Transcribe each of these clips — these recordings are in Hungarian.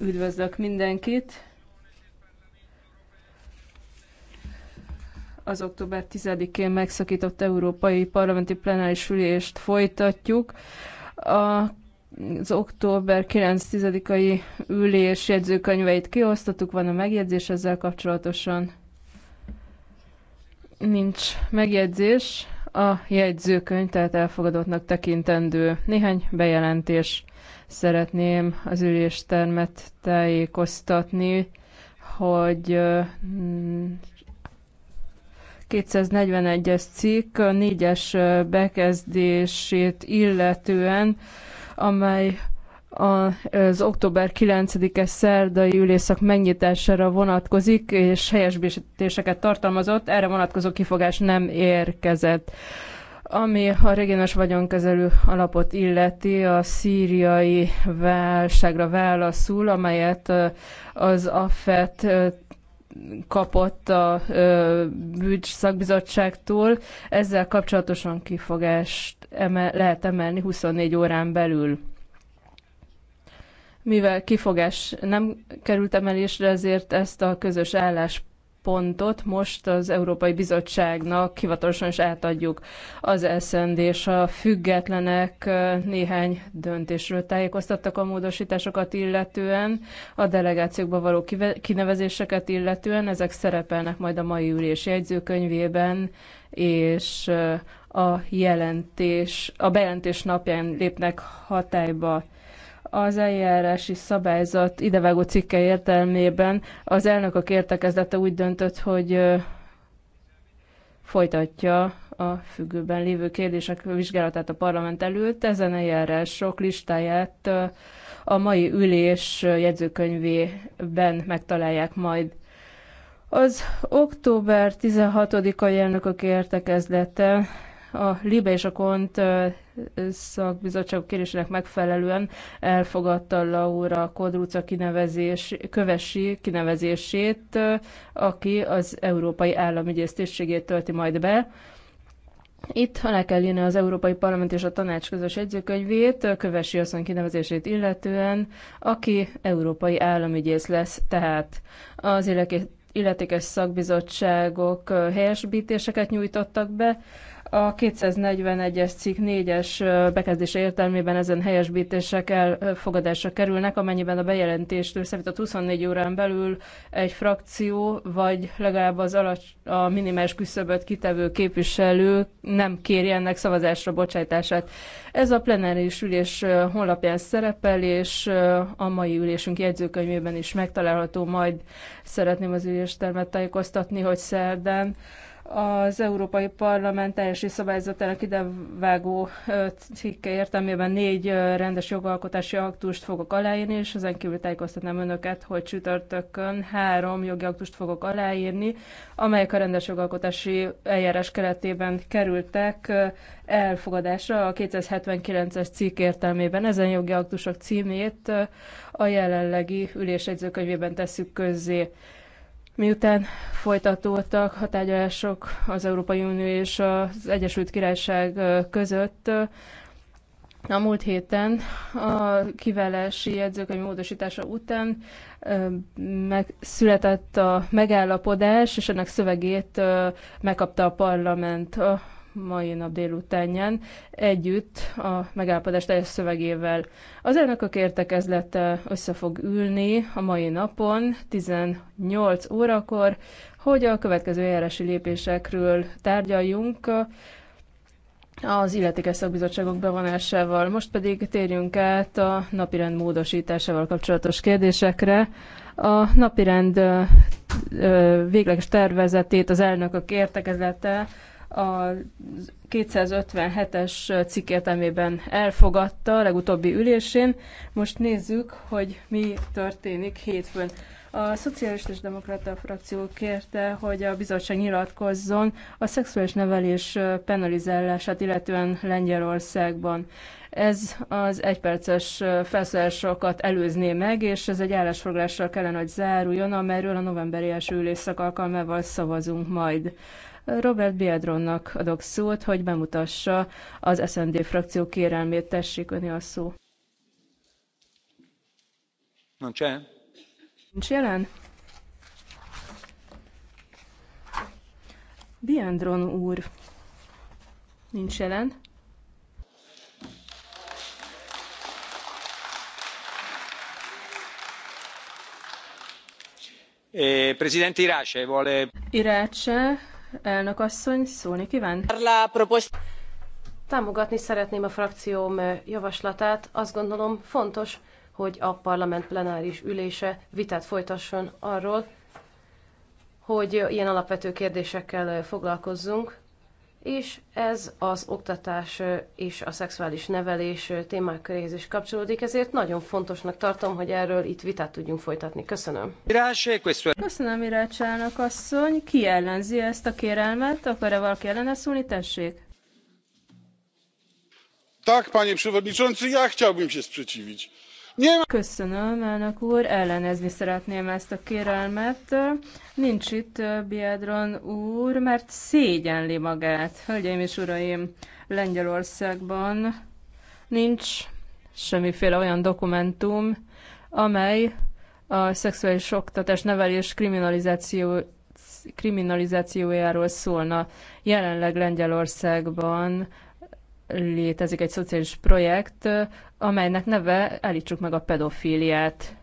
Üdvözlök mindenkit. Az október 10-én megszakított európai parlamenti plenáris ülést folytatjuk. A az október 9-10-ai ülés jegyzőkönyveit kiosztottuk, van a megjegyzés ezzel kapcsolatosan? Nincs megjegyzés a jegyzőkönyv, tehát elfogadottnak tekintendő. Néhány bejelentés szeretném az üléstermet tájékoztatni, hogy 241-es mm, cikk a négyes bekezdését illetően, amely az október 9 es szerdai ülészak megnyitására vonatkozik, és helyesbítéseket tartalmazott, erre vonatkozó kifogás nem érkezett. Ami a regionális vagyonkezelő alapot illeti, a szíriai válságra válaszul, amelyet az AFET kapott a bűcs szakbizottságtól. Ezzel kapcsolatosan kifogást emel, lehet emelni 24 órán belül. Mivel kifogás nem került emelésre, ezért ezt a közös álláspontot pontot most az Európai Bizottságnak hivatalosan is átadjuk az SND és a függetlenek néhány döntésről tájékoztattak a módosításokat illetően, a delegációkba való kinevezéseket illetően, ezek szerepelnek majd a mai ülés jegyzőkönyvében, és a jelentés, a bejelentés napján lépnek hatályba az eljárási szabályzat idevágó cikke értelmében az elnökök értekezlete úgy döntött, hogy folytatja a függőben lévő kérdések vizsgálatát a parlament előtt. Ezen eljárások listáját a mai ülés jegyzőkönyvében megtalálják majd. Az október 16-a elnökök értekezlete a LIBE és a KONT szakbizottságok kérésének megfelelően elfogadta Laura Kodruca kinevezés, kövesi kinevezését, aki az Európai Államügyész tisztségét tölti majd be. Itt alá kell írni az Európai Parlament és a Tanács közös jegyzőkönyvét, kövesi azon kinevezését illetően, aki európai államügyész lesz, tehát az illetékes szakbizottságok helyesbítéseket nyújtottak be, a 241-es cikk 4-es bekezdése értelmében ezen helyesbítések elfogadásra kerülnek, amennyiben a bejelentéstől a 24 órán belül egy frakció, vagy legalább az alacs, a minimális küszöböt kitevő képviselő nem kéri ennek szavazásra bocsátását. Ez a plenáris ülés honlapján szerepel, és a mai ülésünk jegyzőkönyvében is megtalálható. Majd szeretném az üléstermet tájékoztatni, hogy szerdán az Európai Parlament teljes szabályzatának idevágó cikke értelmében négy rendes jogalkotási aktust fogok aláírni, és ezen kívül tájékoztatnám önöket, hogy csütörtökön három jogi aktust fogok aláírni, amelyek a rendes jogalkotási eljárás keretében kerültek elfogadásra a 279-es cikk értelmében. Ezen jogi aktusok címét a jelenlegi ülés tesszük közzé. Miután folytatódtak tárgyalások az Európai Unió és az Egyesült Királyság között, a múlt héten a kivelesi jegyzőkönyv módosítása után megszületett a megállapodás, és ennek szövegét megkapta a parlament. A mai nap délutánján együtt a megállapodás teljes szövegével. Az elnökök értekezlete össze fog ülni a mai napon 18 órakor, hogy a következő eljárási lépésekről tárgyaljunk az illetékes szakbizottságok bevonásával. Most pedig térjünk át a napirend módosításával kapcsolatos kérdésekre. A napirend végleges tervezetét az elnökök értekezlete a 257-es cikk értelmében elfogadta a legutóbbi ülésén. Most nézzük, hogy mi történik hétfőn. A Szocialista és Demokrata frakció kérte, hogy a bizottság nyilatkozzon a szexuális nevelés penalizálását, illetően Lengyelországban. Ez az egyperces felszólásokat előzné meg, és ez egy állásfoglással kellene, hogy záruljon, amelyről a novemberi első ülésszak alkalmával szavazunk majd. Robert Biedronnak adok szót, hogy bemutassa az SND frakció kérelmét. Tessék öni a szó. Nincs jelen? Nincs jelen? Biendron úr. Nincs jelen. Eh, Presidente Irace, vuole... Irace Elnök asszony, szólni kíván? Támogatni szeretném a frakcióm javaslatát. Azt gondolom fontos, hogy a parlament plenáris ülése vitát folytasson arról, hogy ilyen alapvető kérdésekkel foglalkozzunk, és ez az oktatás és a szexuális nevelés témák köréhez is kapcsolódik, ezért nagyon fontosnak tartom, hogy erről itt vitát tudjunk folytatni. Köszönöm. Köszönöm, Irács elnök asszony. Ki ellenzi ezt a kérelmet? Akar-e valaki ellene szólni? Tessék. Tak, panie przewodniczący, ja chciałbym się sprzeciwić. Köszönöm, elnök úr, ellenezni szeretném ezt a kérelmet. Nincs itt Biedron úr, mert szégyenli magát. Hölgyeim és uraim, Lengyelországban nincs semmiféle olyan dokumentum, amely a szexuális oktatás nevelés kriminalizáció, kriminalizációjáról szólna. Jelenleg Lengyelországban létezik egy szociális projekt, amelynek neve Elítsuk meg a pedofíliát.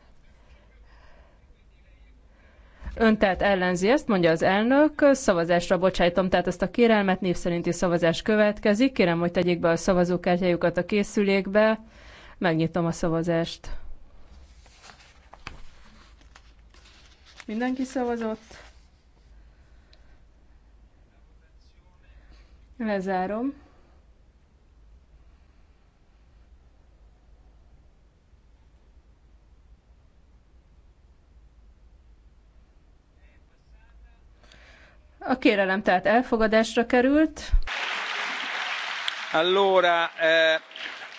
Ön tehát ellenzi ezt, mondja az elnök, szavazásra bocsájtom, tehát ezt a kérelmet név szerinti szavazás következik. Kérem, hogy tegyék be a szavazókártyájukat a készülékbe. Megnyitom a szavazást. Mindenki szavazott? Lezárom. A kérelem tehát elfogadásra került. Allora, eh,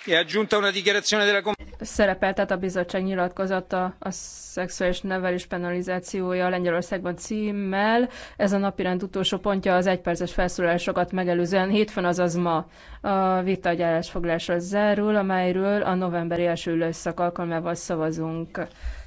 è aggiunta una dichiarazione della tehát a bizottság nyilatkozata a szexuális nevelés penalizációja Lengyelországban címmel. Ez a rend utolsó pontja az egyperces felszólalásokat megelőzően hétfőn, azaz ma a vita egy zárul, amelyről a novemberi első ülőszak alkalmával szavazunk.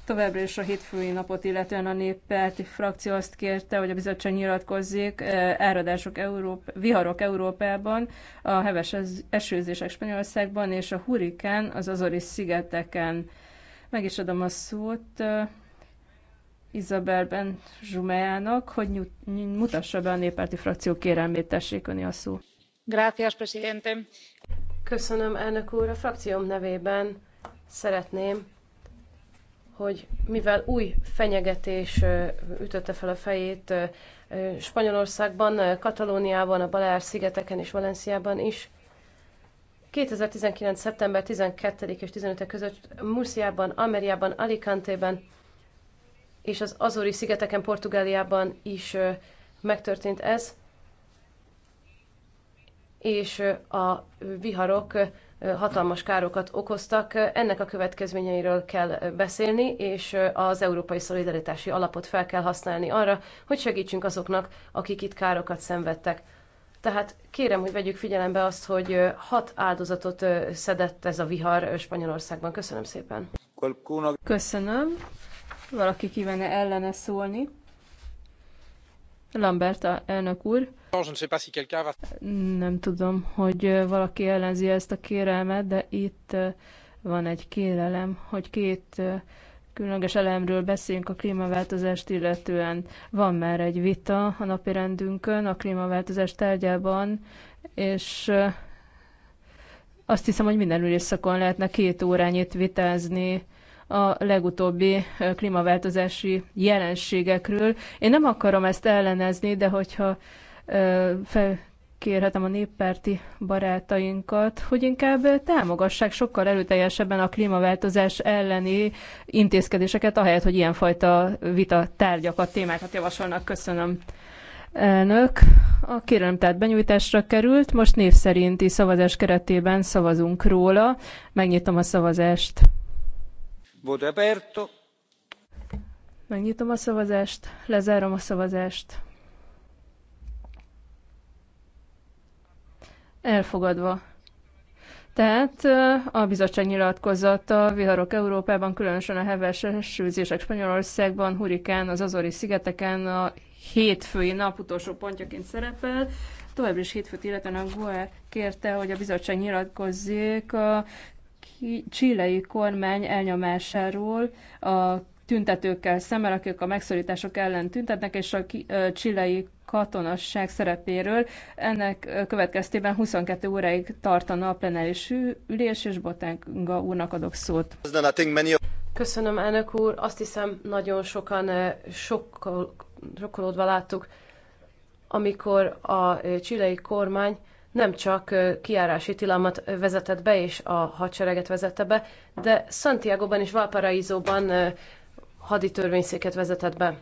Továbbra is a hétfői napot illetően a néppárti frakció azt kérte, hogy a bizottság nyilatkozzék áradások Európ, viharok Európában, a heves esőzések Spanyolországban és a hurikán az Azoris szigeteken. Meg is adom a szót Isabel Ben Zsumeának, hogy mutassa be a néppárti frakció kérelmét, tessék öni a szó. Gracias, presidente. Köszönöm, elnök úr. A frakcióm nevében szeretném hogy mivel új fenyegetés ütötte fel a fejét Spanyolországban, Katalóniában, a Baleár-szigeteken és Valenciában is, 2019. szeptember 12 és 15 között Murciában, Ameriában, Alicante-ben és az Azori szigeteken, Portugáliában is megtörtént ez, és a viharok hatalmas károkat okoztak. Ennek a következményeiről kell beszélni, és az Európai Szolidaritási Alapot fel kell használni arra, hogy segítsünk azoknak, akik itt károkat szenvedtek. Tehát kérem, hogy vegyük figyelembe azt, hogy hat áldozatot szedett ez a vihar Spanyolországban. Köszönöm szépen. Köszönöm. Valaki kívánne ellene szólni? Lambert elnök úr. Nem tudom, hogy valaki ellenzi ezt a kérelmet, de itt van egy kérelem, hogy két különleges elemről beszéljünk a klímaváltozást illetően. Van már egy vita a napirendünkön a klímaváltozás tárgyában, és azt hiszem, hogy minden ülésszakon lehetne két órányit vitázni a legutóbbi klímaváltozási jelenségekről. Én nem akarom ezt ellenezni, de hogyha felkérhetem a néppárti barátainkat, hogy inkább támogassák sokkal erőteljesebben a klímaváltozás elleni intézkedéseket, ahelyett, hogy ilyenfajta vita tárgyakat, témákat javasolnak. Köszönöm. Elnök, a kérelem tehát benyújtásra került, most név szerinti szavazás keretében szavazunk róla. Megnyitom a szavazást. Voto aperto. Megnyitom a szavazást, lezárom a szavazást. Elfogadva. Tehát a bizottság nyilatkozata viharok Európában, különösen a heves sűzések Spanyolországban, hurikán az Azori szigeteken a hétfői nap utolsó pontjaként szerepel. Továbbra is hétfőt illetően a GOE kérte, hogy a bizottság nyilatkozzék a csilei kormány elnyomásáról a tüntetőkkel szemben, akik a megszorítások ellen tüntetnek, és a csilei katonasság szerepéről. Ennek következtében 22 óráig tartana a plenáris ülés, és Botenga úrnak adok szót. Köszönöm, elnök úr. Azt hiszem, nagyon sokan sokkol, sokkolódva láttuk, amikor a csilei kormány nem csak kiárási tilalmat vezetett be és a hadsereget vezette be, de Santiagoban és Valparaízóban haditörvényszéket vezetett be.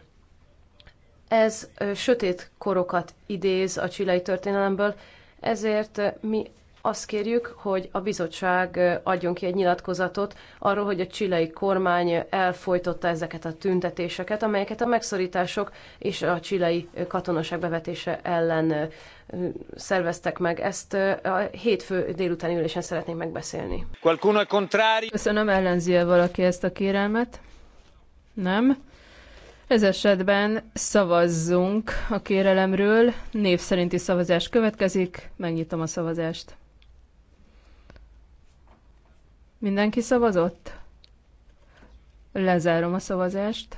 Ez sötét korokat idéz a csilei történelemből, ezért mi azt kérjük, hogy a bizottság adjon ki egy nyilatkozatot arról, hogy a csilei kormány elfolytotta ezeket a tüntetéseket, amelyeket a megszorítások és a csilei katonaság bevetése ellen szerveztek meg. Ezt a hétfő délutáni ülésen szeretnénk megbeszélni. Köszönöm, ellenzi -e valaki ezt a kérelmet? Nem? Ez esetben szavazzunk a kérelemről. Név szerinti szavazás következik. Megnyitom a szavazást. Mindenki szavazott? Lezárom a szavazást.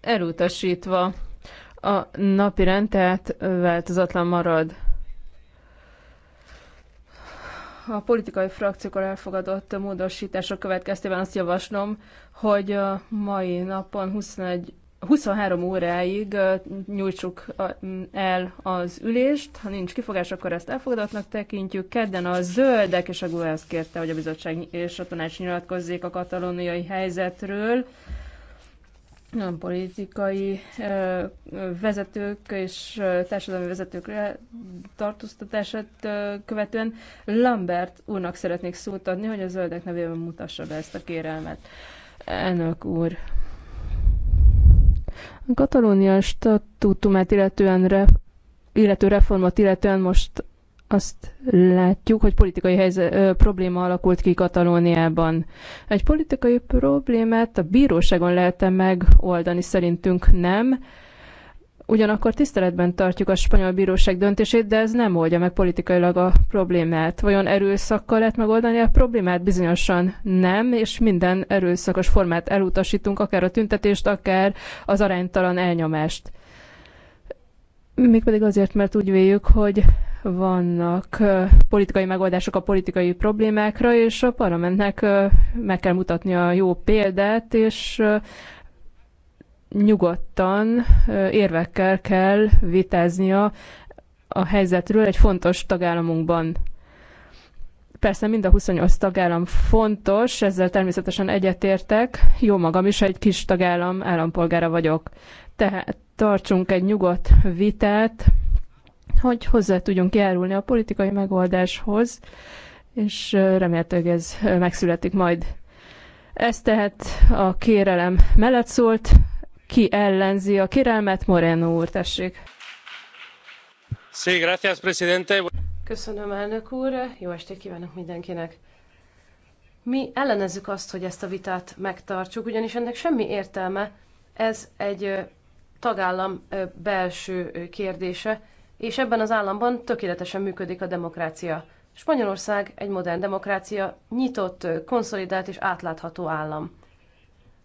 elutasítva. A napi rend tehát változatlan marad. A politikai frakciókor elfogadott módosítások következtében azt javaslom, hogy a mai napon 21 23 óráig nyújtsuk el az ülést. Ha nincs kifogás, akkor ezt elfogadatnak tekintjük. Kedden a zöldek és a GUE kérte, hogy a bizottság és a tanács nyilatkozzék a katalóniai helyzetről nem politikai vezetők és társadalmi vezetőkre tartóztatását követően Lambert úrnak szeretnék szót adni, hogy a zöldek nevében mutassa be ezt a kérelmet. Elnök úr. A Katalónia statútumát illetően ref, illető reformot illetően most azt látjuk, hogy politikai helyzet, ö, probléma alakult ki Katalóniában. Egy politikai problémát a bíróságon lehet -e megoldani, szerintünk nem. Ugyanakkor tiszteletben tartjuk a spanyol bíróság döntését, de ez nem oldja meg politikailag a problémát. Vajon erőszakkal lehet megoldani a problémát? Bizonyosan nem, és minden erőszakos formát elutasítunk, akár a tüntetést, akár az aránytalan elnyomást. Mégpedig azért, mert úgy véljük, hogy vannak politikai megoldások a politikai problémákra, és a parlamentnek meg kell mutatni a jó példát, és nyugodtan érvekkel kell vitáznia a helyzetről egy fontos tagállamunkban. Persze mind a 28 tagállam fontos, ezzel természetesen egyetértek, jó magam is egy kis tagállam állampolgára vagyok. Tehát tartsunk egy nyugodt vitát, hogy hozzá tudjunk járulni a politikai megoldáshoz, és remélhetőleg ez megszületik majd. Ez tehát a kérelem mellett szólt. Ki ellenzi a kérelmet? Moreno úr, tessék. Köszönöm, elnök úr. Jó estét kívánok mindenkinek. Mi ellenezzük azt, hogy ezt a vitát megtartsuk, ugyanis ennek semmi értelme. Ez egy tagállam belső kérdése, és ebben az államban tökéletesen működik a demokrácia. Spanyolország egy modern demokrácia, nyitott, konszolidált és átlátható állam.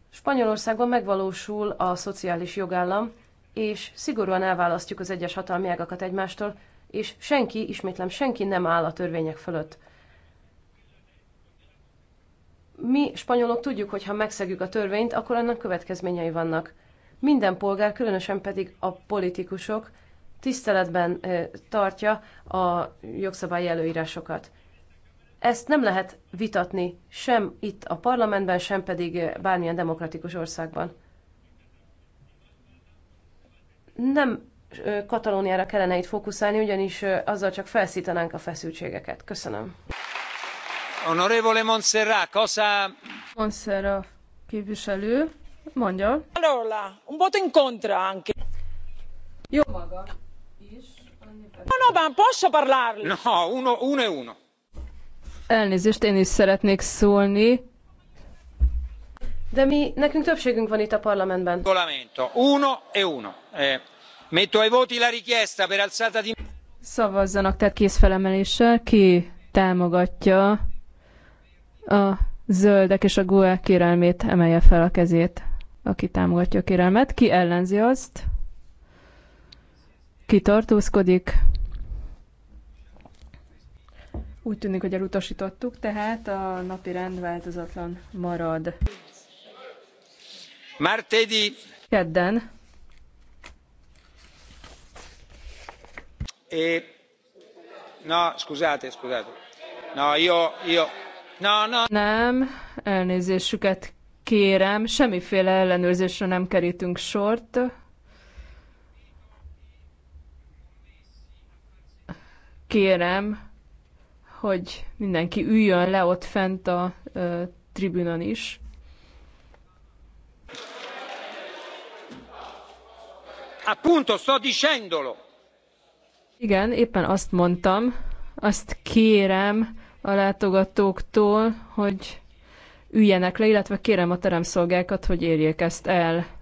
Spanyolországban megvalósul a szociális jogállam, és szigorúan elválasztjuk az egyes hatalmi ágakat egymástól, és senki, ismétlem, senki nem áll a törvények fölött. Mi, spanyolok, tudjuk, hogy ha megszegjük a törvényt, akkor annak következményei vannak. Minden polgár, különösen pedig a politikusok, tiszteletben tartja a jogszabályi előírásokat. Ezt nem lehet vitatni sem itt a parlamentben, sem pedig bármilyen demokratikus országban. Nem Katalóniára kellene itt fókuszálni, ugyanis azzal csak felszítanánk a feszültségeket. Köszönöm. Honorevole Montserrat, cosa... Montserrat képviselő, mondja. Allora, un voto in contra anche. Jó maga. E Elnézést, én is szeretnék szólni. De mi, nekünk többségünk van itt a parlamentben. E eh, Szavazzanak, tehát kézfelemeléssel. Ki támogatja a zöldek és a GUE kérelmét, emelje fel a kezét, aki támogatja a kérelmet. Ki ellenzi azt? Ki tartózkodik? Úgy tűnik, hogy elutasítottuk, tehát a napi rend változatlan marad. Martedi. Kedden. E... No, scusate, scusate. No, io, io... No, no. Nem, elnézésüket kérem, semmiféle ellenőrzésre nem kerítünk sort. kérem, hogy mindenki üljön le ott fent a ö, tribünön is. Appunto, sto dicendolo. Igen, éppen azt mondtam, azt kérem a látogatóktól, hogy üljenek le, illetve kérem a teremszolgákat, hogy érjék ezt el.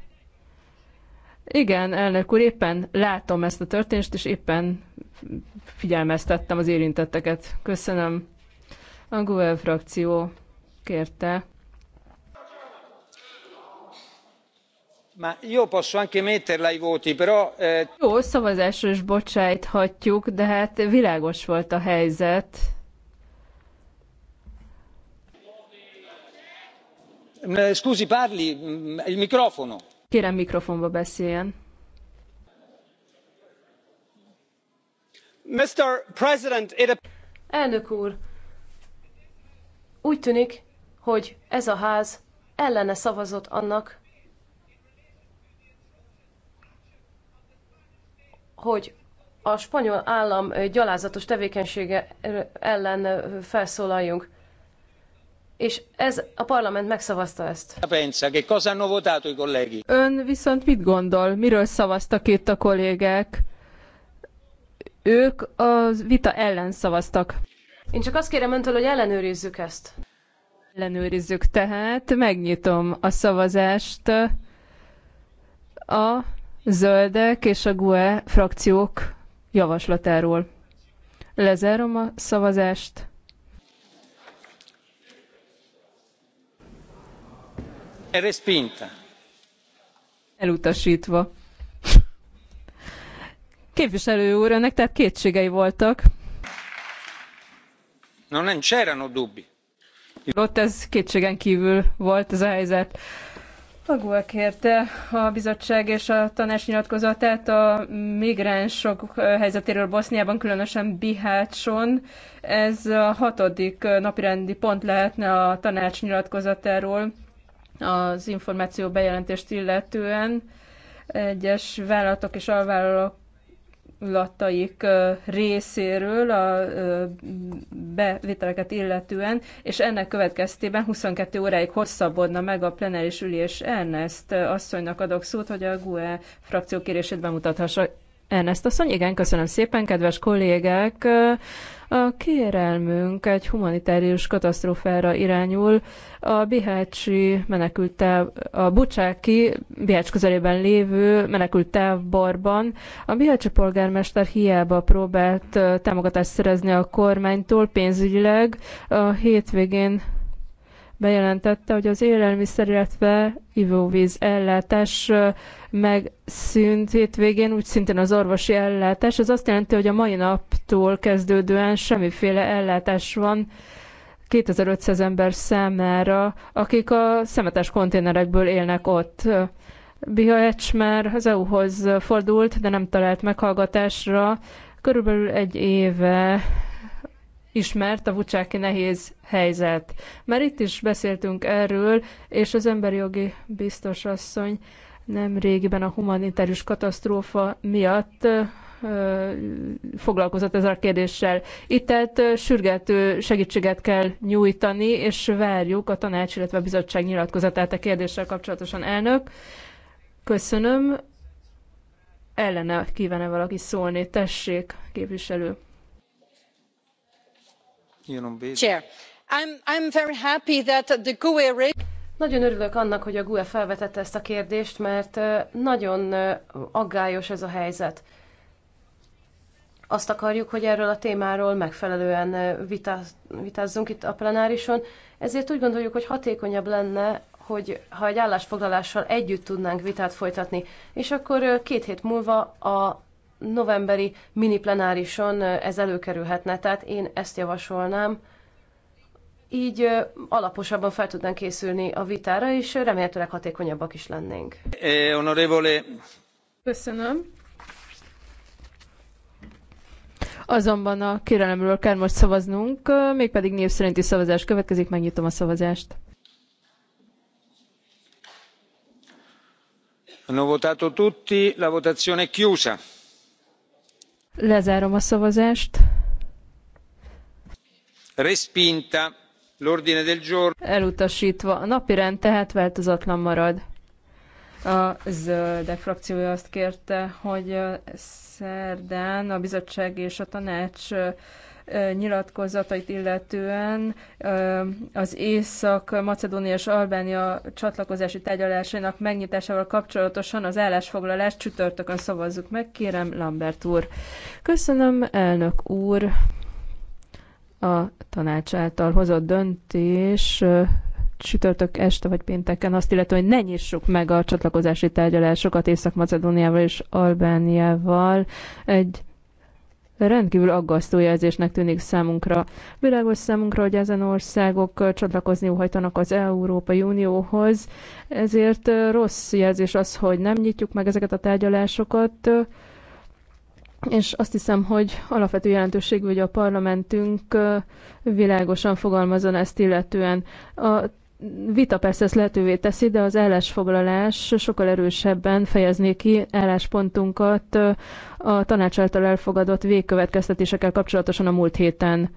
Igen, elnök úr, éppen látom ezt a történést, és éppen figyelmeztettem az érintetteket. Köszönöm. A Google frakció kérte. Ma io posso anche metterla voti, però... Eh, Jó, szavazásra is bocsájthatjuk, de hát világos volt a helyzet. Mm, eh, scusi, parli, mm, il microfono Kérem mikrofonba beszéljen. Mr. President, it... Elnök úr, úgy tűnik, hogy ez a ház ellene szavazott annak, hogy a spanyol állam gyalázatos tevékenysége ellen felszólaljunk és ez a parlament megszavazta ezt. Ön viszont mit gondol, miről szavaztak itt a kollégák? Ők a vita ellen szavaztak. Én csak azt kérem öntől, hogy ellenőrizzük ezt. Ellenőrizzük tehát, megnyitom a szavazást a zöldek és a GUE frakciók javaslatáról. Lezárom a szavazást. elutastva. Elutasítva. Képviselő úr, önnek tehát kétségei voltak. Nem c'erano dubbi. Ott ez kétségen kívül volt ez a helyzet. Agul kérte a bizottság és a tanács nyilatkozatát a migránsok helyzetéről Boszniában, különösen Bihácson. Ez a hatodik napirendi pont lehetne a tanács nyilatkozatáról az információ bejelentést illetően egyes vállalatok és alvállalataik részéről a bevételeket illetően, és ennek következtében 22 óráig hosszabbodna meg a plenáris ülés. Ernest asszonynak adok szót, hogy a GUE frakció kérését bemutathassa. Ernest asszony, igen, köszönöm szépen, kedves kollégák. A kérelmünk egy humanitárius katasztrófára irányul. A bihácsi menekültáv, a bucsáki, Bihács közelében lévő távborban. a bihácsi polgármester hiába próbált támogatást szerezni a kormánytól pénzügyileg. A hétvégén bejelentette, hogy az élelmiszer, illetve ivóvíz ellátás megszűnt hétvégén, úgy szintén az orvosi ellátás. Ez azt jelenti, hogy a mai naptól kezdődően semmiféle ellátás van 2500 ember számára, akik a szemetes konténerekből élnek ott. Biha már az EU-hoz fordult, de nem talált meghallgatásra. Körülbelül egy éve ismert a vucsáki nehéz helyzet. Már itt is beszéltünk erről, és az emberi jogi biztos asszony nem régiben a humanitárius katasztrófa miatt foglalkozott ezzel a kérdéssel. Itt tehát sürgető segítséget kell nyújtani, és várjuk a tanács, illetve a bizottság nyilatkozatát a kérdéssel kapcsolatosan. Elnök, köszönöm. Ellene kívánne valaki szólni? Tessék, képviselő. E nagyon örülök annak hogy a gue felvetette ezt a kérdést mert nagyon aggályos ez a helyzet. Azt akarjuk, hogy erről a témáról megfelelően vitázzunk itt a plenárison, ezért úgy gondoljuk, hogy hatékonyabb lenne, hogy ha egy állásfoglalással együtt tudnánk vitát folytatni, és akkor két hét múlva a novemberi mini plenárison ez előkerülhetne, tehát én ezt javasolnám. Így alaposabban fel tudnánk készülni a vitára, és remélhetőleg hatékonyabbak is lennénk. Eh, Köszönöm. Azonban a kérelemről kell most szavaznunk, mégpedig név szerinti szavazás következik, megnyitom a szavazást. Hanno votato tutti, la votazione è chiusa Lezárom a szavazást. Respinta l'ordine del giorno. Elutasítva. A napirend tehát változatlan marad. A zöldek frakciója azt kérte, hogy szerdán a bizottság és a tanács nyilatkozatait illetően az Észak-Macedónia és Albánia csatlakozási tárgyalásainak megnyitásával kapcsolatosan az állásfoglalást csütörtökön szavazzuk meg. Kérem, Lambert úr. Köszönöm, elnök úr. A tanács által hozott döntés csütörtök este vagy pénteken azt illetve, hogy ne nyissuk meg a csatlakozási tárgyalásokat Észak-Macedóniával és Albániával. Egy rendkívül aggasztó jelzésnek tűnik számunkra. Világos számunkra, hogy ezen országok csatlakozni hajtanak az Európai Unióhoz, ezért rossz jelzés az, hogy nem nyitjuk meg ezeket a tárgyalásokat, és azt hiszem, hogy alapvető jelentőségű, hogy a parlamentünk világosan fogalmazon ezt illetően. A vita persze ezt lehetővé teszi, de az állásfoglalás sokkal erősebben fejezné ki álláspontunkat a tanács által elfogadott végkövetkeztetésekkel kapcsolatosan a múlt héten.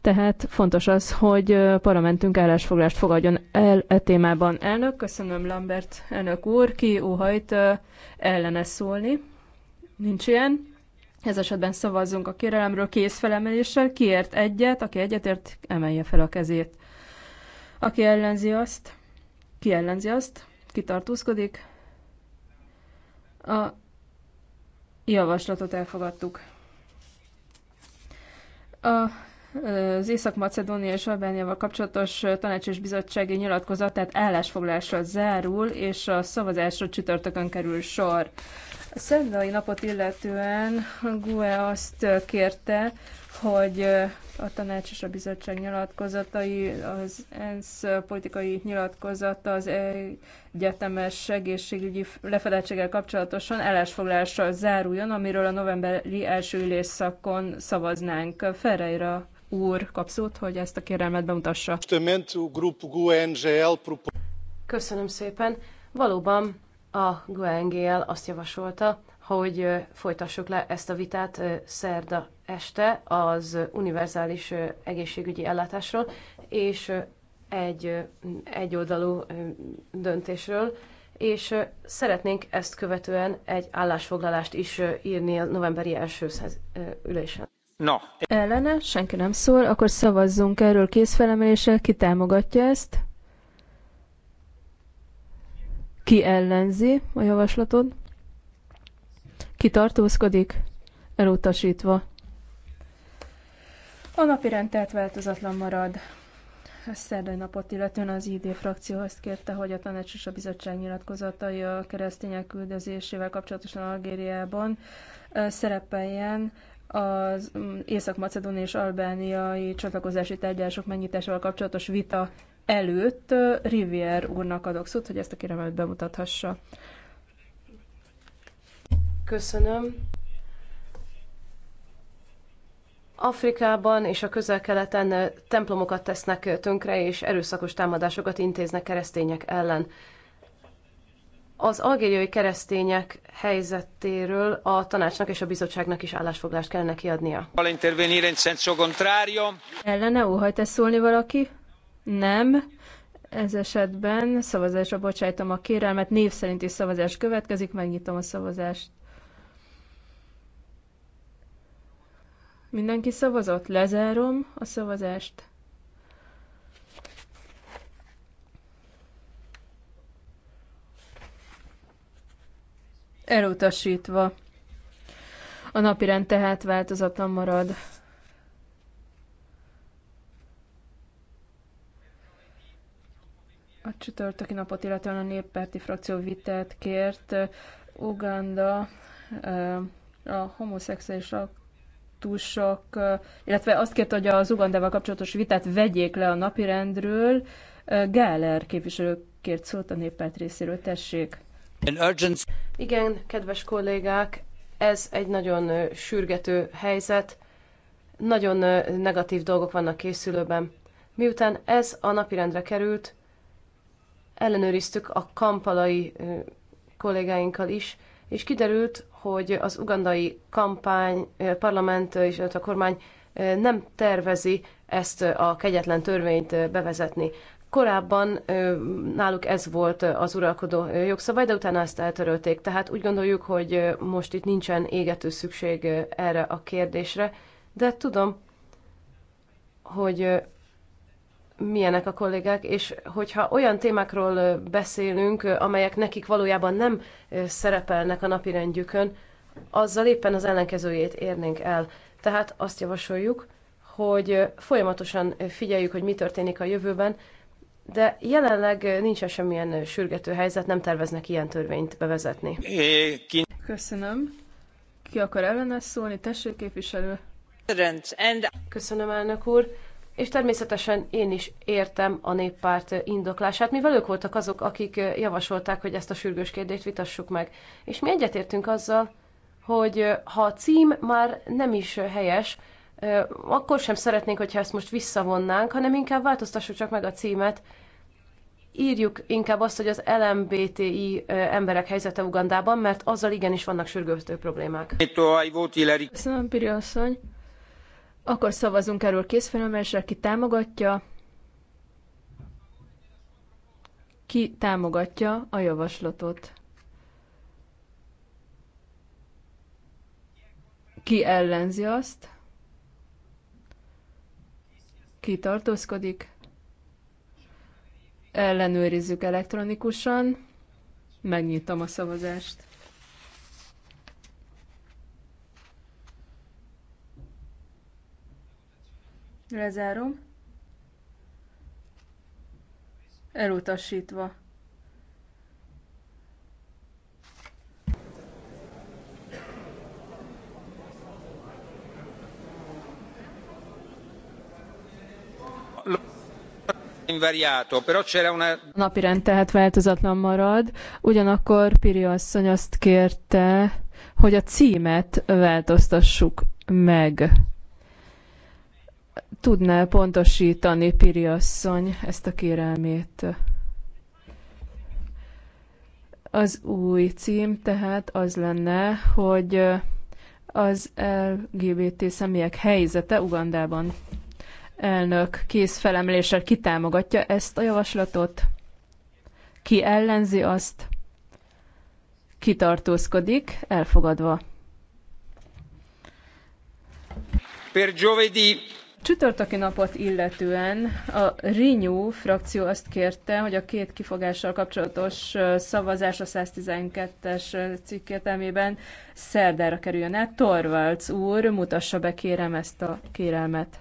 Tehát fontos az, hogy parlamentünk állásfoglalást fogadjon el e témában. Elnök, köszönöm Lambert elnök úr, ki óhajt ellene szólni. Nincs ilyen. Ez esetben szavazzunk a kérelemről felemeléssel. Kiért egyet, aki egyetért, emelje fel a kezét. Aki ellenzi azt, ki ellenzi azt, ki tartózkodik. A javaslatot elfogadtuk. A az Észak-Macedónia és Albániával kapcsolatos tanács és bizottsági nyilatkozat, tehát állásfoglásra zárul, és a szavazásra csütörtökön kerül sor. A szerdai napot illetően GUE azt kérte, hogy a tanács és a bizottság nyilatkozatai, az ENSZ politikai nyilatkozata, az egyetemes egészségügyi lefedettséggel kapcsolatosan állásfoglalással záruljon, amiről a novemberi első ülésszakon szavaznánk. Ferreira úr kap szót, hogy ezt a kérelmet bemutassa. Köszönöm szépen. Valóban a GUNGL azt javasolta, hogy folytassuk le ezt a vitát szerda este az univerzális egészségügyi ellátásról, és egy egyoldalú döntésről, és szeretnénk ezt követően egy állásfoglalást is írni a novemberi első ülésen. No. Ellene senki nem szól, akkor szavazzunk erről készfelemeléssel, ki támogatja ezt? Ki ellenzi a javaslatot? kitartózkodik, Elutasítva. A napi rend változatlan marad. A szerdai napot illetően az ID frakció azt kérte, hogy a tanács és a bizottság nyilatkozatai a keresztények küldözésével kapcsolatosan Algériában szerepeljen az mm, Észak-Macedón és Albániai csatlakozási tárgyalások megnyitásával kapcsolatos vita előtt Rivier úrnak adok szót, hogy ezt a kéremet bemutathassa. Köszönöm. Afrikában és a közel-keleten eh, templomokat tesznek eh, tönkre, és erőszakos támadásokat intéznek keresztények ellen. Az algériai keresztények helyzetéről a tanácsnak és a bizottságnak is állásfoglást kellene kiadnia. Intervenire in senso contrario. Ellene óhajt-e szólni valaki? Nem. Ez esetben szavazásra bocsájtom a kérelmet, név szerinti szavazás következik, megnyitom a szavazást. Mindenki szavazott? Lezárom a szavazást. Elutasítva. A napirend tehát változatlan marad. A csütörtöki napot illetően a néppárti frakció vitát kért. Uganda a homoszexuálisok konfliktusok, illetve azt kérte, hogy az Ugandával kapcsolatos vitát vegyék le a napirendről. Gáler képviselő kért szót a néppárt részéről, tessék. Igen, kedves kollégák, ez egy nagyon sürgető helyzet, nagyon negatív dolgok vannak készülőben. Miután ez a napirendre került, ellenőriztük a kampalai kollégáinkkal is, és kiderült, hogy az ugandai kampány, parlament és a kormány nem tervezi ezt a kegyetlen törvényt bevezetni. Korábban náluk ez volt az uralkodó jogszabály, de utána ezt eltörölték. Tehát úgy gondoljuk, hogy most itt nincsen égető szükség erre a kérdésre, de tudom, hogy milyenek a kollégák, és hogyha olyan témákról beszélünk, amelyek nekik valójában nem szerepelnek a napirendjükön, azzal éppen az ellenkezőjét érnénk el. Tehát azt javasoljuk, hogy folyamatosan figyeljük, hogy mi történik a jövőben, de jelenleg nincsen semmilyen sürgető helyzet, nem terveznek ilyen törvényt bevezetni. Köszönöm. Ki akar ellene szólni? Tessék, képviselő. Köszönöm, elnök úr és természetesen én is értem a néppárt indoklását, mivel ők voltak azok, akik javasolták, hogy ezt a sürgős kérdést vitassuk meg. És mi egyetértünk azzal, hogy ha a cím már nem is helyes, akkor sem szeretnénk, hogyha ezt most visszavonnánk, hanem inkább változtassuk csak meg a címet, írjuk inkább azt, hogy az LMBTI emberek helyzete Ugandában, mert azzal igenis vannak sürgőtő problémák. Köszönöm, Piri asszony. Akkor szavazunk erről készfelemelsre, ki támogatja, ki támogatja a javaslatot. Ki ellenzi azt? Ki tartózkodik? Ellenőrizzük elektronikusan. Megnyitom a szavazást. Lezárom. Elutasítva. A napirend tehát változatlan marad, ugyanakkor Piri asszony azt kérte, hogy a címet változtassuk meg. Tudná pontosítani Piri asszony ezt a kérelmét? Az új cím tehát az lenne, hogy az LGBT személyek helyzete Ugandában. Elnök kész felemléssel kitámogatja ezt a javaslatot. Ki ellenzi azt? Kitartózkodik, elfogadva. Per giovedì Csütörtöki napot illetően a Renew frakció azt kérte, hogy a két kifogással kapcsolatos szavazás a 112-es cikk értelmében szerdára kerüljön át. Torvalds úr, mutassa be kérem ezt a kérelmet.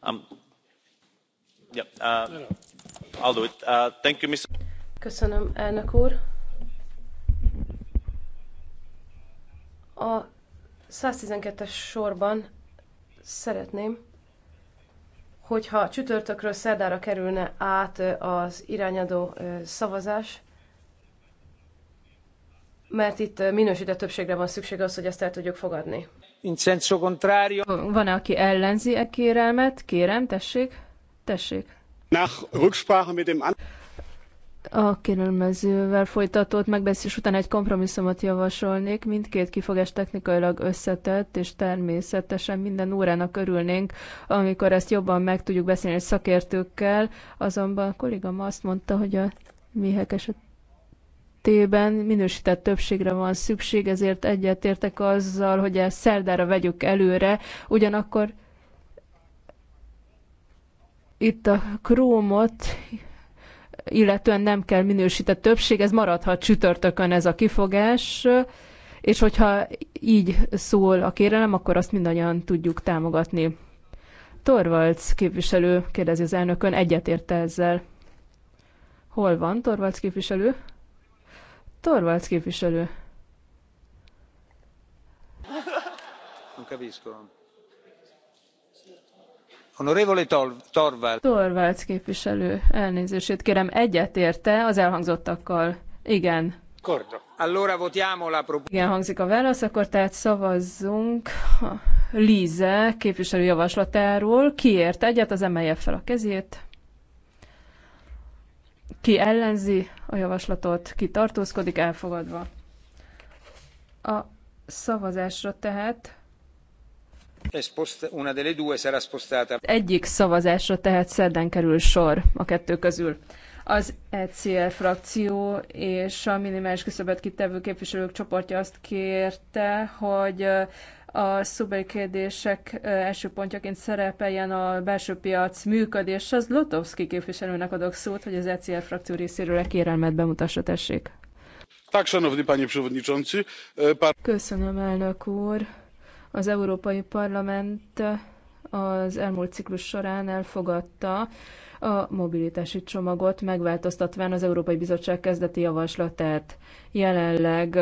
Um, yeah, uh, I'll do it. Uh, thank you, Mr. Köszönöm, elnök úr. A 112-es sorban szeretném, hogyha csütörtökről szerdára kerülne át az irányadó szavazás, mert itt minősített többségre van szükség az, hogy ezt el tudjuk fogadni. In senso contrario. Van-e, aki ellenzi e kérelmet? Kérem, tessék, tessék. Nach Rücksprache mit dem a kérelmezővel folytatott megbeszélés után egy kompromisszumot javasolnék. Mindkét kifogás technikailag összetett, és természetesen minden órának örülnénk, amikor ezt jobban meg tudjuk beszélni egy szakértőkkel. Azonban a kollégám azt mondta, hogy a méhek esetében minősített többségre van szükség, ezért egyetértek azzal, hogy ezt szerdára vegyük előre. Ugyanakkor itt a krómot illetően nem kell minősített többség, ez maradhat csütörtökön ez a kifogás, és hogyha így szól a kérelem, akkor azt mindannyian tudjuk támogatni. Torvalds képviselő kérdezi az elnökön, egyetérte ezzel. Hol van Torvalds képviselő? Torvalds képviselő. Nem Torvalds képviselő, elnézését kérem, egyetérte az elhangzottakkal. Igen. Allora votiamo la Igen, hangzik a válasz, akkor tehát szavazzunk Líze képviselő javaslatáról. Kiért egyet, az emelje fel a kezét. Ki ellenzi a javaslatot, ki tartózkodik, elfogadva. A szavazásra tehát egyik szavazásra tehát szerdán kerül sor a kettő közül. Az ECR frakció és a minimális küszöbet kitevő képviselők csoportja azt kérte, hogy a szubai kérdések első pontjaként szerepeljen a belső piac működés. Az Lotovski képviselőnek adok szót, hogy az ECR frakció részéről a kérelmet bemutassa, tessék. E, Köszönöm, elnök úr. Az Európai Parlament az elmúlt ciklus során elfogadta a mobilitási csomagot, megváltoztatván az Európai Bizottság kezdeti javaslatát. Jelenleg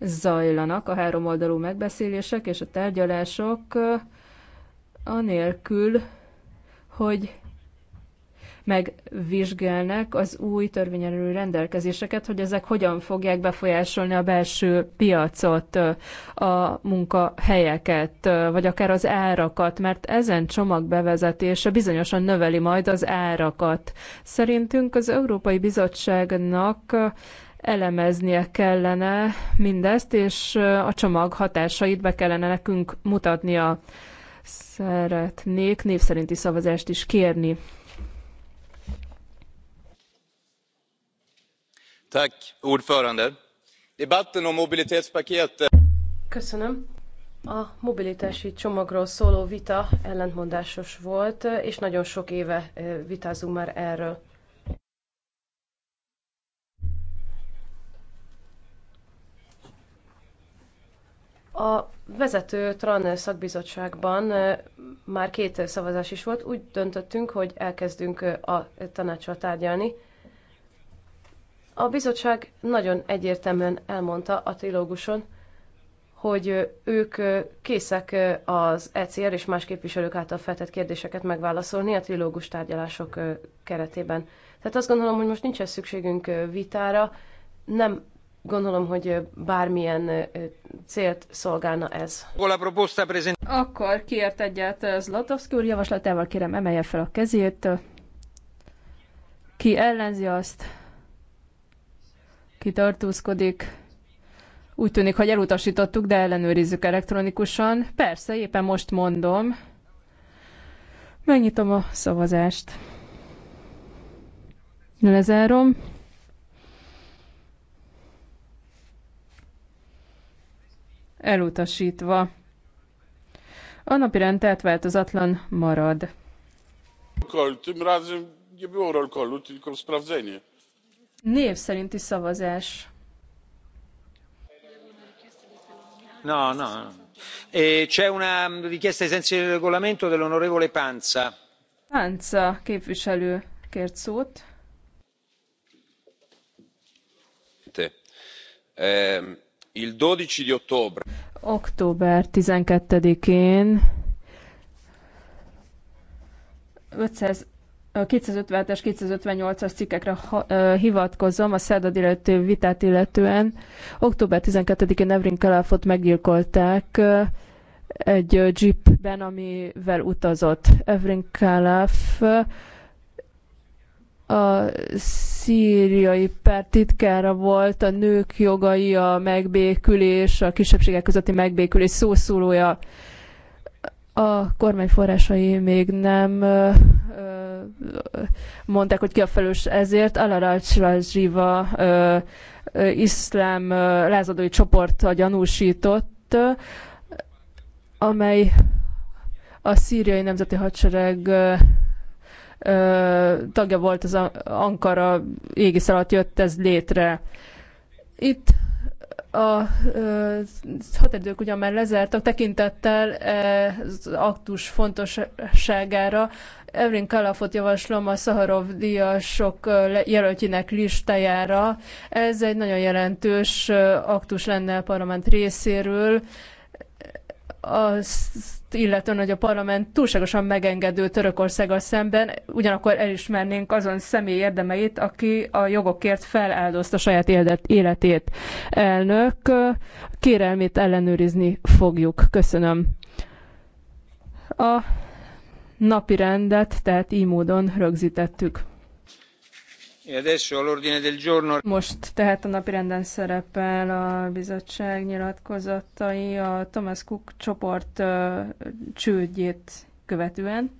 zajlanak a háromoldalú megbeszélések és a tárgyalások, anélkül, hogy megvizsgálnak az új törvényelő rendelkezéseket, hogy ezek hogyan fogják befolyásolni a belső piacot, a munkahelyeket, vagy akár az árakat, mert ezen csomag bevezetése bizonyosan növeli majd az árakat. Szerintünk az Európai Bizottságnak elemeznie kellene mindezt, és a csomag hatásait be kellene nekünk mutatnia. Szeretnék név szerinti szavazást is kérni. elnök asszony! debatten om mobilitetspaketet. a mobilitási csomagról szóló vita ellentmondásos volt és nagyon sok éve vitázunk már erről. A vezető TRAN szakbizottságban már két szavazás is volt, úgy döntöttünk, hogy elkezdünk a tanácssal tárgyalni, a bizottság nagyon egyértelműen elmondta a trilóguson, hogy ők készek az ECR és más képviselők által feltett kérdéseket megválaszolni a trilógus tárgyalások keretében. Tehát azt gondolom, hogy most nincs szükségünk vitára, nem gondolom, hogy bármilyen célt szolgálna ez. Akkor kiért egyet Zlatovszki úr javaslatával, kérem emelje fel a kezét. Ki ellenzi azt? aki tartózkodik. Úgy tűnik, hogy elutasítottuk, de ellenőrizzük elektronikusan. Persze, éppen most mondom. Megnyitom a szavazást. Lezárom. Elutasítva. A napi rend tehát változatlan marad. Tym razem nie było roll tylko sprawdzenie. Név szerinti szavazás. No, no. E, c'è una richiesta ai sensi del regolamento dell'onorevole Panza. Panza képviselő kért szót. Te. Eh, il 12 di ottobre. Október 12-én 500 257-es, 258-as cikkekre hivatkozom a szerdad illető vitát illetően. Október 12-én Evrin Kalafot meggyilkolták egy jeepben, amivel utazott. Evrin Kalaf a szíriai párt titkára volt, a nők jogai, a megbékülés, a kisebbségek közötti megbékülés szószólója a kormány forrásai még nem ö, ö, mondták, hogy ki a felelős ezért. Alarajcsrajzsiva iszlám ö, lázadói csoport a gyanúsított, ö, amely a szíriai nemzeti hadsereg ö, ö, tagja volt az Ankara égisz alatt jött ez létre. Itt a határidők ugyan már lezártak, tekintettel az aktus fontosságára Evrin Kalafot javaslom a Szaharov díjasok jelöltjének listájára. Ez egy nagyon jelentős aktus lenne a parlament részéről azt illetően, hogy a parlament túlságosan megengedő Törökországgal szemben, ugyanakkor elismernénk azon személy érdemeit, aki a jogokért feláldozta saját életét. Elnök, kérelmét ellenőrizni fogjuk. Köszönöm. A napi rendet, tehát így módon rögzítettük. E Most tehát a napirenden szerepel a bizottság nyilatkozatai a Thomas Cook csoport csődjét követően.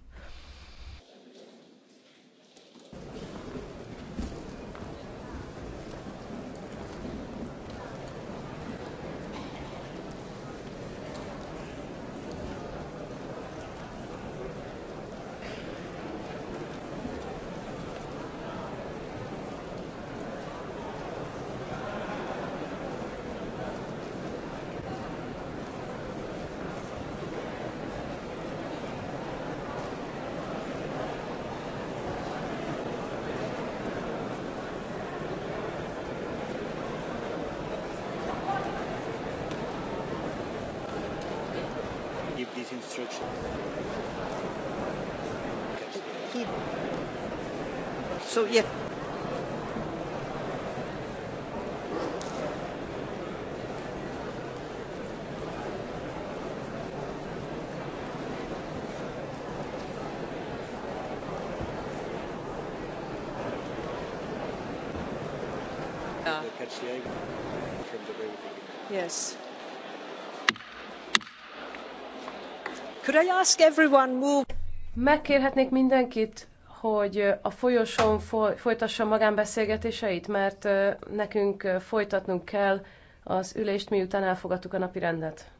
Megkérhetnék mindenkit, hogy a folyosón folytassa magánbeszélgetéseit, mert nekünk folytatnunk kell az ülést, miután elfogadtuk a napi rendet.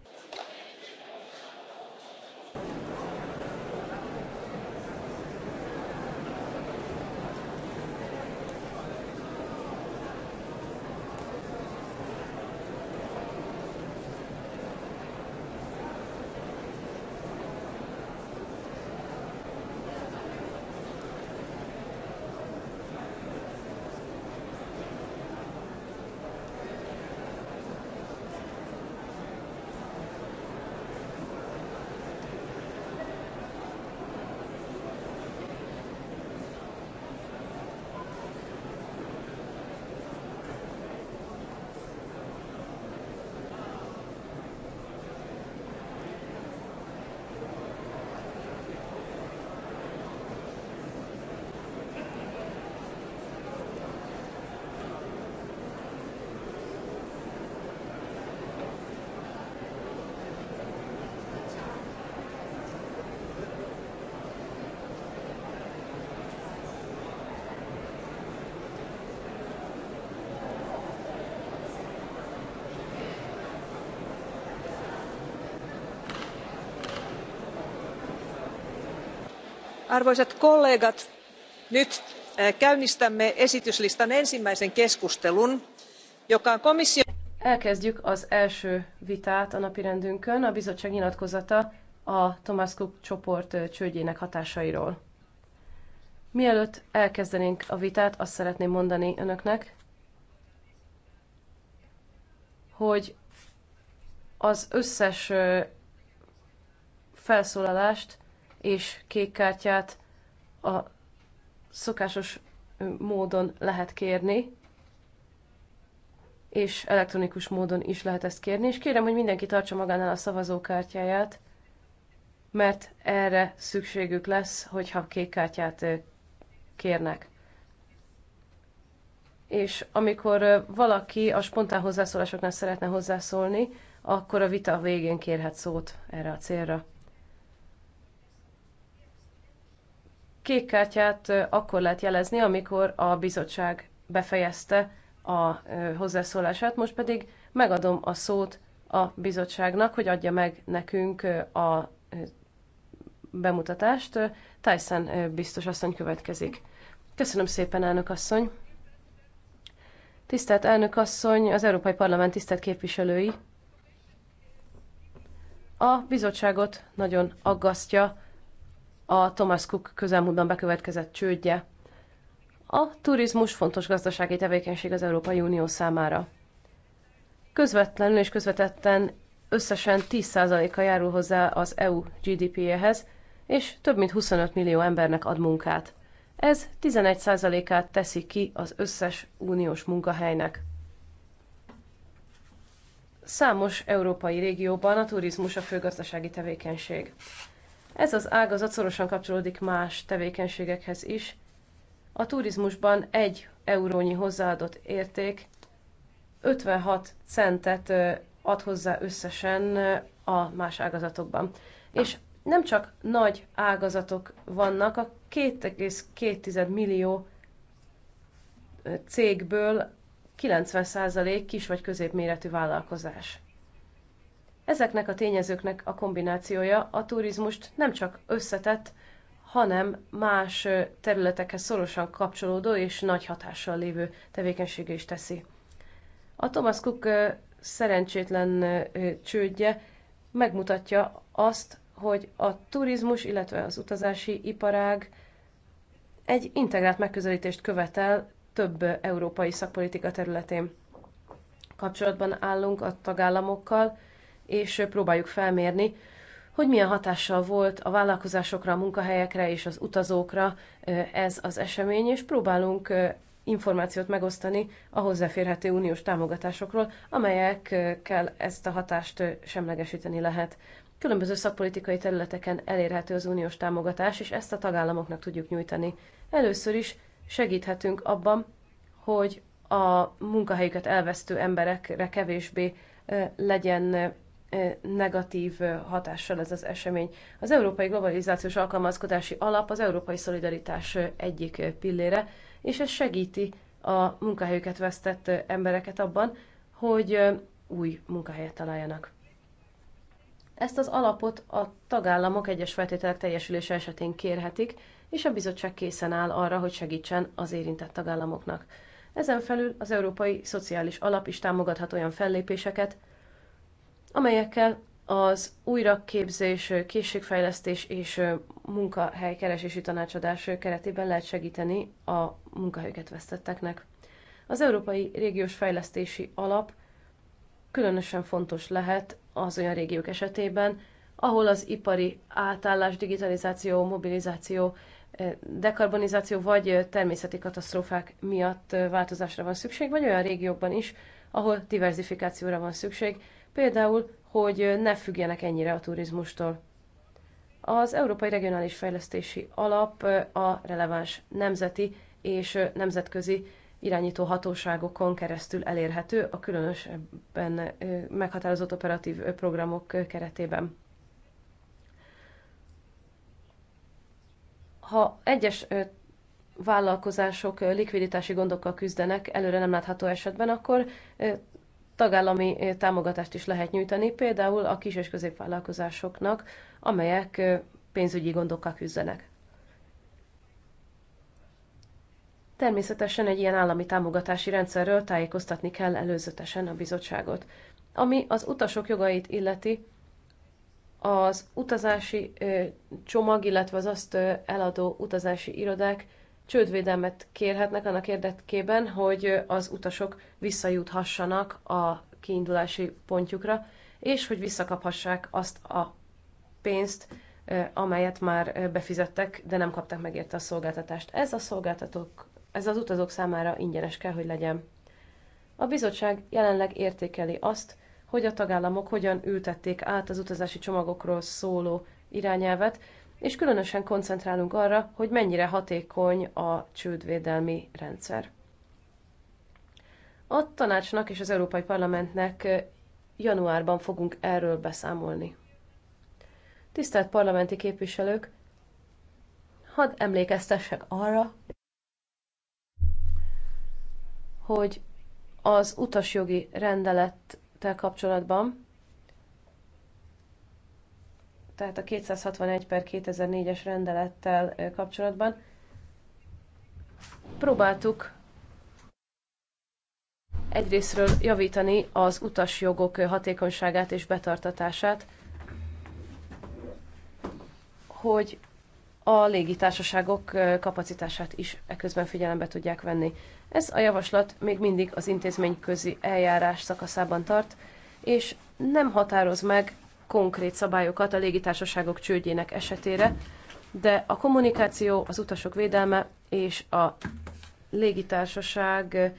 arvoisat kollegat nyt eh, käynnistämme esityslistan ensimmäisen keskustelun joka on komission. Elkezdjük az első vitát a napirendünkön, a bizottság nyilatkozata a Thomas Cook csoport eh, csődjének hatásairól. Mielőtt elkezdenénk a vitát, azt szeretném mondani önöknek, hogy az összes eh, felszólalást és kék kártyát a szokásos módon lehet kérni, és elektronikus módon is lehet ezt kérni, és kérem, hogy mindenki tartsa magánál a szavazókártyáját, mert erre szükségük lesz, hogyha kék kártyát kérnek. És amikor valaki a spontán hozzászólásoknál szeretne hozzászólni, akkor a vita végén kérhet szót erre a célra. kék kártyát akkor lehet jelezni, amikor a bizottság befejezte a hozzászólását, most pedig megadom a szót a bizottságnak, hogy adja meg nekünk a bemutatást. Tyson biztos asszony következik. Köszönöm szépen, elnök asszony! Tisztelt elnök asszony, az Európai Parlament tisztelt képviselői! A bizottságot nagyon aggasztja a Thomas Cook közelmúltban bekövetkezett csődje. A turizmus fontos gazdasági tevékenység az Európai Unió számára. Közvetlenül és közvetetten összesen 10%-a járul hozzá az EU GDP-jehez, és több mint 25 millió embernek ad munkát. Ez 11%-át teszi ki az összes uniós munkahelynek. Számos európai régióban a turizmus a fő gazdasági tevékenység ez az ágazat szorosan kapcsolódik más tevékenységekhez is a turizmusban egy eurónyi hozzáadott érték 56 centet ad hozzá összesen a más ágazatokban. És nem csak nagy ágazatok vannak, a 2,2 millió cégből 90% kis vagy középméretű vállalkozás. Ezeknek a tényezőknek a kombinációja a turizmust nem csak összetett, hanem más területekhez szorosan kapcsolódó és nagy hatással lévő tevékenységé is teszi. A Thomas Cook szerencsétlen csődje megmutatja azt, hogy a turizmus, illetve az utazási iparág egy integrált megközelítést követel több európai szakpolitika területén. Kapcsolatban állunk a tagállamokkal, és próbáljuk felmérni, hogy milyen hatással volt a vállalkozásokra, a munkahelyekre és az utazókra ez az esemény, és próbálunk információt megosztani a hozzáférhető uniós támogatásokról, amelyekkel ezt a hatást semlegesíteni lehet. Különböző szakpolitikai területeken elérhető az uniós támogatás, és ezt a tagállamoknak tudjuk nyújtani. Először is segíthetünk abban, hogy a munkahelyüket elvesztő emberekre kevésbé legyen negatív hatással ez az esemény. Az Európai Globalizációs Alkalmazkodási Alap az európai szolidaritás egyik pillére, és ez segíti a munkahelyüket vesztett embereket abban, hogy új munkahelyet találjanak. Ezt az alapot a tagállamok egyes feltételek teljesülése esetén kérhetik, és a bizottság készen áll arra, hogy segítsen az érintett tagállamoknak. Ezen felül az Európai Szociális Alap is támogathat olyan fellépéseket, amelyekkel az újraképzés, készségfejlesztés és munkahelykeresési tanácsadás keretében lehet segíteni a munkahelyüket vesztetteknek. Az Európai Régiós Fejlesztési Alap különösen fontos lehet az olyan régiók esetében, ahol az ipari átállás, digitalizáció, mobilizáció, dekarbonizáció vagy természeti katasztrófák miatt változásra van szükség, vagy olyan régiókban is, ahol diversifikációra van szükség, például, hogy ne függjenek ennyire a turizmustól. Az Európai Regionális Fejlesztési Alap a releváns nemzeti és nemzetközi irányító hatóságokon keresztül elérhető a különösebben meghatározott operatív programok keretében. Ha egyes vállalkozások likviditási gondokkal küzdenek előre nem látható esetben, akkor tagállami eh, támogatást is lehet nyújtani, például a kis- és középvállalkozásoknak, amelyek eh, pénzügyi gondokkal küzdenek. Természetesen egy ilyen állami támogatási rendszerről tájékoztatni kell előzetesen a bizottságot. Ami az utasok jogait illeti, az utazási eh, csomag, illetve az azt eladó utazási irodák csődvédelmet kérhetnek annak érdekében, hogy az utasok visszajuthassanak a kiindulási pontjukra, és hogy visszakaphassák azt a pénzt, eh, amelyet már eh, befizettek, de nem kapták meg érte a szolgáltatást. Ez a szolgáltatók, ez az utazók számára ingyenes kell, hogy legyen. A bizottság jelenleg értékeli azt, hogy a tagállamok hogyan ültették át az utazási csomagokról szóló irányelvet, és különösen koncentrálunk arra, hogy mennyire hatékony a csődvédelmi rendszer. A tanácsnak és az Európai Parlamentnek januárban fogunk erről beszámolni. Tisztelt parlamenti képviselők, hadd emlékeztessek arra, hogy az utasjogi rendelettel kapcsolatban tehát a 261 per 2004-es rendelettel kapcsolatban próbáltuk egyrésztről javítani az utasjogok hatékonyságát és betartatását, hogy a légitársaságok kapacitását is eközben figyelembe tudják venni. Ez a javaslat még mindig az intézményközi eljárás szakaszában tart, és nem határoz meg konkrét szabályokat a légitársaságok csődjének esetére, de a kommunikáció, az utasok védelme és a légitársaság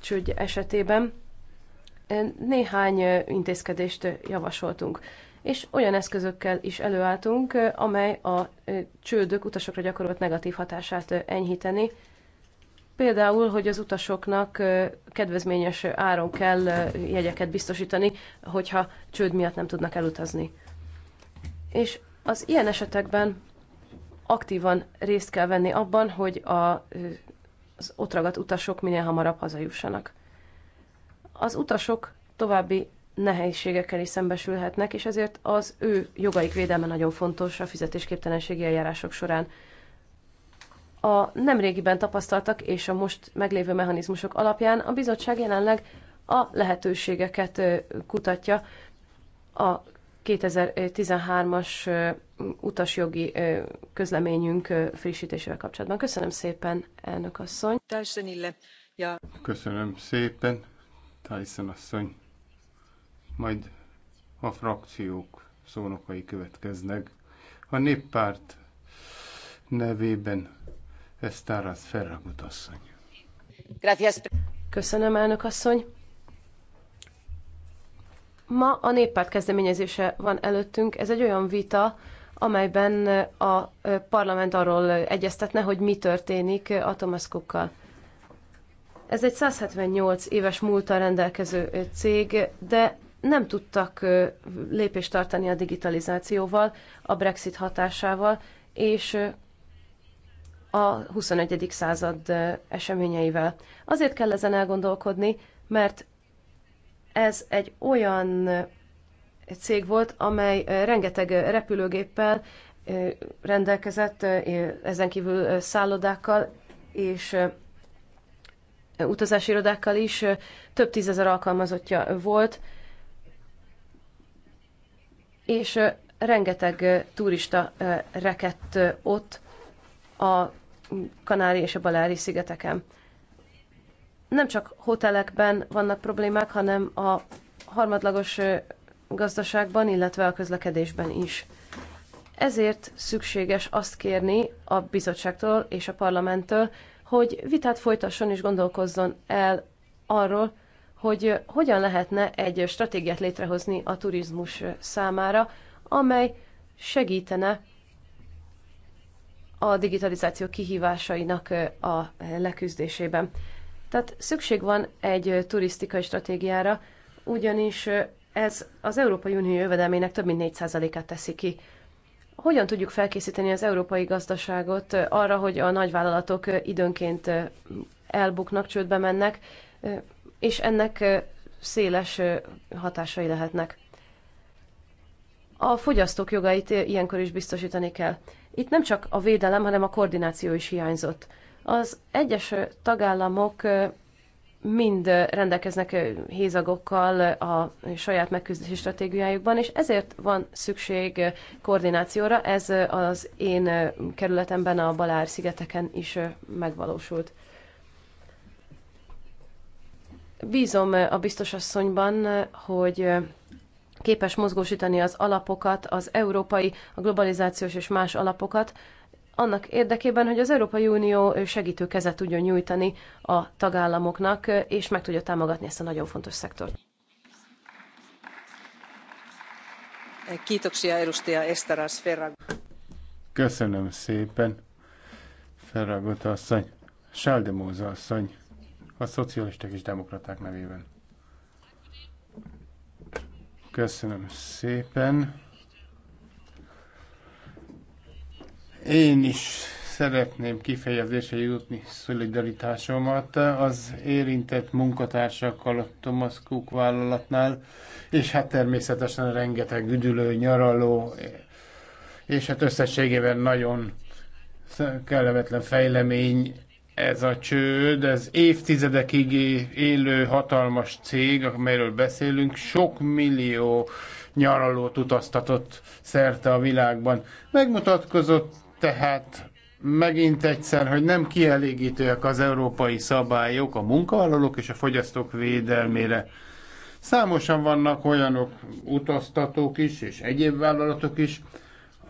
csődje esetében néhány intézkedést javasoltunk. És olyan eszközökkel is előálltunk, amely a csődök utasokra gyakorolt negatív hatását enyhíteni, Például, hogy az utasoknak kedvezményes áron kell jegyeket biztosítani, hogyha csőd miatt nem tudnak elutazni. És az ilyen esetekben aktívan részt kell venni abban, hogy a, az ott ragadt utasok minél hamarabb hazajussanak. Az utasok további nehézségekkel is szembesülhetnek, és ezért az ő jogaik védelme nagyon fontos a fizetésképtelenségi eljárások során. A nemrégiben tapasztaltak és a most meglévő mechanizmusok alapján a bizottság jelenleg a lehetőségeket kutatja a 2013-as utasjogi közleményünk frissítésével kapcsolatban. Köszönöm szépen, elnök asszony. Köszönöm szépen, Tyson asszony. Majd a frakciók szónokai következnek. A néppárt nevében Köszönöm, elnök asszony. Ma a néppárt kezdeményezése van előttünk. Ez egy olyan vita, amelyben a parlament arról egyeztetne, hogy mi történik a Thomas Cookkal. Ez egy 178 éves múltal rendelkező cég, de nem tudtak lépést tartani a digitalizációval, a Brexit hatásával, és a 21. század eseményeivel. Azért kell ezen elgondolkodni, mert ez egy olyan cég volt, amely rengeteg repülőgéppel rendelkezett, ezen kívül szállodákkal és utazási irodákkal is több tízezer alkalmazottja volt, és rengeteg turista rekett ott a Kanári és a Balári szigeteken. Nem csak hotelekben vannak problémák, hanem a harmadlagos gazdaságban, illetve a közlekedésben is. Ezért szükséges azt kérni a bizottságtól és a parlamenttől, hogy vitát folytasson és gondolkozzon el arról, hogy hogyan lehetne egy stratégiát létrehozni a turizmus számára, amely segítene a digitalizáció kihívásainak a leküzdésében. Tehát szükség van egy turisztikai stratégiára, ugyanis ez az Európai Unió jövedelmének több mint 4%-át teszi ki. Hogyan tudjuk felkészíteni az európai gazdaságot arra, hogy a nagyvállalatok időnként elbuknak, csődbe mennek, és ennek széles hatásai lehetnek. A fogyasztók jogait ilyenkor is biztosítani kell. Itt nem csak a védelem, hanem a koordináció is hiányzott. Az egyes tagállamok mind rendelkeznek hézagokkal a saját megküzdési stratégiájukban, és ezért van szükség koordinációra. Ez az én kerületemben a Balár-szigeteken is megvalósult. Bízom a biztosasszonyban, hogy képes mozgósítani az alapokat, az európai, a globalizációs és más alapokat, annak érdekében, hogy az Európai Unió segítő kezet tudjon nyújtani a tagállamoknak, és meg tudja támogatni ezt a nagyon fontos szektort. Köszönöm szépen, Ferragot asszony. Sáldemóza asszony, a szocialisták és demokraták nevében. Köszönöm szépen. Én is szeretném kifejezésre jutni szolidaritásomat az érintett munkatársakkal Thomas Cook vállalatnál, és hát természetesen rengeteg üdülő, nyaraló, és hát összességében nagyon kellemetlen fejlemény ez a csőd, ez évtizedekig élő hatalmas cég, amelyről beszélünk, sok millió nyaralót utaztatott szerte a világban. Megmutatkozott tehát megint egyszer, hogy nem kielégítőek az európai szabályok a munkavállalók és a fogyasztók védelmére. Számosan vannak olyanok utaztatók is, és egyéb vállalatok is,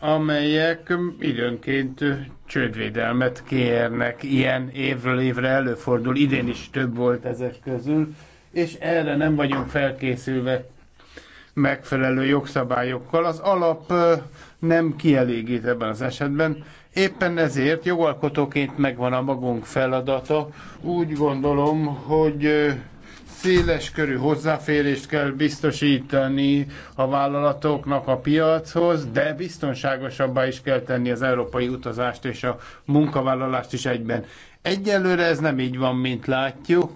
amelyek időnként csődvédelmet kérnek. Ilyen évről évre előfordul, idén is több volt ezek közül, és erre nem vagyunk felkészülve megfelelő jogszabályokkal. Az alap nem kielégít ebben az esetben. Éppen ezért jogalkotóként megvan a magunk feladata. Úgy gondolom, hogy széles körű hozzáférést kell biztosítani a vállalatoknak a piachoz, de biztonságosabbá is kell tenni az európai utazást és a munkavállalást is egyben. Egyelőre ez nem így van, mint látjuk.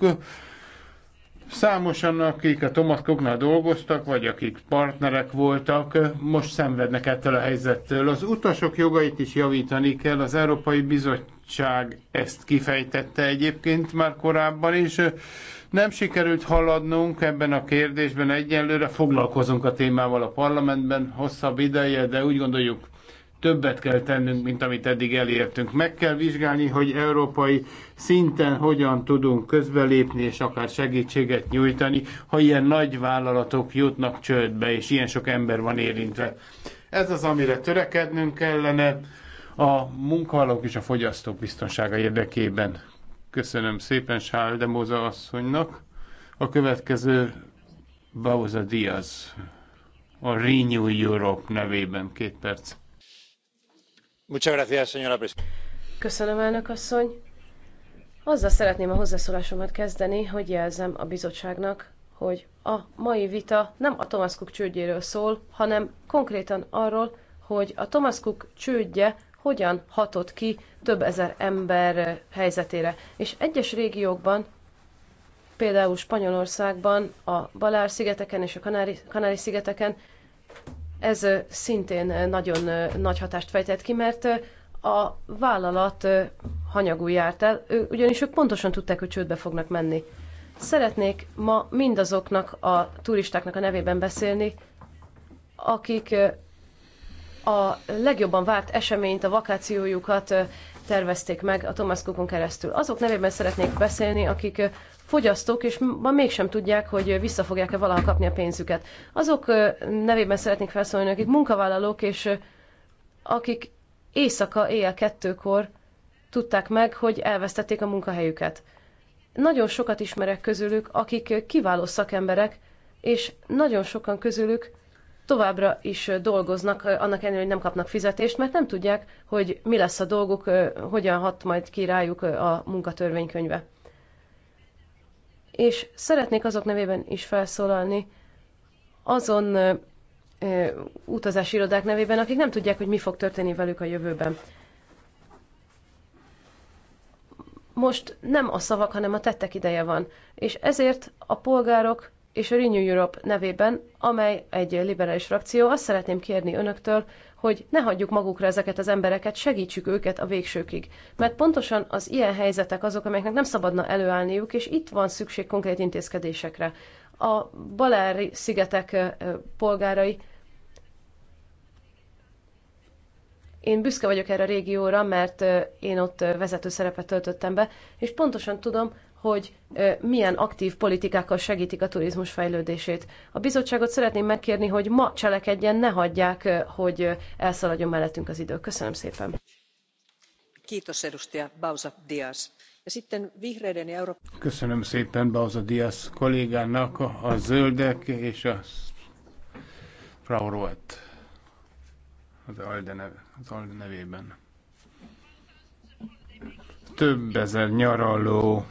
Számosan, akik a Tomatkoknál dolgoztak, vagy akik partnerek voltak, most szenvednek ettől a helyzettől. Az utasok jogait is javítani kell. Az Európai Bizottság ezt kifejtette egyébként már korábban is. Nem sikerült haladnunk ebben a kérdésben egyelőre, foglalkozunk a témával a parlamentben hosszabb ideje, de úgy gondoljuk, többet kell tennünk, mint amit eddig elértünk. Meg kell vizsgálni, hogy európai szinten hogyan tudunk közbelépni, és akár segítséget nyújtani, ha ilyen nagy vállalatok jutnak csődbe, és ilyen sok ember van érintve. Ez az, amire törekednünk kellene a munkavállalók és a fogyasztók biztonsága érdekében. Köszönöm szépen Sál de Móza asszonynak. A következő Bauza Diaz, a Renew Europe nevében. Két perc. Köszönöm, elnök asszony. Azzal szeretném a hozzászólásomat kezdeni, hogy jelzem a bizottságnak, hogy a mai vita nem a Thomas Cook csődjéről szól, hanem konkrétan arról, hogy a Thomas Cook csődje hogyan hatott ki több ezer ember helyzetére. És egyes régiókban, például Spanyolországban, a Balár-szigeteken és a Kanári-szigeteken ez szintén nagyon nagy hatást fejtett ki, mert a vállalat hanyagul járt el, ugyanis ők pontosan tudták, hogy csődbe fognak menni. Szeretnék ma mindazoknak a turistáknak a nevében beszélni, akik a legjobban várt eseményt, a vakációjukat tervezték meg a Thomas Cookon keresztül. Azok nevében szeretnék beszélni, akik fogyasztók, és ma mégsem tudják, hogy vissza fogják-e valaha kapni a pénzüket. Azok nevében szeretnék felszólni, akik munkavállalók, és akik éjszaka éjjel kettőkor tudták meg, hogy elvesztették a munkahelyüket. Nagyon sokat ismerek közülük, akik kiváló szakemberek, és nagyon sokan közülük továbbra is dolgoznak, annak ellenére, hogy nem kapnak fizetést, mert nem tudják, hogy mi lesz a dolguk, hogyan hat majd ki rájuk a munkatörvénykönyve. És szeretnék azok nevében is felszólalni, azon utazási irodák nevében, akik nem tudják, hogy mi fog történni velük a jövőben. Most nem a szavak, hanem a tettek ideje van, és ezért a polgárok és a Renew Europe nevében, amely egy liberális frakció, azt szeretném kérni önöktől, hogy ne hagyjuk magukra ezeket az embereket, segítsük őket a végsőkig. Mert pontosan az ilyen helyzetek azok, amelyeknek nem szabadna előállniuk, és itt van szükség konkrét intézkedésekre. A Balári szigetek polgárai én büszke vagyok erre a régióra, mert én ott vezető szerepet töltöttem be, és pontosan tudom, hogy milyen aktív politikákkal segítik a turizmus fejlődését. A bizottságot szeretném megkérni, hogy ma cselekedjen, ne hagyják, hogy elszaladjon mellettünk az idő. Köszönöm szépen. Köszönöm szépen Bauza Diaz kollégának, a zöldek és a Frau Roth az Alde, nev, az Alde nevében. Több ezer nyaraló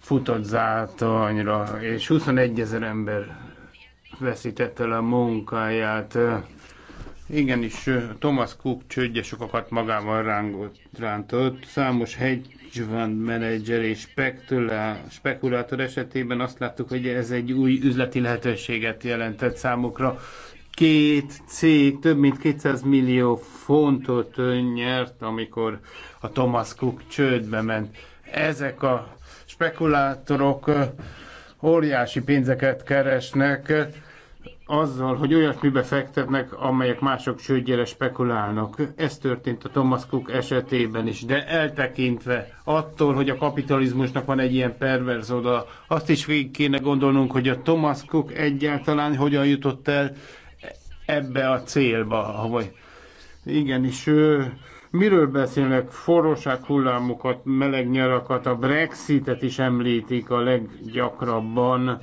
futott zátonyra, és 21 ezer ember veszítette el a munkáját. Igenis, Thomas Cook csődje sokakat magával rángott, rántott. Számos hedge fund menedzser és spekulátor esetében azt láttuk, hogy ez egy új üzleti lehetőséget jelentett számukra. Két cég több mint 200 millió fontot nyert, amikor a Thomas Cook csődbe ment ezek a spekulátorok óriási pénzeket keresnek azzal, hogy olyasmibe fektetnek, amelyek mások csődjére spekulálnak. Ez történt a Thomas Cook esetében is, de eltekintve attól, hogy a kapitalizmusnak van egy ilyen perverz oda, azt is végig kéne gondolnunk, hogy a Thomas Cook egyáltalán hogyan jutott el ebbe a célba, igenis ő Miről beszélnek? Forróság hullámokat, meleg nyarakat, a Brexitet is említik a leggyakrabban.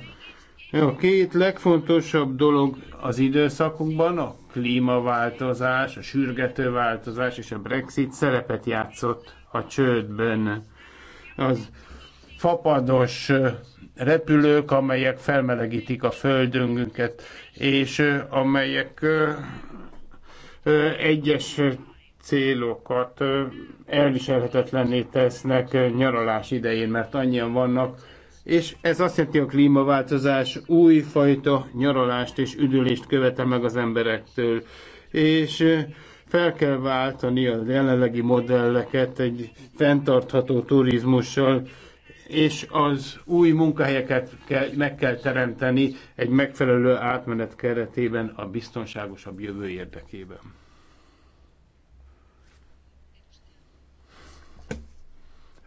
A két legfontosabb dolog az időszakunkban a klímaváltozás, a sürgető változás és a Brexit szerepet játszott a csődben. Az fapados repülők, amelyek felmelegítik a földünket, és amelyek egyes célokat elviselhetetlenné tesznek nyaralás idején, mert annyian vannak, és ez azt jelenti, a klímaváltozás újfajta nyaralást és üdülést követel meg az emberektől, és fel kell váltani a jelenlegi modelleket egy fenntartható turizmussal, és az új munkahelyeket kell, meg kell teremteni egy megfelelő átmenet keretében a biztonságosabb jövő érdekében.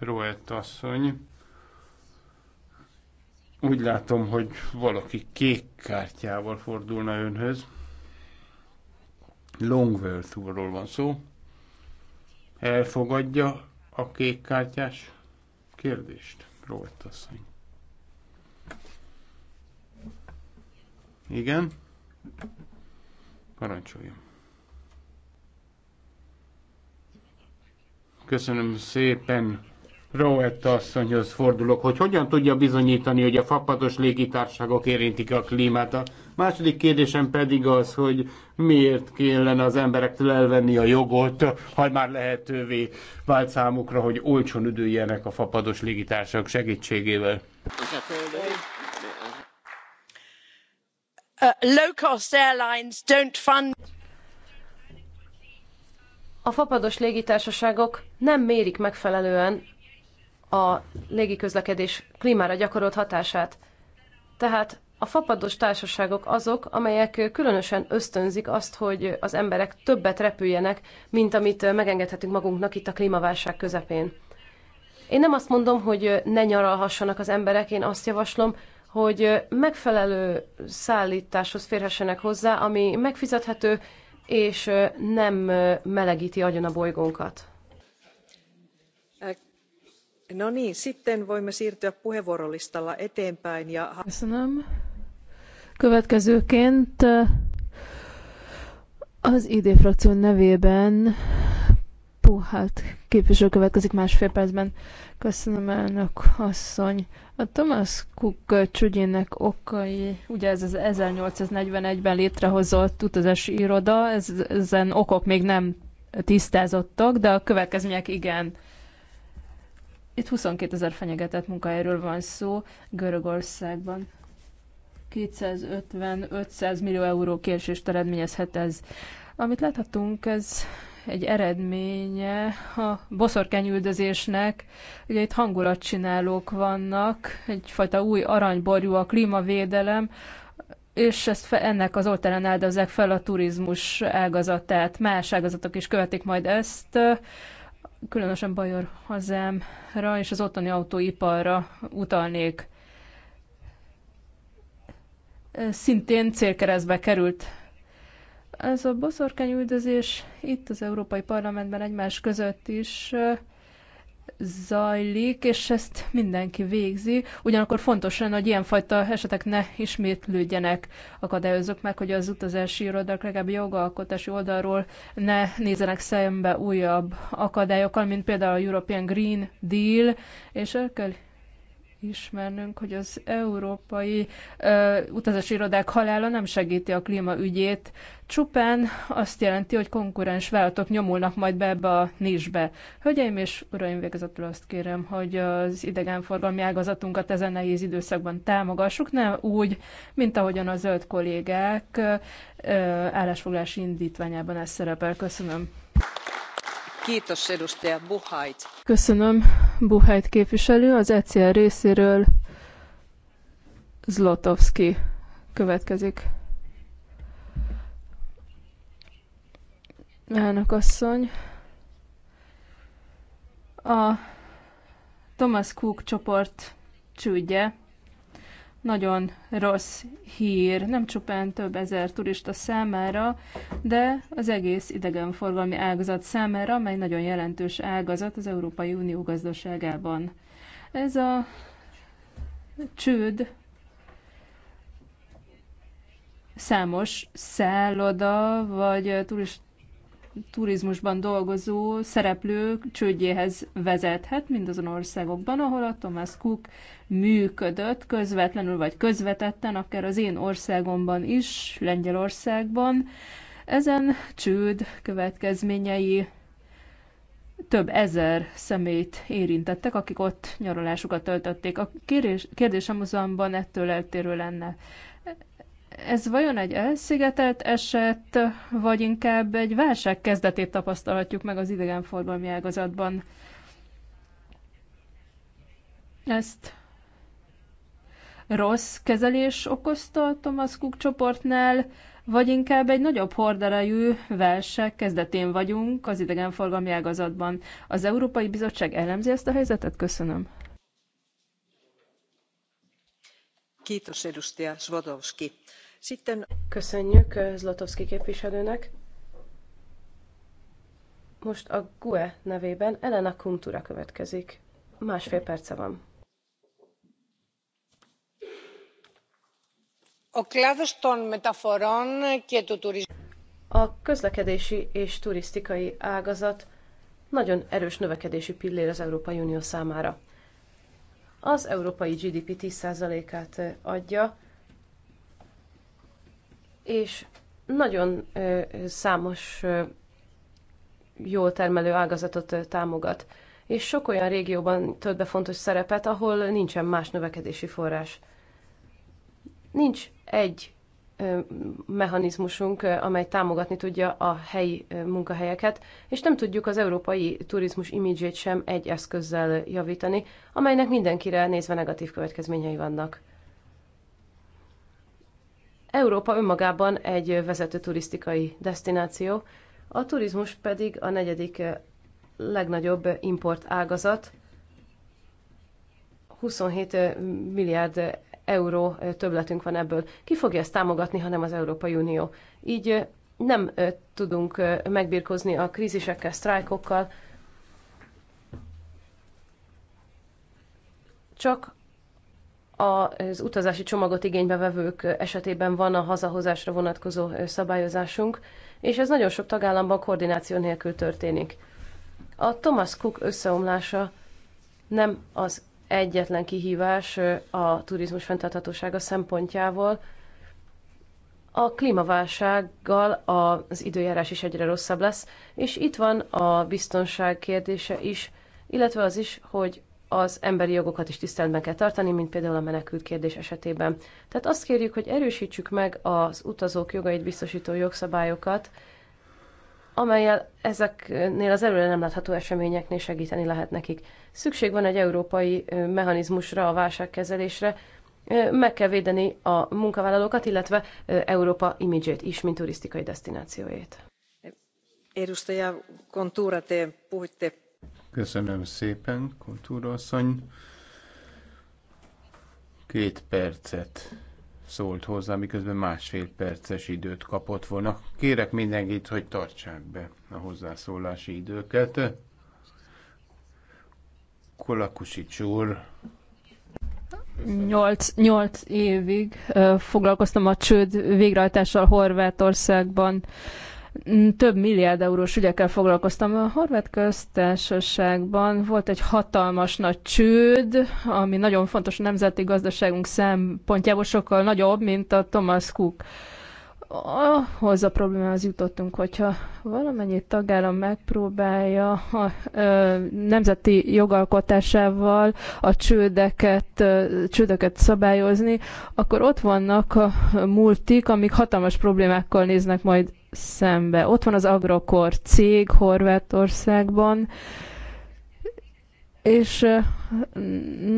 Roett asszony. Úgy látom, hogy valaki kék kártyával fordulna önhöz. Longworth úrról van szó. Elfogadja a kék kártyás kérdést, Roett asszony. Igen? Parancsoljon. Köszönöm szépen. Rowetta asszonyhoz fordulok, hogy hogyan tudja bizonyítani, hogy a fapados légitárságok érintik a klímát. A második kérdésem pedig az, hogy miért kellene az emberektől elvenni a jogot, ha már lehetővé vált számukra, hogy olcsón üdüljenek a fapados légitársaságok segítségével. Uh, low cost airlines don't fund a fapados légitársaságok nem mérik megfelelően a légiközlekedés klímára gyakorolt hatását. Tehát a fapados társaságok azok, amelyek különösen ösztönzik azt, hogy az emberek többet repüljenek, mint amit megengedhetünk magunknak itt a klímaválság közepén. Én nem azt mondom, hogy ne nyaralhassanak az emberek, én azt javaslom, hogy megfelelő szállításhoz férhessenek hozzá, ami megfizethető és nem melegíti agyon a bolygónkat. No niin, sitten voimme siirtyä puheenvuorolistalla eteenpäin. Ja... Köszönöm. Következőként az ID frakció nevében Puhát képviselő következik másfél percben. Köszönöm, elnök asszony. A Thomas Cook csügyének okai, ugye ez az 1841-ben létrehozott utazási iroda, ezen okok még nem tisztázottak, de a következmények igen. Itt 22 ezer fenyegetett munkahelyről van szó Görögországban. 250-500 millió euró késést eredményezhet ez. Amit láthatunk, ez egy eredménye a boszorkányüldözésnek. Ugye itt hangulatcsinálók vannak, egyfajta új aranyborjú a klímavédelem, és ezt fe ennek az oltárán áldozzák fel a turizmus ágazatát. Más ágazatok is követik majd ezt különösen Bajor hazámra és az ottani autóiparra utalnék. Szintén célkeresztbe került ez a boszorkányüldözés itt az Európai Parlamentben egymás között is zajlik, és ezt mindenki végzi. Ugyanakkor fontos lenne, hogy ilyenfajta esetek ne ismétlődjenek. Akadályozok meg, hogy az utazási irodák legalább jogalkotási oldalról ne nézenek szembe újabb akadályokkal, mint például a European Green Deal, és el kell ismernünk, hogy az európai ö, utazási irodák halála nem segíti a klímaügyét, csupán azt jelenti, hogy konkurens vállalatok nyomulnak majd be ebbe a nisbe. Hölgyeim és uraim, végezetül azt kérem, hogy az idegenforgalmi ágazatunkat ezen nehéz időszakban támogassuk, nem úgy, mint ahogyan a zöld kollégák ö, állásfoglalási indítványában ez szerepel. Köszönöm. Köszönöm Buhajt képviselő. Az ECR részéről Zlotowski következik. Elnök asszony. A Thomas Cook csoport csődje nagyon rossz hír, nem csupán több ezer turista számára, de az egész idegenforgalmi ágazat számára, amely nagyon jelentős ágazat az Európai Unió gazdaságában. Ez a csőd számos szálloda vagy turista turizmusban dolgozó szereplő csődjéhez vezethet mindazon országokban, ahol a Thomas Cook működött közvetlenül vagy közvetetten, akár az én országomban is, Lengyelországban. Ezen csőd következményei több ezer személyt érintettek, akik ott nyaralásukat töltötték. A kérdés, kérdésem azonban ettől eltérő lenne. Ez vajon egy elszigetelt eset, vagy inkább egy válság kezdetét tapasztalhatjuk meg az idegenforgalmi ágazatban? Ezt rossz kezelés okozta a Thomas Cook csoportnál, vagy inkább egy nagyobb horderejű válság kezdetén vagyunk az idegenforgalmi ágazatban. Az Európai Bizottság elemzi ezt a helyzetet? Köszönöm. Köszönöm, edustaja Svadovski. Köszönjük eh, Zlotowski képviselőnek. Most a GUE nevében Elena Kuntura következik. Másfél perce van. A közlekedési és turisztikai ágazat nagyon erős növekedési pillér az Európai Unió számára. Az európai GDP 10%-át eh, adja, és nagyon számos jól termelő ágazatot támogat. És sok olyan régióban tölt be fontos szerepet, ahol nincsen más növekedési forrás. Nincs egy mechanizmusunk, amely támogatni tudja a helyi munkahelyeket, és nem tudjuk az európai turizmus imidzsét sem egy eszközzel javítani, amelynek mindenkire nézve negatív következményei vannak. Európa önmagában egy vezető turisztikai destináció, a turizmus pedig a negyedik eh, legnagyobb importágazat, 27 eh, milliárd eh, euró többletünk van ebből. Ki fogja ezt támogatni, ha nem az Európai Unió? Így nem tudunk megbirkozni a krízisekkel, sztrájkokkal, csak az utazási csomagot igénybe vevők esetében van a hazahozásra vonatkozó szabályozásunk, és ez nagyon sok tagállamban koordináció nélkül történik. A Thomas Cook összeomlása nem az egyetlen kihívás a turizmus fenntarthatósága szempontjából. A klímaválsággal az időjárás is egyre rosszabb lesz, és itt van a biztonság kérdése is, illetve az is, hogy az emberi jogokat is tiszteletben kell tartani, mint például a menekült kérdés esetében. Tehát azt kérjük, hogy erősítsük meg az utazók jogait biztosító jogszabályokat, amelyel ezeknél az előre nem látható eseményeknél segíteni lehet nekik. Szükség van egy európai mechanizmusra, a válságkezelésre, meg kell védeni a munkavállalókat, illetve Európa imidzsét is, mint turisztikai destinációjét. Edustaja Kontúra, te puhuitte Köszönöm szépen, kultúrasszony. Két percet szólt hozzá, miközben másfél perces időt kapott volna. Kérek mindenkit, hogy tartsák be a hozzászólási időket. Kolakusics úr. 8, nyolc évig foglalkoztam a csőd végrehajtással Horvátországban. Mm, több milliárd eurós ügyekkel foglalkoztam. A horvát köztársaságban volt egy hatalmas nagy csőd, ami nagyon fontos a nemzeti gazdaságunk szempontjából, sokkal nagyobb, mint a Thomas Cook ahhoz a problémához jutottunk, hogyha valamennyi tagállam megpróbálja a ö, nemzeti jogalkotásával a csődeket, ö, szabályozni, akkor ott vannak a multik, amik hatalmas problémákkal néznek majd szembe. Ott van az Agrokor cég Horvátországban, és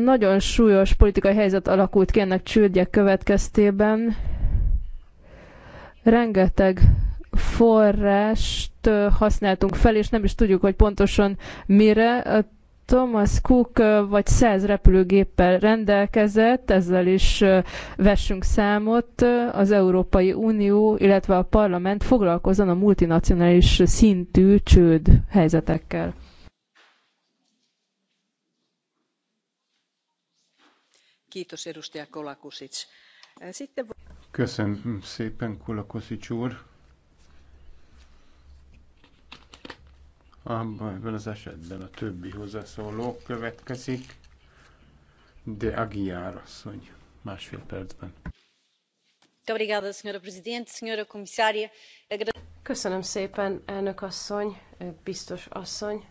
nagyon súlyos politikai helyzet alakult ki ennek csődje következtében, rengeteg forrást használtunk fel, és nem is tudjuk, hogy pontosan mire. Thomas Cook vagy száz repülőgéppel rendelkezett, ezzel is vessünk számot. Az Európai Unió, illetve a parlament foglalkozon a multinacionális szintű csőd helyzetekkel. Kiitos, edustaja Kolakusic. Sitten... Köszönöm szépen, Kulakoszics úr. Abban ebben az esetben a többi hozzászóló következik, de Aguiar asszony másfél percben. Köszönöm szépen, elnök asszony, biztos asszony.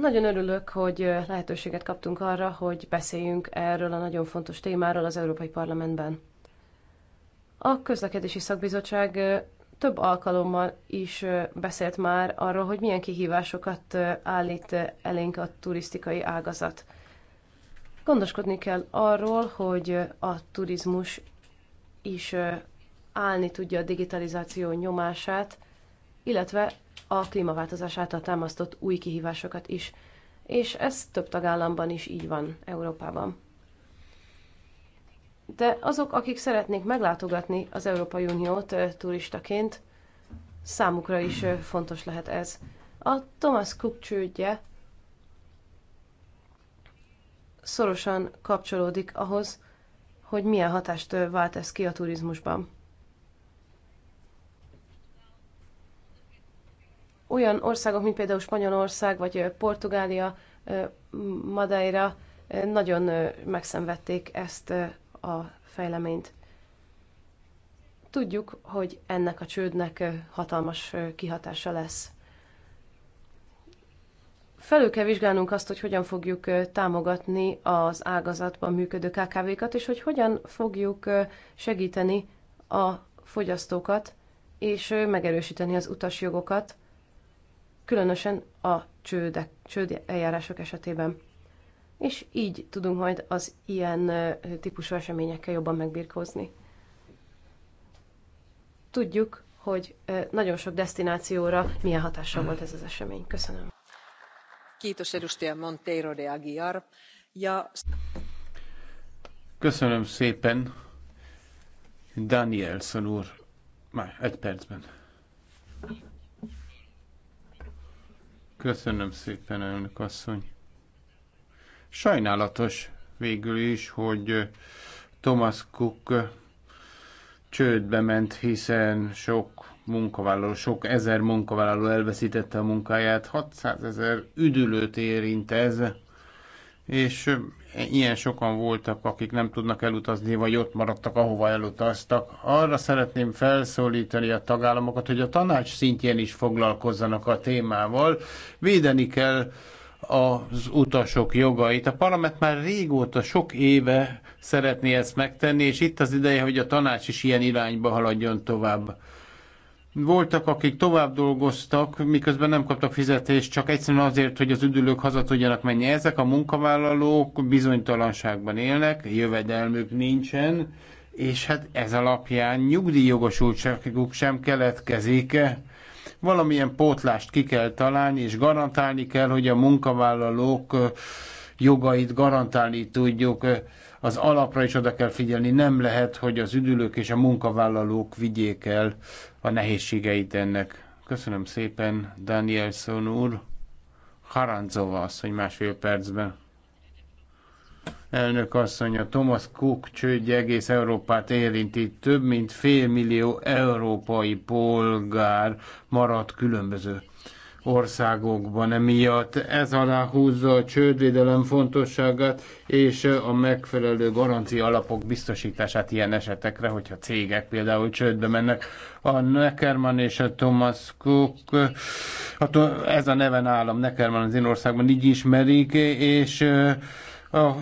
Nagyon örülök, hogy lehetőséget kaptunk arra, hogy beszéljünk erről a nagyon fontos témáról az Európai Parlamentben. A közlekedési szakbizottság több alkalommal is beszélt már arról, hogy milyen kihívásokat állít elénk a turisztikai ágazat. Gondoskodni kell arról, hogy a turizmus is állni tudja a digitalizáció nyomását, illetve a klímaváltozás által támasztott új kihívásokat is. És ez több tagállamban is így van Európában. De azok, akik szeretnék meglátogatni az Európai Uniót turistaként, számukra is fontos lehet ez. A Thomas Cook csődje szorosan kapcsolódik ahhoz, hogy milyen hatást vált ez ki a turizmusban. olyan országok, mint például Spanyolország vagy Portugália, Madeira nagyon megszenvedték ezt a fejleményt. Tudjuk, hogy ennek a csődnek hatalmas kihatása lesz. Felül kell vizsgálnunk azt, hogy hogyan fogjuk támogatni az ágazatban működő KKV-kat, és hogy hogyan fogjuk segíteni a fogyasztókat, és megerősíteni az utasjogokat, különösen a csődek, csőd eljárások esetében. És így tudunk majd az ilyen típusú eseményekkel jobban megbirkózni. Tudjuk, hogy nagyon sok destinációra milyen hatással volt ez az esemény. Köszönöm. Kiitos edustaja Monteiro de Aguiar. Ja... Köszönöm szépen. Danielson úr, már egy percben. Köszönöm szépen, elnök asszony. Sajnálatos végül is, hogy Thomas Cook csődbe ment, hiszen sok munkavállaló, sok ezer munkavállaló elveszítette a munkáját, 600 ezer üdülőt érint ez, és ilyen sokan voltak, akik nem tudnak elutazni, vagy ott maradtak, ahova elutaztak. Arra szeretném felszólítani a tagállamokat, hogy a tanács szintjén is foglalkozzanak a témával. Védeni kell az utasok jogait. A parlament már régóta, sok éve szeretné ezt megtenni, és itt az ideje, hogy a tanács is ilyen irányba haladjon tovább. Voltak, akik tovább dolgoztak, miközben nem kaptak fizetést, csak egyszerűen azért, hogy az üdülők haza tudjanak menni. Ezek a munkavállalók bizonytalanságban élnek, jövedelmük nincsen, és hát ez alapján nyugdíjjogosultságuk sem keletkezik. Valamilyen pótlást ki kell találni, és garantálni kell, hogy a munkavállalók jogait garantálni tudjuk. Az alapra is oda kell figyelni, nem lehet, hogy az üdülők és a munkavállalók vigyék el a nehézségeit ennek. Köszönöm szépen, Danielson úr. Haranzova asszony másfél percben. Elnök asszony, a Thomas Cook csődje egész Európát érinti. Több mint fél millió európai polgár maradt különböző országokban emiatt. Ez aláhúzza a csődvédelem fontosságát és a megfelelő garancia alapok biztosítását ilyen esetekre, hogyha cégek például csődbe mennek. A Neckerman és a Thomas Cook, hát ez a neven állam, Neckerman az én országban így ismerik, és a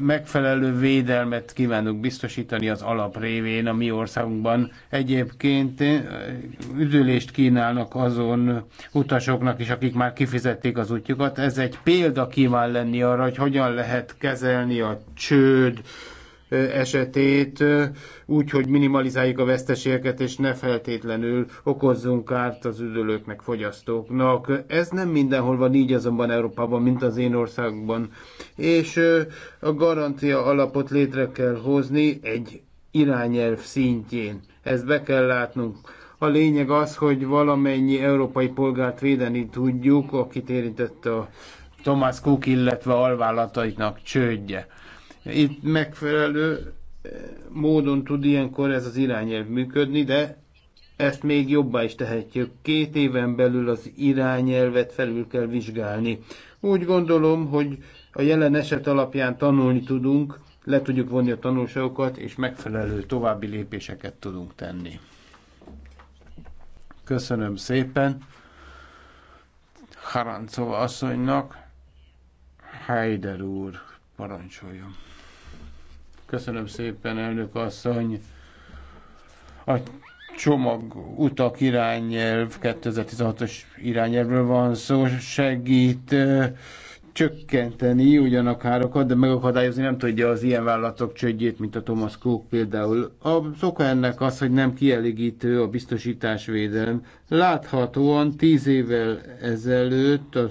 megfelelő védelmet kívánunk biztosítani az alap révén a mi országunkban. Egyébként üdülést kínálnak azon utasoknak is, akik már kifizették az útjukat. Ez egy példa kíván lenni arra, hogy hogyan lehet kezelni a csőd, esetét, úgy, hogy minimalizáljuk a veszteségeket, és ne feltétlenül okozzunk kárt az üdülőknek, fogyasztóknak. Ez nem mindenhol van így azonban Európában, mint az én országban. És a garantia alapot létre kell hozni egy irányelv szintjén. Ezt be kell látnunk. A lényeg az, hogy valamennyi európai polgárt védeni tudjuk, akit érintett a Thomas Cook, illetve alvállataiknak csődje. Itt megfelelő eh, módon tud ilyenkor ez az irányelv működni, de ezt még jobbá is tehetjük. Két éven belül az irányelvet felül kell vizsgálni. Úgy gondolom, hogy a jelen eset alapján tanulni tudunk, le tudjuk vonni a tanulságokat, és megfelelő további lépéseket tudunk tenni. Köszönöm szépen Harancova asszonynak. Heider úr, parancsoljon! Köszönöm szépen, elnök asszony. A csomag utak irányelv, 2016-os irányelvről van szó, segít Uh, csökkenteni ugyanakár okat, de megakadályozni nem tudja az ilyen vállalatok csődjét, mint a Thomas Cook például. A szoka ennek az, hogy nem kielégítő a biztosításvédelem. Láthatóan tíz évvel ezelőtt az,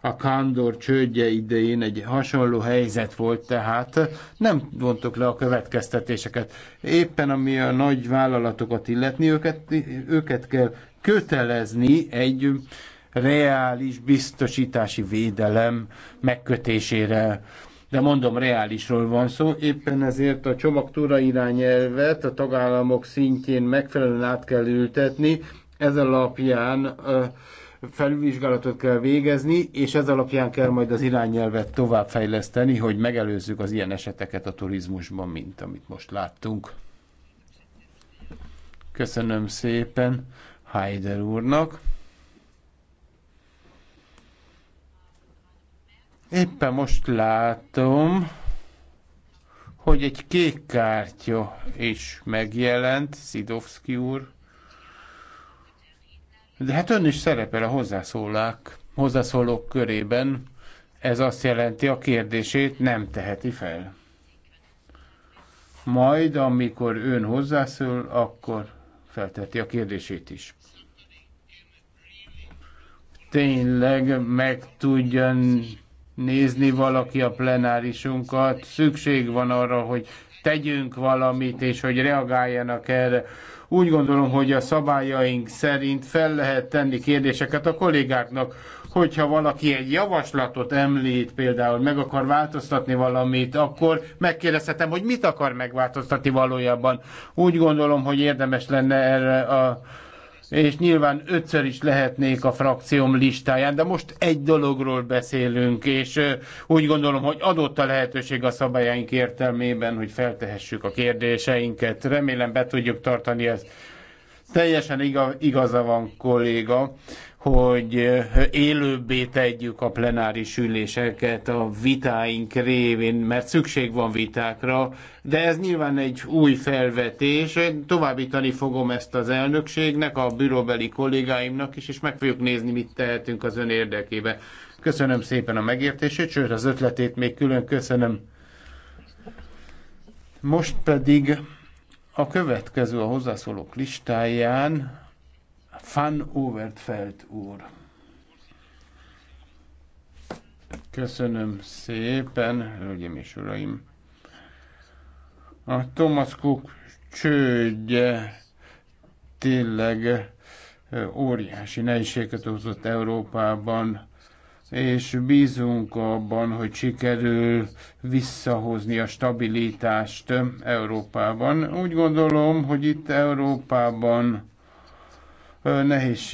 a Kándor csődje idején egy hasonló helyzet volt, tehát nem vontok le a következtetéseket. Éppen ami a nagy vállalatokat illetni, őket, őket kell kötelezni egy reális biztosítási védelem megkötésére de mondom, reálisról van szó. Éppen ezért a csomagtúra irányelvet a tagállamok szintjén megfelelően át kell ültetni, ez alapján felülvizsgálatot kell végezni, és ez alapján kell majd az irányelvet továbbfejleszteni, hogy megelőzzük az ilyen eseteket a turizmusban, mint amit most láttunk. Köszönöm szépen Heider úrnak. Éppen most látom, hogy egy kék kártya is megjelent, Szidovszki úr. De hát ön is szerepel a hozzászólók, hozzászólók körében. Ez azt jelenti, a kérdését nem teheti fel. Majd, amikor ön hozzászól, akkor felteheti a kérdését is. Tényleg meg tudjon nézni valaki a plenárisunkat szükség van arra, hogy tegyünk valamit, és hogy reagáljanak erre. Úgy gondolom, hogy a szabályaink szerint fel lehet tenni kérdéseket a kollégáknak, hogyha valaki egy javaslatot említ, például meg akar változtatni valamit, akkor megkérdezhetem, hogy mit akar megváltoztatni valójában. Úgy gondolom, hogy érdemes lenne erre a és nyilván ötször is lehetnék a frakcióm listáján, de most egy dologról beszélünk, és úgy gondolom, hogy adott a lehetőség a szabályaink értelmében, hogy feltehessük a kérdéseinket. Remélem be tudjuk tartani ezt. Teljesen igaza van kolléga hogy élőbbé tegyük a plenáris üléseket a vitáink révén, mert szükség van vitákra, de ez nyilván egy új felvetés. Én továbbítani fogom ezt az elnökségnek, a bürobeli kollégáimnak is, és meg fogjuk nézni, mit tehetünk az ön érdekébe. Köszönöm szépen a megértését, sőt az ötletét még külön köszönöm. Most pedig a következő a hozzászólók listáján van Overtfeld úr. Köszönöm szépen, hölgyeim és uraim. A Thomas Cook csődje tényleg eh, óriási nehézséget hozott Európában, és bízunk abban, hogy sikerül visszahozni a stabilitást Európában. Úgy gondolom, hogy itt Európában nehéz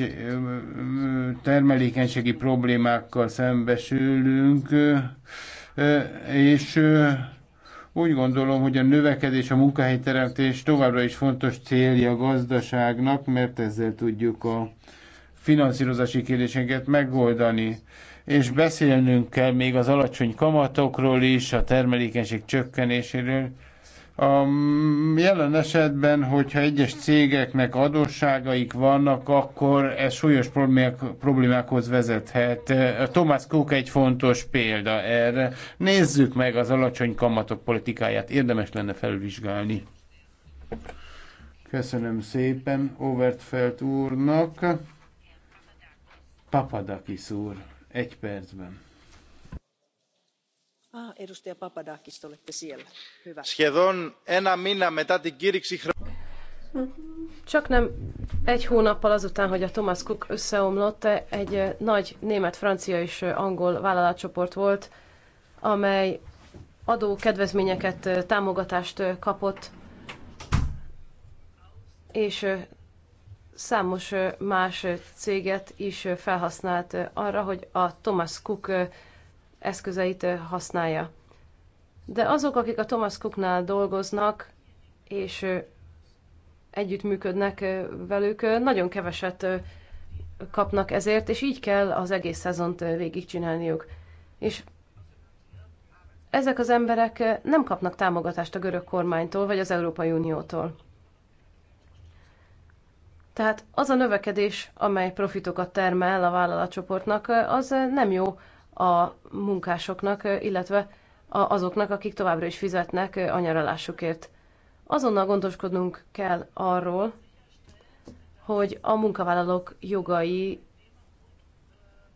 termelékenységi problémákkal szembesülünk, és úgy gondolom, hogy a növekedés, a munkahelyteremtés továbbra is fontos célja a gazdaságnak, mert ezzel tudjuk a finanszírozási kérdéseket megoldani. És beszélnünk kell még az alacsony kamatokról is, a termelékenység csökkenéséről, a jelen esetben, hogyha egyes cégeknek adósságaik vannak, akkor ez súlyos problémák, problémákhoz vezethet. A Thomas Cook egy fontos példa erre. Nézzük meg az alacsony kamatok politikáját. Érdemes lenne felvizsgálni. Köszönöm szépen Overtfeld úrnak. Papadakis úr, egy percben. Ah, csaknem egy hónappal azután hogy a thomas cook összeomlott egy eh, nagy német francia és eh, angol vállalatcsoport volt amely adókedvezményeket eh, támogatást kapott és számos más céget is felhasznált arra hogy a thomas cook eszközeit használja. De azok, akik a Thomas Cooknál dolgoznak, és együttműködnek velük, nagyon keveset kapnak ezért, és így kell az egész szezont végigcsinálniuk. És ezek az emberek nem kapnak támogatást a görög kormánytól, vagy az Európai Uniótól. Tehát az a növekedés, amely profitokat termel a vállalatcsoportnak, az nem jó a munkásoknak, illetve azoknak, akik továbbra is fizetnek a nyaralásukért. Azonnal gondoskodnunk kell arról, hogy a munkavállalók jogai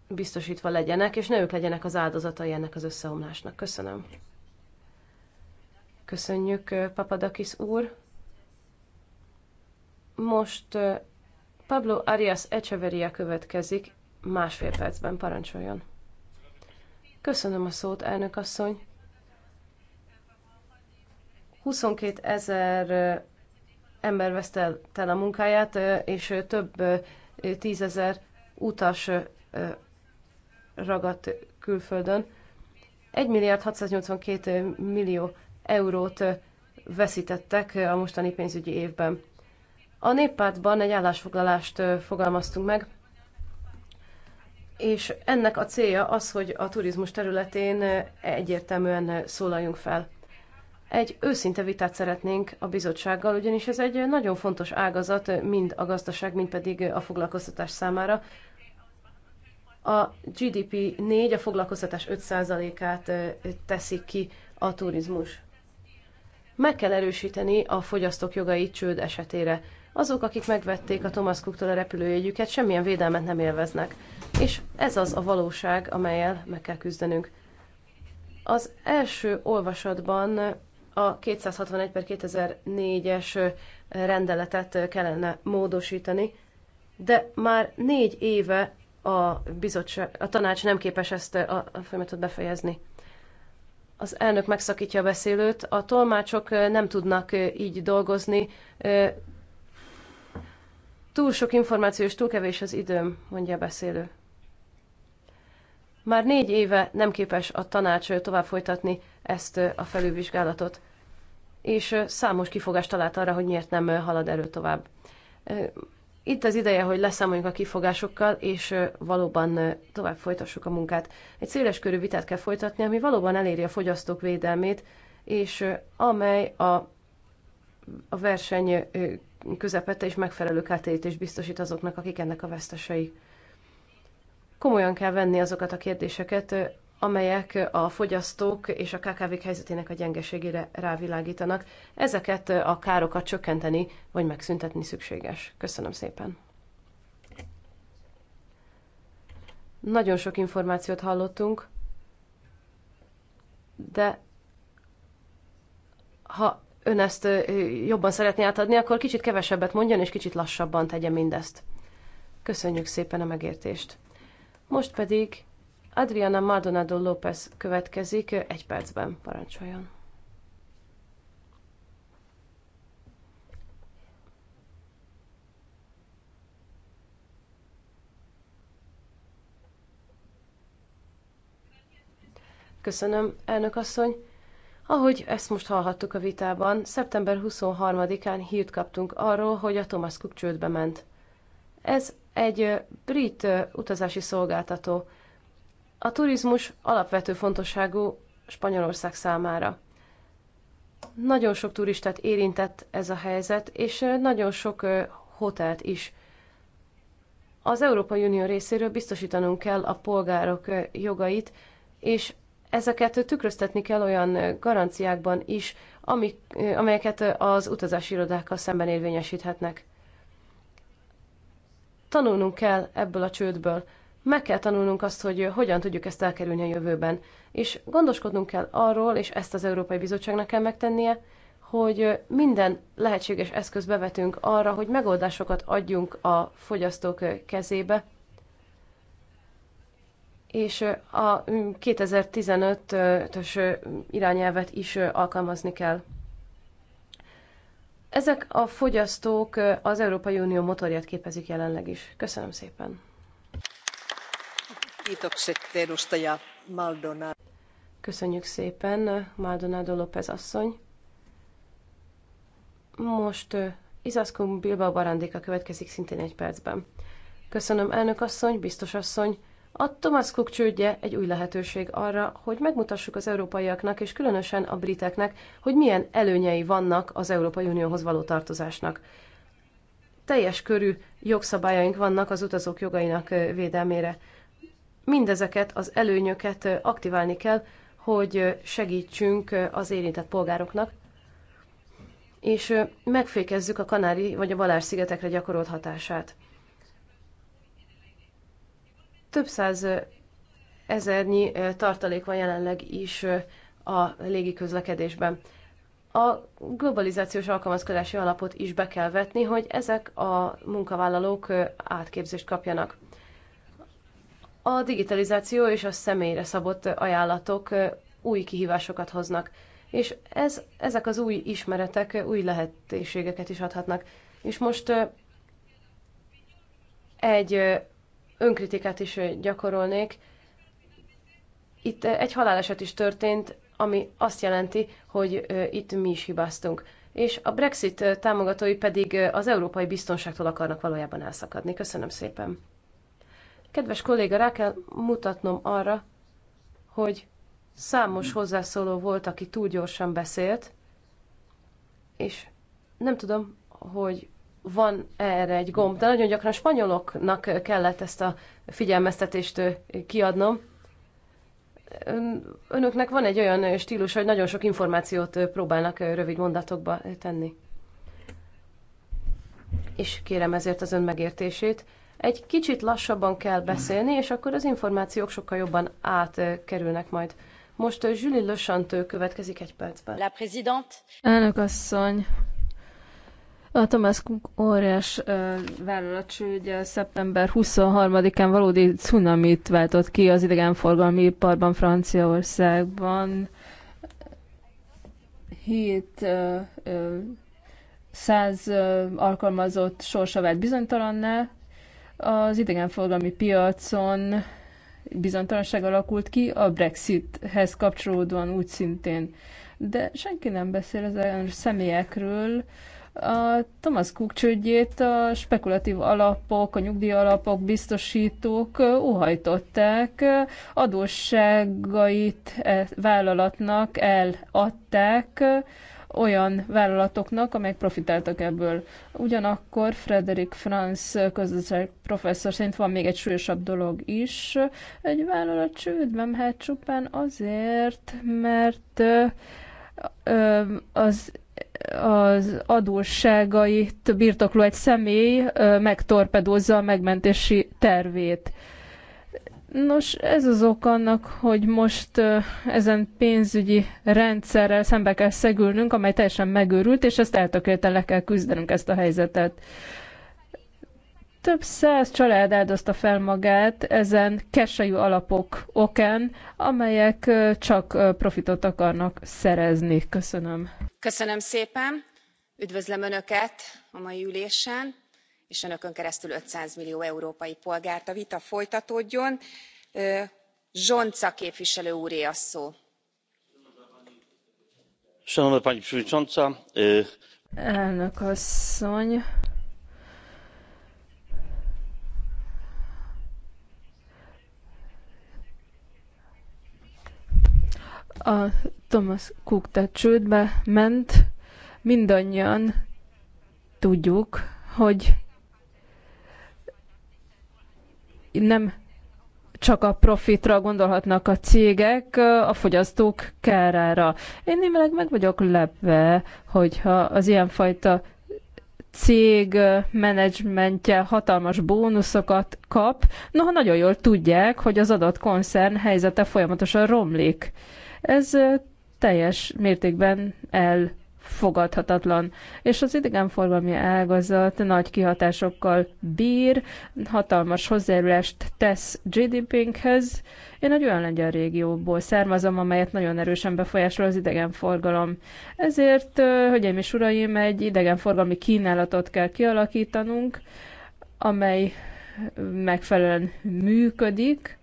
biztosítva legyenek, és ne ők legyenek az áldozatai ennek az összeomlásnak. Köszönöm. Köszönjük, Papadakis úr. Most eh, Pablo Arias Echeveria következik, másfél percben parancsoljon. Köszönöm a szót, elnök asszony. 22 ezer ember vesztett el a munkáját, és több tízezer utas ragadt külföldön. 1 milliárd 682 millió eurót veszítettek a mostani pénzügyi évben. A néppártban egy állásfoglalást fogalmaztunk meg, és ennek a célja az, hogy a turizmus területén egyértelműen szólaljunk fel. Egy őszinte vitát szeretnénk a bizottsággal, ugyanis ez egy nagyon fontos ágazat mind a gazdaság, mind pedig a foglalkoztatás számára. A GDP 4 a foglalkoztatás 5%-át teszi ki a turizmus. Meg kell erősíteni a fogyasztók jogait csőd esetére azok, akik megvették a Thomas Cooktól a repülőjegyüket, semmilyen védelmet nem élveznek. És ez az a valóság, amelyel meg kell küzdenünk. Az első olvasatban a 261 per 2004-es rendeletet kellene módosítani, de már négy éve a, bizottság, a tanács nem képes ezt a, a folyamatot befejezni. Az elnök megszakítja a beszélőt, a tolmácsok nem tudnak így dolgozni, Túl sok információ és túl kevés az időm, mondja a beszélő. Már négy éve nem képes a tanács tovább folytatni ezt a felülvizsgálatot, és számos kifogást talált arra, hogy miért nem halad erő tovább. Itt az ideje, hogy leszámoljunk a kifogásokkal, és valóban tovább folytassuk a munkát. Egy széles körű vitát kell folytatni, ami valóban eléri a fogyasztók védelmét, és amely a, a verseny közepette, és megfelelő kártérítést biztosít azoknak, akik ennek a vesztesei. Komolyan kell venni azokat a kérdéseket, amelyek a fogyasztók és a KKV-k helyzetének a gyengeségére rávilágítanak. Ezeket a károkat csökkenteni vagy megszüntetni szükséges. Köszönöm szépen. Nagyon sok információt hallottunk, de ha ön ezt jobban szeretné átadni, akkor kicsit kevesebbet mondjon, és kicsit lassabban tegye mindezt. Köszönjük szépen a megértést. Most pedig Adriana Maldonado López következik egy percben, parancsoljon. Köszönöm, elnök asszony. Ahogy ezt most hallhattuk a vitában, szeptember 23-án hírt kaptunk arról, hogy a Thomas Cook csődbe ment. Ez egy brit utazási szolgáltató. A turizmus alapvető fontosságú Spanyolország számára. Nagyon sok turistát érintett ez a helyzet, és nagyon sok hotelt is. Az Európai Unió részéről biztosítanunk kell a polgárok jogait, és ezeket tükröztetni kell olyan garanciákban is, amik, amelyeket az utazási irodákkal szemben érvényesíthetnek. Tanulnunk kell ebből a csődből. Meg kell tanulnunk azt, hogy hogyan tudjuk ezt elkerülni a jövőben. És gondoskodnunk kell arról, és ezt az Európai Bizottságnak kell megtennie, hogy minden lehetséges eszköz bevetünk arra, hogy megoldásokat adjunk a fogyasztók kezébe, és a 2015-ös mm, irányelvet is alkalmazni kell. Ezek a fogyasztók az Európai Unió motorját képezik jelenleg is. Köszönöm szépen. Köszönjük szépen, Maldonado López asszony. Most Izaskun Bilbao barándéka következik szintén egy percben. Köszönöm, elnök asszony, biztos asszony. A Thomas Cook csődje egy új lehetőség arra, hogy megmutassuk az európaiaknak és különösen a briteknek, hogy milyen előnyei vannak az Európai Unióhoz való tartozásnak. Teljes körű jogszabályaink vannak az utazók jogainak védelmére. Mindezeket az előnyöket aktiválni kell, hogy segítsünk az érintett polgároknak, és megfékezzük a Kanári vagy a Balázs szigetekre gyakorolt hatását. Több száz ezernyi tartalék van jelenleg is a légiközlekedésben. A globalizációs alkalmazkodási alapot is be kell vetni, hogy ezek a munkavállalók átképzést kapjanak. A digitalizáció és a személyre szabott ajánlatok új kihívásokat hoznak, és ez, ezek az új ismeretek új lehetőségeket is adhatnak. És most egy önkritikát is gyakorolnék. Itt egy haláleset is történt, ami azt jelenti, hogy itt mi is hibáztunk. És a Brexit támogatói pedig az európai biztonságtól akarnak valójában elszakadni. Köszönöm szépen. Kedves kolléga, rá kell mutatnom arra, hogy számos hozzászóló volt, aki túl gyorsan beszélt, és nem tudom, hogy van erre egy gomb, de nagyon gyakran a spanyoloknak kellett ezt a figyelmeztetést kiadnom. Önöknek van egy olyan stílus, hogy nagyon sok információt próbálnak rövid mondatokba tenni. És kérem ezért az ön megértését. Egy kicsit lassabban kell beszélni, és akkor az információk sokkal jobban átkerülnek majd. Most Julie Le Chanteux következik egy percben. La présidente. Elnök asszony, a Thomas Cook óriás vállalatsúgy szeptember 23-án valódi cunamit váltott ki az idegenforgalmi iparban Franciaországban. Hét száz alkalmazott sorsa vált bizonytalanná. Az idegenforgalmi piacon bizonytalanság alakult ki, a Brexithez kapcsolódóan úgy szintén. De senki nem beszél ezen személyekről, a Thomas Cook csődjét a spekulatív alapok, a nyugdíj alapok, biztosítók óhajtották, adósságait e vállalatnak eladták, olyan vállalatoknak, amelyek profitáltak ebből. Ugyanakkor Frederick Franz közösség professzor szerint van még egy súlyosabb dolog is. Egy vállalat csődbe mehet csupán azért, mert az az adósságait birtokló egy személy megtorpedózza a megmentési tervét. Nos, ez az ok annak, hogy most ezen pénzügyi rendszerrel szembe kell szegülnünk, amely teljesen megőrült, és ezt eltökéltel le kell küzdenünk ezt a helyzetet. Több száz család áldozta fel magát ezen keselyű alapok okán, amelyek csak profitot akarnak szerezni. Köszönöm. Köszönöm szépen. Üdvözlöm Önöket a mai ülésen, és Önökön keresztül 500 millió európai polgárt. A vita folytatódjon. Zsonca képviselő úré a szó. Szanowna Pani Przewodnicząca! Elnök asszony! A Thomas Cook tehát csődbe ment, mindannyian tudjuk, hogy nem csak a profitra gondolhatnak a cégek, a fogyasztók kárára. Én némileg meg vagyok lepve, hogyha az ilyenfajta cég menedzsmentje hatalmas bónuszokat kap, noha nagyon jól tudják, hogy az adott koncern helyzete folyamatosan romlik. Ez teljes mértékben el fogadhatatlan. És az idegenforgalmi ágazat nagy kihatásokkal bír, hatalmas hozzájárulást tesz GDP-nkhez. Én egy olyan lengyel régióból származom, amelyet nagyon erősen befolyásol az idegenforgalom. Ezért, hölgyeim és uraim, egy idegenforgalmi kínálatot kell kialakítanunk, amely megfelelően működik.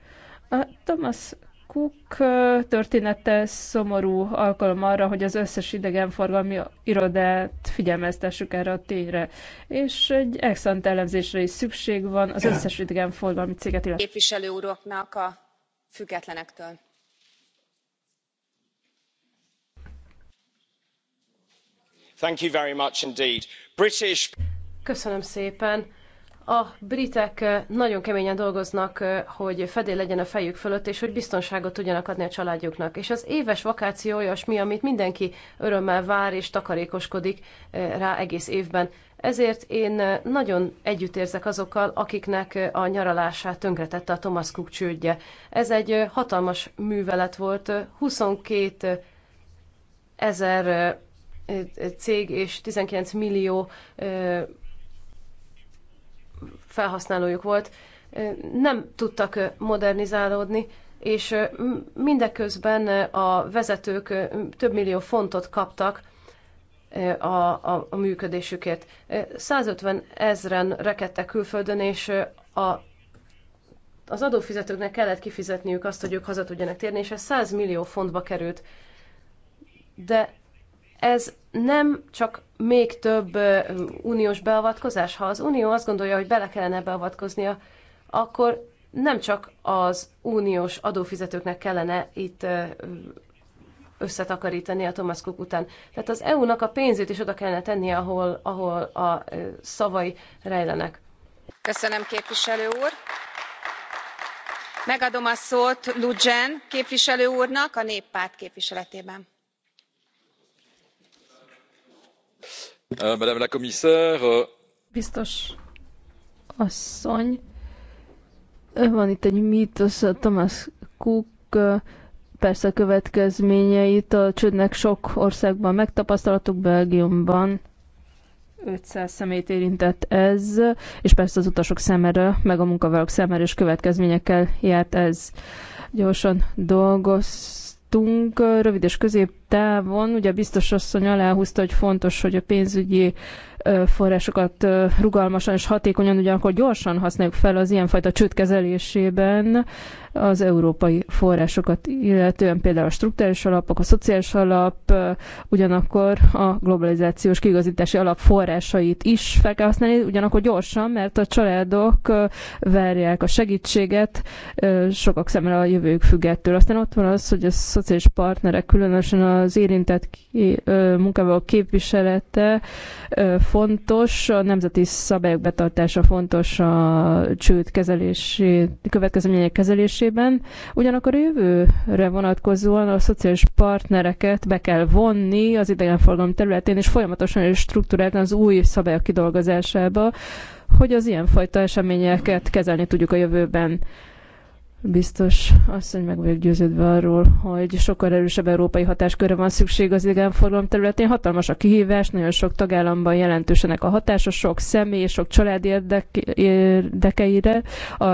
A Thomas Cook története szomorú alkalom arra, hogy az összes idegenforgalmi irodát figyelmeztessük erre a tényre. És egy excellent elemzésre is szükség van az összes idegenforgalmi céget illetve. Képviselő uroknak a függetlenektől. Thank you very much indeed. British... Köszönöm szépen a britek eh, nagyon keményen dolgoznak, eh, hogy fedél legyen a fejük fölött, és hogy biztonságot tudjanak adni a családjuknak. És az éves vakáció olyasmi, amit mindenki örömmel vár és takarékoskodik eh, rá egész évben. Ezért én nagyon együttérzek azokkal, akiknek a nyaralását tönkretette a Thomas Cook csődje. Ez egy hatalmas művelet volt, 22 ezer cég és 19 millió felhasználójuk volt, nem tudtak modernizálódni, és mindeközben a vezetők több millió fontot kaptak a, a, a működésükért. 150 ezren rekedtek külföldön, és a, az adófizetőknek kellett kifizetniük azt, hogy ők haza tudjanak térni, és ez 100 millió fontba került. De ez nem csak még több uniós beavatkozás. Ha az unió azt gondolja, hogy bele kellene beavatkoznia, akkor nem csak az uniós adófizetőknek kellene itt összetakarítani a Thomas Cook után. Tehát az EU-nak a pénzét is oda kellene tenni, ahol, ahol a szavai rejlenek. Köszönöm, képviselő úr. Megadom a szót Lugyen képviselő úrnak a néppárt képviseletében Euh, Madame la commissaire. Euh, Biztos asszony, euh, van itt egy mítosz, Thomas Cook persze a következményeit a csődnek sok országban megtapasztaltuk, Belgiumban 500 szemét érintett ez, és persze az utasok szemére, meg a munkavállalók szemére is következményekkel járt ez. Gyorsan dolgoz láttunk rövid és középtávon. Ugye biztos asszony aláhúzta, hogy fontos, hogy a pénzügyi forrásokat rugalmasan és hatékonyan, ugyanakkor gyorsan használjuk fel az ilyenfajta csőd kezelésében az európai forrásokat, illetően például a struktúrális alapok, a szociális alap, ugyanakkor a globalizációs kigazítási alap forrásait is fel kell használni, ugyanakkor gyorsan, mert a családok várják a segítséget, sokak szemre a jövők függettől. Aztán ott van az, hogy a szociális partnerek, különösen az érintett munkával képviselete fontos, a nemzeti szabályok betartása fontos a csőd kezelési, következmények kezelésében. Ugyanakkor a jövőre vonatkozóan a szociális partnereket be kell vonni az idegenforgalom területén, és folyamatosan és struktúráltan az új szabályok kidolgozásába, hogy az ilyenfajta eseményeket kezelni tudjuk a jövőben. Biztos asszony meg vagyok győződve arról, hogy sokkal erősebb európai hatáskörre van szükség az idegenforgalom területén. Hatalmas a kihívás, nagyon sok tagállamban jelentősenek a hatása, sok személy, sok család érdek, érdekeire. A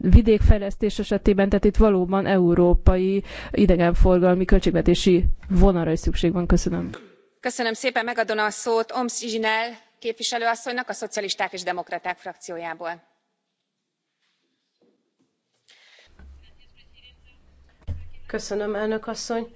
vidékfejlesztés esetében, tehát itt valóban európai idegenforgalmi költségvetési vonalra is szükség van. Köszönöm. Köszönöm szépen, megadom a szót Oms Zsinel képviselőasszonynak a Szocialisták és Demokraták frakciójából Köszönöm, elnök asszony.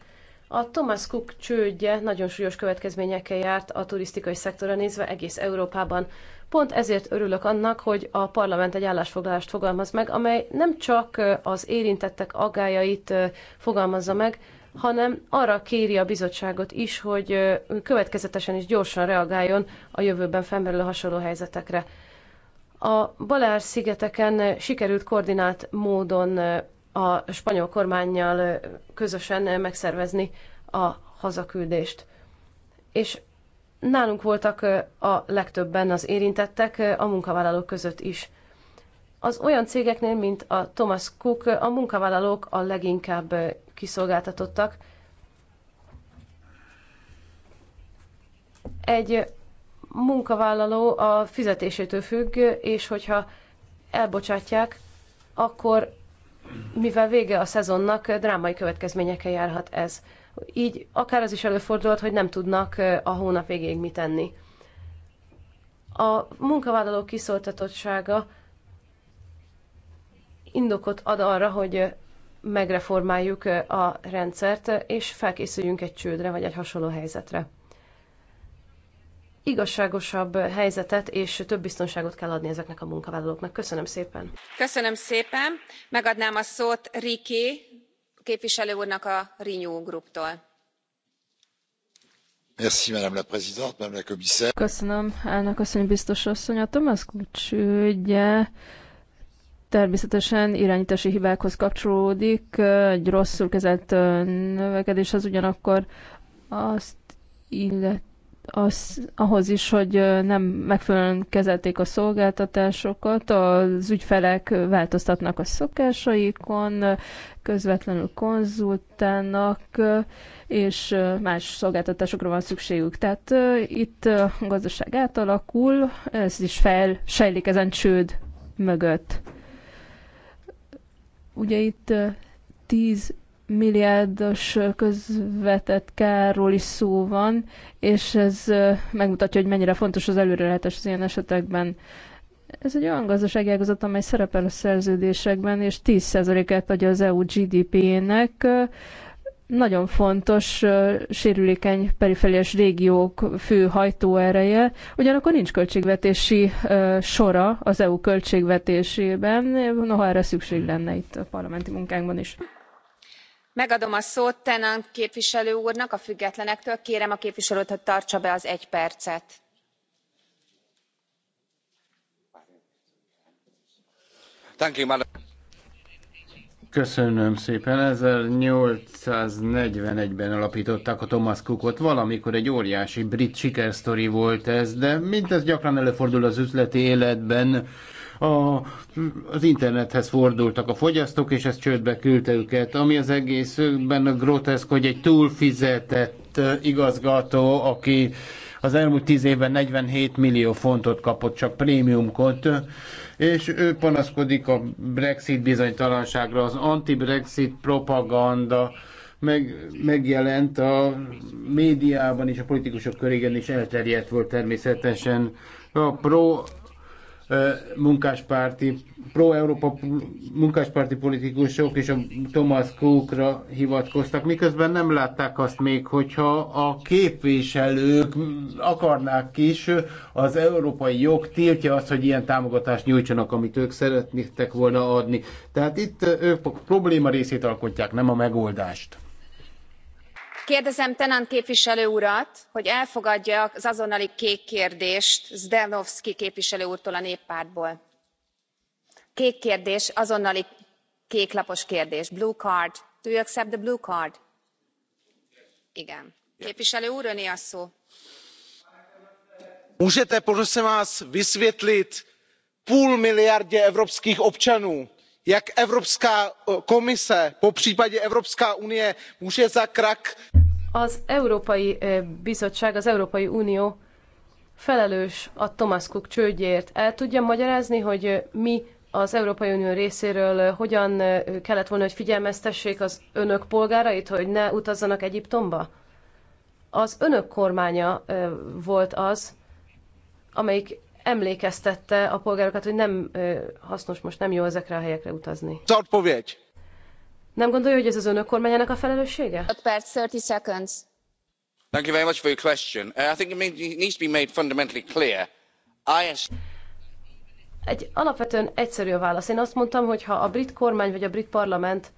A Thomas Cook csődje nagyon súlyos következményekkel járt a turisztikai szektorra nézve egész Európában. Pont ezért örülök annak, hogy a parlament egy állásfoglalást fogalmaz meg, amely nem csak az érintettek aggájait fogalmazza meg, hanem arra kéri a bizottságot is, hogy következetesen és gyorsan reagáljon a jövőben felmerülő hasonló helyzetekre. A Balár-szigeteken sikerült koordinált módon a spanyol kormányjal közösen megszervezni a hazaküldést. És nálunk voltak a legtöbben az érintettek, a munkavállalók között is. Az olyan cégeknél, mint a Thomas Cook, a munkavállalók a leginkább kiszolgáltatottak. Egy munkavállaló a fizetésétől függ, és hogyha elbocsátják, akkor mivel vége a szezonnak, drámai következményekkel járhat ez. Így akár az is előfordulhat, hogy nem tudnak a hónap végéig mit tenni. A munkavállalók kiszoltatottsága indokot ad arra, hogy megreformáljuk a rendszert, és felkészüljünk egy csődre vagy egy hasonló helyzetre igazságosabb helyzetet és több biztonságot kell adni ezeknek a munkavállalóknak. Köszönöm szépen. Köszönöm szépen. Megadnám a szót Riki képviselő úrnak a Renew Grouptól. Merci, Madame la Présidente, Madame la Commissaire. Köszönöm, elnök asszony, biztos asszony. A Thomas Kucs ügye természetesen irányítási hibákhoz kapcsolódik, egy rosszul kezelt növekedéshez, ugyanakkor azt illet az, ahhoz is, hogy nem megfelelően kezelték a szolgáltatásokat, az ügyfelek változtatnak a szokásaikon, közvetlenül konzultálnak, és más szolgáltatásokra van szükségük. Tehát itt a gazdaság átalakul, ez is fel, sejlik ezen csőd mögött. Ugye itt 10 milliárdos közvetett kárról is szó van, és ez megmutatja, hogy mennyire fontos az előrelátás az ilyen esetekben. Ez egy olyan gazdasági ágazat, amely szerepel a szerződésekben, és 10%-át adja az EU GDP-nek. Nagyon fontos sérülékeny perifériás régiók fő hajtóereje, ugyanakkor nincs költségvetési sora az EU költségvetésében, noha erre szükség lenne itt a parlamenti munkánkban is megadom a szót tannock képviselő úrnak a függetlenektől kérem a képviselőt hogy tartsa be az egy percet. Köszönöm szépen. 1841-ben alapították a Thomas Cookot. Valamikor egy óriási brit sikersztori volt ez, de mint ez gyakran előfordul az üzleti életben, a, az internethez fordultak a fogyasztók, és ez csődbe küldte őket. Ami az egészben a groteszk, hogy egy túlfizetett igazgató, aki az elmúlt tíz évben 47 millió fontot kapott, csak prémiumkot, és ő panaszkodik a Brexit bizonytalanságra, az anti-Brexit propaganda, meg, megjelent a médiában és a politikusok körében is elterjedt volt természetesen. A pro munkáspárti, pro-Európa munkáspárti politikusok és a Thomas Cookra hivatkoztak, miközben nem látták azt még, hogyha a képviselők akarnák is, az európai jog tiltja azt, hogy ilyen támogatást nyújtsanak, amit ők szeretnétek volna adni. Tehát itt ők a probléma részét alkotják, nem a megoldást kérdezem tannant képviselő urat hogy elfogadja az azonnali kék kérdést zdehovsk képviselő úrtól a néppártból. kék kérdés azonnali kéklapos kérdés blue card. do you accept the blue card? igen. képviselő úr öné a szó. můžete prosím vás vysvětlit půl miliardě evropských občanů jak evropská komise popřípadě evropská unie může za krak az Európai Bizottság, az Európai Unió felelős a Thomas Cook csődjért. El tudja magyarázni, hogy mi az Európai Unió részéről hogyan kellett volna, hogy figyelmeztessék az önök polgárait, hogy ne utazzanak Egyiptomba? Az önök kormánya volt az, amelyik emlékeztette a polgárokat, hogy nem hasznos most, nem jó ezekre a helyekre utazni. Odpowiedź. Nem gondolja, hogy ez az önök kormányának a felelőssége? perc, 30 seconds. Thank you very much for your question. Uh, I think it needs to be made fundamentally clear. I egy alapvetően egyszerű a válasz. Én azt mondtam, hogy ha a brit kormány vagy a brit parlament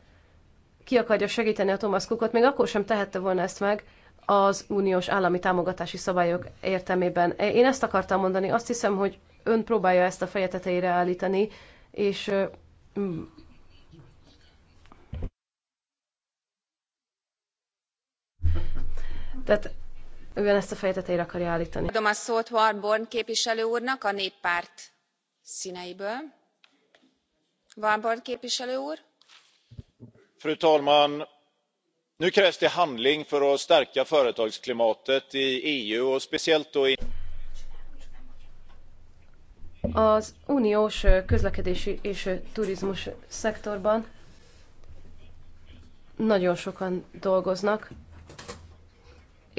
ki akarja segíteni a Thomas Cookot, még akkor sem tehette volna ezt meg az uniós állami támogatási szabályok értelmében. E, én ezt akartam mondani. Azt hiszem, hogy ön próbálja ezt a fejeteteire állítani, és Tehát ő ezt a fejtetére akarja állítani. Adom a szót Warborn képviselő úrnak a néppárt színeiből. Warborn képviselő úr. Fru talman! Nu krävs det handling för att stärka företagsklimatet i EU och speciellt då i... Az uniós közlekedési és turizmus szektorban nagyon sokan dolgoznak,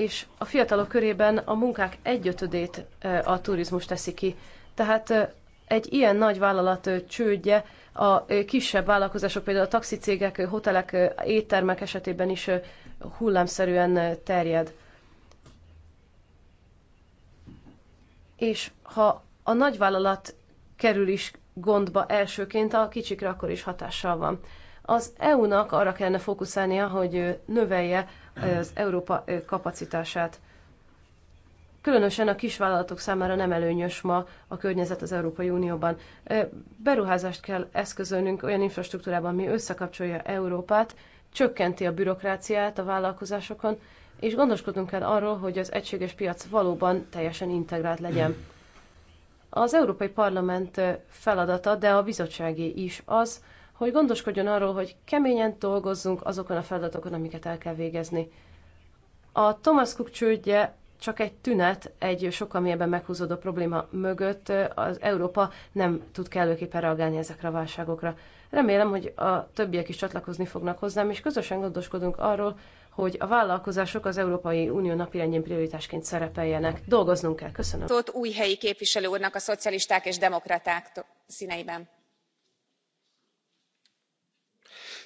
és a fiatalok körében a munkák egyötödét a turizmus teszi ki. Tehát egy ilyen nagy vállalat csődje a kisebb vállalkozások, például a taxicégek, hotelek, éttermek esetében is hullámszerűen terjed. És ha a nagyvállalat kerül is gondba elsőként, a kicsikre akkor is hatással van. Az EU-nak arra kellene fókuszálnia, hogy növelje az Európa kapacitását. Különösen a kisvállalatok számára nem előnyös ma a környezet az Európai Unióban. Beruházást kell eszközölnünk olyan infrastruktúrában, ami összekapcsolja Európát, csökkenti a bürokráciát a vállalkozásokon, és gondoskodunk kell arról, hogy az egységes piac valóban teljesen integrált legyen. Az Európai Parlament feladata, de a bizottságé is az, hogy gondoskodjon arról, hogy keményen dolgozzunk azokon a feladatokon, amiket el kell végezni. A Thomas Cook csődje csak egy tünet, egy sokkal mélyebben meghúzódó probléma mögött az Európa nem tud kellőképpen reagálni ezekre a válságokra. Remélem, hogy a többiek is csatlakozni fognak hozzám, és közösen gondoskodunk arról, hogy a vállalkozások az Európai Unió napirendjén prioritásként szerepeljenek. Dolgoznunk kell. Köszönöm. Tóth új helyi képviselő úrnak a szocialisták és demokraták színeiben.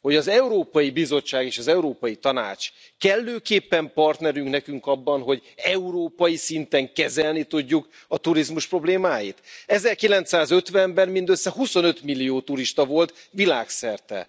hogy az európai bizottság és az európai tanács kellőképpen partnerünk nekünk abban hogy európai szinten kezelni tudjuk a turizmus problémáit? one thousand nine hundred and fifty ben mindössze twenty five millió turista volt világszerte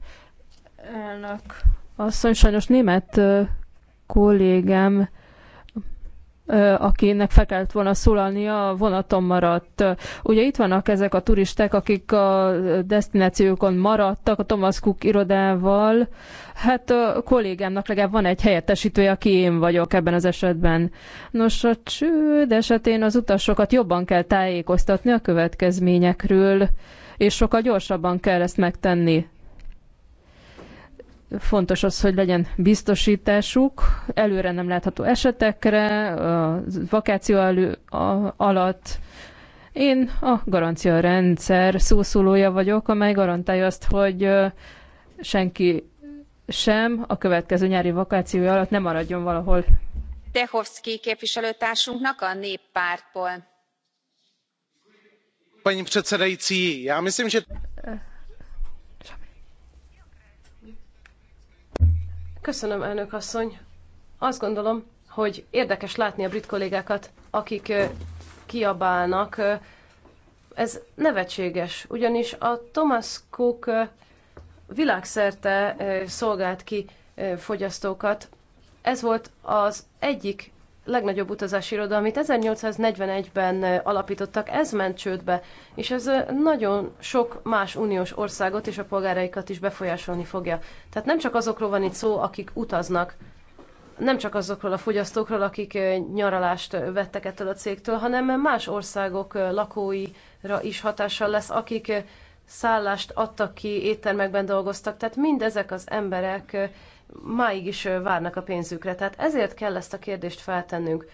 Elnök asszony, sajnos német kollégám akinek fel kellett volna szólalnia, a vonaton maradt. Ugye itt vannak ezek a turisták, akik a destinációkon maradtak, a Thomas Cook irodával. Hát a kollégámnak legalább van egy helyettesítője, aki én vagyok ebben az esetben. Nos, a csőd esetén az utasokat jobban kell tájékoztatni a következményekről, és sokkal gyorsabban kell ezt megtenni. Fontos az, hogy legyen biztosításuk előre nem látható esetekre, a vakáció elő, a, alatt. Én a garancia rendszer szószólója vagyok, amely garantálja azt, hogy senki sem a következő nyári vakációja alatt nem maradjon valahol. Dehovszki képviselőtársunknak a néppártból. Pani předsedající, já myslím, že... Köszönöm, elnök asszony. Azt gondolom, hogy érdekes látni a brit kollégákat, akik kiabálnak. Ez nevetséges, ugyanis a Thomas Cook világszerte szolgált ki fogyasztókat. Ez volt az egyik legnagyobb utazási iroda, amit 1841-ben alapítottak, ez ment csődbe, és ez nagyon sok más uniós országot és a polgáraikat is befolyásolni fogja. Tehát nem csak azokról van itt szó, akik utaznak, nem csak azokról a fogyasztókról, akik nyaralást vettek ettől a cégtől, hanem más országok lakóira is hatással lesz, akik szállást adtak ki, éttermekben dolgoztak. Tehát mindezek az emberek máig is várnak a pénzükre. Tehát ezért kell ezt a kérdést feltennünk.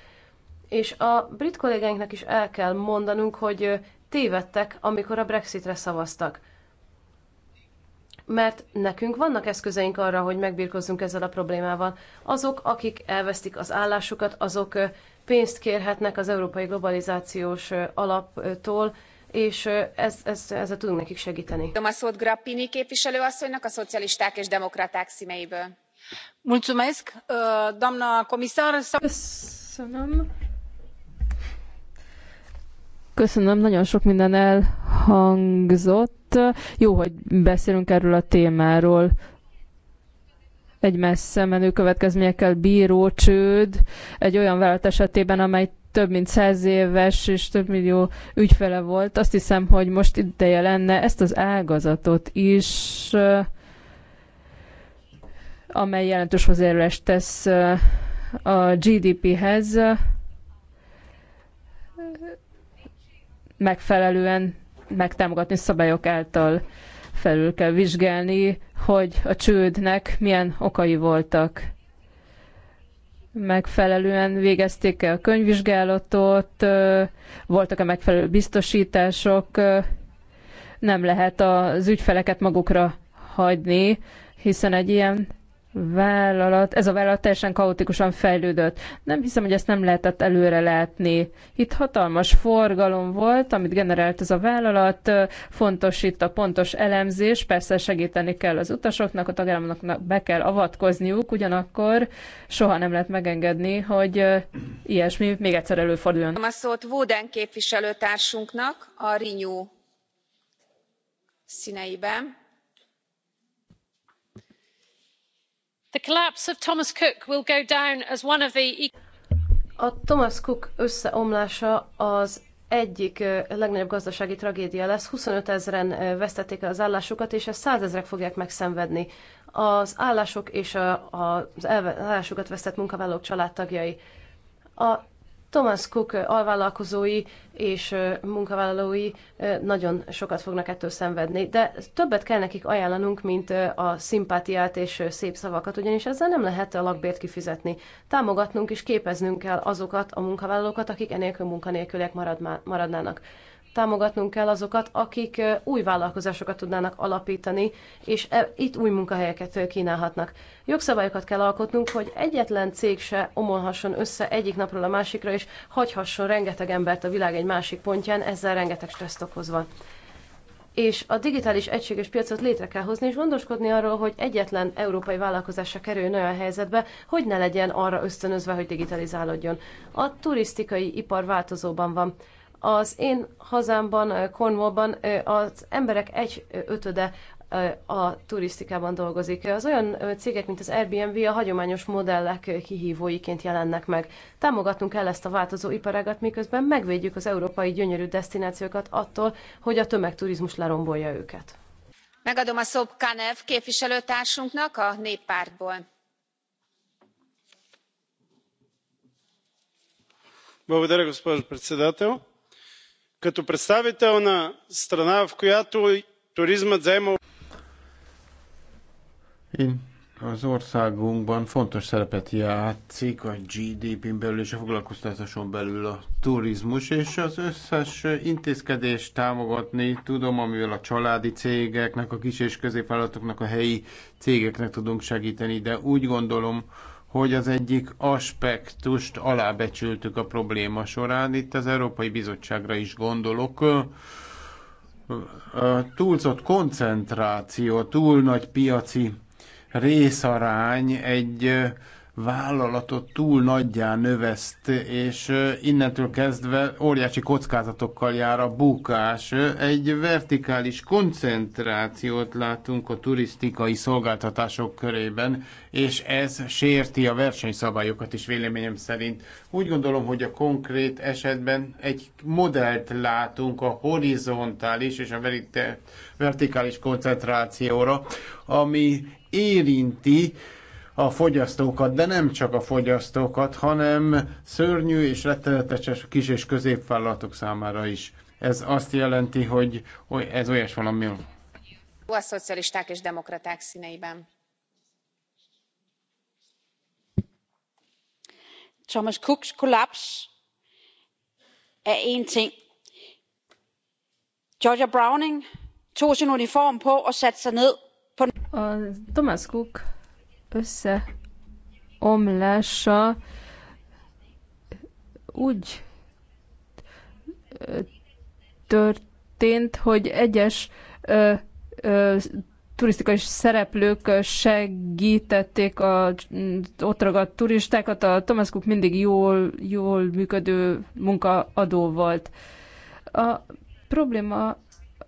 És a brit kollégáinknak is el kell mondanunk, hogy tévedtek, amikor a Brexitre szavaztak. Mert nekünk vannak eszközeink arra, hogy megbírkozzunk ezzel a problémával. Azok, akik elvesztik az állásukat, azok pénzt kérhetnek az Európai Globalizációs Alaptól, és ez, ez, ezzel tudunk nekik segíteni. Tudom a szót Grappini képviselőasszonynak a szocialisták és demokraták színeiből Uh, doamnă comisar. köszönöm. köszönöm nagyon sok minden elhangzott. jó hogy beszélünk erről a témáról egy messze menő következményekkel bíró csőd egy olyan vállalat esetében, amely több mint száz éves és több millió ügyfele volt. Azt hiszem, hogy most ideje lenne ezt az ágazatot is uh, amely jelentős hozzájárulást tesz a GDP-hez, megfelelően megtámogatni szabályok által felül kell vizsgálni, hogy a csődnek milyen okai voltak. Megfelelően végezték -e a könyvvizsgálatot, voltak-e megfelelő biztosítások, nem lehet az ügyfeleket magukra hagyni, hiszen egy ilyen vállalat, ez a vállalat teljesen kaotikusan fejlődött. Nem hiszem, hogy ezt nem lehetett előre látni. Itt hatalmas forgalom volt, amit generált ez a vállalat. Fontos itt a pontos elemzés, persze segíteni kell az utasoknak, a tagállamoknak be kell avatkozniuk, ugyanakkor soha nem lehet megengedni, hogy ilyesmi még egyszer előforduljon. A szót Wooden képviselőtársunknak a Rinyú színeiben A Thomas Cook összeomlása az egyik legnagyobb gazdasági tragédia lesz. 25 ezeren vesztették az állásukat, és ezt 100 fogják megszenvedni. Az állások és a, az állásukat vesztett munkavállalók családtagjai. A Thomas Cook alvállalkozói és munkavállalói nagyon sokat fognak ettől szenvedni, de többet kell nekik ajánlanunk, mint a szimpátiát és szép szavakat, ugyanis ezzel nem lehet a lakbért kifizetni. Támogatnunk és képeznünk kell azokat a munkavállalókat, akik enélkül munkanélkülek maradnának támogatnunk kell azokat, akik új vállalkozásokat tudnának alapítani, és e, itt új munkahelyeket kínálhatnak. Jogszabályokat kell alkotnunk, hogy egyetlen cég se omolhasson össze egyik napról a másikra, és hagyhasson rengeteg embert a világ egy másik pontján, ezzel rengeteg stresszt okozva. És a digitális egységes piacot létre kell hozni, és gondoskodni arról, hogy egyetlen európai vállalkozás se kerüljön olyan helyzetbe, hogy ne legyen arra ösztönözve, hogy digitalizálódjon. A turisztikai ipar változóban van az én hazámban, Cornwallban az emberek egy ötöde a turisztikában dolgozik. Az olyan cégek, mint az Airbnb a hagyományos modellek kihívóiként jelennek meg. Támogatnunk kell ezt a változó iparágat, miközben megvédjük az európai gyönyörű destinációkat attól, hogy a tömegturizmus lerombolja őket. Megadom a szót Kanev képviselőtársunknak a néppártból. Благодаря, госпожо председател като представител на страна в която туризмът заема. Az országunkban fontos szerepet játszik a GDP-n belül és a foglalkoztatáson belül a turizmus, és az összes intézkedést támogatni tudom, amivel a családi cégeknek, a kis és középvállalatoknak, a helyi cégeknek tudunk segíteni, de úgy gondolom, hogy az egyik aspektust alábecsültük a probléma során. Itt az Európai Bizottságra is gondolok. Túlzott koncentráció, túl nagy piaci részarány egy vállalatot túl nagyjá növeszt, és innentől kezdve óriási kockázatokkal jár a bukás. Egy vertikális koncentrációt látunk a turisztikai szolgáltatások körében, és ez sérti a versenyszabályokat is véleményem szerint. Úgy gondolom, hogy a konkrét esetben egy modellt látunk a horizontális és a vertikális koncentrációra, ami érinti a fogyasztókat, de nem csak a fogyasztókat, hanem szörnyű és rettenetes kis és középvállalatok számára is. Ez azt jelenti, hogy ez olyas valami. A szocialisták és demokraták színeiben. Thomas Cooks kollaps er én ting. Georgia Browning tog sin uniform på og satte sig ned på... Thomas Cook összeomlása úgy történt, hogy egyes ö, ö, turisztikai szereplők segítették a ott ragadt turistákat, a Thomas Cook mindig jól, jól működő munkaadó volt. A probléma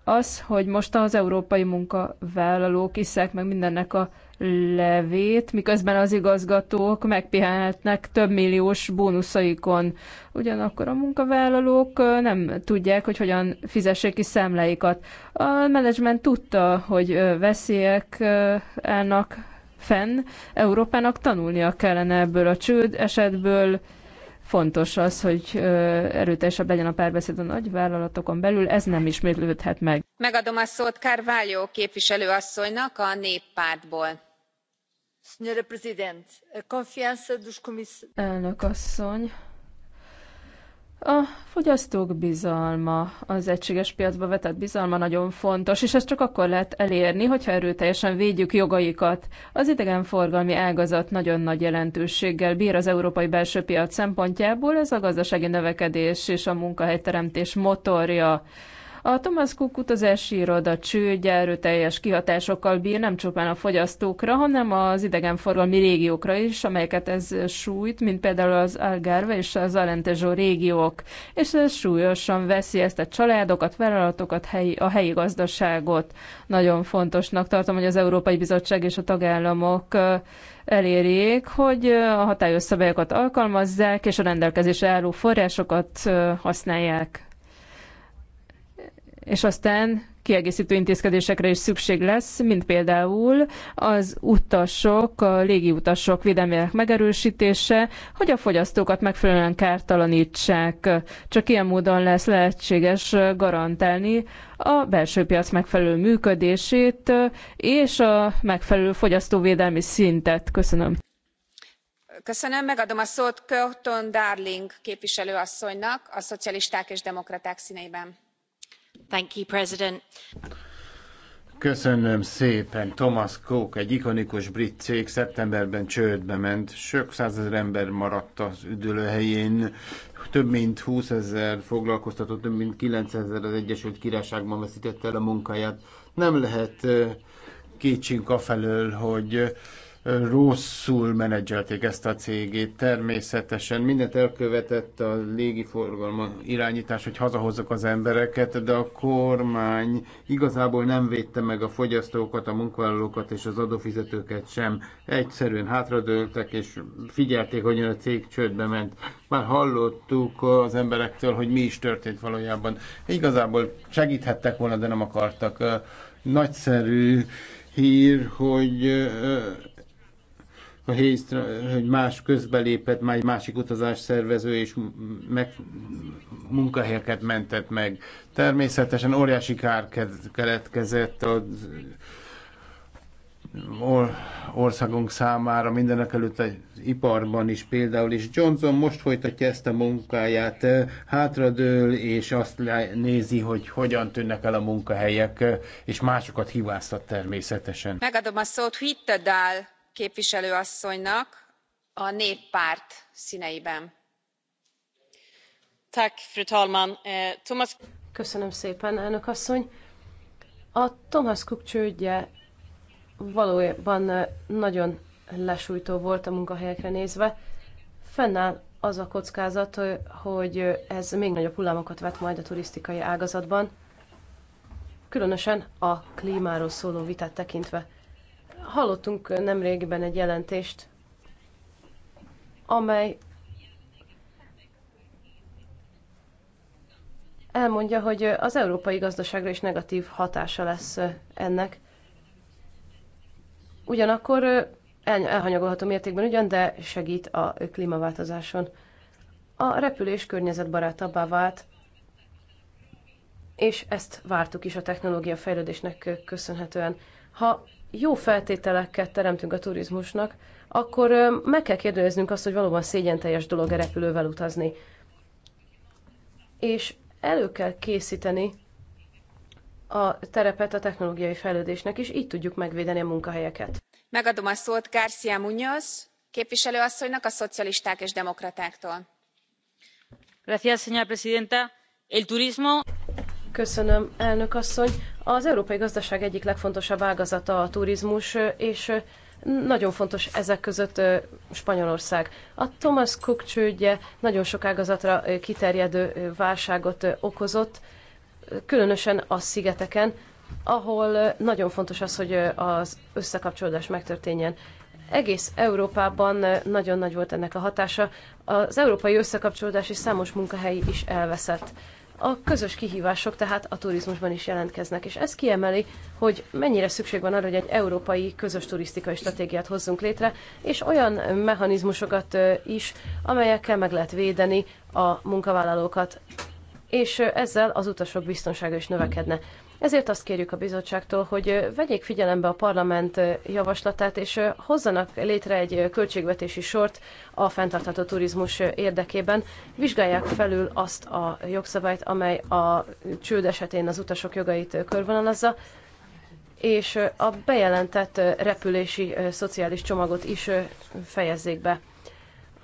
az, hogy most az európai munkavállalók iszák meg mindennek a levét, miközben az igazgatók megpihenhetnek több milliós bónuszaikon. Ugyanakkor a munkavállalók nem tudják, hogy hogyan fizessék ki számláikat. A menedzsment tudta, hogy veszélyek állnak fenn. Európának tanulnia kellene ebből a csőd esetből. Fontos az, hogy erőteljesebb legyen a párbeszéd a nagyvállalatokon belül, ez nem ismétlődhet meg. Megadom a szót Kárváljó képviselőasszonynak a néppártból Elnök asszony, a fogyasztók bizalma, az egységes piacba vetett bizalma nagyon fontos, és ezt csak akkor lehet elérni, hogyha erőteljesen védjük jogaikat. Az idegenforgalmi ágazat nagyon nagy jelentőséggel bír az európai belső piac szempontjából, ez a gazdasági növekedés és a munkahelyteremtés motorja. A Thomas Cook utazási iroda csődje teljes kihatásokkal bír nem csupán a fogyasztókra, hanem az idegenforgalmi régiókra is, amelyeket ez sújt, mint például az Algarve és az Alentejo régiók, és ez súlyosan veszi ezt a családokat, vállalatokat, a helyi gazdaságot. Nagyon fontosnak tartom, hogy az Európai Bizottság és a tagállamok elérjék, hogy a hatályos szabályokat alkalmazzák, és a rendelkezésre álló forrásokat használják és aztán kiegészítő intézkedésekre is szükség lesz, mint például az utasok, a légiutasok védelmének megerősítése, hogy a fogyasztókat megfelelően kártalanítsák. Csak ilyen módon lesz lehetséges garantálni a belső piac megfelelő működését és a megfelelő fogyasztóvédelmi szintet. Köszönöm. Köszönöm, megadom a szót Curtin Darling képviselő a szocialisták és demokraták színeiben Köszönöm szépen. Thomas Cook, egy ikonikus brit cég szeptemberben csődbe ment. Sok százezer ember maradt az üdülőhelyén. Több mint 20 ezer foglalkoztatott, több mint 9 ezer az Egyesült Királyságban veszítette el a munkáját. Nem lehet eh, kétségünk afelől, hogy rosszul menedzselték ezt a cégét. Természetesen mindent elkövetett a légiforgalma irányítás, hogy hazahozzak az embereket, de a kormány igazából nem védte meg a fogyasztókat, a munkavállalókat és az adófizetőket sem. Egyszerűen hátradőltek és figyelték, hogy a cég csődbe ment. Már hallottuk az emberektől, hogy mi is történt valójában. Igazából segíthettek volna, de nem akartak. Nagyszerű hír, hogy a hészt, hogy más közbelépett, már egy másik utazás szervező és meg, munkahelyeket mentett meg. Természetesen óriási kár keletkezett az országunk számára, mindenek előtt az iparban is például, és Johnson most folytatja ezt a munkáját, hátradől, és azt nézi, hogy hogyan tűnnek el a munkahelyek, és másokat hibáztat természetesen. Megadom a szót Hittedál képviselő asszonynak a néppárt színeiben. Eh, Köszönöm szépen, elnök asszony. A Thomas Cook csődje valójában eh, nagyon lesújtó volt a munkahelyekre nézve. Fennáll az a kockázat, eh, hogy ez még nagyobb hullámokat vet majd a turisztikai ágazatban, különösen a klímáról szóló vitát tekintve. Hallottunk nemrégiben egy jelentést, amely elmondja, hogy az európai gazdaságra is negatív hatása lesz ennek. Ugyanakkor elhanyagolható mértékben ugyan, de segít a klímaváltozáson. A repülés környezetbarátabbá vált, és ezt vártuk is a technológia fejlődésnek köszönhetően. Ha jó feltételeket teremtünk a turizmusnak, akkor meg kell kérdőjeznünk azt, hogy valóban szégyenteljes dolog-e repülővel utazni. És elő kell készíteni a terepet a technológiai fejlődésnek, és így tudjuk megvédeni a munkahelyeket. Megadom a szót García Muñoz képviselő asszonynak a szocialisták és demokratáktól. Gracias, señora presidenta. El turismo Köszönöm, elnök asszony. Az európai gazdaság egyik legfontosabb ágazata a turizmus, és nagyon fontos ezek között Spanyolország. A Thomas Cook csődje nagyon sok ágazatra kiterjedő válságot okozott, különösen a szigeteken, ahol nagyon fontos az, hogy az összekapcsolódás megtörténjen. Egész Európában nagyon nagy volt ennek a hatása. Az európai összekapcsolódás és számos munkahely is elveszett. A közös kihívások tehát a turizmusban is jelentkeznek, és ez kiemeli, hogy mennyire szükség van arra, hogy egy európai közös turisztikai stratégiát hozzunk létre, és olyan mechanizmusokat is, amelyekkel meg lehet védeni a munkavállalókat, és ezzel az utasok biztonsága is növekedne. Ezért azt kérjük a bizottságtól, hogy vegyék figyelembe a parlament javaslatát, és hozzanak létre egy költségvetési sort a fenntartható turizmus érdekében. Vizsgálják felül azt a jogszabályt, amely a csőd esetén az utasok jogait körvonalazza, és a bejelentett repülési szociális csomagot is fejezzék be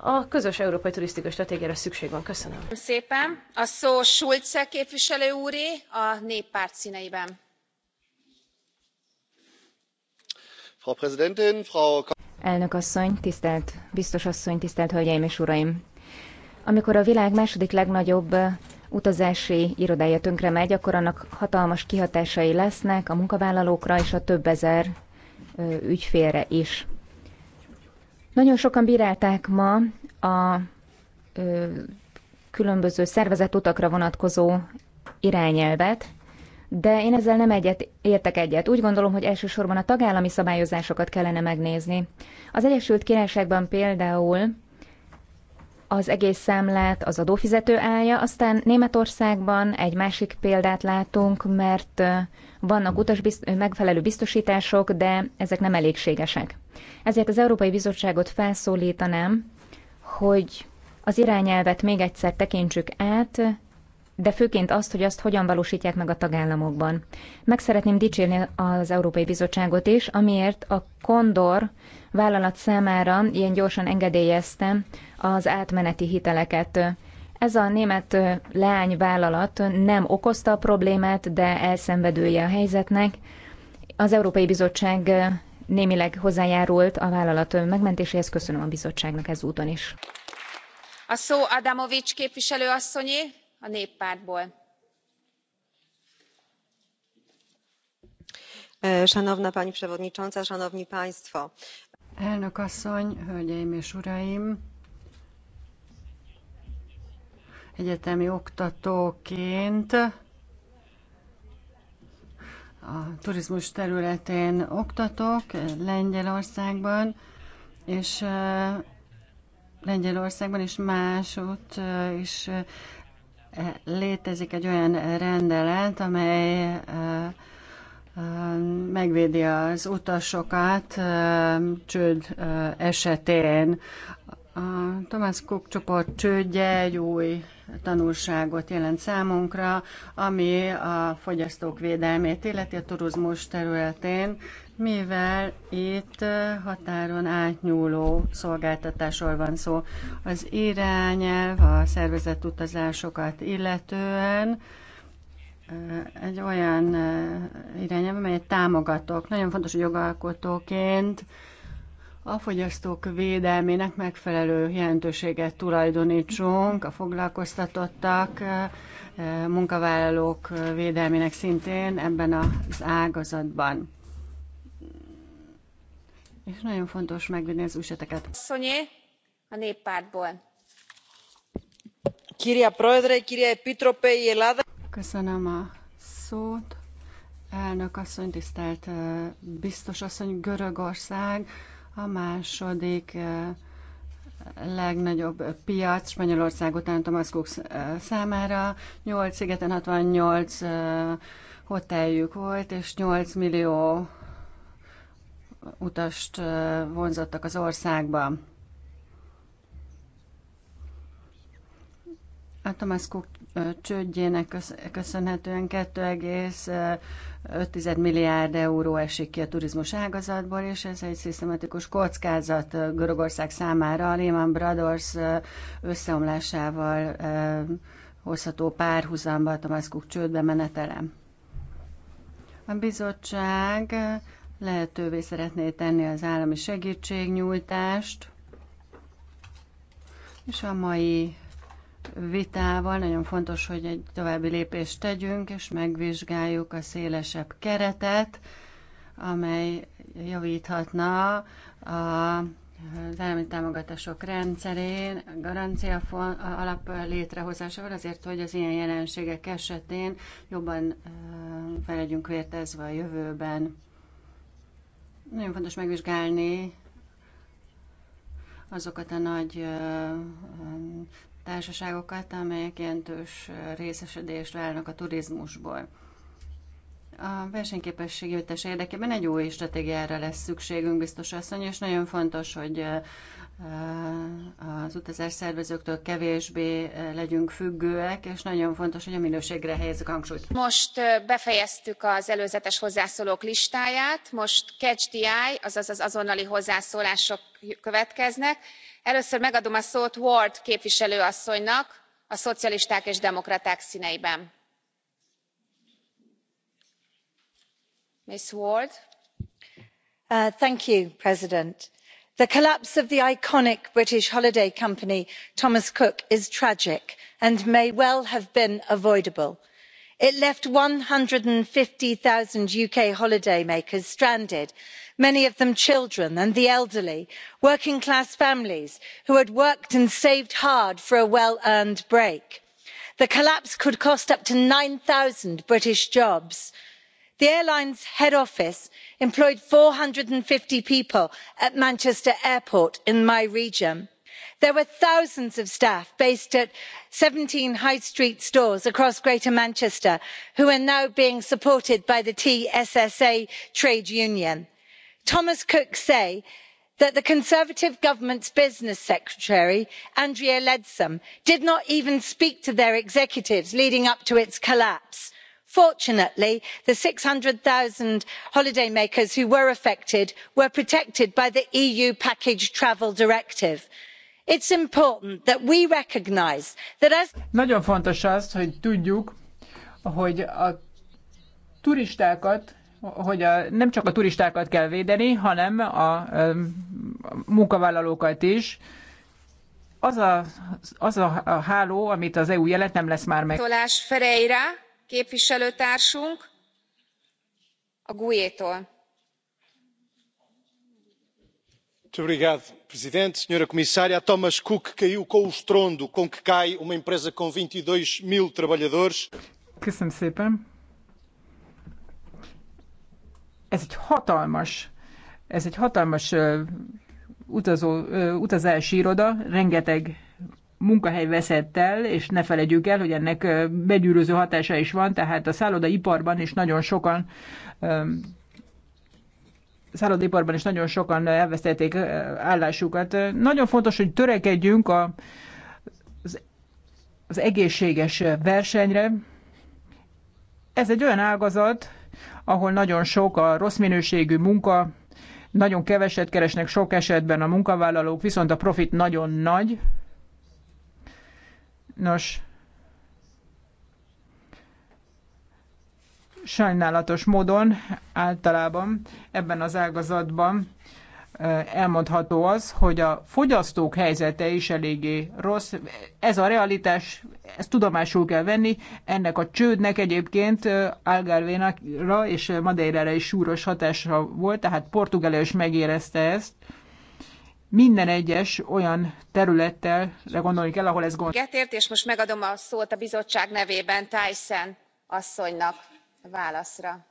a közös európai turisztikai stratégiára szükség van. Köszönöm. Köszönöm szépen. A szó Schulze képviselő úré a néppárt színeiben. Elnök asszony, tisztelt biztos asszony, tisztelt hölgyeim és uraim! Amikor a világ második legnagyobb utazási irodája tönkre megy, akkor annak hatalmas kihatásai lesznek a munkavállalókra és a több ezer ügyfélre is. Nagyon sokan bírálták ma a ö, különböző szervezetutakra vonatkozó irányelvet, de én ezzel nem egyet értek egyet. Úgy gondolom, hogy elsősorban a tagállami szabályozásokat kellene megnézni. Az Egyesült Királyságban például az egész számlát az adófizető állja, aztán Németországban egy másik példát látunk, mert vannak utas bizt- megfelelő biztosítások, de ezek nem elégségesek. Ezért az Európai Bizottságot felszólítanám, hogy az irányelvet még egyszer tekintsük át, de főként azt, hogy azt hogyan valósítják meg a tagállamokban. Meg szeretném dicsérni az Európai Bizottságot is, amiért a Kondor vállalat számára ilyen gyorsan engedélyezte az átmeneti hiteleket. Ez a német leányvállalat nem okozta a problémát, de elszenvedője a helyzetnek. Az Európai Bizottság némileg hozzájárult a vállalat megmentéséhez. Köszönöm a bizottságnak ezúton is. A szó Adamovics képviselő asszonyé a néppártból. E, Szanowna pani przewodnicząca, szanowni państwo. Elnök asszony, hölgyeim és uraim! Egyetemi oktatóként a turizmus területén oktatok Lengyelországban, és e, Lengyelországban és másút e, is létezik egy olyan rendelet, amely megvédi az utasokat csőd esetén. A Thomas Cook csoport csődje egy új tanulságot jelent számunkra, ami a fogyasztók védelmét illeti a turizmus területén mivel itt határon átnyúló szolgáltatásról van szó. Az irányelv a szervezett utazásokat illetően egy olyan irányelv, amelyet támogatok. Nagyon fontos, hogy jogalkotóként a fogyasztók védelmének megfelelő jelentőséget tulajdonítsunk, a foglalkoztatottak, munkavállalók védelmének szintén ebben az ágazatban és nagyon fontos megvédni az újsateket. Szonyé, a néppártból. Kiria Prodre, Kiria Epitrope, Jelada. Köszönöm a szót. Elnök asszony, tisztelt biztos asszony, Görögország a második legnagyobb piac Spanyolország után Tomaszkók számára. 8 szigeten 68 hoteljük volt, és 8 millió utast vonzottak az országba. A Thomas Cook csődjének köszönhetően 2,5 milliárd euró esik ki a turizmus ágazatból, és ez egy szisztematikus kockázat Görögország számára. A Lehman Brothers összeomlásával hozható párhuzamba a Thomas Cook csődbe menetelem. A bizottság lehetővé szeretné tenni az állami segítségnyújtást, és a mai vitával nagyon fontos, hogy egy további lépést tegyünk, és megvizsgáljuk a szélesebb keretet, amely javíthatna a, az állami támogatások rendszerén, garancia alap létrehozásával, azért, hogy az ilyen jelenségek esetén jobban fel legyünk vértezve a jövőben. Nagyon fontos megvizsgálni azokat a nagy társaságokat, amelyek jelentős részesedést várnak a turizmusból. A versenyképesség jöttes érdekében egy új stratégiára lesz szükségünk, biztos asszony, és nagyon fontos, hogy az utazás szervezőktől kevésbé legyünk függőek, és nagyon fontos, hogy a minőségre helyezzük hangsúlyt. Most befejeztük az előzetes hozzászólók listáját, most catch the eye, azaz az azonnali hozzászólások következnek. Először megadom a szót Ward képviselő asszonynak a szocialisták és demokraták színeiben. Ms. Ward. Uh, thank you, President the collapse of the iconic british holiday company thomas cook is tragic and may well have been avoidable. it left one hundred and fifty zero uk holidaymakers stranded many of them children and the elderly working class families who had worked and saved hard for a well earned break. the collapse could cost up to nine zero british jobs the airline's head office employed four hundred and fifty people at manchester airport in my region. there were thousands of staff based at seventeen high street stores across greater manchester who are now being supported by the tssa trade union. thomas cook say that the conservative government's business secretary andrea leadsom did not even speak to their executives leading up to its collapse fortunately the six hundred zero holidaymakers who were affected were protected by the eu package travel directive. it's important that we recognise that as. nagyon fontos az hogy tudjuk hogy a turistákat hogy a, nem csak a turistákat kell védeni, hanem a, a munkavállalókat is. Az a, az a háló, amit az EU jelent, nem lesz már meg. Tolás Ferreira képviselőtársunk a gue tól. señora comisaria thomas cook caiu com o estrondo com que cai uma empresa com vinte e dois mil trabalhadores. köszönöm szépen. ez egy hatalmas ez egy hatalmas utazó, utazási iroda, rengeteg munkahely veszett el, és ne felejtjük el, hogy ennek begyűröző hatása is van, tehát a szállodaiparban is nagyon sokan szállodaiparban is nagyon sokan elvesztették állásukat. Nagyon fontos, hogy törekedjünk a, az, az egészséges versenyre. Ez egy olyan ágazat, ahol nagyon sok a rossz minőségű munka, nagyon keveset keresnek sok esetben a munkavállalók, viszont a profit nagyon nagy, Nos, sajnálatos módon általában ebben az ágazatban elmondható az, hogy a fogyasztók helyzete is eléggé rossz. Ez a realitás, ezt tudomásul kell venni. Ennek a csődnek egyébként Algarvénakra és Madeirára is súros hatása volt, tehát Portugália is megérezte ezt minden egyes olyan területtel gondolni kell, ahol ez gond. Getért, és most megadom a szót a bizottság nevében Tyson asszonynak válaszra.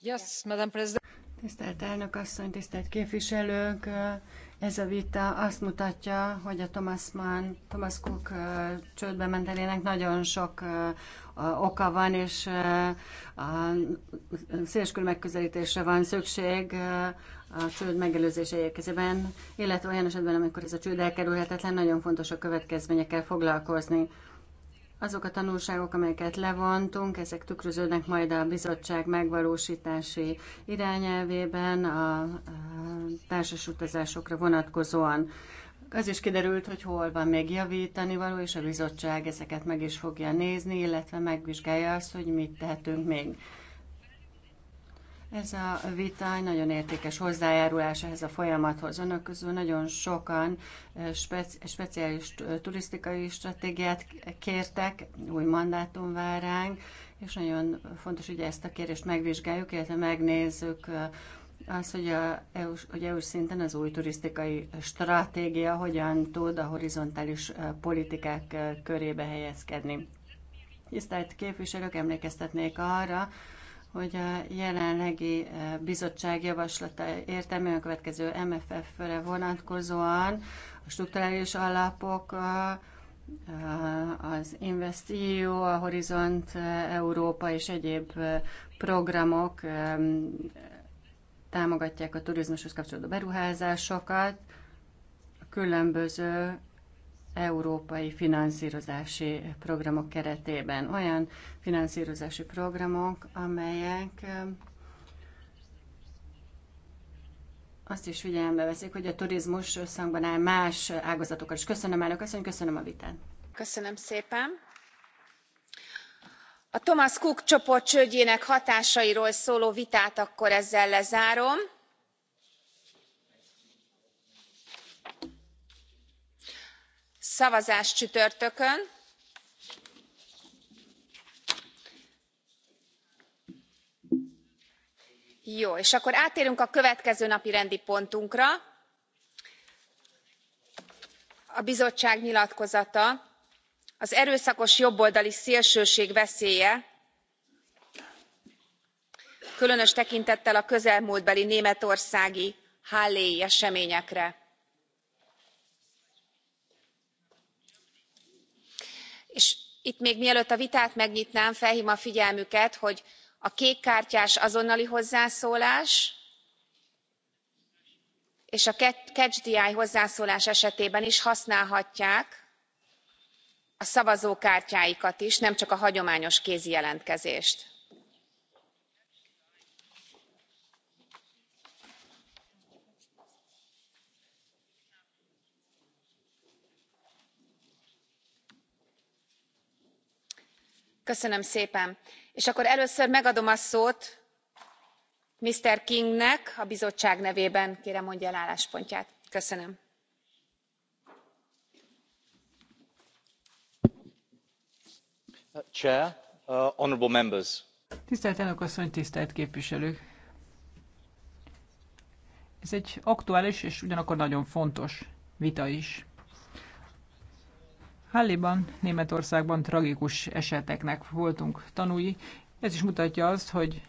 Yes, Madam President. Tisztelt elnök asszony, tisztelt képviselők! Ez a vita azt mutatja, hogy a Thomas Mann, Thomas Cook csődbe mentelének nagyon sok oka van, és a széleskörű megközelítésre van szükség a csőd megelőzése érkezében, illetve olyan esetben, amikor ez a csőd elkerülhetetlen, nagyon fontos a következményekkel foglalkozni. Azok a tanulságok, amelyeket levontunk, ezek tükröződnek majd a bizottság megvalósítási irányelvében a társas utazásokra vonatkozóan. Az is kiderült, hogy hol van még javítani való, és a bizottság ezeket meg is fogja nézni, illetve megvizsgálja azt, hogy mit tehetünk még. Ez a vita nagyon értékes hozzájárulás ehhez a folyamathoz. Önök közül nagyon sokan eh, speci- speciális turisztikai stratégiát kértek, új mandátum vár ránk, és nagyon fontos, hogy ezt a kérést megvizsgáljuk, illetve megnézzük eh, az, hogy a eu hogy EU szinten az új turisztikai stratégia hogyan tud a horizontális eh, politikák körébe helyezkedni. Tisztelt képviselők, emlékeztetnék arra, hogy a jelenlegi eh, bizottság javaslata értelmében a következő MFF-re vonatkozóan a strukturális alapok, az Investió, a Horizont eh, Európa és egyéb eh, programok támogatják a turizmushoz kapcsolódó beruházásokat, a különböző európai finanszírozási programok keretében. Olyan finanszírozási programok, amelyek um, azt is figyelembe veszik, hogy a turizmus összhangban áll más ágazatokkal is. Köszönöm, elnök asszony, köszönöm a vitát. Köszönöm szépen. A Thomas Cook csoport csődjének hatásairól szóló vitát akkor ezzel lezárom szavazás csütörtökön jó és akkor áttérünk a következő napirendi pontunkra a bizottság nyilatkozata az erőszakos jobboldali szélsőség veszélye különös tekintettel a közelmúltbeli németországi halléi eseményekre. és itt még mielőtt a vitát megnyitnám felhvom a figyelmüket hogy a kékkártyás azonnali hozzászólás és a catch the eye hozzászólás esetében is használhatják a szavazókártyáikat is nemcsak a hagyományos kézi jelentkezést. és akkor először megadom a szót mr kingnek a bizottság nevében kérem mondja el álláspontját. köszönöm. Uh, tisztelt elnök asszony tisztelt képviselők! ez egy aktuális és ugyanakkor nagyon fontos vita is. Halliban, Németországban tragikus eseteknek voltunk tanúi. Ez is mutatja azt, hogy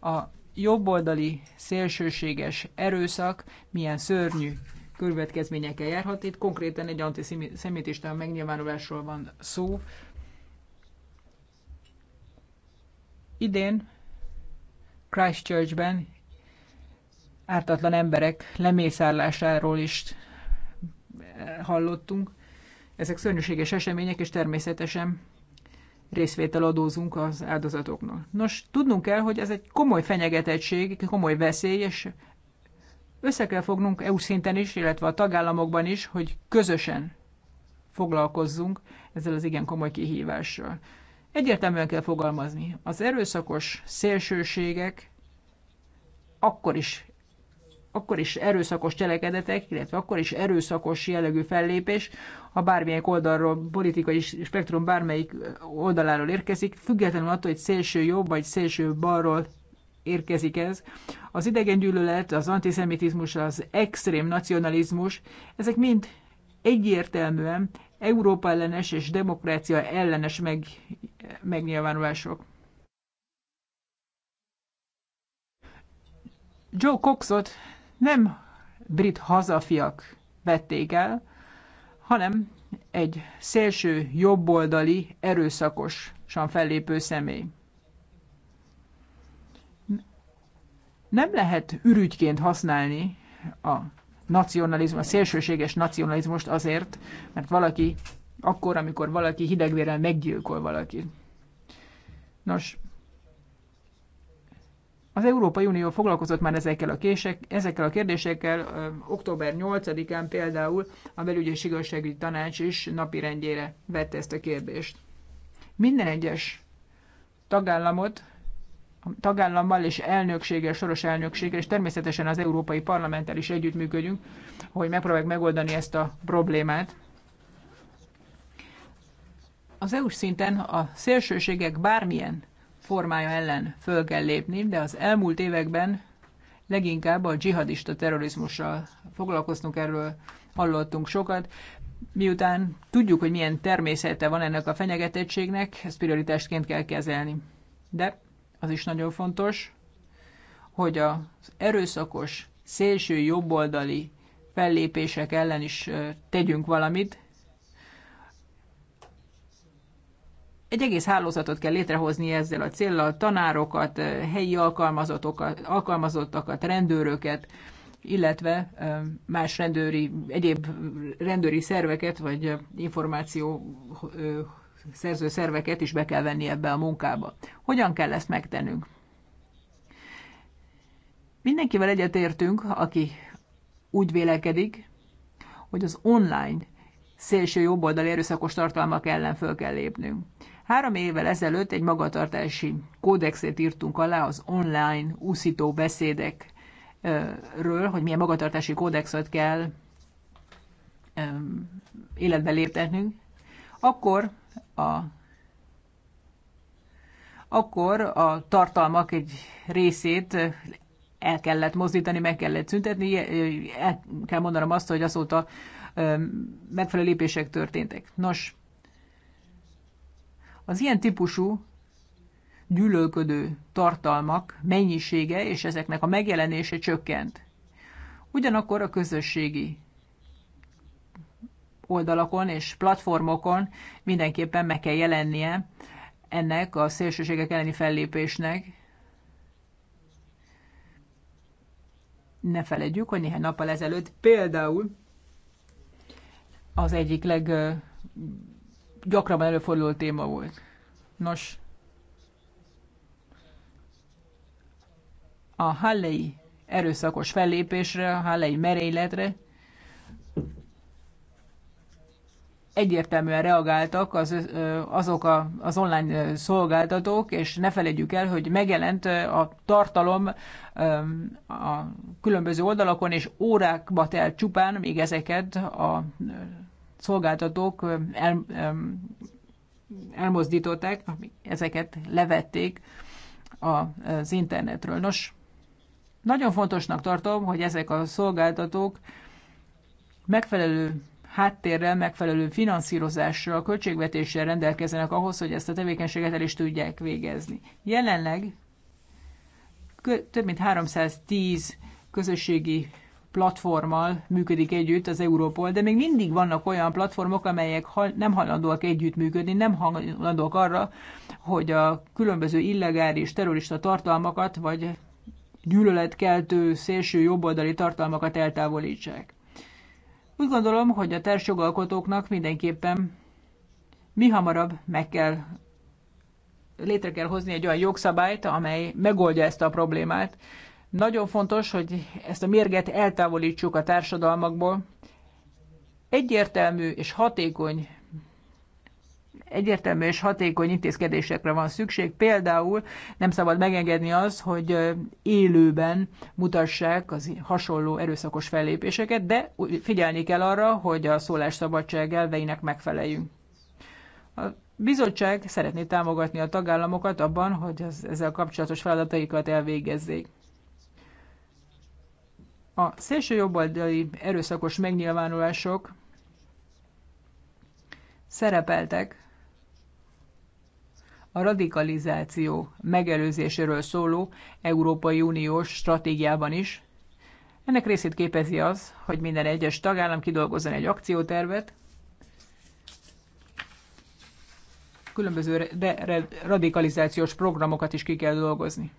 a jobboldali szélsőséges erőszak milyen szörnyű következményekkel járhat. Itt konkrétan egy antiszemitista megnyilvánulásról van szó. Idén Christchurchben ártatlan emberek lemészárlásáról is hallottunk. Ezek szörnyűséges események, és természetesen részvétel adózunk az áldozatoknak. Nos, tudnunk kell, hogy ez egy komoly fenyegetettség, komoly veszély, és össze kell fognunk EU szinten is, illetve a tagállamokban is, hogy közösen foglalkozzunk ezzel az igen komoly kihívással. Egyértelműen kell fogalmazni. Az erőszakos szélsőségek akkor is akkor is erőszakos cselekedetek, illetve akkor is erőszakos jellegű fellépés, ha bármelyik oldalról, politikai spektrum bármelyik oldaláról érkezik, függetlenül attól, hogy szélső jobb vagy szélső balról érkezik ez. Az gyűlölet, az antiszemitizmus, az extrém nacionalizmus, ezek mind egyértelműen Európa ellenes és demokrácia ellenes meg, megnyilvánulások. Joe Coxot nem brit hazafiak vették el, hanem egy szélső jobboldali, erőszakosan fellépő személy. Nem lehet ürügyként használni a nacionalizmus, a szélsőséges nacionalizmust azért, mert valaki, akkor, amikor valaki hidegvérrel meggyilkol valakit. Nos, az Európai Unió foglalkozott már ezekkel a, kések, ezekkel a kérdésekkel, október 8-án például a Belügyi és Igazságügyi Tanács is napirendjére vette ezt a kérdést. Minden egyes tagállamot, tagállammal és elnökséggel, soros elnökséggel, és természetesen az Európai Parlamenttel is együttműködünk, hogy megpróbáljuk megoldani ezt a problémát. Az EU-s szinten a szélsőségek bármilyen formája ellen föl kell lépni, de az elmúlt években leginkább a dzsihadista terrorizmussal foglalkoztunk, erről hallottunk sokat. Miután tudjuk, hogy milyen természete van ennek a fenyegetettségnek, ezt prioritásként kell kezelni. De az is nagyon fontos, hogy az erőszakos, szélső jobboldali fellépések ellen is tegyünk valamit, egy egész hálózatot kell létrehozni ezzel a célral, tanárokat, eh, helyi alkalmazottakat, rendőröket, illetve eh, más rendőri, egyéb rendőri szerveket, vagy eh, információ szerző szerveket is be kell venni ebbe a munkába. Hogyan kell ezt megtennünk? Mindenkivel egyetértünk, aki úgy vélekedik, hogy az online szélső jobboldali erőszakos tartalmak ellen föl kell lépnünk. Három évvel ezelőtt egy magatartási kódexet írtunk alá az online úszító beszédekről, hogy milyen magatartási kódexet kell életbe léptetnünk. Akkor a akkor a tartalmak egy részét el kellett mozdítani, meg kellett szüntetni, el kell mondanom azt, hogy azóta megfelelő lépések történtek. Nos, az ilyen típusú gyűlölködő tartalmak mennyisége és ezeknek a megjelenése csökkent. Ugyanakkor a közösségi oldalakon és platformokon mindenképpen meg kell jelennie ennek a szélsőségek elleni fellépésnek. Ne feledjük, hogy néhány nappal ezelőtt például az egyik leg gyakran előforduló téma volt. Nos, a hallei erőszakos fellépésre, a hallei merényletre egyértelműen reagáltak az, azok a, az online szolgáltatók, és ne felejtjük el, hogy megjelent a tartalom a különböző oldalakon, és órákba telt csupán még ezeket a szolgáltatók el, elmozdították, ezeket levették az internetről. Nos, nagyon fontosnak tartom, hogy ezek a szolgáltatók megfelelő háttérrel, megfelelő finanszírozással, költségvetéssel rendelkezzenek ahhoz, hogy ezt a tevékenységet el is tudják végezni. Jelenleg több mint 310 közösségi platformmal működik együtt az Európol, de még mindig vannak olyan platformok, amelyek nem hajlandóak együttműködni, nem hajlandóak arra, hogy a különböző illegális terrorista tartalmakat, vagy gyűlöletkeltő szélső jobboldali tartalmakat eltávolítsák. Úgy gondolom, hogy a társjogalkotóknak mindenképpen mi hamarabb meg kell létre kell hozni egy olyan jogszabályt, amely megoldja ezt a problémát, nagyon fontos, hogy ezt a mérget eltávolítsuk a társadalmakból. Egyértelmű és hatékony egyértelmű és hatékony intézkedésekre van szükség. Például nem szabad megengedni az, hogy élőben mutassák az hasonló erőszakos fellépéseket, de figyelni kell arra, hogy a szólásszabadság elveinek megfeleljünk. A bizottság szeretné támogatni a tagállamokat abban, hogy az ezzel kapcsolatos feladataikat elvégezzék. A szélső jobboldali erőszakos megnyilvánulások szerepeltek a radikalizáció megelőzéséről szóló Európai Uniós stratégiában is. Ennek részét képezi az, hogy minden egyes tagállam kidolgozzon egy akciótervet, különböző radikalizációs programokat is ki kell dolgozni.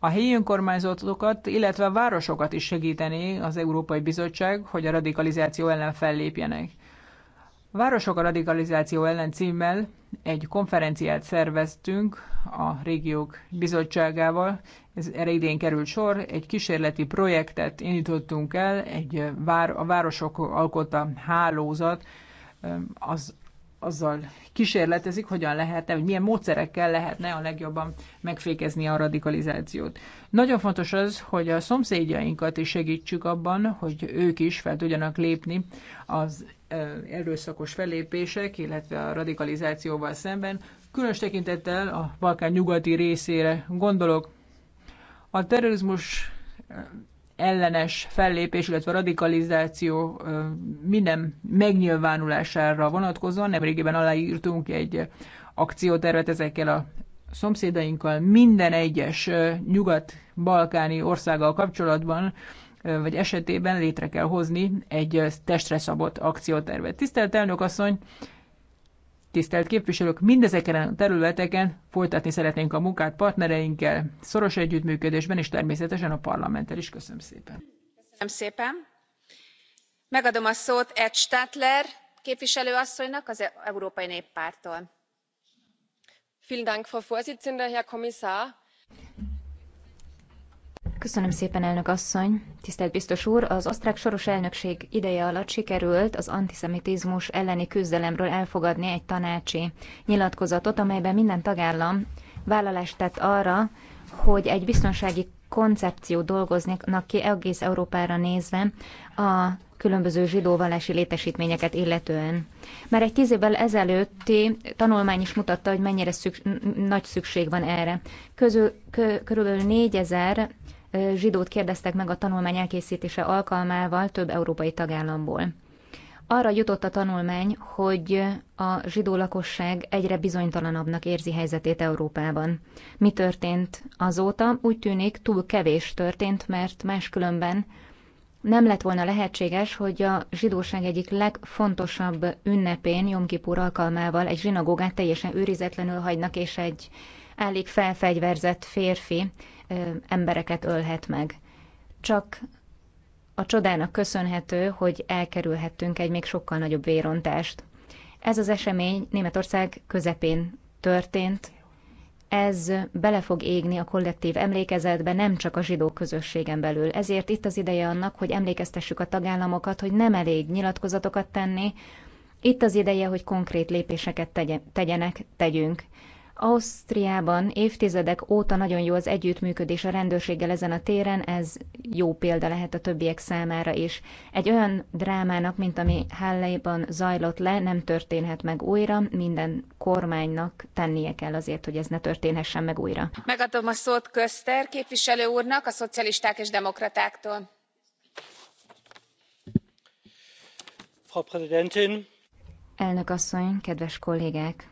A helyi önkormányzatokat, illetve a városokat is segíteni az Európai Bizottság, hogy a radikalizáció ellen fellépjenek. Városok a radikalizáció ellen címmel egy konferenciát szerveztünk a régiók bizottságával. Ez erre idén került sor. Egy kísérleti projektet indítottunk el, egy vár, a városok alkotta hálózat az azzal kísérletezik, hogyan lehetne, hogy milyen módszerekkel lehetne a legjobban megfékezni a radikalizációt. Nagyon fontos az, hogy a szomszédjainkat is segítsük abban, hogy ők is fel tudjanak lépni az erőszakos fellépések, illetve a radikalizációval szemben. Különös tekintettel a Balkán nyugati részére gondolok. A terrorizmus ellenes fellépés, illetve radikalizáció minden megnyilvánulására vonatkozóan. Nemrégiben aláírtunk egy akciótervet ezekkel a szomszédainkkal, minden egyes nyugat-balkáni országgal kapcsolatban, vagy esetében létre kell hozni egy testre szabott akciótervet. Tisztelt elnök asszony, tisztelt képviselők, mindezeken a területeken folytatni szeretnénk a munkát partnereinkkel, szoros együttműködésben és természetesen a parlamenttel is. Köszönöm szépen. Köszönöm szépen. Megadom a szót Ed Stadler képviselő asszonynak az Európai Néppártól. Vielen Dank, Frau Vorsitzende, Herr Kommissar. Köszönöm szépen, elnök asszony. Tisztelt biztos úr, az osztrák soros elnökség ideje alatt sikerült az antiszemitizmus elleni küzdelemről elfogadni egy tanácsi nyilatkozatot, amelyben minden tagállam vállalást tett arra, hogy egy biztonsági koncepciót dolgoznak ki egész Európára nézve a különböző zsidóvallási létesítményeket illetően. Már egy tíz évvel ezelőtti tanulmány is mutatta, hogy mennyire szüks- nagy szükség van erre. Közül, kö- körülbelül négyezer zsidót kérdeztek meg a tanulmány elkészítése alkalmával több európai tagállamból. Arra jutott a tanulmány, hogy a zsidó lakosság egyre bizonytalanabbnak érzi helyzetét Európában. Mi történt azóta? Úgy tűnik, túl kevés történt, mert máskülönben nem lett volna lehetséges, hogy a zsidóság egyik legfontosabb ünnepén, Jomkipur alkalmával egy zsinagógát teljesen őrizetlenül hagynak, és egy elég felfegyverzett férfi embereket ölhet meg. Csak a csodának köszönhető, hogy elkerülhettünk egy még sokkal nagyobb vérontást. Ez az esemény Németország közepén történt. Ez bele fog égni a kollektív emlékezetbe, nem csak a zsidó közösségen belül. Ezért itt az ideje annak, hogy emlékeztessük a tagállamokat, hogy nem elég nyilatkozatokat tenni, itt az ideje, hogy konkrét lépéseket tegyenek, tegyünk. Ausztriában évtizedek óta nagyon jó az együttműködés a rendőrséggel ezen a téren, ez jó példa lehet a többiek számára is. Egy olyan drámának, mint ami Halleiban zajlott le, nem történhet meg újra, minden kormánynak tennie kell azért, hogy ez ne történhessen meg újra. Megadom a szót Köszter képviselő úrnak, a szocialisták és demokratáktól. Frau Präsidentin! Elnök asszony, kedves kollégák!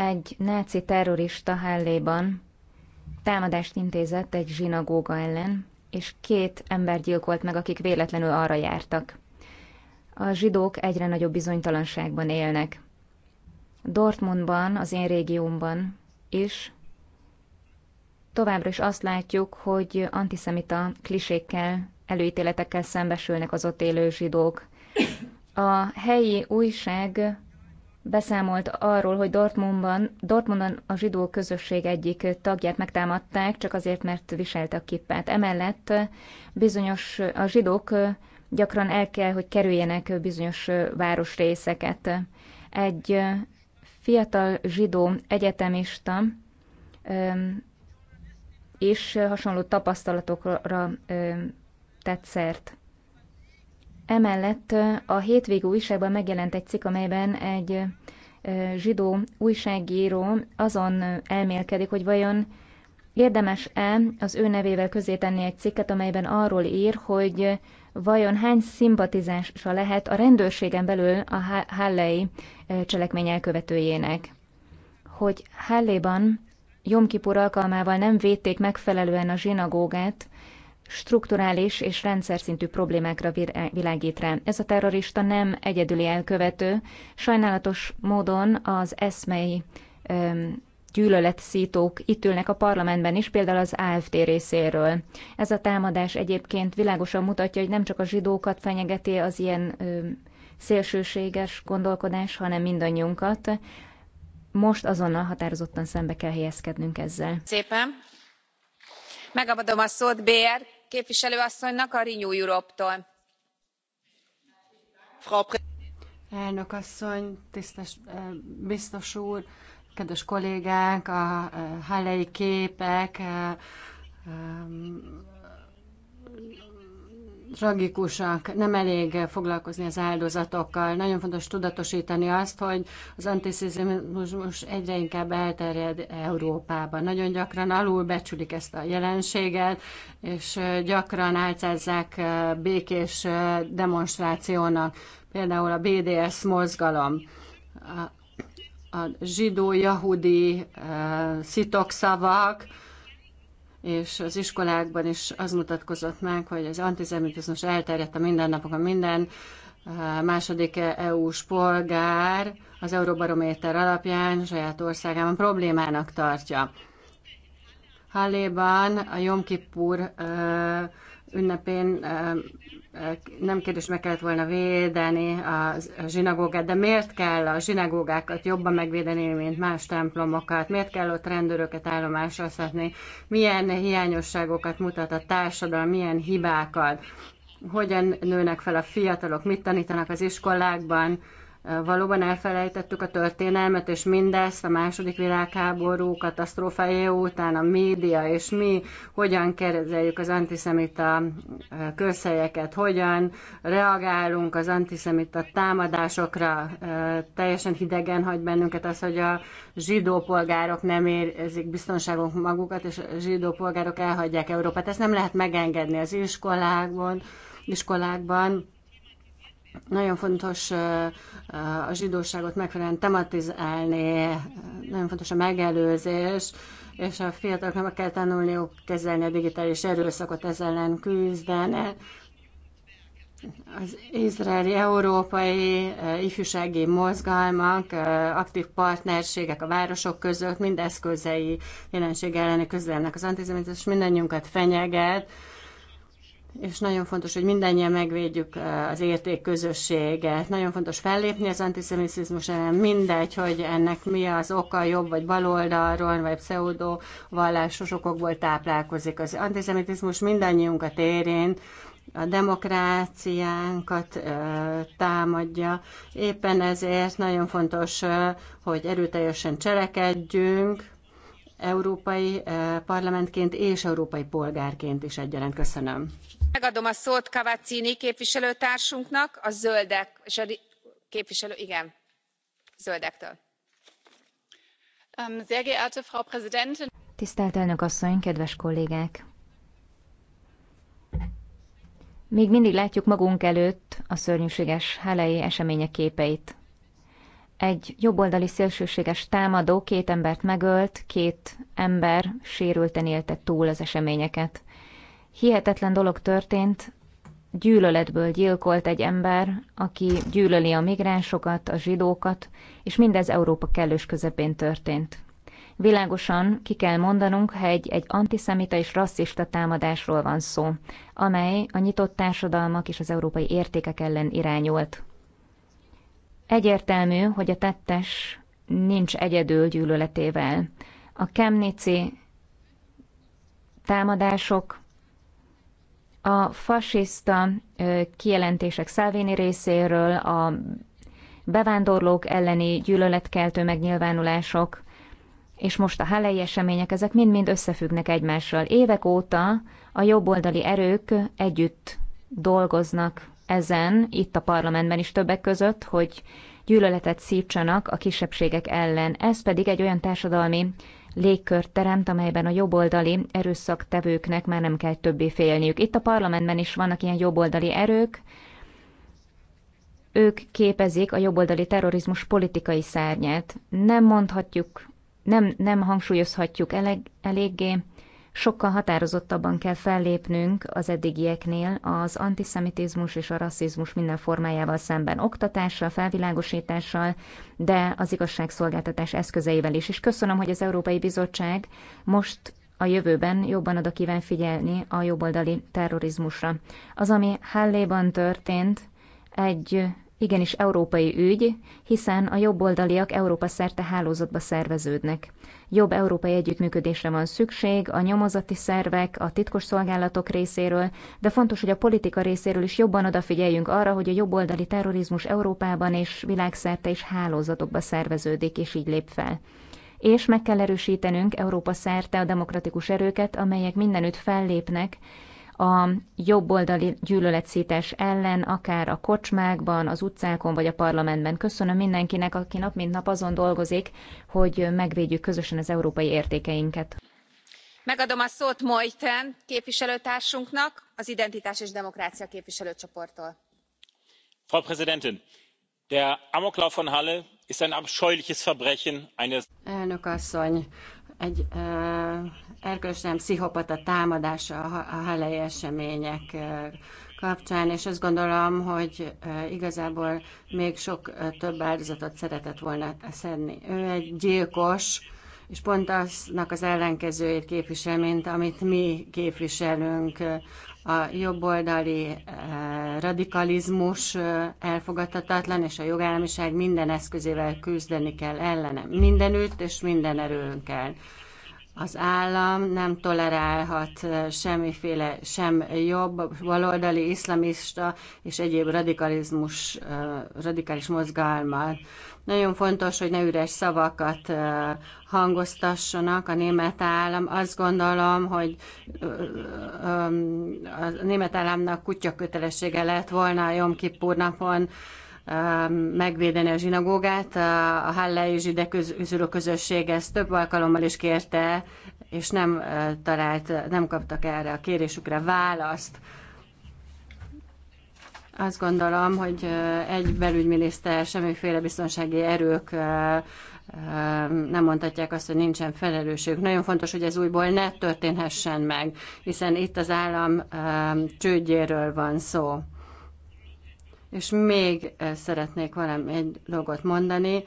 egy náci terrorista Halléban támadást intézett egy zsinagóga ellen, és két ember gyilkolt meg, akik véletlenül arra jártak. A zsidók egyre nagyobb bizonytalanságban élnek. Dortmundban, az én régiómban is továbbra is azt látjuk, hogy antiszemita klisékkel, előítéletekkel szembesülnek az ott élő zsidók. A helyi újság beszámolt arról, hogy Dortmundban, Dortmundban a zsidó közösség egyik tagját megtámadták, csak azért, mert viselte a kippát. Emellett bizonyos a zsidók gyakran el kell, hogy kerüljenek bizonyos városrészeket. Egy fiatal zsidó egyetemista és hasonló tapasztalatokra tett szert. Emellett a hétvégi újságban megjelent egy cikk, amelyben egy zsidó újságíró azon elmélkedik, hogy vajon érdemes-e az ő nevével közé tenni egy cikket, amelyben arról ír, hogy vajon hány szimpatizása lehet a rendőrségen belül a Hallei cselekmény elkövetőjének. Hogy Halléban Jomkipur alkalmával nem védték megfelelően a zsinagógát, strukturális és rendszer szintű problémákra világít rá. Ez a terrorista nem egyedüli elkövető, sajnálatos módon az eszmei gyűlöletszítók itt ülnek a parlamentben is, például az AFD részéről. Ez a támadás egyébként világosan mutatja, hogy nem csak a zsidókat fenyegeti az ilyen ö, szélsőséges gondolkodás, hanem mindannyiunkat. Most azonnal határozottan szembe kell helyezkednünk ezzel. Szépen. Megadom a szót BR képviselő asszonynak a renew europe tól. elnök asszony tisztelt biztos úr kedves kollégák! a hallei képek tragikusak, nem elég foglalkozni az áldozatokkal. Nagyon fontos tudatosítani azt, hogy az antiszizmus egyre inkább elterjed Európában. Nagyon gyakran alulbecsülik ezt a jelenséget, és gyakran álcázzák eh, békés eh, demonstrációnak, például a BDS mozgalom a zsidó-jahudi eh, szitokszavak, és az iskolákban is az mutatkozott meg, hogy az antiszemitizmus elterjedt a mindennapokon minden második EU-s polgár az Euróbarométer alapján saját országában problémának tartja. Halléban a Jomkipur ünnepén nem kérdés, meg kellett volna védeni a zsinagógát, de miért kell a zsinagógákat jobban megvédeni, mint más templomokat? Miért kell ott rendőröket állomásoztatni? Milyen hiányosságokat mutat a társadalom, milyen hibákat? Hogyan nőnek fel a fiatalok? Mit tanítanak az iskolákban? Valóban elfelejtettük a történelmet, és mindezt, a második világháború katasztrófája után a média, és mi hogyan kezeljük az antiszemita közhelyeket, hogyan reagálunk az antiszemita támadásokra, teljesen hidegen hagy bennünket az, hogy a zsidó polgárok nem érzik biztonságunk magukat, és a zsidó polgárok elhagyják Európát. Ezt nem lehet megengedni az iskolákban, iskolákban nagyon fontos a zsidóságot megfelelően tematizálni, nagyon fontos a megelőzés, és a fiataloknak meg kell tanulniuk kezelni a digitális erőszakot, ezzel ellen küzdeni. Az izraeli, európai ifjúsági mozgalmak, aktív partnerségek a városok között mind eszközei jelenség elleni közelnek Az antizemitizmus mindannyiunkat fenyeget, és nagyon fontos, hogy mindannyian megvédjük az érték közösséget. Nagyon fontos fellépni az antiszemitizmus ellen, mindegy, hogy ennek mi az oka, jobb vagy baloldalról, vagy pseudo vallásos okokból táplálkozik. Az antiszemitizmus mindannyiunkat érint, a demokráciánkat támadja. Éppen ezért nagyon fontos, hogy erőteljesen cselekedjünk, európai parlamentként és európai polgárként is egyaránt köszönöm megadom a szót cavazzini képviselőtársunknak a zöldek képviselő igen zöldektől. Ähm, tisztelt elnök asszony kedves kollégák! még mindig látjuk magunk előtt a szörnyűséges helei események képeit. Egy jobboldali szélsőséges támadó két embert megölt, két ember sérülten élte túl az eseményeket. Hihetetlen dolog történt, gyűlöletből gyilkolt egy ember, aki gyűlöli a migránsokat, a zsidókat, és mindez Európa kellős közepén történt. Világosan ki kell mondanunk, ha egy, egy antiszemita és rasszista támadásról van szó, amely a nyitott társadalmak és az európai értékek ellen irányult. Egyértelmű, hogy a tettes nincs egyedül gyűlöletével. A kemnici támadások a fasiszta kijelentések Szálvéni részéről, a bevándorlók elleni gyűlöletkeltő megnyilvánulások, és most a halei események, ezek mind-mind összefüggnek egymással. Évek óta a jobboldali erők együtt dolgoznak ezen, itt a parlamentben is többek között, hogy gyűlöletet szítsanak a kisebbségek ellen. Ez pedig egy olyan társadalmi légkört teremt, amelyben a jobboldali erőszaktevőknek már nem kell többé félniük. Itt a parlamentben is vannak ilyen jobboldali erők, ők képezik a jobboldali terrorizmus politikai szárnyát. Nem mondhatjuk, nem, nem hangsúlyozhatjuk eleg, eléggé, sokkal határozottabban kell fellépnünk az eddigieknél az antiszemitizmus és a rasszizmus minden formájával szemben oktatással, felvilágosítással, de az igazságszolgáltatás eszközeivel is. És köszönöm, hogy az Európai Bizottság most a jövőben jobban oda kíván figyelni a jobboldali terrorizmusra. Az, ami Halléban történt, egy igenis európai ügy, hiszen a jobboldaliak Európa szerte hálózatba szerveződnek jobb európai együttműködésre van szükség a nyomozati szervek, a titkos szolgálatok részéről, de fontos, hogy a politika részéről is jobban odafigyeljünk arra, hogy a jobboldali terrorizmus Európában és világszerte is hálózatokba szerveződik, és így lép fel és meg kell erősítenünk Európa szerte a demokratikus erőket, amelyek mindenütt fellépnek a jobboldali gyűlöletszítés ellen, akár a kocsmákban, az utcákon vagy a parlamentben. Köszönöm mindenkinek, aki nap mint nap azon dolgozik, hogy megvédjük közösen az európai értékeinket. Megadom a szót Mojten képviselőtársunknak, az Identitás és Demokrácia képviselőcsoporttól. Frau Präsidentin, der Amoklauf von Halle ist ein abscheuliches Verbrechen eines... Elnök asszony, egy uh, erkölcs nem pszichopata támadása a helyi események kapcsán, és azt gondolom, hogy igazából még sok több áldozatot szeretett volna szedni. Ő egy gyilkos, és pont aznak az ellenkezőjét képvisel, mint amit mi képviselünk a jobboldali eh, radikalizmus eh, elfogadhatatlan, és a jogállamiság minden eszközével küzdeni kell ellene, mindenütt és minden erőnkkel. Az állam nem tolerálhat eh, semmiféle, sem jobb, baloldali, iszlamista és egyéb radikalizmus, eh, radikális mozgalmat. Nagyon fontos, hogy ne üres szavakat eh, hangoztassanak a német állam. Azt gondolom, hogy a német államnak kutya kötelessége lett volna a Jom Kippur napon Um, megvédeni a zsinagógát. A hallei zsidek üzülő közösség ezt több alkalommal is kérte, és nem uh, talált, nem kaptak erre a kérésükre választ. Azt gondolom, hogy uh, egy belügyminiszter, semmiféle biztonsági erők uh, um, nem mondhatják azt, hogy nincsen felelősség. Nagyon fontos, hogy ez újból ne történhessen meg, hiszen itt az állam um, csődjéről van szó. És még szeretnék valami egy dolgot mondani.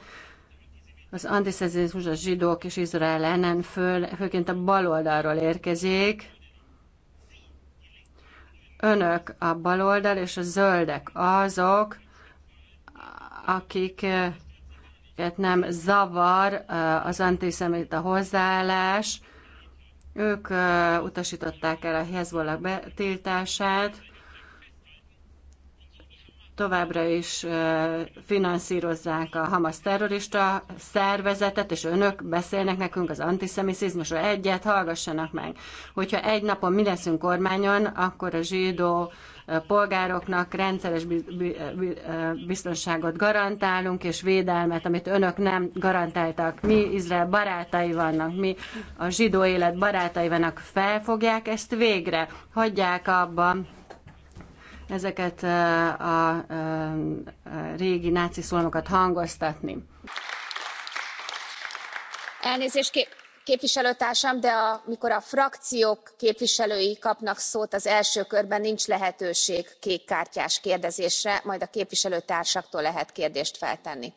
Az antiszezizmus a zsidók és Izrael ellen föl, főként a baloldalról érkezik. Önök a baloldal és a zöldek azok, akiket nem zavar az antiszemita hozzáállás. Ők utasították el a Hezbollah betiltását, továbbra is finanszírozzák a Hamas terrorista szervezetet, és önök beszélnek nekünk az antiszemiszizmusról. Egyet hallgassanak meg. Hogyha egy napon mi leszünk kormányon, akkor a zsidó polgároknak rendszeres biztonságot garantálunk, és védelmet, amit önök nem garantáltak. Mi Izrael barátai vannak, mi a zsidó élet barátai vannak. Felfogják ezt végre, hagyják abba ezeket a régi náci szólamokat hangoztatni. Elnézést kép képviselőtársam, de amikor a frakciók képviselői kapnak szót az első körben, nincs lehetőség kékkártyás kérdezésre, majd a képviselőtársaktól lehet kérdést feltenni.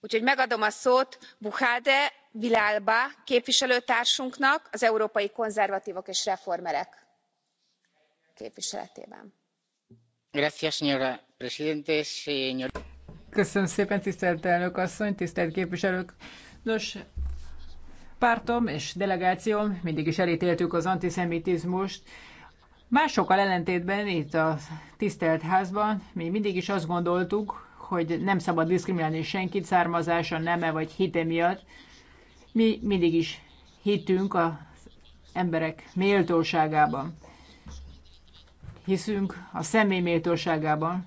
Úgyhogy megadom a szót Buhade Vilálba képviselőtársunknak az Európai Konzervatívok és Reformerek képviseletében köszönöm szépen tisztelt elnök asszony tisztelt képviselők! nos pártom és delegációm mindig is elítéltük az antiszemitizmust. Másokkal ellentétben itt a tisztelt házban mi mindig is azt gondoltuk, hogy nem szabad diszkriminálni senkit származása, neme vagy hite miatt. Mi mindig is hitünk az emberek méltóságában hiszünk a személy méltóságában,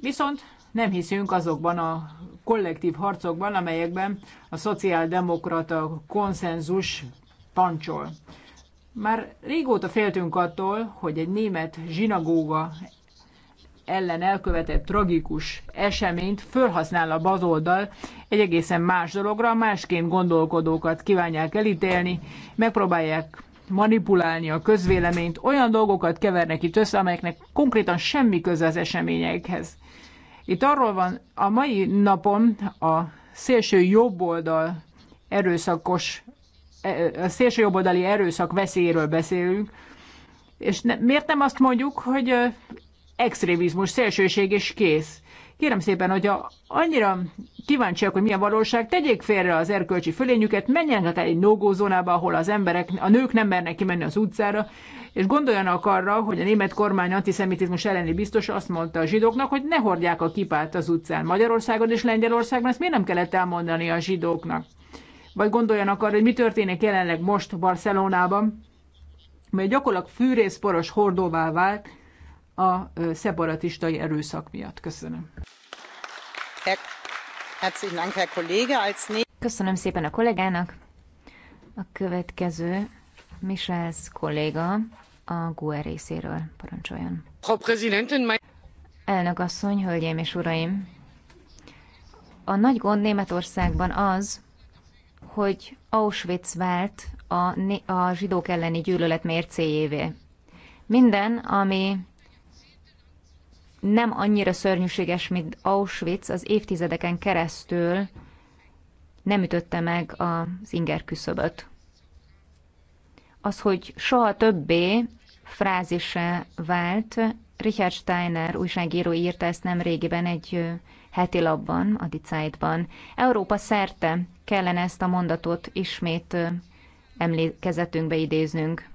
viszont nem hiszünk azokban a kollektív harcokban, amelyekben a szociáldemokrata konszenzus pancsol. Már régóta féltünk attól, hogy egy német zsinagóga ellen elkövetett tragikus eseményt fölhasznál a bazoldal egy egészen más dologra, másként gondolkodókat kívánják elítélni, megpróbálják manipulálni a közvéleményt, olyan dolgokat kevernek itt össze, amelyeknek konkrétan semmi köze az eseményekhez. Itt arról van, a mai napon a szélső jobboldal erőszakos, e, a szélső jobboldali erőszak veszélyéről beszélünk, és ne, miért nem azt mondjuk, hogy extrémizmus, szélsőség és kész? Kérem szépen, hogy a, annyira kíváncsiak, hogy milyen valóság, tegyék félre az erkölcsi fölényüket, menjenek hát egy no zónába, ahol az emberek, a nők nem mernek kimenni az utcára, és gondoljanak arra, hogy a német kormány antiszemitizmus elleni biztos azt mondta a zsidóknak, hogy ne hordják a kipát az utcán Magyarországon és Lengyelországban, ezt miért nem kellett elmondani a zsidóknak? Vagy gondoljanak arra, hogy mi történik jelenleg most Barcelonában, mert gyakorlatilag fűrészporos hordóvá vált, a szeparatistai erőszak miatt. Köszönöm. Köszönöm szépen a kollégának. A következő Michels kolléga a GUE részéről parancsoljon. Elnök asszony, hölgyeim és uraim! A nagy gond Németországban az, hogy Auschwitz vált a, a zsidók elleni gyűlölet mércéjévé. Minden, ami nem annyira szörnyűséges, mint Auschwitz, az évtizedeken keresztül nem ütötte meg az inger küszöböt. Az, hogy soha többé frázise vált, Richard Steiner újságíró írta ezt nem régiben egy heti labban, a Dicájtban. Európa szerte kellene ezt a mondatot ismét emlékezetünkbe idéznünk.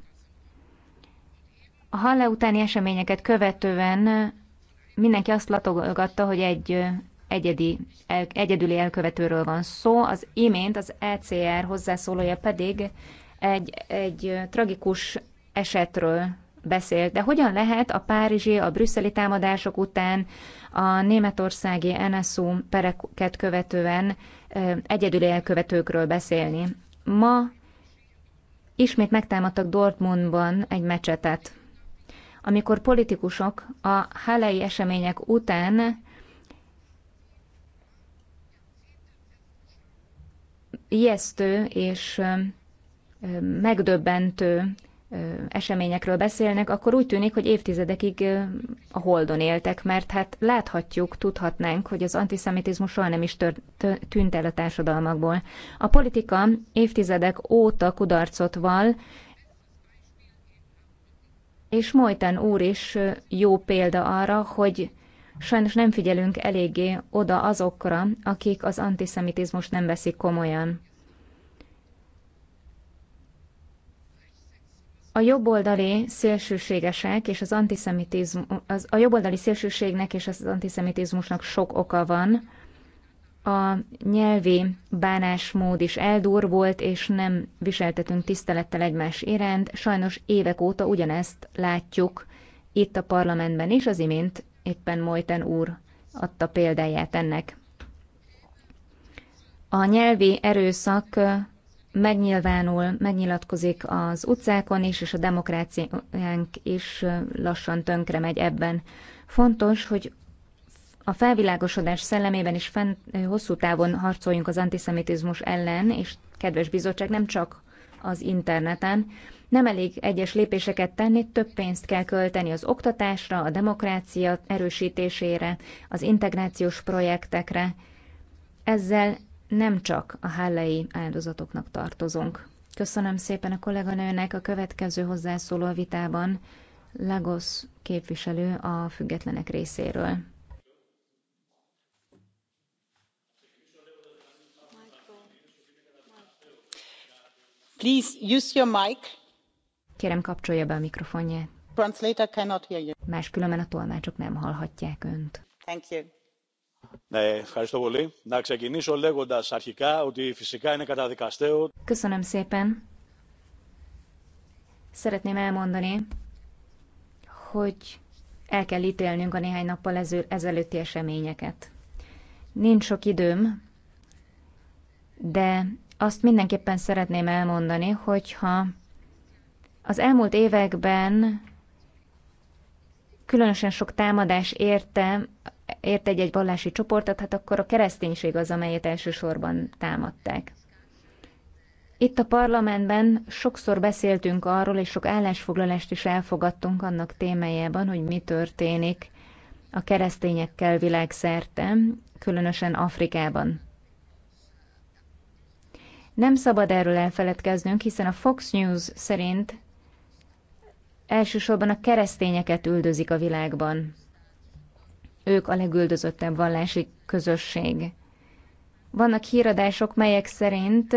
A halle utáni eseményeket követően mindenki azt latogatta, hogy egy egyedi, el, egyedüli elkövetőről van szó. Az imént az ECR hozzászólója pedig egy, egy tragikus esetről beszélt. De hogyan lehet a párizsi, a brüsszeli támadások után, a németországi NSU pereket követően egyedüli elkövetőkről beszélni? Ma ismét megtámadtak Dortmundban egy mecsetet amikor politikusok a helyi események után ijesztő és megdöbbentő eseményekről beszélnek, akkor úgy tűnik, hogy évtizedekig a holdon éltek, mert hát láthatjuk, tudhatnánk, hogy az antiszemitizmus soha nem is tört, tűnt el a társadalmakból. A politika évtizedek óta kudarcot val, és Mojten úr is jó példa arra, hogy sajnos nem figyelünk eléggé oda azokra, akik az antiszemitizmust nem veszik komolyan. A jobboldali szélsőségesek és az antiszemitizmus, az, a jobboldali szélsőségnek és az antiszemitizmusnak sok oka van, a nyelvi bánásmód is eldúr volt, és nem viseltetünk tisztelettel egymás iránt. Sajnos évek óta ugyanezt látjuk itt a parlamentben is, az imént éppen Mojten úr adta példáját ennek. A nyelvi erőszak megnyilvánul, megnyilatkozik az utcákon is, és a demokráciánk is lassan tönkre megy ebben. Fontos, hogy a felvilágosodás szellemében is fent, hosszú távon harcoljunk az antiszemitizmus ellen, és kedves bizottság, nem csak az interneten. Nem elég egyes lépéseket tenni, több pénzt kell költeni az oktatásra, a demokrácia erősítésére, az integrációs projektekre. Ezzel nem csak a hálai áldozatoknak tartozunk. Köszönöm szépen a kolléganőnek a következő hozzászóló a vitában, Lagos képviselő a függetlenek részéről. Please use your mic. Kérem, kapcsolja be a mikrofonját. Translator cannot hear you. Máskülönben a tolmácsok nem hallhatják önt. Thank you. Köszönöm szépen. Szeretném elmondani, hogy el kell ítélnünk a néhány nappal ezelőtti eseményeket. Nincs sok időm, de azt mindenképpen szeretném elmondani, hogyha az elmúlt években különösen sok támadás érte, ért egy-egy vallási csoportot, hát akkor a kereszténység az, amelyet elsősorban támadták. Itt a parlamentben sokszor beszéltünk arról, és sok állásfoglalást is elfogadtunk annak témájában, hogy mi történik a keresztényekkel világszerte, különösen Afrikában. Nem szabad erről elfeledkeznünk, hiszen a Fox News szerint elsősorban a keresztényeket üldözik a világban. Ők a legüldözöttebb vallási közösség. Vannak híradások, melyek szerint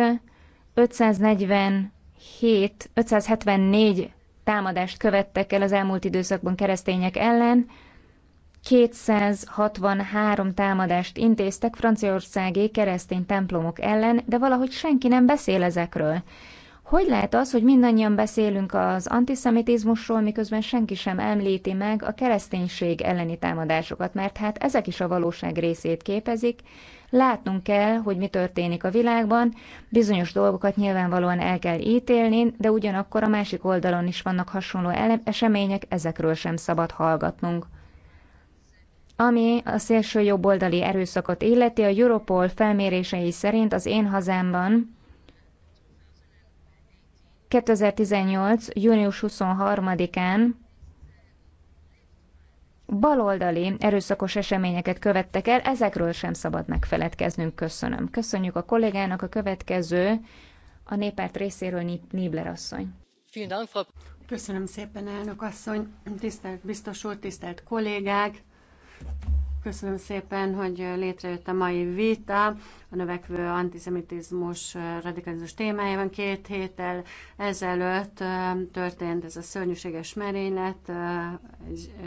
547, 574 támadást követtek el az elmúlt időszakban keresztények ellen, 263 támadást intéztek franciaországi keresztény templomok ellen, de valahogy senki nem beszél ezekről. Hogy lehet az, hogy mindannyian beszélünk az antiszemitizmusról, miközben senki sem említi meg a kereszténység elleni támadásokat, mert hát ezek is a valóság részét képezik. Látnunk kell, hogy mi történik a világban, bizonyos dolgokat nyilvánvalóan el kell ítélni, de ugyanakkor a másik oldalon is vannak hasonló események, ezekről sem szabad hallgatnunk. Ami a szélső jobboldali erőszakot illeti, a Europol felmérései szerint az én hazámban 2018. június 23-án baloldali erőszakos eseményeket követtek el, ezekről sem szabad megfeledkeznünk. Köszönöm. Köszönjük a kollégának a következő, a néppárt részéről Nibler asszony. Köszönöm szépen, elnök asszony, tisztelt biztos úr, tisztelt kollégák! Köszönöm szépen, hogy létrejött a mai vita a növekvő antiszemitizmus radikalizmus témájában. Két héttel ezelőtt történt ez a szörnyűséges merénylet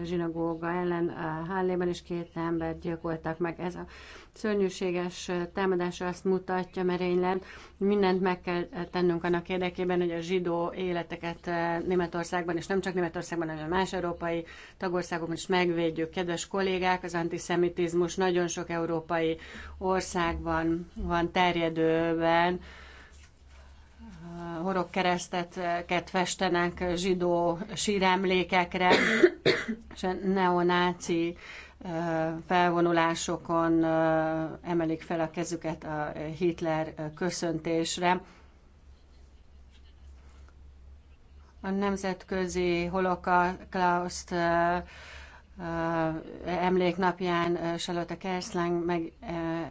zsinagóga ellen hálében és két ember gyilkoltak meg. Ez a szörnyűséges támadás azt mutatja merénylet, mindent meg kell tennünk annak érdekében, hogy a zsidó életeket Németországban, és nem csak Németországban, hanem más európai tagországokban is megvédjük. Kedves kollégák, az antiszemitizmus nagyon sok európai országban van, terjedőben eh, horog horogkereszteket festenek zsidó síremlékekre, és neonáci eh, felvonulásokon eh, emelik fel a kezüket a Hitler köszöntésre. A nemzetközi holokauszt Uh, emléknapján uh, Charlotte Kerslang uh,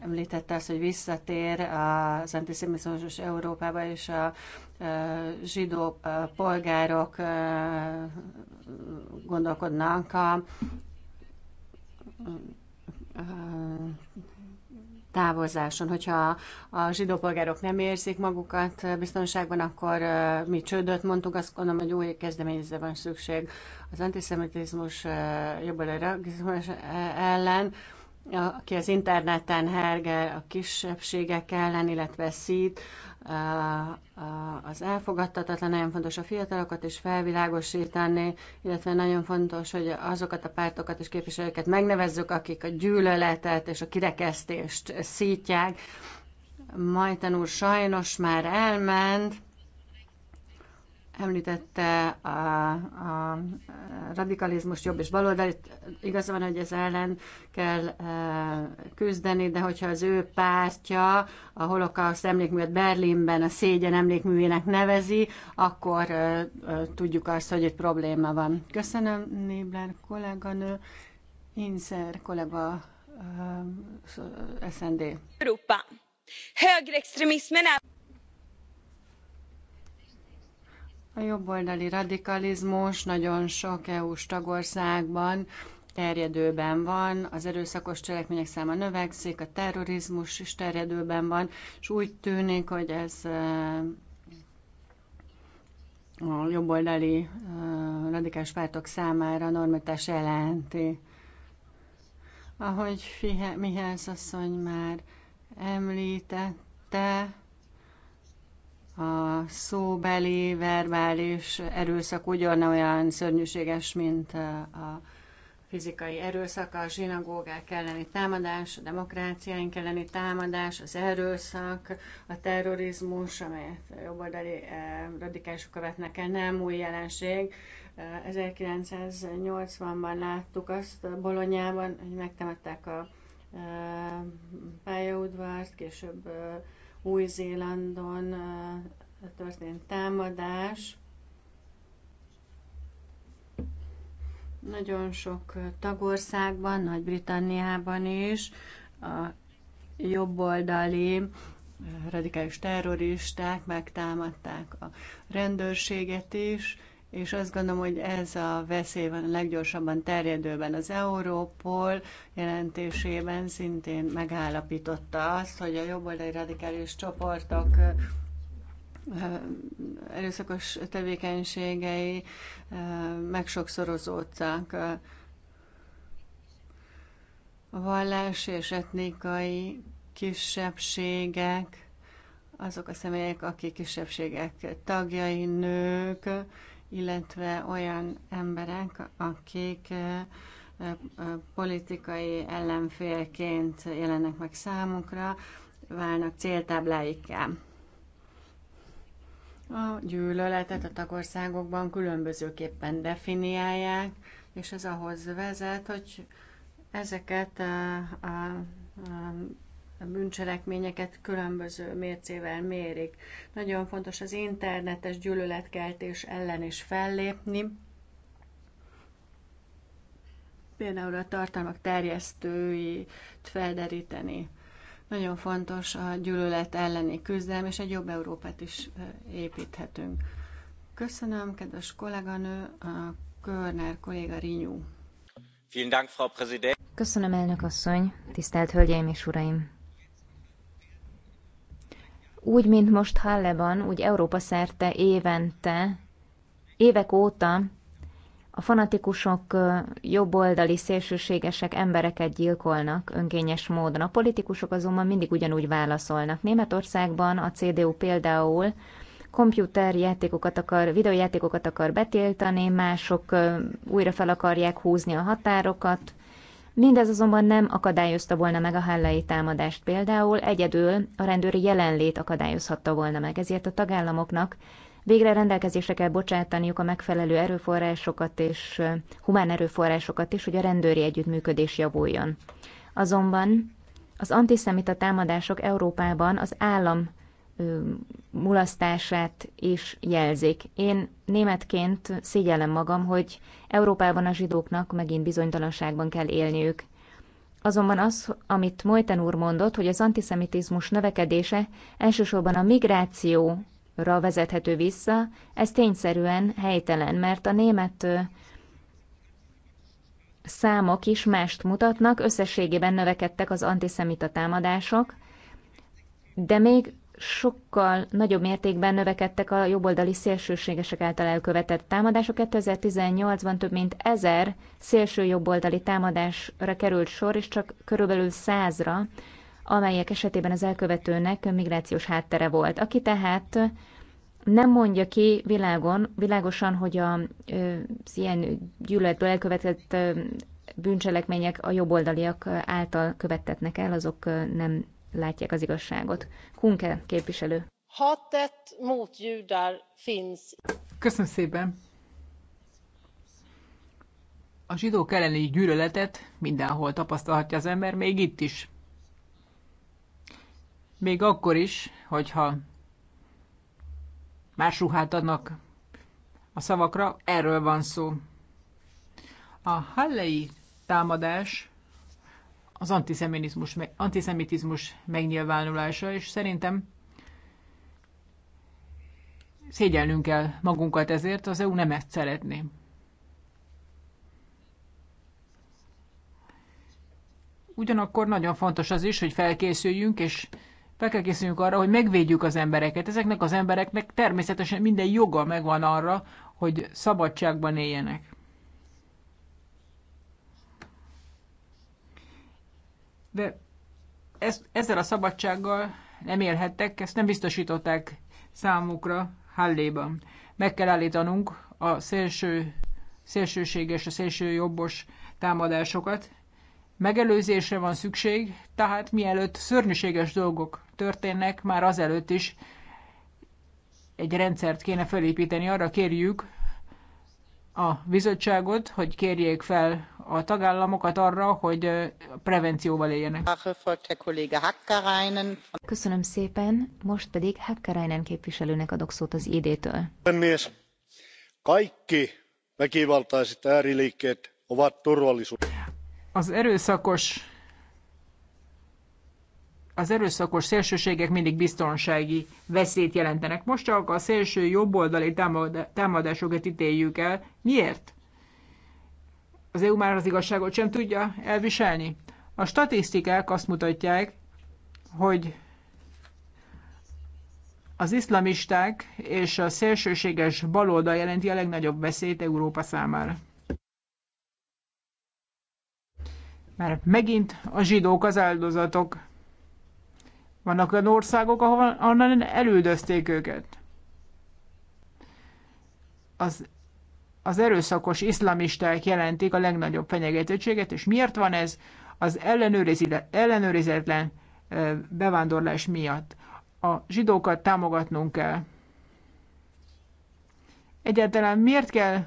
említette azt, hogy visszatér az antiszemitizmus Európába, és a zsidó polgárok gondolkodnak a távozáson. Hogyha a zsidó nem érzik magukat biztonságban, akkor mi csődöt mondtuk, azt gondolom, hogy új kezdeményezre van szükség az antiszemitizmus jobboldali ellen, aki az interneten herge a kisebbségek ellen, illetve szít, az elfogadtatatlan, nagyon fontos a fiatalokat is felvilágosítani, illetve nagyon fontos, hogy azokat a pártokat és képviselőket megnevezzük, akik a gyűlöletet és a kirekesztést szítják. Majten úr sajnos már elment, Említette a, a radikalizmus jobb és baloldalit. igaz van, hogy ez ellen kell e, küzdeni, de hogyha az ő pártja a holokauszt emlékművet Berlinben a szégyen emlékművének nevezi, akkor e, e, tudjuk azt, hogy egy probléma van. Köszönöm, Nébler kolléganő. Inszer kollega e, SND. Európa. Högerextremismen A jobboldali radikalizmus nagyon sok EU-s tagországban terjedőben van, az erőszakos cselekmények száma növekszik, a terrorizmus is terjedőben van, és úgy tűnik, hogy ez a jobboldali radikális pártok számára normatás jelenti. Ahogy Mihály asszony már említette, a szóbeli, verbális erőszak ugyanolyan szörnyűséges, mint a fizikai erőszak, a zsinagógák elleni támadás, a demokráciáink elleni támadás, az erőszak, a terrorizmus, amelyet jobboldali radikálisok követnek el, nem új jelenség. 1980-ban láttuk azt Bolonyában, hogy megtemették a pályaudvart, később új-Zélandon történt támadás. Nagyon sok tagországban, Nagy-Britanniában is a jobboldali radikális terroristák megtámadták a rendőrséget is, és azt gondolom, hogy ez a veszély van a leggyorsabban terjedőben. Az Európol jelentésében szintén megállapította azt, hogy a jobboldali radikális csoportok erőszakos tevékenységei megsokszorozódtak. A vallás és etnikai kisebbségek, azok a személyek, akik kisebbségek tagjai, nők, illetve olyan emberek, akik politikai ellenfélként jelennek meg számukra, válnak céltábláikká. A gyűlöletet a tagországokban különbözőképpen definiálják, és ez ahhoz vezet, hogy ezeket a, a, a a bűncselekményeket különböző mércével mérik. Nagyon fontos az internetes gyűlöletkeltés ellen is fellépni. Például a tartalmak terjesztőit felderíteni. Nagyon fontos a gyűlölet elleni küzdelem, és egy jobb Európát is építhetünk. Köszönöm, kedves kolléganő, a Körner kolléga Rinyú. Köszönöm, elnök asszony, tisztelt hölgyeim és uraim! Úgy, mint most Halleban, úgy Európa szerte évente, évek óta a fanatikusok jobboldali szélsőségesek embereket gyilkolnak önkényes módon. A politikusok azonban mindig ugyanúgy válaszolnak. Németországban a CDU például kompjúterjátékokat akar, videójátékokat akar betiltani, mások újra fel akarják húzni a határokat, Mindez azonban nem akadályozta volna meg a hellai támadást például, egyedül a rendőri jelenlét akadályozhatta volna meg, ezért a tagállamoknak végre rendelkezésre kell bocsátaniuk a megfelelő erőforrásokat és humán erőforrásokat is, hogy a rendőri együttműködés javuljon. Azonban az antiszemita támadások Európában az állam mulasztását is jelzik. Én németként szégyellem magam, hogy Európában a zsidóknak megint bizonytalanságban kell élniük. Azonban az, amit Mojten úr mondott, hogy az antiszemitizmus növekedése elsősorban a migrációra vezethető vissza, ez tényszerűen helytelen, mert a német számok is mást mutatnak, összességében növekedtek az antiszemita támadások, de még sokkal nagyobb mértékben növekedtek a jobboldali szélsőségesek által elkövetett támadások. 2018-ban több mint ezer szélső jobboldali támadásra került sor, és csak körülbelül százra, amelyek esetében az elkövetőnek migrációs háttere volt. Aki tehát nem mondja ki világon, világosan, hogy a, az ilyen gyűlöletből elkövetett bűncselekmények a jobboldaliak által követtetnek el, azok nem látják az igazságot. Kunke képviselő. Hatet mot judar finns. Köszönöm szépen. A zsidók elleni gyűlöletet mindenhol tapasztalhatja az ember, még itt is. Még akkor is, hogyha más ruhát adnak a szavakra, erről van szó. A hallei támadás az antiszemitizmus, antiszemitizmus megnyilvánulása, és szerintem szégyelnünk kell magunkat ezért, az EU nem ezt szeretné. Ugyanakkor nagyon fontos az is, hogy felkészüljünk, és fel kell készüljünk arra, hogy megvédjük az embereket. Ezeknek az embereknek természetesen minden joga megvan arra, hogy szabadságban éljenek. de ez, ezzel a szabadsággal nem élhettek, ezt nem biztosították számukra Halléban. Meg kell állítanunk a szélső, szélsőséges, a szélső jobbos támadásokat. Megelőzésre van szükség, tehát mielőtt szörnyűséges dolgok történnek, már azelőtt is egy rendszert kéne felépíteni. Arra kérjük a bizottságot, hogy kérjék fel a tagállamokat arra, hogy prevencióval éljenek. Köszönöm szépen, most pedig Hakkarainen képviselőnek adok szót az idétől. Kaikki väkivaltaiset ääriliikkeet ovat turvallisuus. Az erőszakos az erőszakos szélsőségek mindig biztonsági veszélyt jelentenek. Most csak a szélső jobboldali támadásokat ítéljük el. Miért? Az EU már az igazságot sem tudja elviselni. A statisztikák azt mutatják, hogy az iszlamisták és a szélsőséges baloldal jelenti a legnagyobb veszélyt Európa számára. Mert megint a zsidók az áldozatok. Vannak olyan országok, ahol onnan elüldözték őket. Az, az erőszakos iszlamisták jelentik a legnagyobb fenyegetettséget, és miért van ez? Az ellenőrizetlen bevándorlás miatt. A zsidókat támogatnunk kell. Egyáltalán miért kell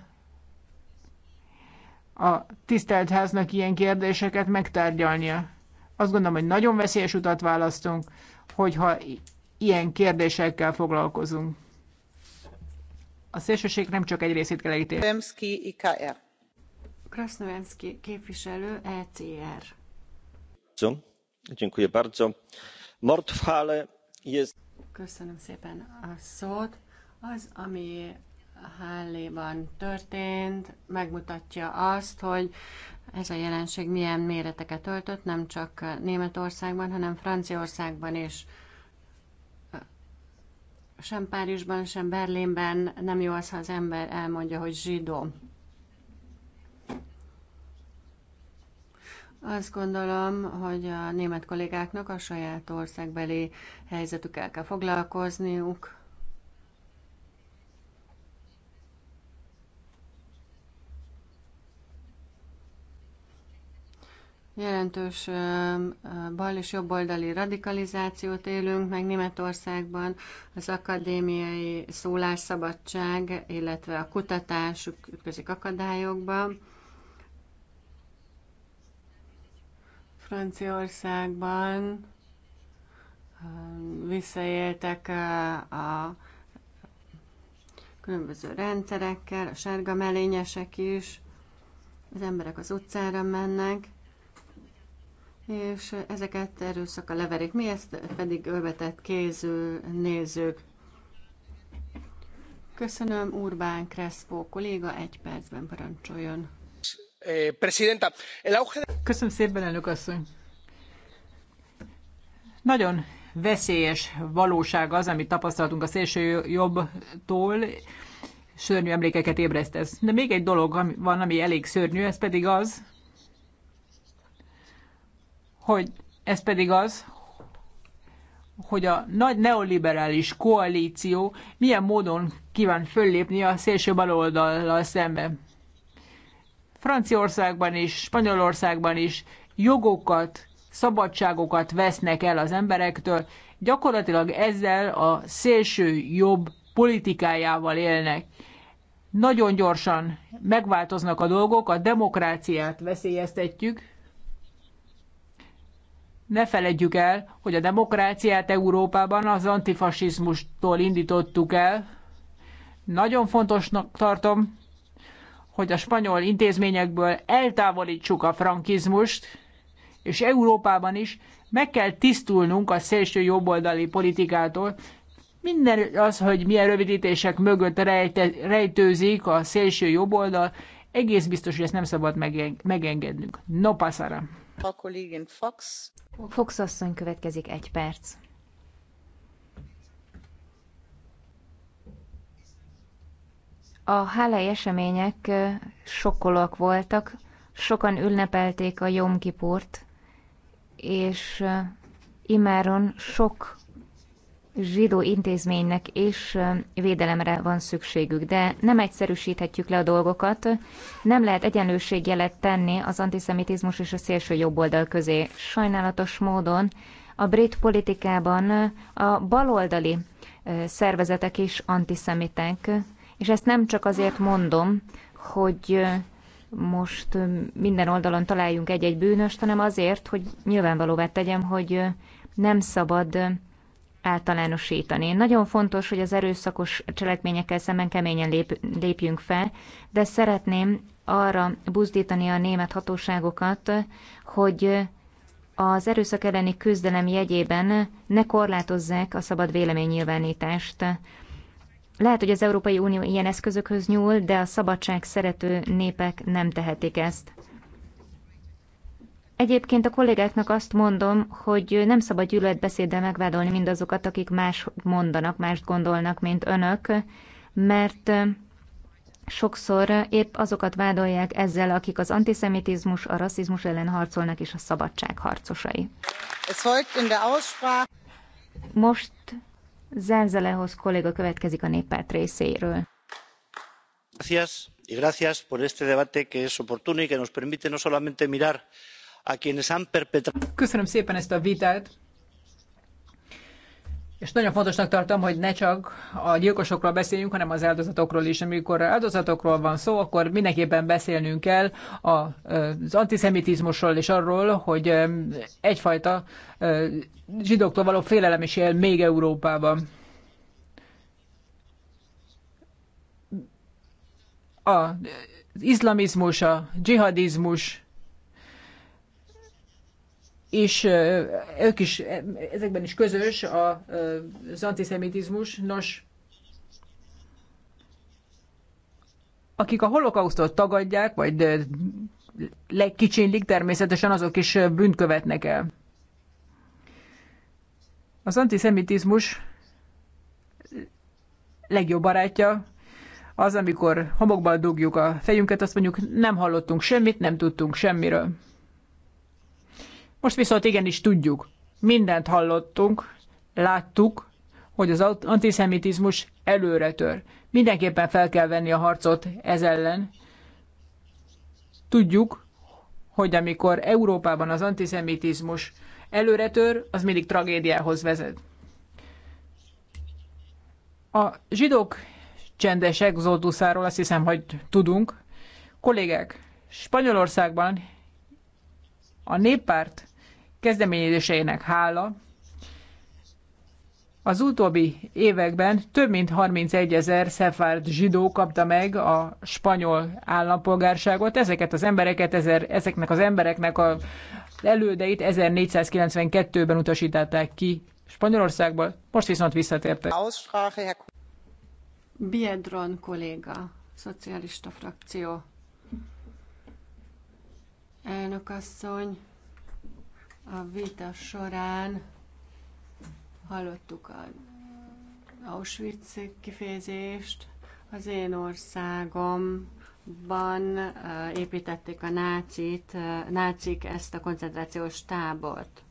a tisztelt háznak ilyen kérdéseket megtárgyalnia? Azt gondolom, hogy nagyon veszélyes utat választunk, hogyha ilyen kérdésekkel foglalkozunk. A szélsőség nem csak egy részét kell elítélni. Kremszki, IKR. Krasznodemszki képviselő ECR. Dziękuję bardzo. Mord jest... Köszönöm szépen a szót. Az, ami Háléban történt, megmutatja azt, hogy ez a jelenség milyen méreteket öltött, nem csak Németországban, hanem Franciaországban is. Sem Párizsban, sem Berlinben nem jó az, ha az ember elmondja, hogy zsidó. Azt gondolom, hogy a német kollégáknak a saját országbeli helyzetükkel kell foglalkozniuk, Jelentős bal és jobboldali radikalizációt élünk meg Németországban, az akadémiai szólásszabadság, illetve a kutatásuk ütközik akadályokba. Franciaországban visszaéltek a különböző rendszerekkel, a sárga melényesek is, az emberek az utcára mennek, és ezeket erőszaka leverik. Mi ezt pedig övetett kéző nézők. Köszönöm, Urbán Crespo kolléga, egy percben parancsoljon. Eh, Köszönöm szépen, elnök asszony. Nagyon veszélyes valóság az, amit tapasztaltunk a szélső jobbtól, szörnyű emlékeket ébreszt ez. De még egy dolog van, ami elég szörnyű, ez pedig az, hogy ez pedig az, hogy a nagy neoliberális koalíció milyen módon kíván föllépni a szélső baloldallal szemben. Franciaországban is, Spanyolországban is jogokat, szabadságokat vesznek el az emberektől, gyakorlatilag ezzel a szélső jobb politikájával élnek. Nagyon gyorsan megváltoznak a dolgok, a demokráciát veszélyeztetjük, ne feledjük el, hogy a demokráciát Európában az antifasizmustól indítottuk el. Nagyon fontosnak tartom, hogy a spanyol intézményekből eltávolítsuk a frankizmust, és Európában is meg kell tisztulnunk a szélső jobboldali politikától. Minden az, hogy milyen rövidítések mögött rejte, rejtőzik a szélső jobboldal, egész biztos, hogy ezt nem szabad megengednünk. No pasara. A kollégin Fox. Fox asszony következik egy perc. A hálai események sokkolóak voltak, sokan ünnepelték a Jomkipurt, és imáron sok zsidó intézménynek és védelemre van szükségük, de nem egyszerűsíthetjük le a dolgokat, nem lehet egyenlőségjelet tenni az antiszemitizmus és a szélső jobboldal közé. Sajnálatos módon a brit politikában a baloldali szervezetek is antiszemitek, és ezt nem csak azért mondom, hogy most minden oldalon találjunk egy-egy bűnöst, hanem azért, hogy nyilvánvalóvá tegyem, hogy nem szabad általánosítani. Nagyon fontos, hogy az erőszakos cselekményekkel szemben keményen lép, lépjünk fel, de szeretném arra buzdítani a német hatóságokat, hogy az erőszak elleni küzdelem jegyében ne korlátozzák a szabad véleménynyilvánítást. Lehet, hogy az Európai Unió ilyen eszközökhöz nyúl, de a szabadság szerető népek nem tehetik ezt. Egyébként a kollégáknak azt mondom, hogy nem szabad gyűlöletbeszéddel megvádolni mindazokat, akik más mondanak, mást gondolnak, mint önök, mert sokszor épp azokat vádolják ezzel, akik az antiszemitizmus, a rasszizmus ellen harcolnak és a szabadság harcosai. Most Zenzelehoz kolléga következik a néppárt részéről. Gracias y gracias por este debate que es oportuno y que nos permite no solamente mirar Köszönöm szépen ezt a vitát. És nagyon fontosnak tartom, hogy ne csak a gyilkosokról beszéljünk, hanem az áldozatokról is. Amikor áldozatokról van szó, akkor mindenképpen beszélnünk kell az antiszemitizmusról és arról, hogy egyfajta zsidóktól való félelem is él még Európában. az iszlamizmus, a dzsihadizmus, és ők is, ezekben is közös a, az antiszemitizmus. Nos, akik a holokausztot tagadják, vagy legkicsinlik, természetesen azok is bűnt követnek el. Az antiszemitizmus legjobb barátja az, amikor homokba dugjuk a fejünket, azt mondjuk nem hallottunk semmit, nem tudtunk semmiről. Most viszont igenis tudjuk, mindent hallottunk, láttuk, hogy az antiszemitizmus előretör. Mindenképpen fel kell venni a harcot ez ellen. Tudjuk, hogy amikor Európában az antiszemitizmus előretör, az mindig tragédiához vezet. A zsidók csendes exoduszáról azt hiszem, hogy tudunk. Kollégák, Spanyolországban a néppárt kezdeményezéseinek hála, az utóbbi években több mint 31 ezer szefárd zsidó kapta meg a spanyol állampolgárságot. Ezeket az embereket, ezer, ezeknek az embereknek a elődeit 1492-ben utasították ki Spanyolországból, most viszont visszatértek. Biedron kolléga, szocialista frakció. Elnök asszony, a vita során hallottuk a Auschwitz kifejezést, az én országomban eh, építették a nácit, eh, nácik ezt a koncentrációs tábort.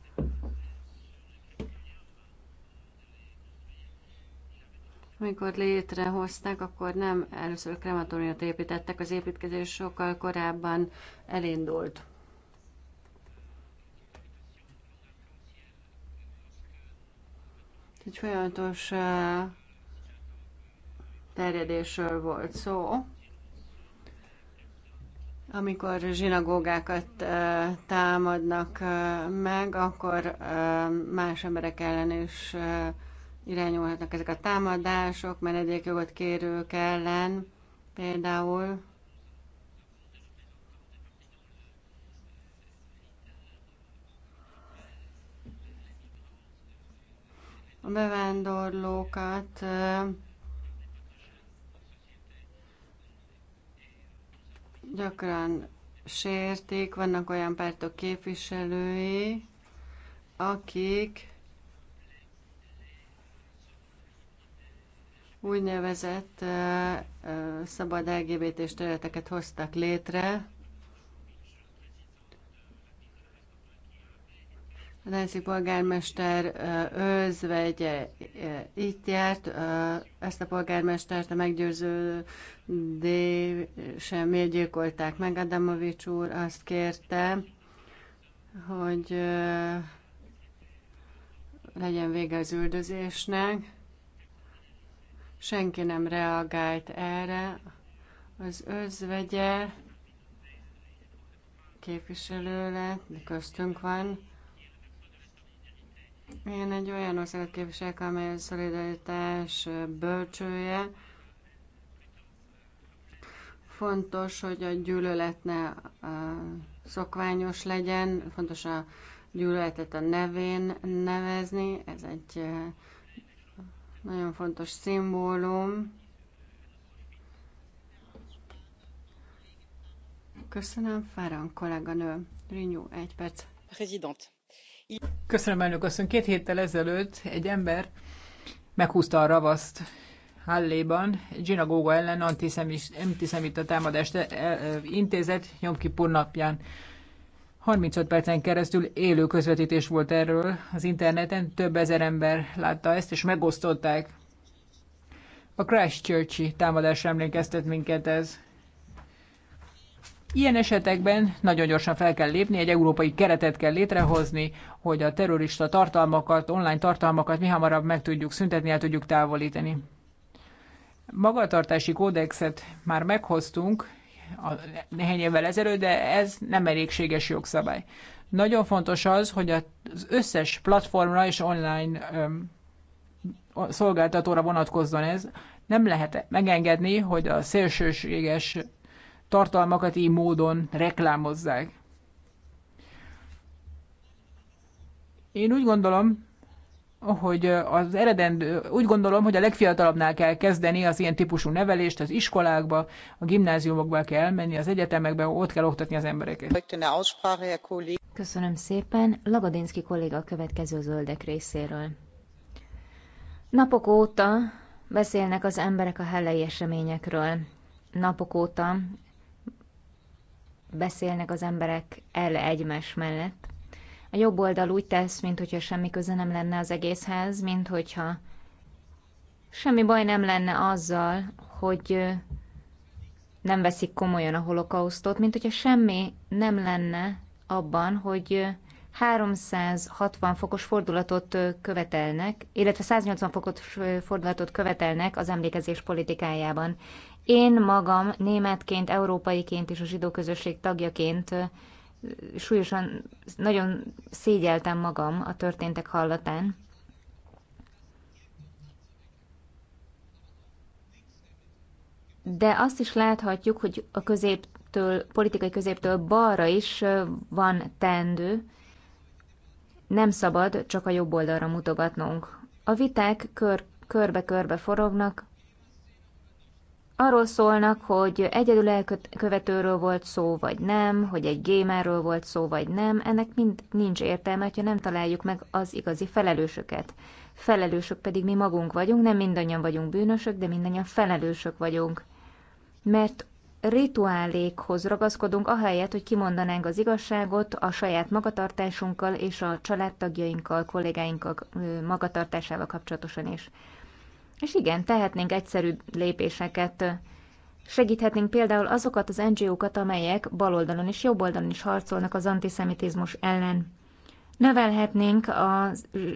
Amikor létrehozták, akkor nem először krematóriumot építettek, az építkezés sokkal korábban elindult. egy folyamatos terjedésről volt szó, amikor zsinagógákat támadnak meg, akkor más emberek ellen is irányulhatnak ezek a támadások, menedékjogot kérők ellen például. a bevándorlókat gyakran sértik, vannak olyan pártok képviselői, akik úgynevezett uh, uh, szabad LGBT-s területeket hoztak létre, A Nancy polgármester özvegye itt járt, ezt a polgármestert a meggyőződésem miért gyilkolták meg. Adamovics úr azt kérte, hogy legyen vége az üldözésnek. Senki nem reagált erre. Az özvegye képviselő lett, köztünk van én egy olyan országot képviselek, amely a szolidaritás bölcsője. Fontos, hogy a gyűlölet ne szokványos legyen, fontos a gyűlöletet a nevén nevezni, ez egy nagyon fontos szimbólum. Köszönöm, Fáran kolléganő. Rinyú, egy perc. Prezident. Köszönöm, elnök asszony. Két héttel ezelőtt egy ember meghúzta a ravaszt Halléban, zsinagóga ellen antiszemita támadást e, e, intézett Jomkipur napján. 35 percen keresztül élő közvetítés volt erről az interneten, több ezer ember látta ezt, és megosztották. A Christchurch-i támadásra emlékeztet minket ez. Ilyen esetekben nagyon gyorsan fel kell lépni, egy európai keretet kell létrehozni, hogy a terrorista tartalmakat, online tartalmakat mi hamarabb meg tudjuk szüntetni, el tudjuk távolítani. Magatartási kódexet már meghoztunk néhány évvel ezelőtt, de ez nem elégséges jogszabály. Nagyon fontos az, hogy az összes platformra és online öm, szolgáltatóra vonatkozzon ez. Nem lehet megengedni, hogy a szélsőséges tartalmakat így módon reklámozzák. Én úgy gondolom, hogy az eredendő, úgy gondolom, hogy a legfiatalabbnál kell kezdeni az ilyen típusú nevelést, az iskolákba, a gimnáziumokba kell menni, az egyetemekbe, ott kell oktatni az embereket. Köszönöm szépen. Lagodinski kolléga a következő zöldek részéről. Napok óta beszélnek az emberek a hellei eseményekről. Napok óta beszélnek az emberek el egymás mellett. A jobb oldal úgy tesz, mintha semmi köze nem lenne az egészhez, mintha semmi baj nem lenne azzal, hogy nem veszik komolyan a holokausztot, mint hogyha semmi nem lenne abban, hogy 360 fokos fordulatot követelnek, illetve 180 fokos fordulatot követelnek az emlékezés politikájában. Én magam németként, európaiként és a zsidó közösség tagjaként súlyosan nagyon szégyeltem magam a történtek hallatán. De azt is láthatjuk, hogy a középtől, politikai középtől balra is van tendő, Nem szabad csak a jobb oldalra mutogatnunk. A viták kör, körbe-körbe forognak, arról szólnak, hogy egyedül elkövetőről volt szó, vagy nem, hogy egy gémerről volt szó, vagy nem, ennek mind nincs értelme, ha nem találjuk meg az igazi felelősöket. Felelősök pedig mi magunk vagyunk, nem mindannyian vagyunk bűnösök, de mindannyian felelősök vagyunk. Mert rituálékhoz ragaszkodunk, ahelyett, hogy kimondanánk az igazságot a saját magatartásunkkal és a családtagjainkkal, kollégáinkkal magatartásával kapcsolatosan is. És igen, tehetnénk egyszerű lépéseket. Segíthetnénk például azokat az NGO-kat, amelyek baloldalon és jobboldalon is harcolnak az antiszemitizmus ellen. Növelhetnénk a,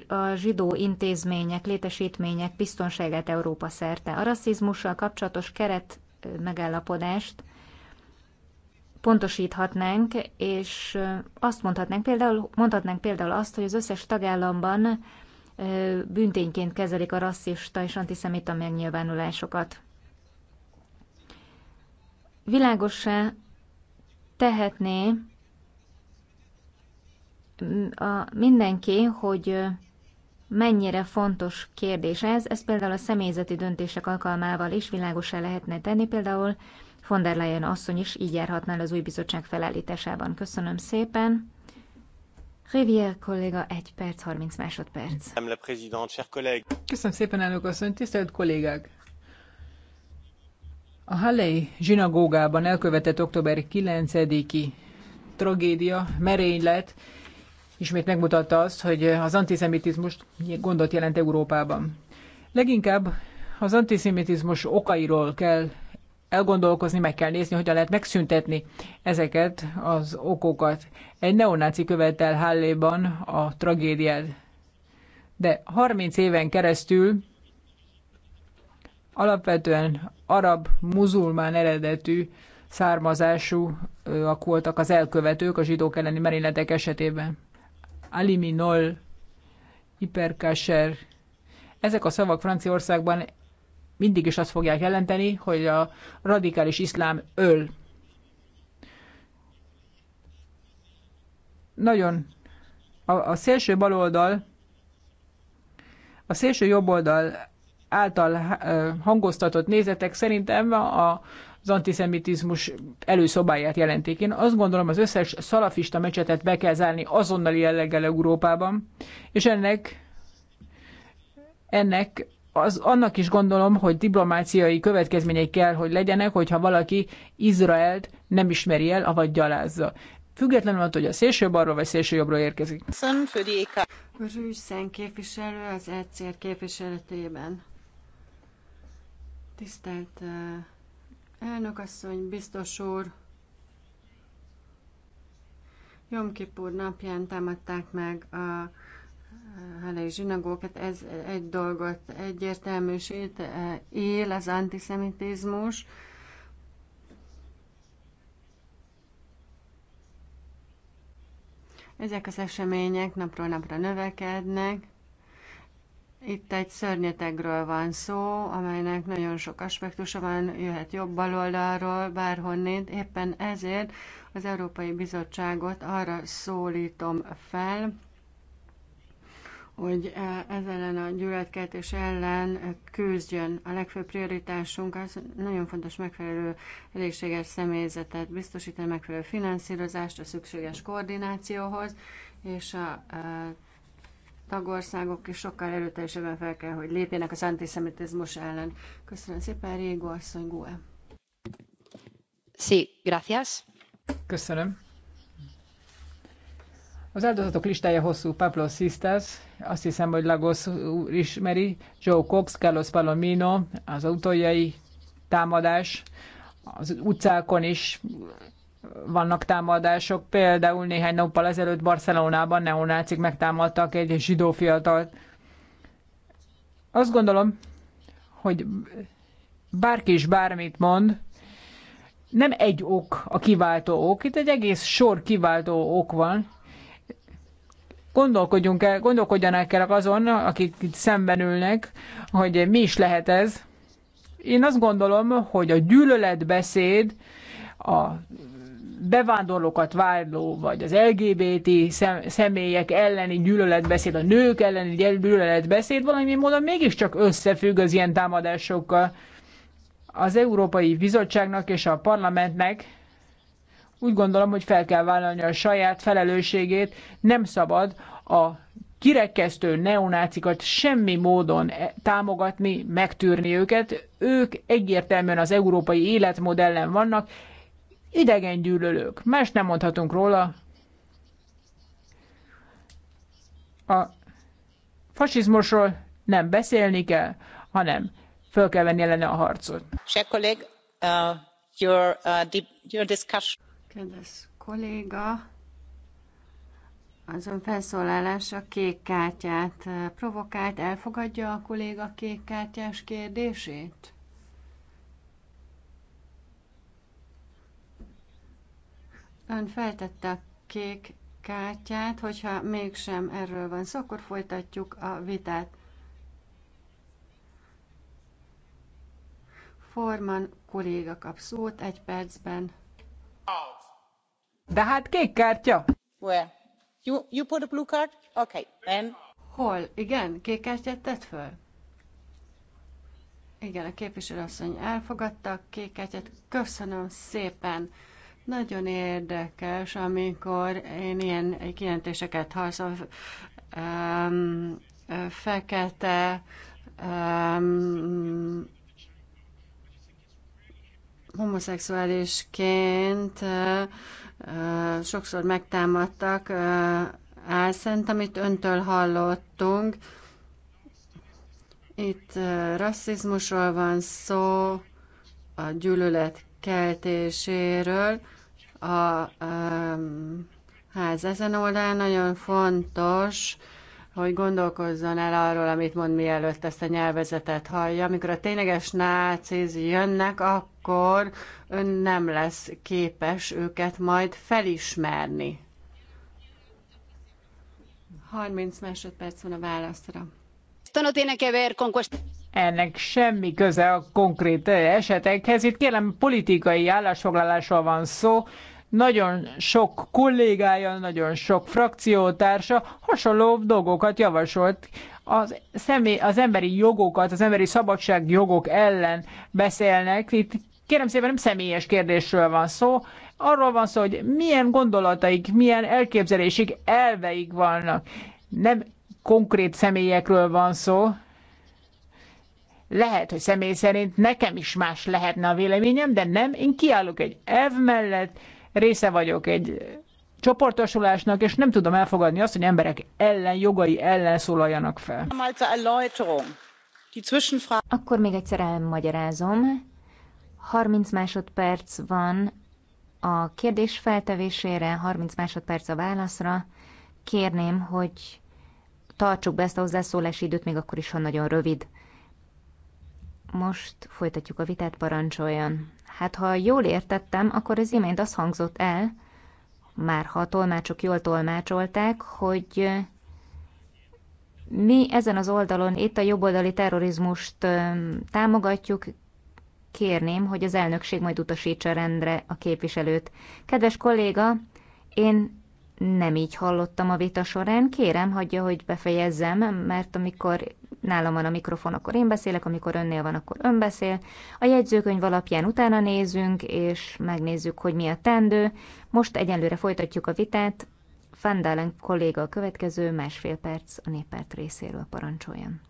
a zsidó intézmények, létesítmények biztonságát Európa szerte. A rasszizmussal kapcsolatos keret megállapodást pontosíthatnánk, és azt mondhatnánk például, mondhatnánk például azt, hogy az összes tagállamban büntényként kezelik a rasszista és antiszemita megnyilvánulásokat. Világosá tehetné a, mindenki, hogy mennyire fontos kérdés ez. Ez például a személyzeti döntések alkalmával is világosá lehetne tenni, például von der Leyen asszony is így járhatna az új bizottság felállításában. Köszönöm szépen. Rivière kolléga, egy perc, 30 másodperc. Köszönöm szépen, elnök asszony, tisztelt kollégák! A Halley zsinagógában elkövetett október 9-i tragédia, merénylet ismét megmutatta azt, hogy az antiszemitizmus gondot jelent Európában. Leginkább az antiszemitizmus okairól kell elgondolkozni, meg kell nézni, hogyan lehet megszüntetni ezeket az okokat. Egy neonáci követel Halléban a tragédiát. De 30 éven keresztül alapvetően arab, muzulmán eredetű származásúak voltak az elkövetők a zsidók elleni merényletek esetében. Aliminol, Iperkasher, ezek a szavak Franciaországban mindig is azt fogják jelenteni, hogy a radikális iszlám öl. Nagyon a, a szélső baloldal, a szélső jobboldal által eh, hangoztatott nézetek szerintem a, az antiszemitizmus előszobáját jelentik. Én azt gondolom, az összes szalafista mecsetet be kell zárni azonnali jelleggel Európában, és ennek ennek az, annak is gondolom, hogy diplomáciai következményei kell, hogy legyenek, hogyha valaki Izraelt nem ismeri el, avagy gyalázza. Függetlenül attól, hogy a szélső balról vagy szélső jobbról érkezik. Rűszen képviselő az ECR képviseletében. Tisztelt eh, elnökasszony, biztos úr, Jomkipur napján támadták meg a helyi zsinagókat, hát ez egy dolgot egyértelműsít, e, él az antiszemitizmus, Ezek az események napról napra növekednek. Itt egy szörnyetegről van szó, amelynek nagyon sok aspektusa van, jöhet jobb baloldalról, bárhonnét. Éppen ezért az Európai Bizottságot arra szólítom fel, hogy eh, ez ellen a gyűlöletkeltés ellen eh, küzdjön. A legfőbb prioritásunk az nagyon fontos megfelelő elégséges személyzetet biztosítani, megfelelő finanszírozást a szükséges koordinációhoz, és a, a eh, tagországok is sokkal erőteljesebben fel kell, hogy lépjenek az antiszemitizmus ellen. Köszönöm szépen, Régó asszony, Gue. Sí, gracias. Köszönöm. Az áldozatok listája hosszú. Pablo Sistas, azt hiszem, hogy Lagos úr ismeri, Joe Cox, Carlos Palomino, az autójai támadás, az utcákon is vannak támadások. Például néhány nappal ezelőtt Barcelonában neonácik megtámadtak egy zsidó fiatalt. Azt gondolom, hogy bárki is bármit mond, nem egy ok a kiváltó ok, itt egy egész sor kiváltó ok van, Gondolkodjunk el, gondolkodjanak el azon, akik itt szemben ülnek, hogy mi is lehet ez. Én azt gondolom, hogy a gyűlöletbeszéd, a bevándorlókat várló, vagy az LGBT személyek elleni gyűlöletbeszéd, a nők elleni gyűlöletbeszéd valami módon mégiscsak összefügg az ilyen támadásokkal. Az Európai Bizottságnak és a parlamentnek úgy gondolom, hogy fel kell vállalni a saját felelősségét, nem szabad a kirekesztő neonácikat semmi módon e- támogatni, megtűrni őket. Ők egyértelműen az európai életmodellen vannak, idegen gyűlölők. Más nem mondhatunk róla. A fasizmusról nem beszélni kell, hanem föl kell venni ellene a harcot. Kollég, uh, your, uh, your discussion. Kedves kolléga, az ön felszólalása kék kártyát eh, provokált. Elfogadja a kolléga kék kártyás kérdését? Ön feltette a kék kártyát, hogyha mégsem erről van szó, akkor folytatjuk a vitát. Forman kolléga kap szót egy percben. Oh. De hát kék kártya. Where? You, you put a blue card? Okay, then. Hol? Igen, kék kártyát tett föl? Igen, a képviselőasszony elfogadta kék kártyát. Köszönöm szépen. Nagyon érdekes, amikor én ilyen kijelentéseket hallom, um, fekete um, homoszexuálisként sokszor megtámadtak álszent, amit öntől hallottunk. Itt rasszizmusról van szó, a gyűlölet keltéséről. A ház ezen oldalán nagyon fontos, hogy gondolkozzon el arról, amit mond, mielőtt ezt a nyelvezetet hallja. Amikor a tényleges náciz jönnek, akkor ön nem lesz képes őket majd felismerni. 30 másodperc van a válaszra. Ennek semmi köze a konkrét esetekhez. Itt kérem, politikai állásfoglalásról van szó. Nagyon sok kollégája, nagyon sok frakciótársa hasonló dolgokat javasolt. Az, személy, az emberi jogokat, az emberi szabadság jogok ellen beszélnek. Itt kérem szépen nem személyes kérdésről van szó, arról van szó, hogy milyen gondolataik, milyen elképzelésik, elveik vannak. Nem konkrét személyekről van szó. Lehet, hogy személy szerint nekem is más lehetne a véleményem, de nem, én kiállok egy elv mellett, része vagyok egy csoportosulásnak, és nem tudom elfogadni azt, hogy emberek ellen, jogai ellen szólaljanak fel. Akkor még egyszer elmagyarázom. 30 másodperc van a kérdés feltevésére, 30 másodperc a válaszra. Kérném, hogy tartsuk be ezt a hozzászólási időt, még akkor is, ha nagyon rövid. Most folytatjuk a vitát, parancsoljon. Hát ha jól értettem, akkor az imént az hangzott el, már ha a tolmácsok jól tolmácsolták, hogy mi ezen az oldalon itt a jobboldali terrorizmust támogatjuk, kérném, hogy az elnökség majd utasítsa rendre a képviselőt. Kedves kolléga, én nem így hallottam a vita során, kérem, hagyja, hogy befejezzem, mert amikor nálam van a mikrofon, akkor én beszélek, amikor önnél van, akkor ön beszél. A jegyzőkönyv alapján utána nézünk, és megnézzük, hogy mi a tendő. Most egyenlőre folytatjuk a vitát. Fandalen kolléga a következő másfél perc a néppárt részéről parancsoljon.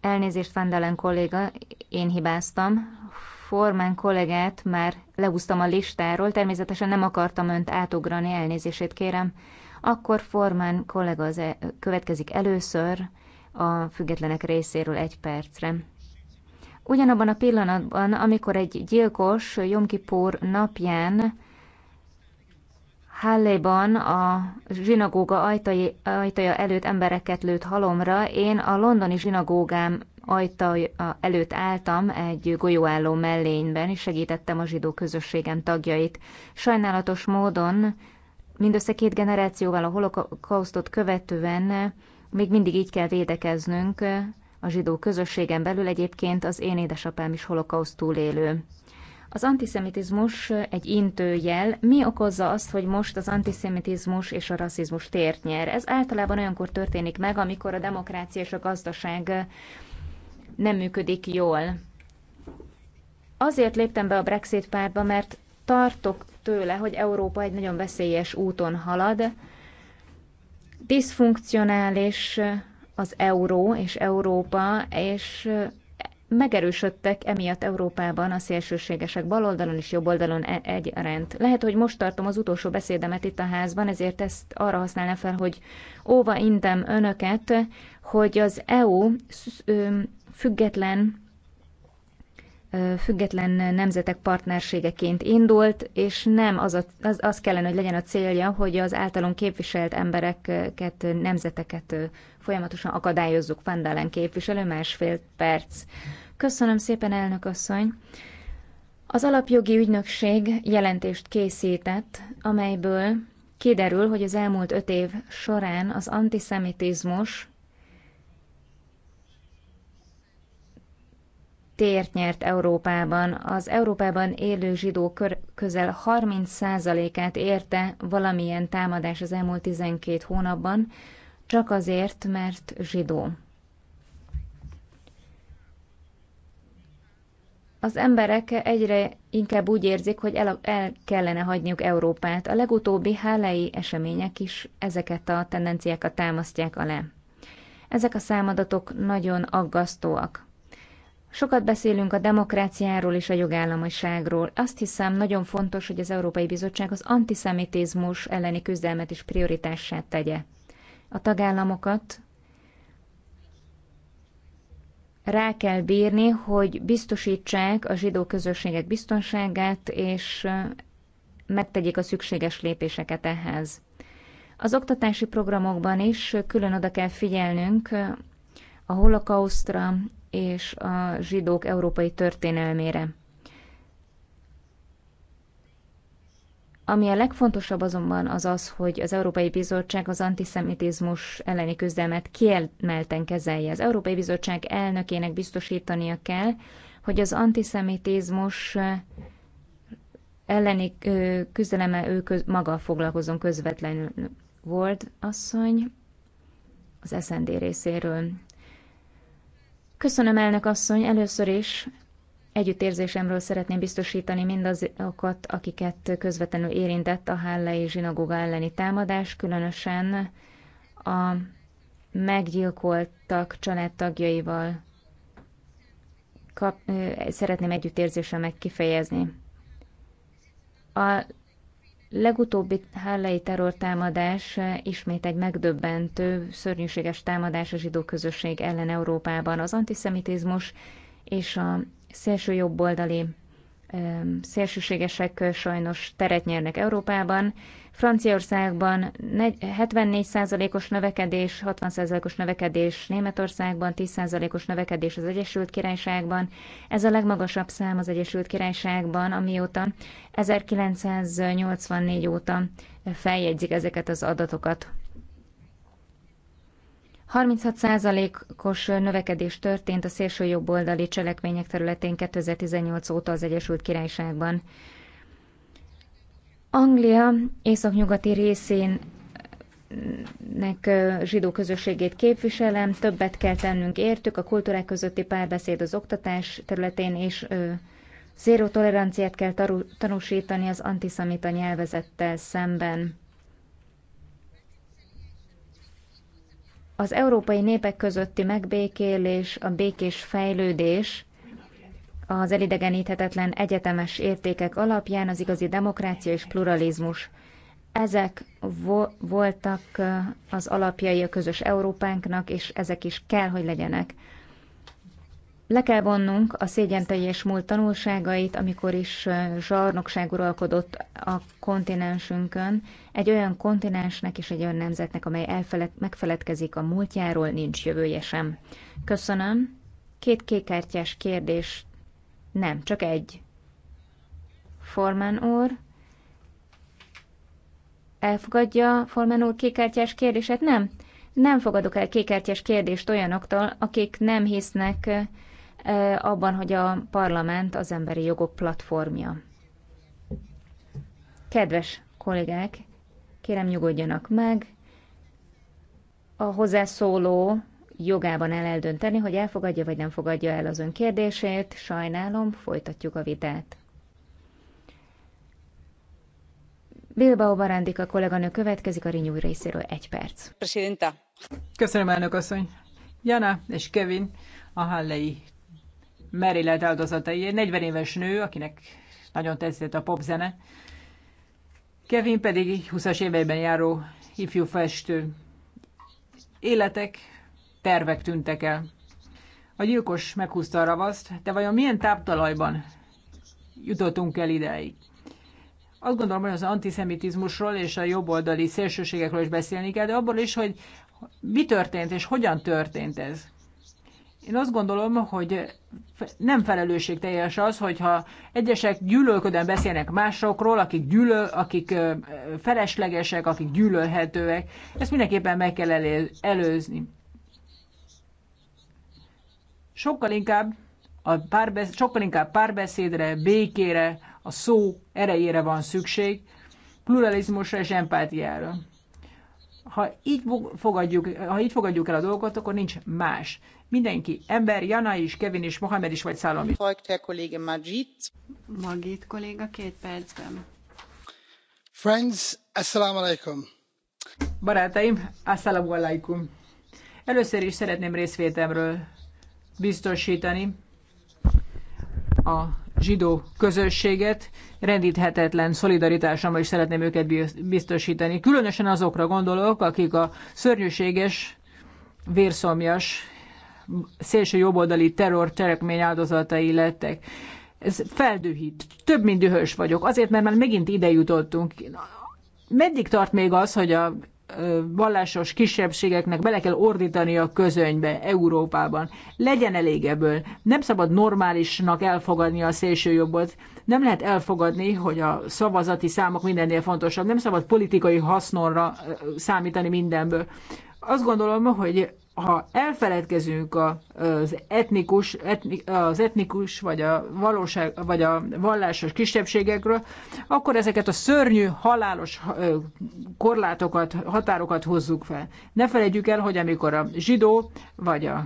Elnézést, Fandalen kolléga, én hibáztam. Formán kollégát már leúztam a listáról, természetesen nem akartam önt átugrani, elnézését kérem. Akkor Formán kollega az e- következik először a függetlenek részéről egy percre. Ugyanabban a pillanatban, amikor egy gyilkos Jomkipur napján Halléban a zsinagóga ajtai, ajtaja előtt embereket lőtt halomra, én a londoni zsinagógám ajtaj előtt álltam egy golyóálló mellényben, és segítettem a zsidó közösségem tagjait. Sajnálatos módon mindössze két generációval a holokausztot követően még mindig így kell védekeznünk a zsidó közösségen belül, egyébként az én édesapám is holokauszt túlélő. Az antiszemitizmus egy intőjel. Mi okozza azt, hogy most az antiszemitizmus és a rasszizmus tért nyer? Ez általában olyankor történik meg, amikor a demokrácia és a gazdaság nem működik jól. Azért léptem be a Brexit pártba, mert tartok tőle, hogy Európa egy nagyon veszélyes úton halad. Diszfunkcionális az euró és Európa, és megerősödtek emiatt Európában a szélsőségesek baloldalon és jobboldalon e- rend. Lehet, hogy most tartom az utolsó beszédemet itt a házban, ezért ezt arra használnám fel, hogy óva intem önöket, hogy az EU független független nemzetek partnerségeként indult, és nem az, a, az, az kellene, hogy legyen a célja, hogy az általunk képviselt embereket, nemzeteket folyamatosan akadályozzuk. Fandalen képviselő, másfél perc. Köszönöm szépen, elnök asszony. Az alapjogi ügynökség jelentést készített, amelyből kiderül, hogy az elmúlt öt év során az antiszemitizmus tért nyert Európában. Az Európában élő kör közel 30%-át érte valamilyen támadás az elmúlt 12 hónapban, csak azért, mert zsidó. Az emberek egyre inkább úgy érzik, hogy el, el kellene hagyniuk Európát. A legutóbbi hálei események is ezeket a tendenciákat támasztják alá. Ezek a számadatok nagyon aggasztóak. Sokat beszélünk a demokráciáról és a jogállamiságról. Azt hiszem, nagyon fontos, hogy az Európai Bizottság az antiszemitizmus elleni küzdelmet is prioritássá tegye. A tagállamokat rá kell bírni, hogy biztosítsák a zsidó közösségek biztonságát, és megtegyék a szükséges lépéseket ehhez. Az oktatási programokban is külön oda kell figyelnünk a holokausztra, és a zsidók európai történelmére. Ami a legfontosabb azonban az az, hogy az Európai Bizottság az antiszemitizmus elleni küzdelmet kiemelten kezelje. Az Európai Bizottság elnökének biztosítania kell, hogy az antiszemitizmus elleni küzdelemmel ő köz, maga foglalkozom közvetlenül. Volt asszony az SND részéről. Köszönöm, elnök asszony, először is együttérzésemről szeretném biztosítani mindazokat, akiket közvetlenül érintett a Hallei zsinagóga elleni támadás, különösen a meggyilkoltak családtagjaival kap, szeretném együttérzésemet kifejezni. A legutóbbi hálai terrortámadás eh, ismét egy megdöbbentő, szörnyűséges támadás a zsidó közösség ellen Európában. Az antiszemitizmus és a szélső jobboldali szélsőségesek eh, sajnos teret nyernek Európában, Franciaországban 74%-os növekedés, 60%-os növekedés Németországban, 10%-os növekedés az Egyesült Királyságban. Ez a legmagasabb szám az Egyesült Királyságban, amióta 1984 óta feljegyzik ezeket az adatokat. 36%-os növekedés történt a szélső jobboldali cselekmények területén 2018 óta az Egyesült Királyságban. Anglia északnyugati részén nek zsidó közösségét képviselem, többet kell tennünk értük, a kultúrák közötti párbeszéd az oktatás területén, és ö, zéró toleranciát kell taru, tanúsítani az antiszemita nyelvezettel szemben. Az európai népek közötti megbékélés, a békés fejlődés az elidegeníthetetlen egyetemes értékek alapján az igazi demokrácia és pluralizmus. Ezek vo- voltak az alapjai a közös Európánknak, és ezek is kell, hogy legyenek. Le kell vonnunk a szégyenteljes múlt tanulságait, amikor is zsarnokság uralkodott a kontinensünkön, egy olyan kontinensnek és egy olyan nemzetnek, amely elfelet, megfeledkezik a múltjáról, nincs jövője sem. Köszönöm. Két kékártyás kérdést nem, csak egy. Formán úr. Elfogadja Formán úr kékártyás kérdését? Nem. Nem fogadok el kékártyás kérdést olyanoktól, akik nem hisznek abban, hogy a parlament az emberi jogok platformja. Kedves kollégák, kérem nyugodjanak meg. A hozzászóló jogában el eldönteni, hogy elfogadja vagy nem fogadja el az ön kérdését. Sajnálom, folytatjuk a vitát. Bilbao Barándika kolléganő következik a Rinyúj részéről egy perc. Presidenta. Köszönöm, elnök asszony. Jana és Kevin, a hallei merélet áldozatai. Egy 40 éves nő, akinek nagyon tetszett a popzene. Kevin pedig 20-as éveiben járó ifjú festő. Életek tervek tűntek el. A gyilkos meghúzta a ravaszt, de vajon milyen táptalajban jutottunk el ideig? Azt gondolom, hogy az antiszemitizmusról és a jobboldali szélsőségekről is beszélni kell, de abból is, hogy mi történt és hogyan történt ez. Én azt gondolom, hogy nem teljes az, hogyha egyesek gyűlölködően beszélnek másokról, akik, gyűlö, akik feleslegesek, akik gyűlölhetőek. Ezt mindenképpen meg kell előzni sokkal inkább a párbeszéd, sokkal inkább párbeszédre, békére, a szó erejére van szükség, pluralizmusra és empátiára. Ha így fogadjuk, ha így fogadjuk el a dolgot, akkor nincs más. Mindenki, ember, Jana is, Kevin is, Mohamed is, vagy Szálomi. Magit kolléga két percben. Friends, assalamu alaikum. Barátaim, assalamu alaikum. Először is szeretném részvétemről biztosítani a zsidó közösséget, rendíthetetlen szolidaritásomra is szeretném őket biztosítani. Különösen azokra gondolok, akik a szörnyűséges, vérszomjas, szélső jobboldali terror cselekmény áldozatai lettek. Ez feldühít. Több, mint dühös vagyok. Azért, mert már megint ide jutottunk. Meddig tart még az, hogy a vallásos kisebbségeknek bele kell ordítani a közönybe Európában. Legyen elég ebből. Nem szabad normálisnak elfogadni a szélsőjobbot. Nem lehet elfogadni, hogy a szavazati számok mindennél fontosabb. Nem szabad politikai hasznonra számítani mindenből. Azt gondolom, hogy ha elfeledkezünk az etnikus, az etnikus vagy a valóság, vagy a vallásos kisebbségekről, akkor ezeket a szörnyű, halálos korlátokat, határokat hozzuk fel. Ne felejtjük el, hogy amikor a zsidó vagy a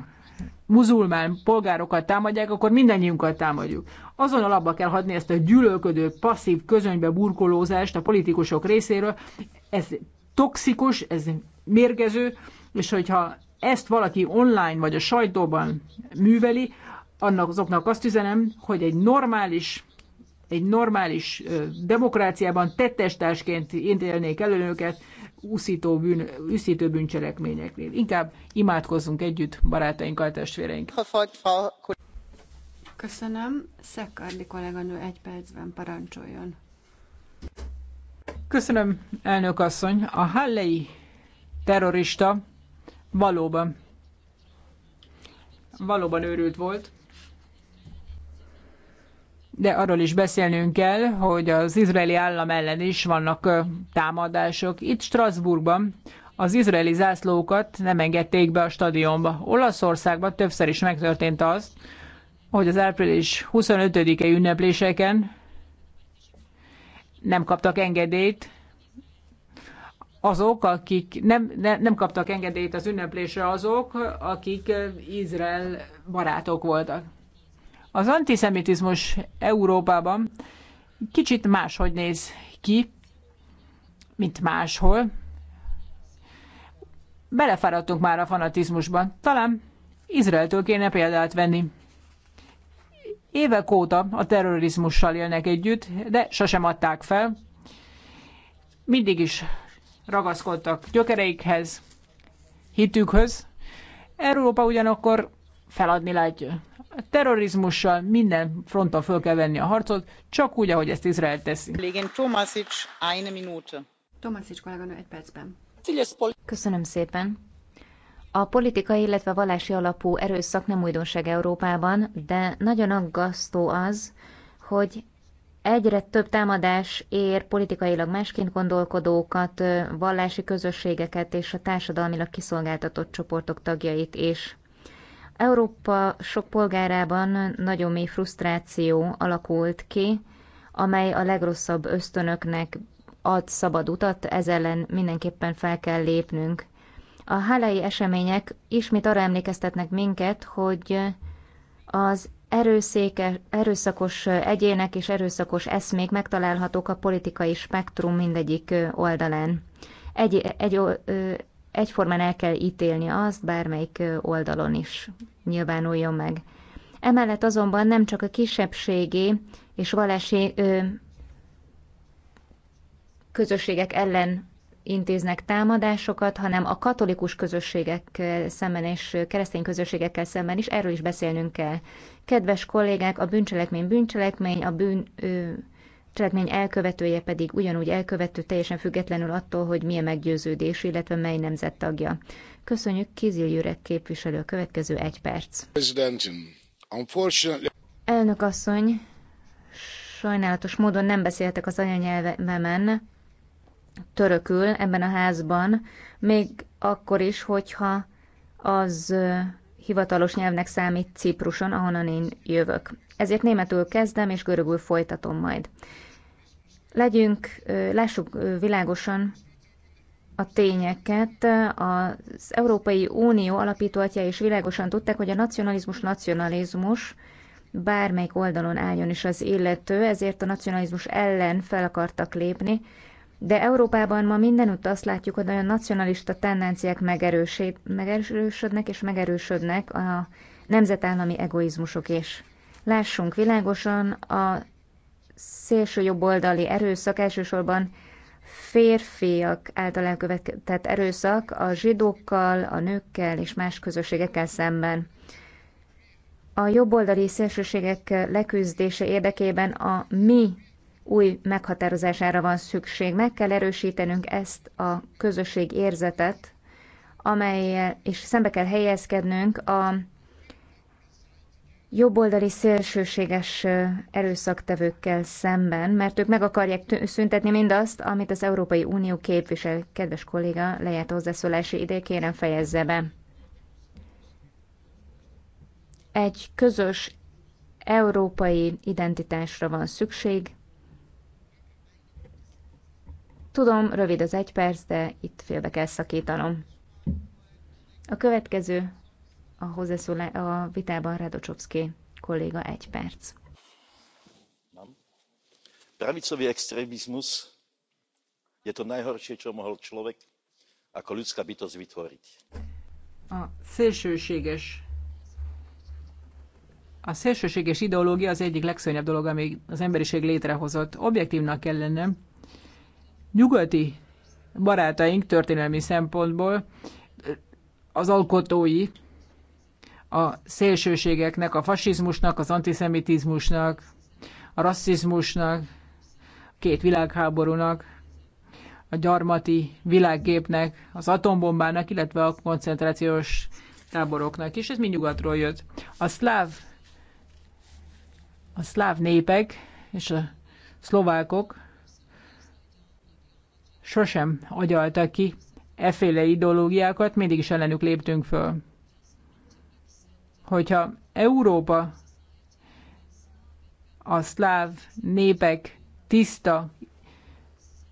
muzulmán polgárokat támadják, akkor mindannyiunkat támadjuk. Azon alapba kell hadni ezt a gyűlölködő, passzív közönybe burkolózást a politikusok részéről. Ez toxikus, ez mérgező, és hogyha ezt valaki online vagy a sajtóban műveli, annak azoknak azt üzenem, hogy egy normális egy normális demokráciában tettestásként ítélnék el önöket úszító, bűn, úszító bűncselekményeknél. Inkább imádkozzunk együtt barátainkkal, testvéreink. Köszönöm. Szekkardi kolléganő egy percben parancsoljon. Köszönöm, elnök asszony. A Hallei terrorista Valóban. Valóban őrült volt. De arról is beszélnünk kell, hogy az izraeli állam ellen is vannak támadások. Itt Strasbourgban az izraeli zászlókat nem engedték be a stadionba. Olaszországban többször is megtörtént az, hogy az április 25-i ünnepléseken nem kaptak engedélyt azok, akik nem, ne, nem kaptak engedélyt az ünneplésre, azok, akik Izrael barátok voltak. Az antiszemitizmus Európában kicsit máshogy néz ki, mint máshol. Belefáradtunk már a fanatizmusban. Talán Izraeltől kéne példát venni. Évek óta a terrorizmussal élnek együtt, de sosem adták fel. Mindig is ragaszkodtak gyökereikhez, hitükhöz. Európa ugyanakkor feladni látja. A terrorizmussal minden fronton föl kell venni a harcot, csak úgy, ahogy ezt Izrael teszi. Tomasic, eine minute. Tomasic kolléganő, egy percben. Köszönöm szépen. A politikai, illetve vallási alapú erőszak nem újdonság Európában, de nagyon aggasztó az, hogy Egyre több támadás ér politikailag másként gondolkodókat, vallási közösségeket és a társadalmilag kiszolgáltatott csoportok tagjait is. Európa sok polgárában nagyon mély frusztráció alakult ki, amely a legrosszabb ösztönöknek ad szabad utat, ez ellen mindenképpen fel kell lépnünk. A hálai események ismét arra emlékeztetnek minket, hogy az erőszéke, erőszakos egyének és erőszakos eszmék megtalálhatók a politikai spektrum mindegyik oldalán. Egy, egy, egyformán el kell ítélni azt, bármelyik oldalon is nyilvánuljon meg. Emellett azonban nem csak a kisebbségi és vallási közösségek ellen intéznek támadásokat, hanem a katolikus közösségek szemben és keresztény közösségekkel szemben is, erről is beszélnünk kell. Kedves kollégák, a bűncselekmény bűncselekmény, a bűn ö, cselekmény elkövetője pedig ugyanúgy elkövető, teljesen függetlenül attól, hogy milyen meggyőződés, illetve mely nemzet tagja. Köszönjük Kizil Jürek képviselő, a következő egy perc. Unfortunately... Elnök asszony, sajnálatos módon nem beszéltek az anyanyelvemen, törökül ebben a házban, még akkor is, hogyha az hivatalos nyelvnek számít Cipruson, ahonnan én jövök. Ezért németül kezdem, és görögül folytatom majd. Legyünk, lássuk világosan a tényeket. Az Európai Unió alapítóatja is világosan tudták, hogy a nacionalizmus nacionalizmus, bármelyik oldalon álljon is az illető, ezért a nacionalizmus ellen fel akartak lépni, de Európában ma mindenütt azt látjuk, hogy olyan nacionalista tendenciák megerősödnek és megerősödnek a nemzetállami egoizmusok is. Lássunk világosan, a szélső jobboldali erőszak elsősorban férfiak által elkövetett erőszak a zsidókkal, a nőkkel és más közösségekkel szemben. A jobboldali szélsőségek leküzdése érdekében a mi új meghatározására van szükség. Meg kell erősítenünk ezt a közösség érzetet, amelyel, és szembe kell helyezkednünk a jobboldali szélsőséges erőszaktevőkkel szemben, mert ők meg akarják szüntetni mindazt, amit az Európai Unió képvisel. Kedves kolléga, lejárt hozzászólási idő, kérem fejezze be. Egy közös európai identitásra van szükség, Tudom, rövid az egy perc, de itt félbe kell szakítanom. A következő a hozzászólá a vitában Radocsovszki kolléga egy perc. Pravicový extrémizmus je to najhoršie, čo mohol človek ako ľudská bytosť vytvoriť. A szélsőséges a szélsőséges ideológia az egyik legszörnyebb dolog, amíg az emberiség létrehozott. Objektívnak kell lennem, nyugati barátaink történelmi szempontból az alkotói a szélsőségeknek, a fasizmusnak, az antiszemitizmusnak, a rasszizmusnak, a két világháborúnak, a gyarmati világgépnek, az atombombának, illetve a koncentrációs táboroknak is. Ez mind nyugatról jött. A szláv, a szláv népek és a szlovákok sosem agyalta ki eféle ideológiákat, mindig is ellenük léptünk föl. Hogyha Európa a szláv népek tiszta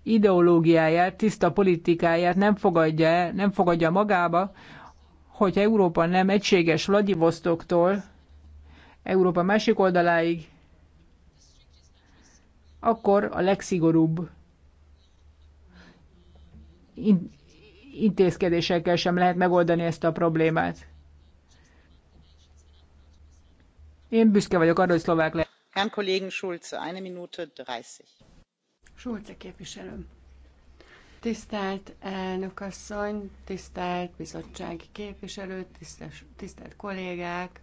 ideológiáját, tiszta politikáját nem fogadja, el, nem fogadja magába, hogy Európa nem egységes Vladivostoktól Európa másik oldaláig, akkor a legszigorúbb intézkedésekkel sem lehet megoldani ezt a problémát. Én büszke vagyok arra, hogy szlovák lehet. Herrn Kollégen Schulze, eine Minute 30. Schulze képviselő. Tisztelt elnökasszony, tisztelt bizottsági képviselő, tisztelt, tisztelt kollégák!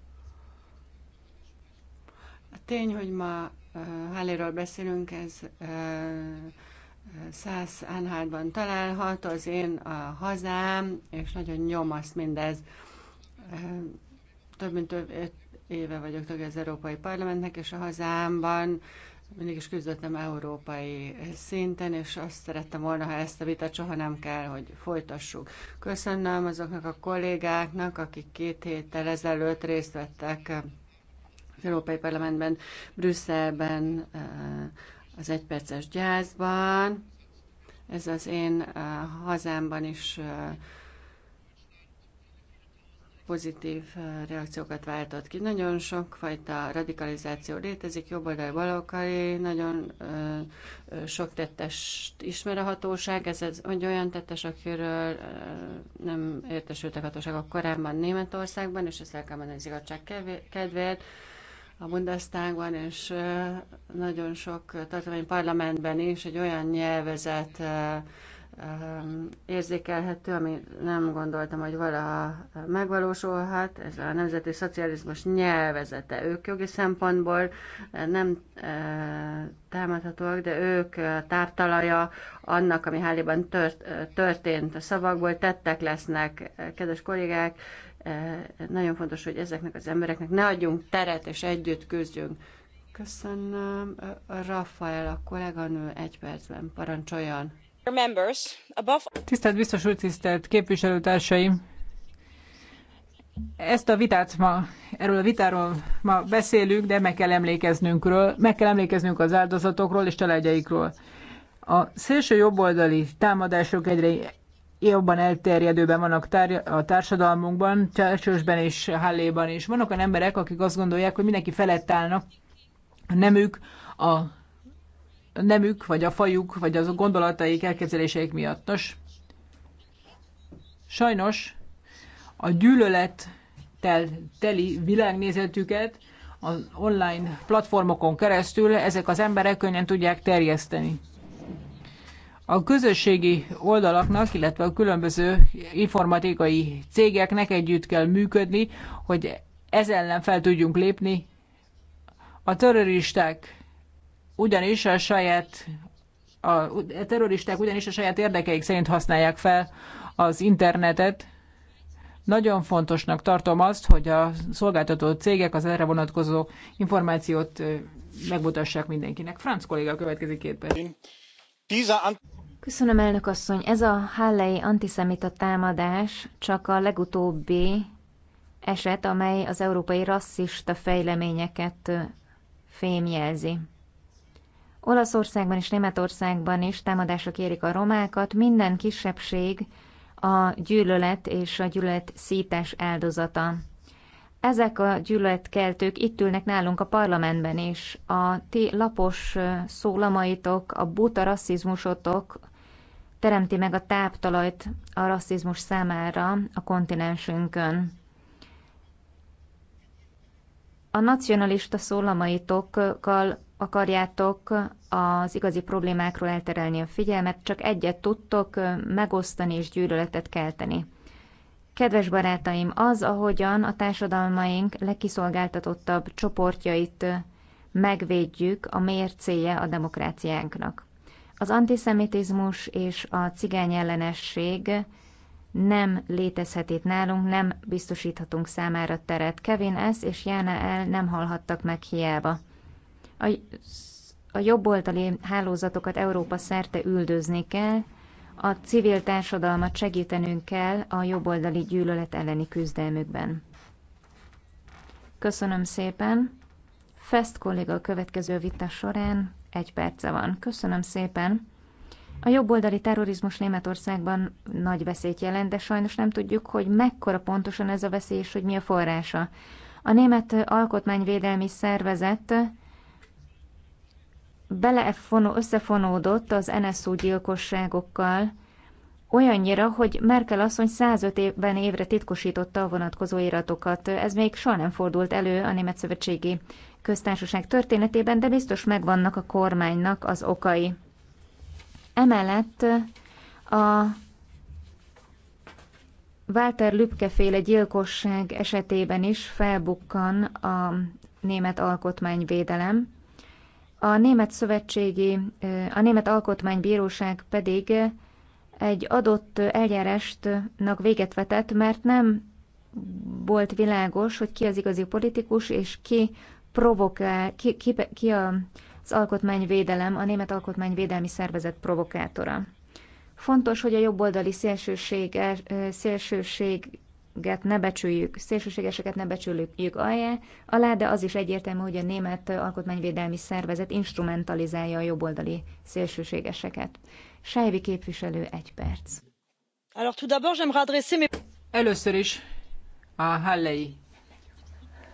A tény, hogy ma uh, Halléről beszélünk, ez uh, Száz Anhaltban találhat, az én a hazám, és nagyon nyomaszt mindez. Több mint több éve vagyok tagja az Európai Parlamentnek, és a hazámban mindig is küzdöttem európai szinten, és azt szerettem volna, ha ezt a vitát soha nem kell, hogy folytassuk. Köszönöm azoknak a kollégáknak, akik két héttel ezelőtt részt vettek az Európai Parlamentben, Brüsszelben, az egyperces gyászban, ez az én uh, hazámban is uh, pozitív uh, reakciókat váltott ki. Nagyon sokfajta radikalizáció létezik, jobboldali, balokai, nagyon uh, sok tettest ismer a hatóság, ez, ez olyan tettes, akiről uh, nem értesültek hatóságok korábban Németországban, és ezt el kell mondani az igazság kedvéért a Bundestagban és nagyon sok tartomány parlamentben is egy olyan nyelvezet érzékelhető, ami nem gondoltam, hogy valaha megvalósulhat. Ez a nemzeti szocializmus nyelvezete. Ők jogi szempontból nem támadhatóak, de ők tártalaja annak, ami Háliban tört, történt. A szavakból tettek lesznek, kedves kollégák, E, nagyon fontos, hogy ezeknek az embereknek ne adjunk teret, és együtt küzdjünk. Köszönöm. Rafael, a kolléganő egy percben parancsoljon. Tisztelt biztos úr, tisztelt képviselőtársaim! Ezt a vitát ma, erről a vitáról ma beszélünk, de meg kell emlékeznünkről, meg kell emlékeznünk az áldozatokról és családjaikról. A szélső jobboldali támadások egyre jobban elterjedőben vannak tár- a társadalmunkban, Csersősben és Halléban is. Vannak olyan emberek, akik azt gondolják, hogy mindenki felett állnak, a nemük, a nemük, vagy a fajuk, vagy az a gondolataik, elképzeléseik miatt. Nos, sajnos a gyűlölettel teli világnézetüket az online platformokon keresztül ezek az emberek könnyen tudják terjeszteni a közösségi oldalaknak, illetve a különböző informatikai cégeknek együtt kell működni, hogy ez ellen fel tudjunk lépni. A terroristák ugyanis a saját a, terroristák ugyanis a saját érdekeik szerint használják fel az internetet. Nagyon fontosnak tartom azt, hogy a szolgáltató cégek az erre vonatkozó információt megmutassák mindenkinek. Franz kolléga következik két perc Köszönöm, elnök asszony. Ez a hallei antiszemita támadás csak a legutóbbi eset, amely az európai rasszista fejleményeket fémjelzi. Olaszországban és Németországban is támadások érik a romákat, minden kisebbség a gyűlölet és a gyűlölet szítás áldozata. Ezek a gyűlöletkeltők itt ülnek nálunk a parlamentben is. A ti lapos szólamaitok, a buta rasszizmusotok teremti meg a táptalajt a rasszizmus számára a kontinensünkön. A nacionalista szólamaitokkal akarjátok az igazi problémákról elterelni a figyelmet, csak egyet tudtok megosztani és gyűlöletet kelteni. Kedves barátaim, az, ahogyan a társadalmaink legkiszolgáltatottabb csoportjait megvédjük, a mércéje a demokráciánknak. Az antiszemitizmus és a cigányellenesség nem létezhet itt nálunk, nem biztosíthatunk számára teret. Kevin S. és Jána L. nem hallhattak meg hiába. A, a jobboldali hálózatokat Európa szerte üldözni kell, a civil társadalmat segítenünk kell a jobboldali gyűlölet elleni küzdelmükben. Köszönöm szépen. Fest kolléga a következő vita során egy perce van. Köszönöm szépen. A jobboldali terrorizmus Németországban nagy veszélyt jelent, de sajnos nem tudjuk, hogy mekkora pontosan ez a veszély és hogy mi a forrása. A Német Alkotmányvédelmi Szervezet belefonó, összefonódott az NSU gyilkosságokkal, olyannyira, hogy Merkel asszony 105 évben évre titkosította a vonatkozó iratokat. Ez még soha nem fordult elő a Német Szövetségi Köztársaság történetében, de biztos megvannak a kormánynak az okai. Emellett a Walter Lübke féle gyilkosság esetében is felbukkan a német alkotmányvédelem, a Német Szövetségi, a Német Alkotmánybíróság pedig egy adott eljárástnak véget vetett, mert nem volt világos, hogy ki az igazi politikus, és ki provokál, ki, ki, ki a, az alkotmányvédelem, a Német Alkotmányvédelmi Szervezet provokátora. Fontos, hogy a jobboldali szélsőség, szélsőség őket ne becsüljük, szélsőségeseket ne becsüljük alá, de az is egyértelmű, hogy a német alkotmányvédelmi szervezet instrumentalizálja a jobboldali szélsőségeseket. Sejvi képviselő, egy perc. Először is a Hallei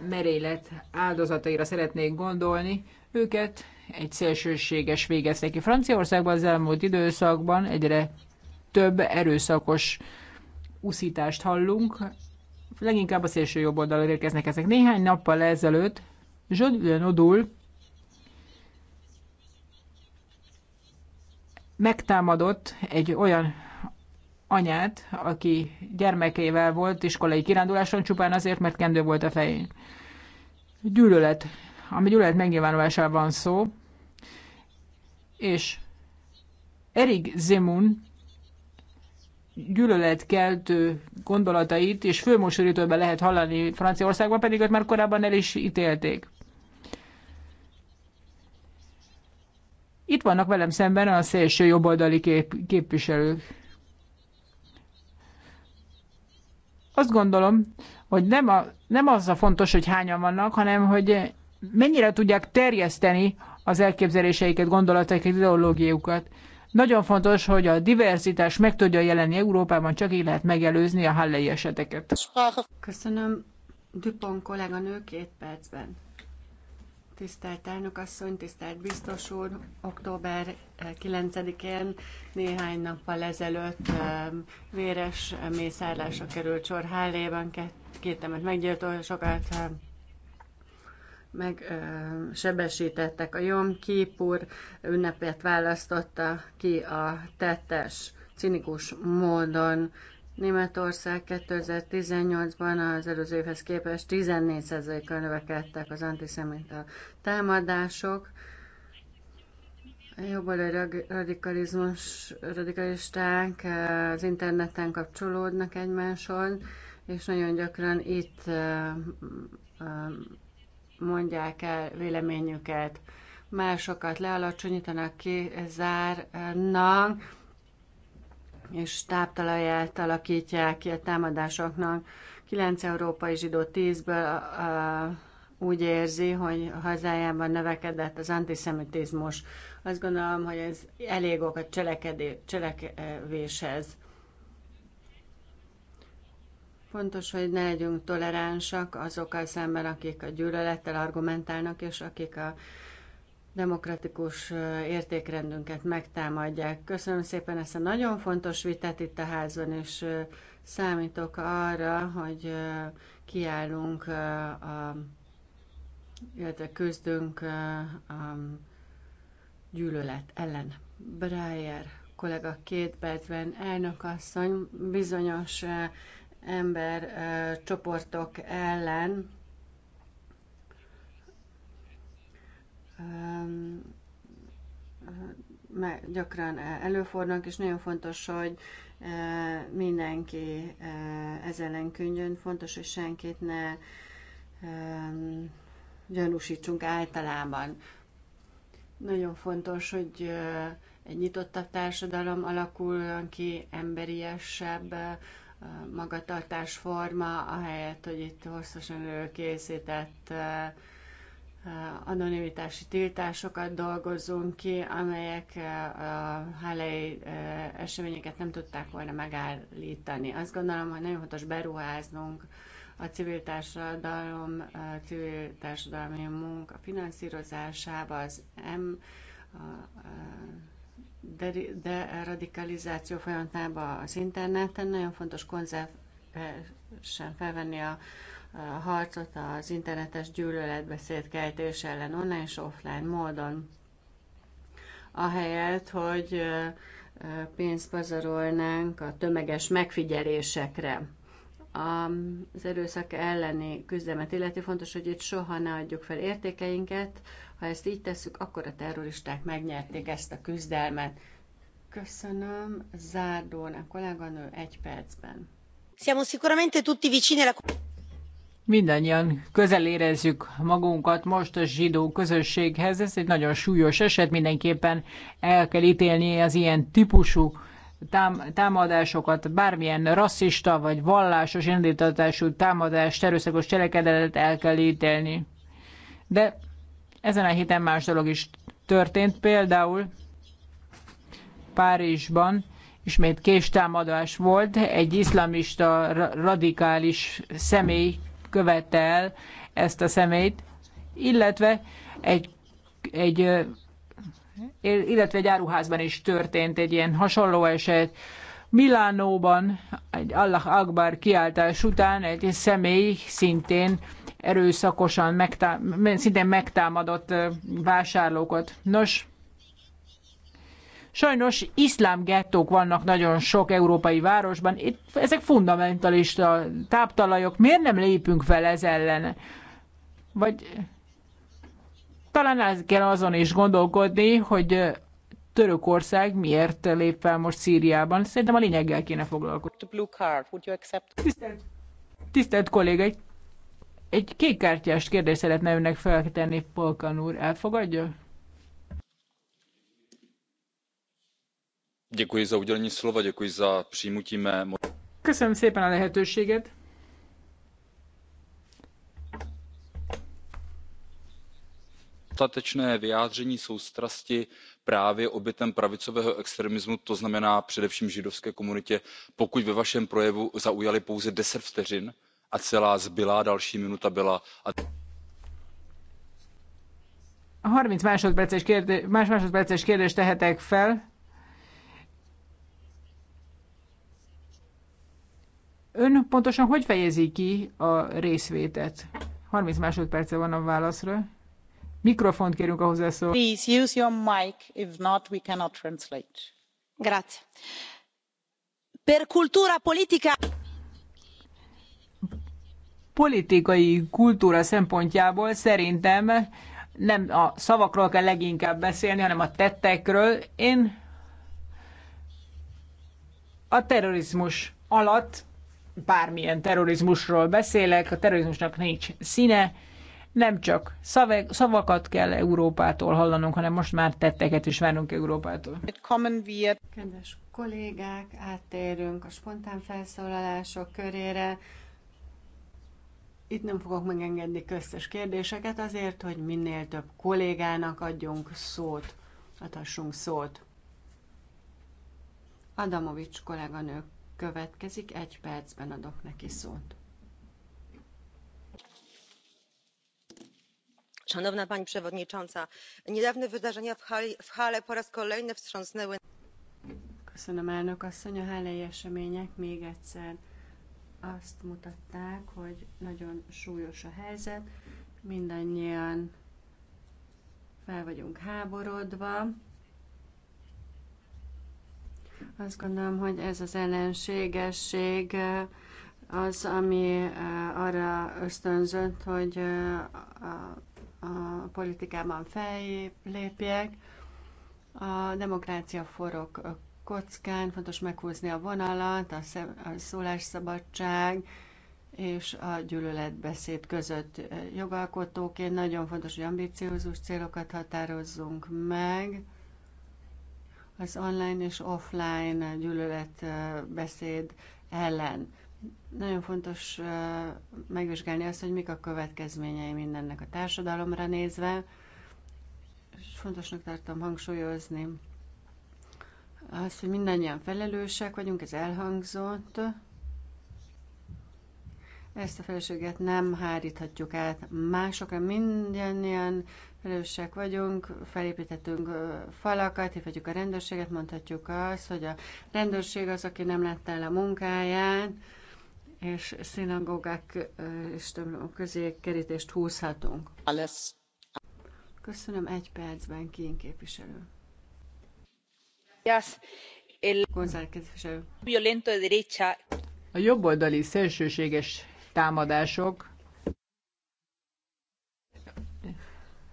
merélet áldozataira szeretnék gondolni. Őket egy szélsőséges végezte ki. Franciaországban az elmúlt időszakban egyre több erőszakos úszítást hallunk, leginkább a szélső jobb oldalról érkeznek ezek. Néhány nappal ezelőtt Zsodülön Odul megtámadott egy olyan anyát, aki gyermekével volt iskolai kiránduláson csupán azért, mert kendő volt a fején. Gyűlölet. Ami gyűlölet megnyilvánulásával van szó, és Erik Zemun gyűlöletkeltő gondolatait és főmosorítóban lehet hallani Franciaországban, pedig ott már korábban el is ítélték. Itt vannak velem szemben a szélső jobboldali kép- képviselők. Azt gondolom, hogy nem, a, nem az a fontos, hogy hányan vannak, hanem hogy mennyire tudják terjeszteni az elképzeléseiket, gondolataikat, ideológiájukat. Nagyon fontos, hogy a diverzitás meg tudja jelenni Európában, csak így lehet megelőzni a hallei eseteket. Köszönöm. Dupont kolléganő két percben. Tisztelt elnök asszony, tisztelt biztos úr, október 9-én eh, néhány nappal ezelőtt eh, véres eh, mészárlásra került sor Hálléban, két, két temet meggyilkolt, sokat meg ö, sebesítettek. A Jom Kipur ünnepét választotta ki a tettes, cinikus módon. Németország 2018-ban az előző évhez képest 14%-kal növekedtek az antiszemita támadások. A jobboldali radikalizmus, radikalisták az interneten kapcsolódnak egymáshoz, és nagyon gyakran itt mondják el véleményüket. Másokat lealacsonyítanak, zárnak, és táptalaját alakítják ki a támadásoknak. Kilenc európai zsidó tízből úgy érzi, hogy hazájában növekedett az antiszemitizmus. Azt gondolom, hogy ez elég ok a cselekevéshez. Fontos, hogy ne legyünk toleránsak azokkal szemben, akik a gyűlölettel argumentálnak, és akik a demokratikus értékrendünket megtámadják. Köszönöm szépen ezt a nagyon fontos vitát itt a házban, és számítok arra, hogy kiállunk, a, illetve küzdünk a gyűlölet ellen. Breyer kollega két percben elnökasszony bizonyos ember csoportok ellen gyakran előfordulnak, és nagyon fontos, hogy mindenki ez ellen könyvön, fontos, hogy senkit ne gyanúsítsunk általában. Nagyon fontos, hogy egy nyitottabb társadalom alakuljon ki, emberiesebb magatartásforma, ahelyett, hogy itt hosszasan előkészített anonimitási tiltásokat dolgozzunk ki, amelyek a hálai eseményeket nem tudták volna megállítani. Azt gondolom, hogy nagyon fontos beruháznunk a civil társadalom, a civil társadalmi munka finanszírozásába, az M, a, a de, de radikalizáció folyamatában az interneten nagyon fontos konzervesen felvenni a, a harcot az internetes gyűlöletbeszéd keltés ellen online és offline módon. Ahelyett, hogy pénzt pazarolnánk a tömeges megfigyelésekre az erőszak elleni küzdelmet illeti, fontos, hogy itt soha ne adjuk fel értékeinket, ha ezt így tesszük, akkor a terroristák megnyerték ezt a küzdelmet. Köszönöm, Zárdón, a kolléganő egy percben. Siamo sicuramente tutti vicini alla... Mindannyian közel érezzük magunkat most a zsidó közösséghez. Ez egy nagyon súlyos eset, mindenképpen el kell ítélni az ilyen típusú támadásokat, bármilyen rasszista vagy vallásos indítatású támadást, erőszakos cselekedetet el kell ítélni. De ezen a héten más dolog is történt, például Párizsban ismét késtámadás volt, egy iszlamista radikális személy követte el ezt a személyt, illetve egy, egy illetve egy áruházban is történt egy ilyen hasonló eset, Milánóban egy Allah Akbar kiáltás után egy személy szintén erőszakosan megtá- szintén megtámadott vásárlókat. Nos, Sajnos iszlám gettók vannak nagyon sok európai városban, Itt, ezek fundamentalista táptalajok, miért nem lépünk fel ez ellen? Vagy talán el kell azon is gondolkodni, hogy Törökország miért lép fel most Szíriában. Szerintem a lényeggel kéne foglalkozni. Tisztelt, tisztelt kolléga, egy, egy kékkártyás kérdést szeretne önnek feltenni, Polkan úr. Elfogadja? Děkuji za udělení slova, děkuji za přijmutí mé... Köszönöm szépen a lehetőséget. Statečné vyjádření soustrasti právě obětem pravicového extremismu to znamená především židovské komunitě pokud ve vašem projevu zaujaly pouze ten vteřin a celá zbylá další minuta byla a... thirty másodperces, kérdé... más másodperces kérdést tehetek fel. Ön pontosan hogy fejezi ki a részvétet? 30 másodperce van a válaszra. Mikrofont kérünk a hozzászó. Please use your mic, if not we cannot translate. Grazie. Per cultura politica politikai kultúra szempontjából szerintem nem a szavakról kell leginkább beszélni, hanem a tettekről. Én a terrorizmus alatt bármilyen terrorizmusról beszélek, a terrorizmusnak nincs színe, nem csak szaveg, szavakat kell Európától hallanunk, hanem most már tetteket is várunk Európától. Kedves kollégák, áttérünk a spontán felszólalások körére. Itt nem fogok megengedni köztes kérdéseket azért, hogy minél több kollégának adjunk szót, adhassunk szót. Adamovics kolléganő következik, egy percben adok neki szót. pani przewodnicząca! niedawne wydarzenia w halle po raz kolejny wstrząsnęły. köszönöm elnök asszony a hallei események még egyszer azt mutatták hogy nagyon súlyos a helyzet mindannyian fel vagyunk háborodva. Azt gondolom, hogy ez az ellenségesség az, ami arra ösztönzött, hogy a a politikában fejlépjek. A demokrácia forog kockán, fontos meghúzni a vonalat, a, szem, a szólásszabadság és a gyűlöletbeszéd között. Jogalkotóként nagyon fontos, hogy ambiciózus célokat határozzunk meg. Az online és offline gyűlöletbeszéd ellen nagyon fontos megvizsgálni azt, hogy mik a következményei mindennek a társadalomra nézve, és fontosnak tartom hangsúlyozni azt, hogy mindannyian felelősek vagyunk, ez elhangzott. Ezt a felelősséget nem háríthatjuk át másokra, mindannyian felelősek vagyunk, felépítettünk falakat, hívhatjuk a rendőrséget, mondhatjuk azt, hogy a rendőrség az, aki nem látta el a munkáját, és szinagógák és templomok közé kerítést húzhatunk. Köszönöm egy percben, Kín képviselő. Yes. El... képviselő. Violento de derecha. A jobboldali szélsőséges támadások,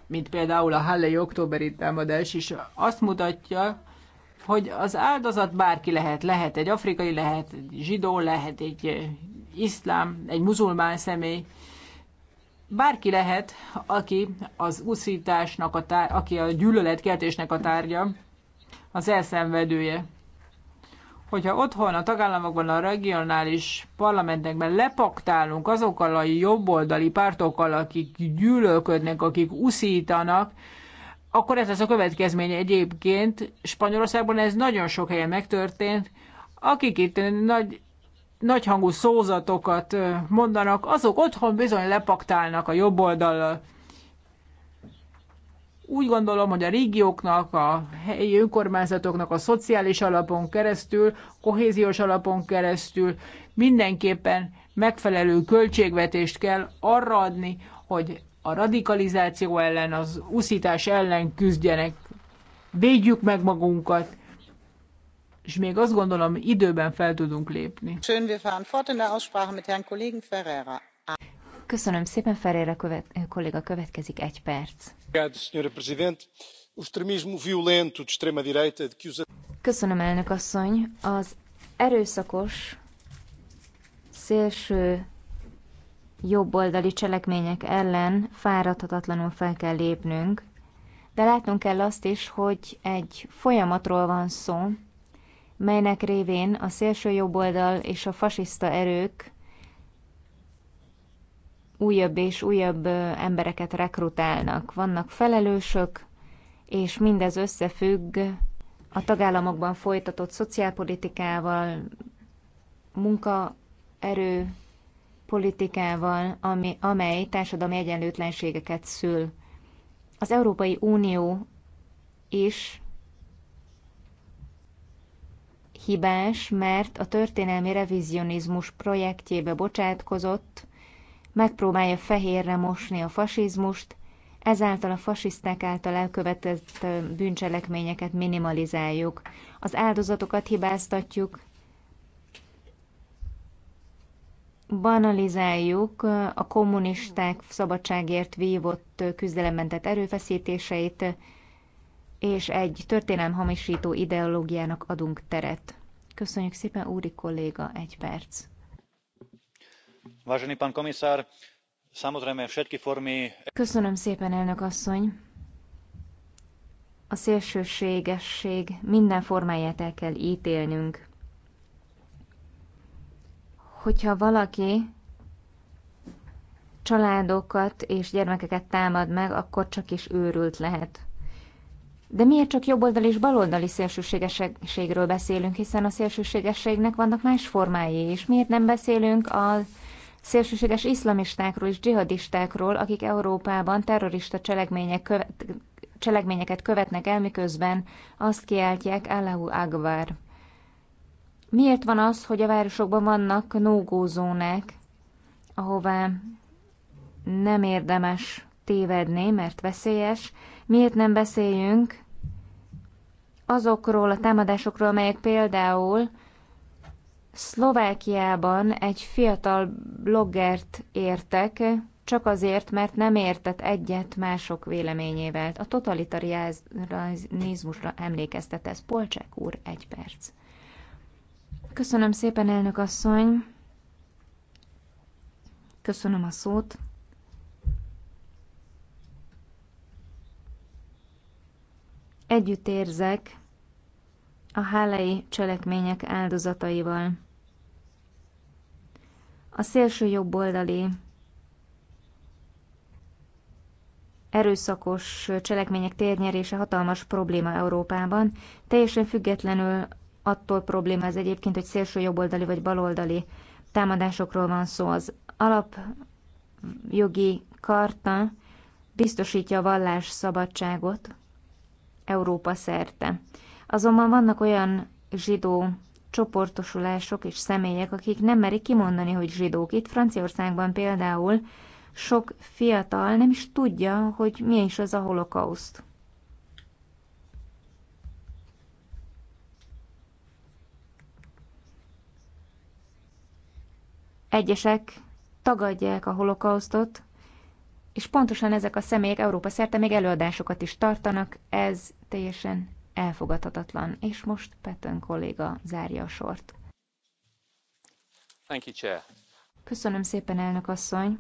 mint például a Halley októberi támadás is azt mutatja, hogy az áldozat bárki lehet, lehet egy afrikai, lehet egy zsidó, lehet egy eh, iszlám, egy muzulmán személy, bárki lehet, aki az uszításnak, a tár- aki a gyűlöletkeltésnek a tárgya, az elszenvedője. Hogyha otthon a tagállamokban, a regionális parlamentekben lepaktálunk azokkal a jobboldali pártokkal, akik gyűlölködnek, akik uszítanak, akkor ez lesz a következménye egyébként. Spanyolországban ez nagyon sok helyen megtörtént. Akik itt nagy, nagyhangú szózatokat mondanak, azok otthon bizony lepaktálnak a jobb oldallal. Úgy gondolom, hogy a régióknak, a helyi önkormányzatoknak a szociális alapon keresztül, kohéziós alapon keresztül mindenképpen megfelelő költségvetést kell arra adni, hogy a radikalizáció ellen, az uszítás ellen küzdjenek, védjük meg magunkat, és még azt gondolom, időben fel tudunk lépni. Köszönöm szépen, Ferreira követ, kolléga, következik egy perc. Köszönöm, elnök asszony. Az erőszakos szélső jobboldali cselekmények ellen fáradhatatlanul fel kell lépnünk, de látnunk kell azt is, hogy egy folyamatról van szó, melynek révén a szélső jobboldal és a fasiszta erők újabb és újabb embereket rekrutálnak. Vannak felelősök, és mindez összefügg a tagállamokban folytatott szociálpolitikával, munkaerő politikával, ami, amely társadalmi egyenlőtlenségeket szül. Az Európai Unió is hibás, mert a történelmi revizionizmus projektjébe bocsátkozott, megpróbálja fehérre mosni a fasizmust, ezáltal a fasiszták által elkövetett bűncselekményeket minimalizáljuk. Az áldozatokat hibáztatjuk, banalizáljuk a kommunisták szabadságért vívott küzdelemben erőfeszítéseit, és egy hamisító ideológiának adunk teret. Köszönjük szépen, úri kolléga, egy perc. Vážený pán komisár, samozrejme všetky formy... Köszönöm szépen, elnök asszony. A szélsőségesség minden formáját el kell ítélnünk hogyha valaki családokat és gyermekeket támad meg, akkor csak is őrült lehet. De miért csak jobboldali és baloldali szélsőségességről beszélünk, hiszen a szélsőségességnek vannak más formái is. Miért nem beszélünk a szélsőséges iszlamistákról és dzsihadistákról, akik Európában terrorista cselekmények követ, cselekményeket követnek el, miközben azt kiáltják Allahu Akbar. Miért van az, hogy a városokban vannak no ahová nem érdemes tévedni, mert veszélyes? Miért nem beszéljünk azokról a támadásokról, amelyek például Szlovákiában egy fiatal bloggert értek, csak azért, mert nem értett egyet mások véleményével. A totalitarizmusra emlékeztet ez. Polcsák úr, egy perc. Köszönöm szépen, elnök asszony. Köszönöm a szót. Együtt érzek a hálai cselekmények áldozataival. A szélső jobboldali erőszakos cselekmények térnyerése hatalmas probléma Európában, teljesen függetlenül attól probléma ez egyébként, hogy szélső jobboldali vagy baloldali támadásokról van szó. Az alapjogi karta biztosítja a vallás szabadságot Európa szerte. Azonban vannak olyan zsidó csoportosulások és személyek, akik nem merik kimondani, hogy zsidók. Itt Franciaországban például sok fiatal nem is tudja, hogy mi is az a holokauszt. Egyesek tagadják a holokausztot, és pontosan ezek a személyek Európa szerte még előadásokat is tartanak, ez teljesen elfogadhatatlan. És most Patton kolléga zárja a sort. Thank you, Chair. Köszönöm szépen, elnök asszony.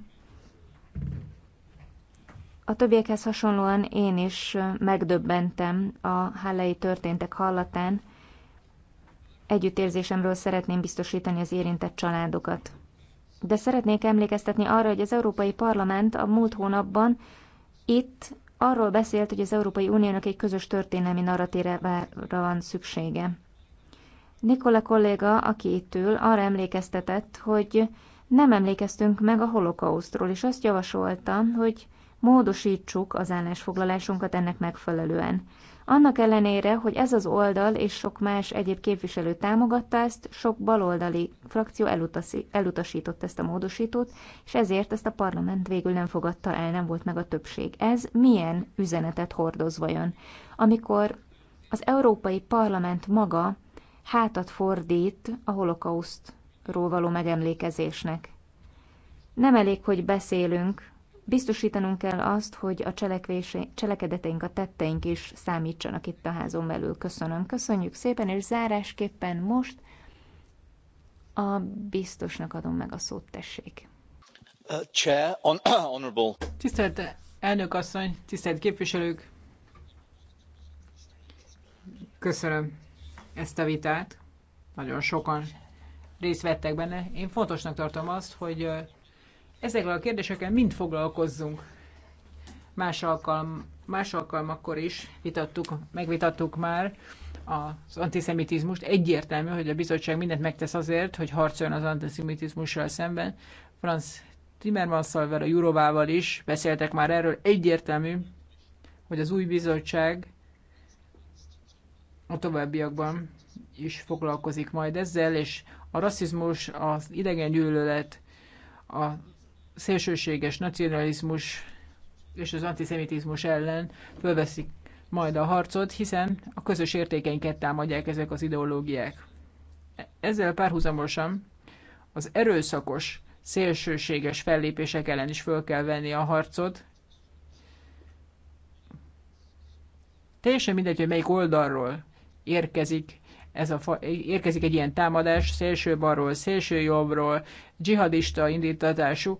A többiekhez hasonlóan én is megdöbbentem a hálai történtek hallatán. Együttérzésemről szeretném biztosítani az érintett családokat de szeretnék emlékeztetni arra, hogy az Európai Parlament a múlt hónapban itt arról beszélt, hogy az Európai Uniónak egy közös történelmi narratívára van szüksége. Nikola kolléga, aki itt ül, arra emlékeztetett, hogy nem emlékeztünk meg a holokausztról, és azt javasolta, hogy módosítsuk az állásfoglalásunkat ennek megfelelően. Annak ellenére, hogy ez az oldal és sok más egyéb képviselő támogatta ezt, sok baloldali frakció elutasi, elutasított ezt a módosítót, és ezért ezt a parlament végül nem fogadta el, nem volt meg a többség. Ez milyen üzenetet hordoz vajon? Amikor az Európai Parlament maga hátat fordít a holokausztról való megemlékezésnek. Nem elég, hogy beszélünk Biztosítanunk kell azt, hogy a cselekedeteink, a tetteink is számítsanak itt a házon belül. Köszönöm, köszönjük szépen, és zárásképpen most a biztosnak adom meg a szót, tessék. Uh, chair, on, honorable. Tisztelt elnök asszony, tisztelt képviselők! Köszönöm ezt a vitát. Nagyon sokan részt vettek benne. Én fontosnak tartom azt, hogy uh, Ezekkel a kérdésekkel mind foglalkozzunk. Más, alkalm, más alkalmakkor is vitattuk, megvitattuk már az antiszemitizmust. Egyértelmű, hogy a bizottság mindent megtesz azért, hogy harcoljon az antiszemitizmussal szemben. Franz timmermans a Jurovával is beszéltek már erről. Egyértelmű, hogy az új bizottság a továbbiakban is foglalkozik majd ezzel, és a rasszizmus, az idegen gyűlölet, a szélsőséges nacionalizmus és az antiszemitizmus ellen fölveszik majd a harcot, hiszen a közös értékeinket támadják ezek az ideológiák. Ezzel párhuzamosan az erőszakos, szélsőséges fellépések ellen is föl kell venni a harcot. Teljesen mindegy, hogy melyik oldalról érkezik, ez a fa, érkezik egy ilyen támadás, szélső balról, szélső jobbról, dzsihadista indítatású,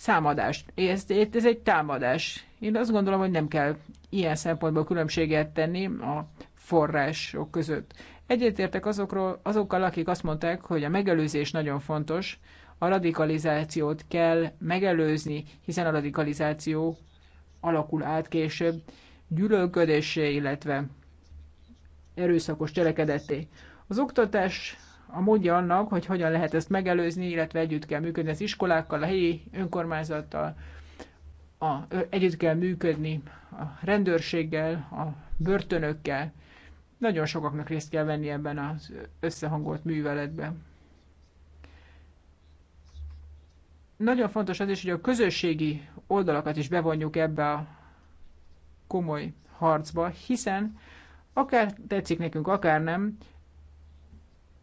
számadást. Ez, ez egy támadás. Én azt gondolom, hogy nem kell ilyen szempontból különbséget tenni a források között. Egyetértek azokról, azokkal, akik azt mondták, hogy a megelőzés nagyon fontos, a radikalizációt kell megelőzni, hiszen a radikalizáció alakul át később gyűlölködésé, illetve erőszakos cselekedetté. Az oktatás a módja annak, hogy hogyan lehet ezt megelőzni, illetve együtt kell működni az iskolákkal, a helyi önkormányzattal, a, együtt kell működni a rendőrséggel, a börtönökkel. Nagyon sokaknak részt kell venni ebben az összehangolt műveletben. Nagyon fontos az is, hogy a közösségi oldalakat is bevonjuk ebbe a komoly harcba, hiszen akár tetszik nekünk, akár nem,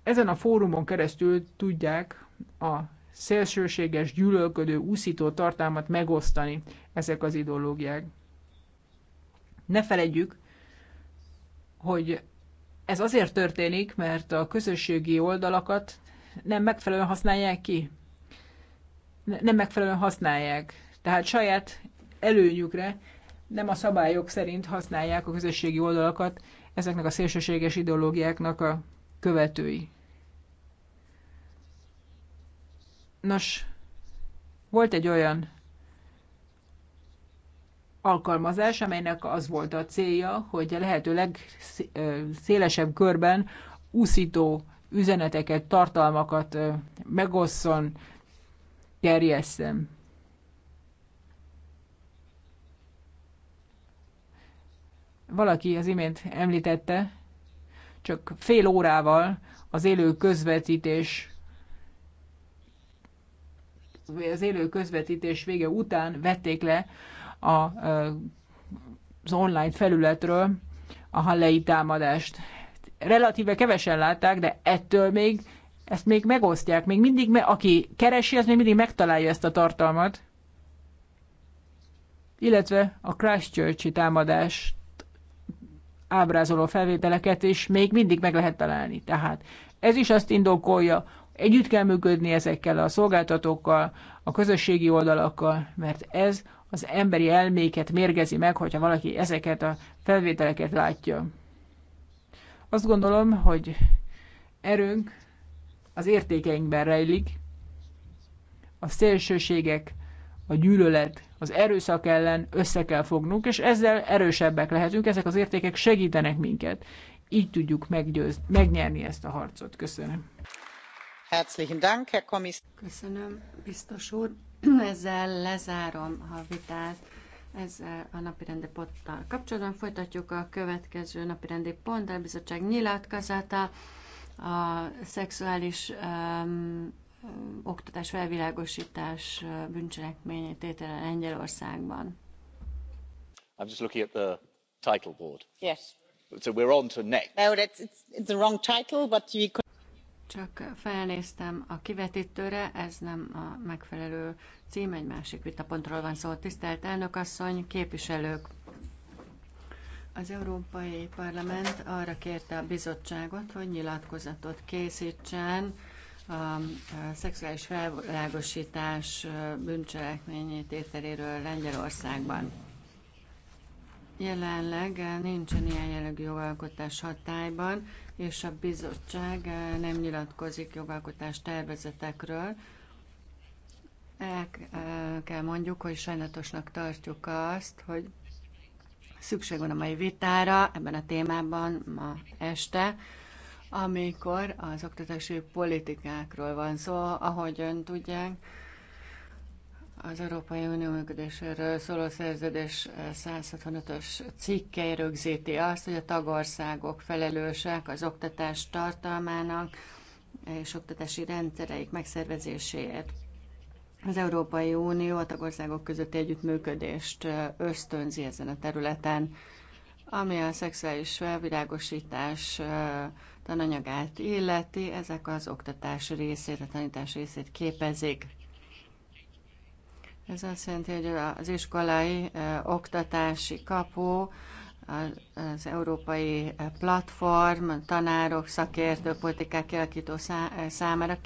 ezen a fórumon keresztül tudják a szélsőséges, gyűlölködő, úszító tartalmat megosztani ezek az ideológiák. Ne feledjük, hogy ez azért történik, mert a közösségi oldalakat nem megfelelően használják ki. Nem megfelelően használják. Tehát saját előnyükre nem a szabályok szerint használják a közösségi oldalakat ezeknek a szélsőséges ideológiáknak a követői. Nos, volt egy olyan alkalmazás, amelynek az volt a célja, hogy a lehető legszélesebb körben úszító üzeneteket, tartalmakat megosszon, terjesszem. Valaki az imént említette, csak fél órával az élő közvetítés az élő közvetítés vége után vették le a, az online felületről a hallei támadást. Relatíve kevesen látták, de ettől még ezt még megosztják, még mindig, aki keresi, az még mindig megtalálja ezt a tartalmat. Illetve a Christchurch-i támadást ábrázoló felvételeket is még mindig meg lehet találni. Tehát ez is azt indokolja, Együtt kell működni ezekkel a szolgáltatókkal, a közösségi oldalakkal, mert ez az emberi elméket mérgezi meg, hogyha valaki ezeket a felvételeket látja. Azt gondolom, hogy erőnk az értékeinkben rejlik, a szélsőségek, a gyűlölet, az erőszak ellen össze kell fognunk, és ezzel erősebbek lehetünk, ezek az értékek segítenek minket. Így tudjuk meggyőz, megnyerni ezt a harcot. Köszönöm. Köszönöm, biztos úr. Ezzel lezárom a vitát. Ezzel a napirendi ponttal kapcsolatban folytatjuk a következő napirendi pont, a bizottság nyilatkozata, a szexuális um, oktatás felvilágosítás bűncselekményét tétele Lengyelországban. I'm just looking at the title board. Yes. So we're on to next. No, it's, it's the wrong title, but you. Csak felnéztem a kivetítőre, ez nem a megfelelő cím, egy másik vitapontról van szó. Tisztelt elnökasszony, képviselők! Az Európai Parlament arra kérte a bizottságot, hogy nyilatkozatot készítsen a szexuális felvilágosítás bűncselekményét ételéről Lengyelországban. Jelenleg nincsen ilyen jellegű jogalkotás hatályban, és a bizottság eh, nem nyilatkozik jogalkotás tervezetekről. El eh, kell mondjuk, hogy sajnálatosnak tartjuk azt, hogy szükség van a mai vitára ebben a témában ma este, amikor az oktatási politikákról van szó, ahogy ön tudják, az Európai Unió működéséről szóló szerződés 165-ös cikkei rögzíti azt, hogy a tagországok felelősek az oktatás tartalmának és oktatási rendszereik megszervezéséért. Az Európai Unió a tagországok közötti együttműködést ösztönzi ezen a területen, ami a szexuális felvilágosítás tananyagát illeti, ezek az oktatás részét, a tanítás részét képezik. Ez azt jelenti, hogy az iskolai oktatási kapu, az európai platform, tanárok, szakértő, politikák kialakító számára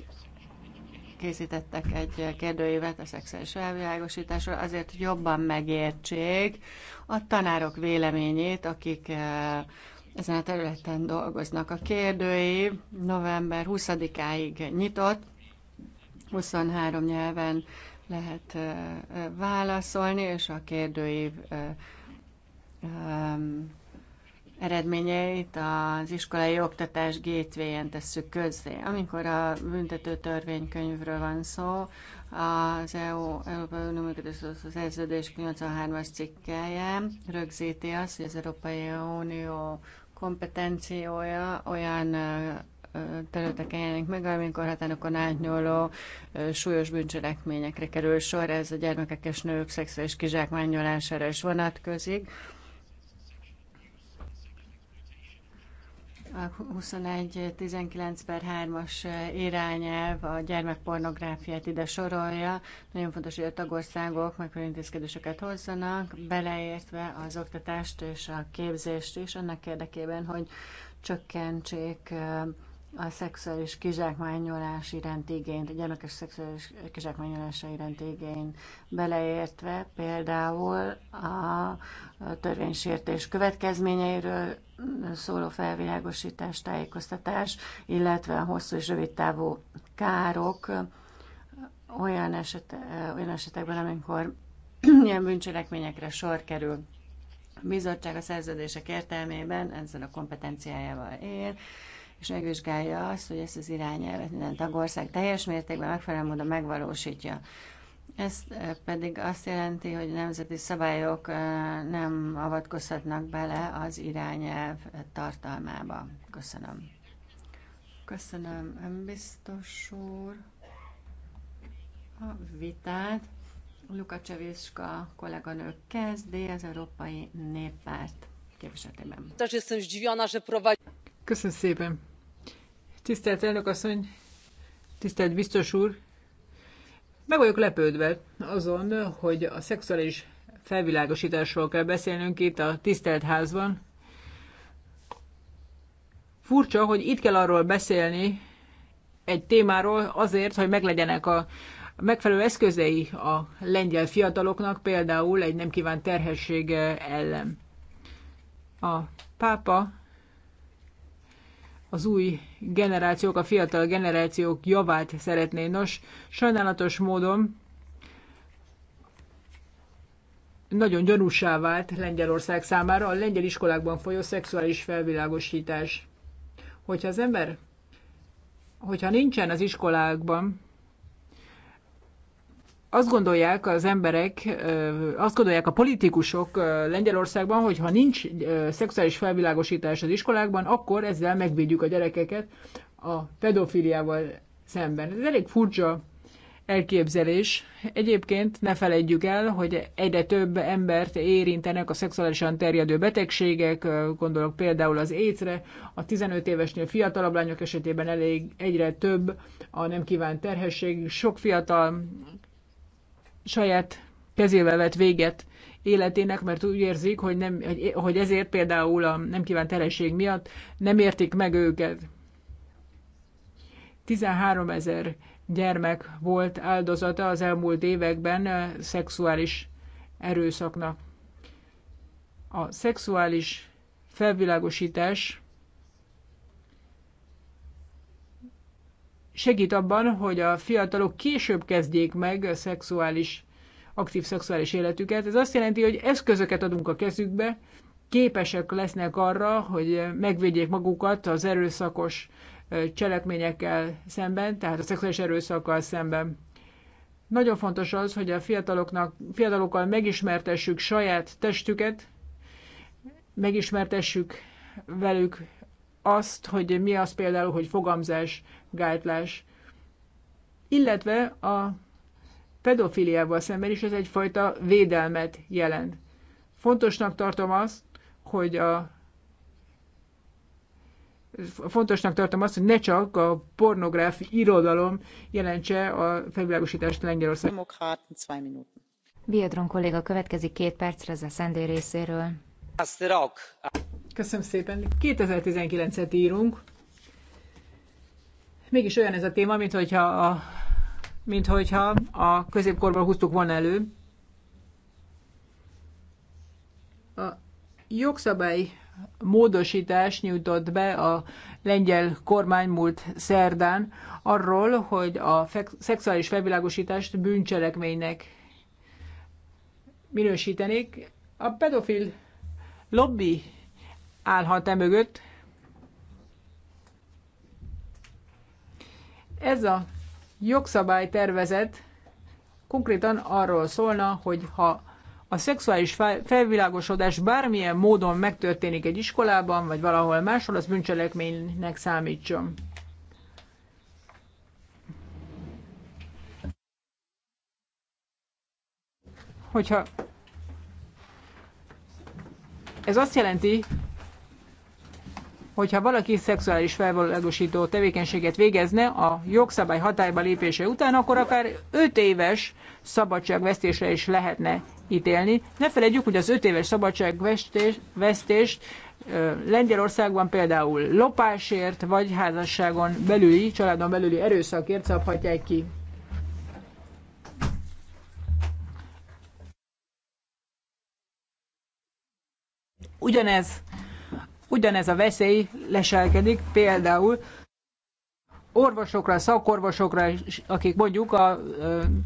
készítettek egy kérdőívet a szexuális elvilágosításról, azért, hogy jobban megértsék a tanárok véleményét, akik ezen a területen dolgoznak. A kérdői november 20-áig nyitott, 23 nyelven lehet válaszolni, és a kérdőív eredményeit az iskolai oktatás gétvéjén tesszük közzé. Amikor a büntető törvénykönyvről van szó, az EU, Európai Unió működő szerződés 83-as cikkelje rögzíti azt, hogy az Európai Unió kompetenciója olyan területeken jelenik meg, amikor határokon átnyúló súlyos bűncselekményekre kerül sor. Ez a gyermekek és nők szexuális kizsákmányolására is vonatkozik. A 21-19 per 3-as irányelv a gyermekpornográfiát ide sorolja. Nagyon fontos, hogy a tagországok megfelelő intézkedéseket hozzanak, beleértve az oktatást és a képzést is, annak érdekében, hogy csökkentsék a szexuális kizsákmányolás iránt igényt, a gyermekes szexuális kizsákmányolása iránt igényt beleértve például a törvénysértés következményeiről szóló felvilágosítás, tájékoztatás, illetve a hosszú és rövid távú károk olyan, eset, olyan esetekben, amikor ilyen bűncselekményekre sor kerül. A bizottság a szerződések értelmében ezzel a kompetenciájával él, és megvizsgálja azt, hogy ezt az irányelvet minden tagország teljes mértékben megfelelő módon megvalósítja. Ez eh, pedig azt jelenti, hogy nemzeti szabályok eh, nem avatkozhatnak bele az irányelv tartalmába. Köszönöm. Köszönöm, biztos úr, a vitát. Luka Cseviska kolléganő kezdi az Európai Néppárt képviseletében. Köszönöm szépen. Tisztelt elnök asszony, tisztelt biztos úr, meg vagyok lepődve azon, hogy a szexuális felvilágosításról kell beszélnünk itt a tisztelt házban. Furcsa, hogy itt kell arról beszélni egy témáról azért, hogy meglegyenek a megfelelő eszközei a lengyel fiataloknak, például egy nem kívánt terhesség ellen. A pápa az új generációk, a fiatal generációk javát szeretné. Nos, sajnálatos módon nagyon gyanúsá vált Lengyelország számára a lengyel iskolákban folyó szexuális felvilágosítás. Hogyha az ember, hogyha nincsen az iskolákban azt gondolják az emberek, azt gondolják a politikusok Lengyelországban, hogy ha nincs szexuális felvilágosítás az iskolákban, akkor ezzel megvédjük a gyerekeket a pedofiliával szemben. Ez elég furcsa elképzelés. Egyébként ne felejtjük el, hogy egyre több embert érintenek a szexuálisan terjedő betegségek, gondolok például az écre, a 15 évesnél fiatalabb lányok esetében elég egyre több a nem kívánt terhesség, sok fiatal saját kezével vett véget életének, mert úgy érzik, hogy, nem, hogy ezért például a nem kívánt eleség miatt nem értik meg őket. 13 ezer gyermek volt áldozata az elmúlt években eh, szexuális erőszaknak. A szexuális felvilágosítás segít abban, hogy a fiatalok később kezdjék meg a szexuális, aktív szexuális életüket. Ez azt jelenti, hogy eszközöket adunk a kezükbe, képesek lesznek arra, hogy megvédjék magukat az erőszakos cselekményekkel szemben, tehát a szexuális erőszakkal szemben. Nagyon fontos az, hogy a fiataloknak, fiatalokkal megismertessük saját testüket, megismertessük velük azt, hogy mi az például, hogy fogamzás, gátlás, illetve a pedofiliával szemben is ez egyfajta védelmet jelent. Fontosnak tartom azt, hogy a fontosnak tartom azt, hogy ne csak a pornográf irodalom jelentse a felvilágosítást Lengyelország. Demokraten, Biedron kolléga következik két percre az a szendély részéről. Köszönöm szépen. 2019-et írunk. Mégis olyan ez a téma, mint a, mint hogyha a középkorban húztuk volna elő. A jogszabály módosítás nyújtott be a lengyel kormány múlt szerdán arról, hogy a szexuális felvilágosítást bűncselekménynek minősítenék. A pedofil lobby állhat e mögött. Ez a jogszabálytervezet konkrétan arról szólna, hogy ha a szexuális felvilágosodás bármilyen módon megtörténik egy iskolában, vagy valahol máshol, az bűncselekménynek számítson. Hogyha ez azt jelenti, hogyha valaki szexuális felvalósító tevékenységet végezne a jogszabály hatályba lépése után, akkor akár 5 éves szabadságvesztésre is lehetne ítélni. Ne felejtjük, hogy az 5 éves szabadságvesztést Lengyelországban például lopásért, vagy házasságon belüli, családon belüli erőszakért szabhatják ki. Ugyanez Ugyanez a veszély leselkedik például orvosokra, szakorvosokra, akik mondjuk a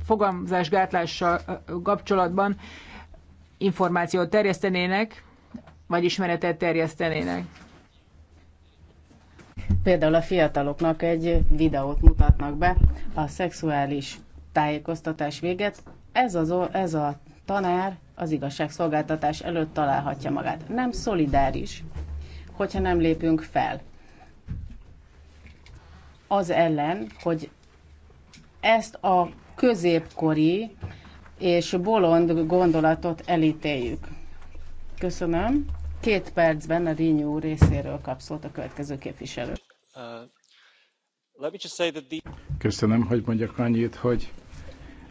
fogamzásgátlással kapcsolatban információt terjesztenének, vagy ismeretet terjesztenének. Például a fiataloknak egy videót mutatnak be a szexuális tájékoztatás véget. Ez, az, ez a tanár az igazságszolgáltatás előtt találhatja magát. Nem szolidáris hogyha nem lépünk fel. Az ellen, hogy ezt a középkori és bolond gondolatot elítéljük. Köszönöm. Két percben a Rinyú részéről kapszolt a következő képviselő. Uh, Köszönöm, hogy mondjak annyit, hogy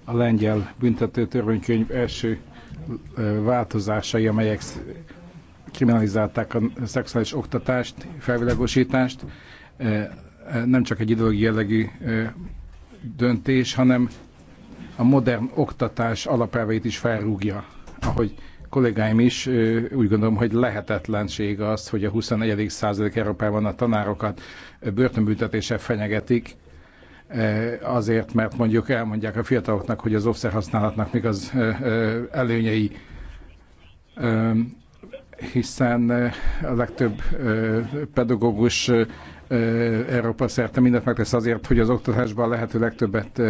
a lengyel büntető törvénykönyv első uh, változásai, amelyek kriminalizálták a szexuális oktatást, felvilágosítást, e, e, nem csak egy ideológiai jellegű e, döntés, hanem a modern oktatás alapelveit is felrúgja. Ahogy kollégáim is úgy gondolom, hogy lehetetlenség az, hogy a 21. század Európában a tanárokat börtönbüntetéssel fenyegetik, azért, mert mondjuk elmondják a fiataloknak, hogy az offszer használatnak még az előnyei hiszen a legtöbb pedagógus Európa szerte mindent megtesz azért, hogy az oktatásban lehető legtöbbet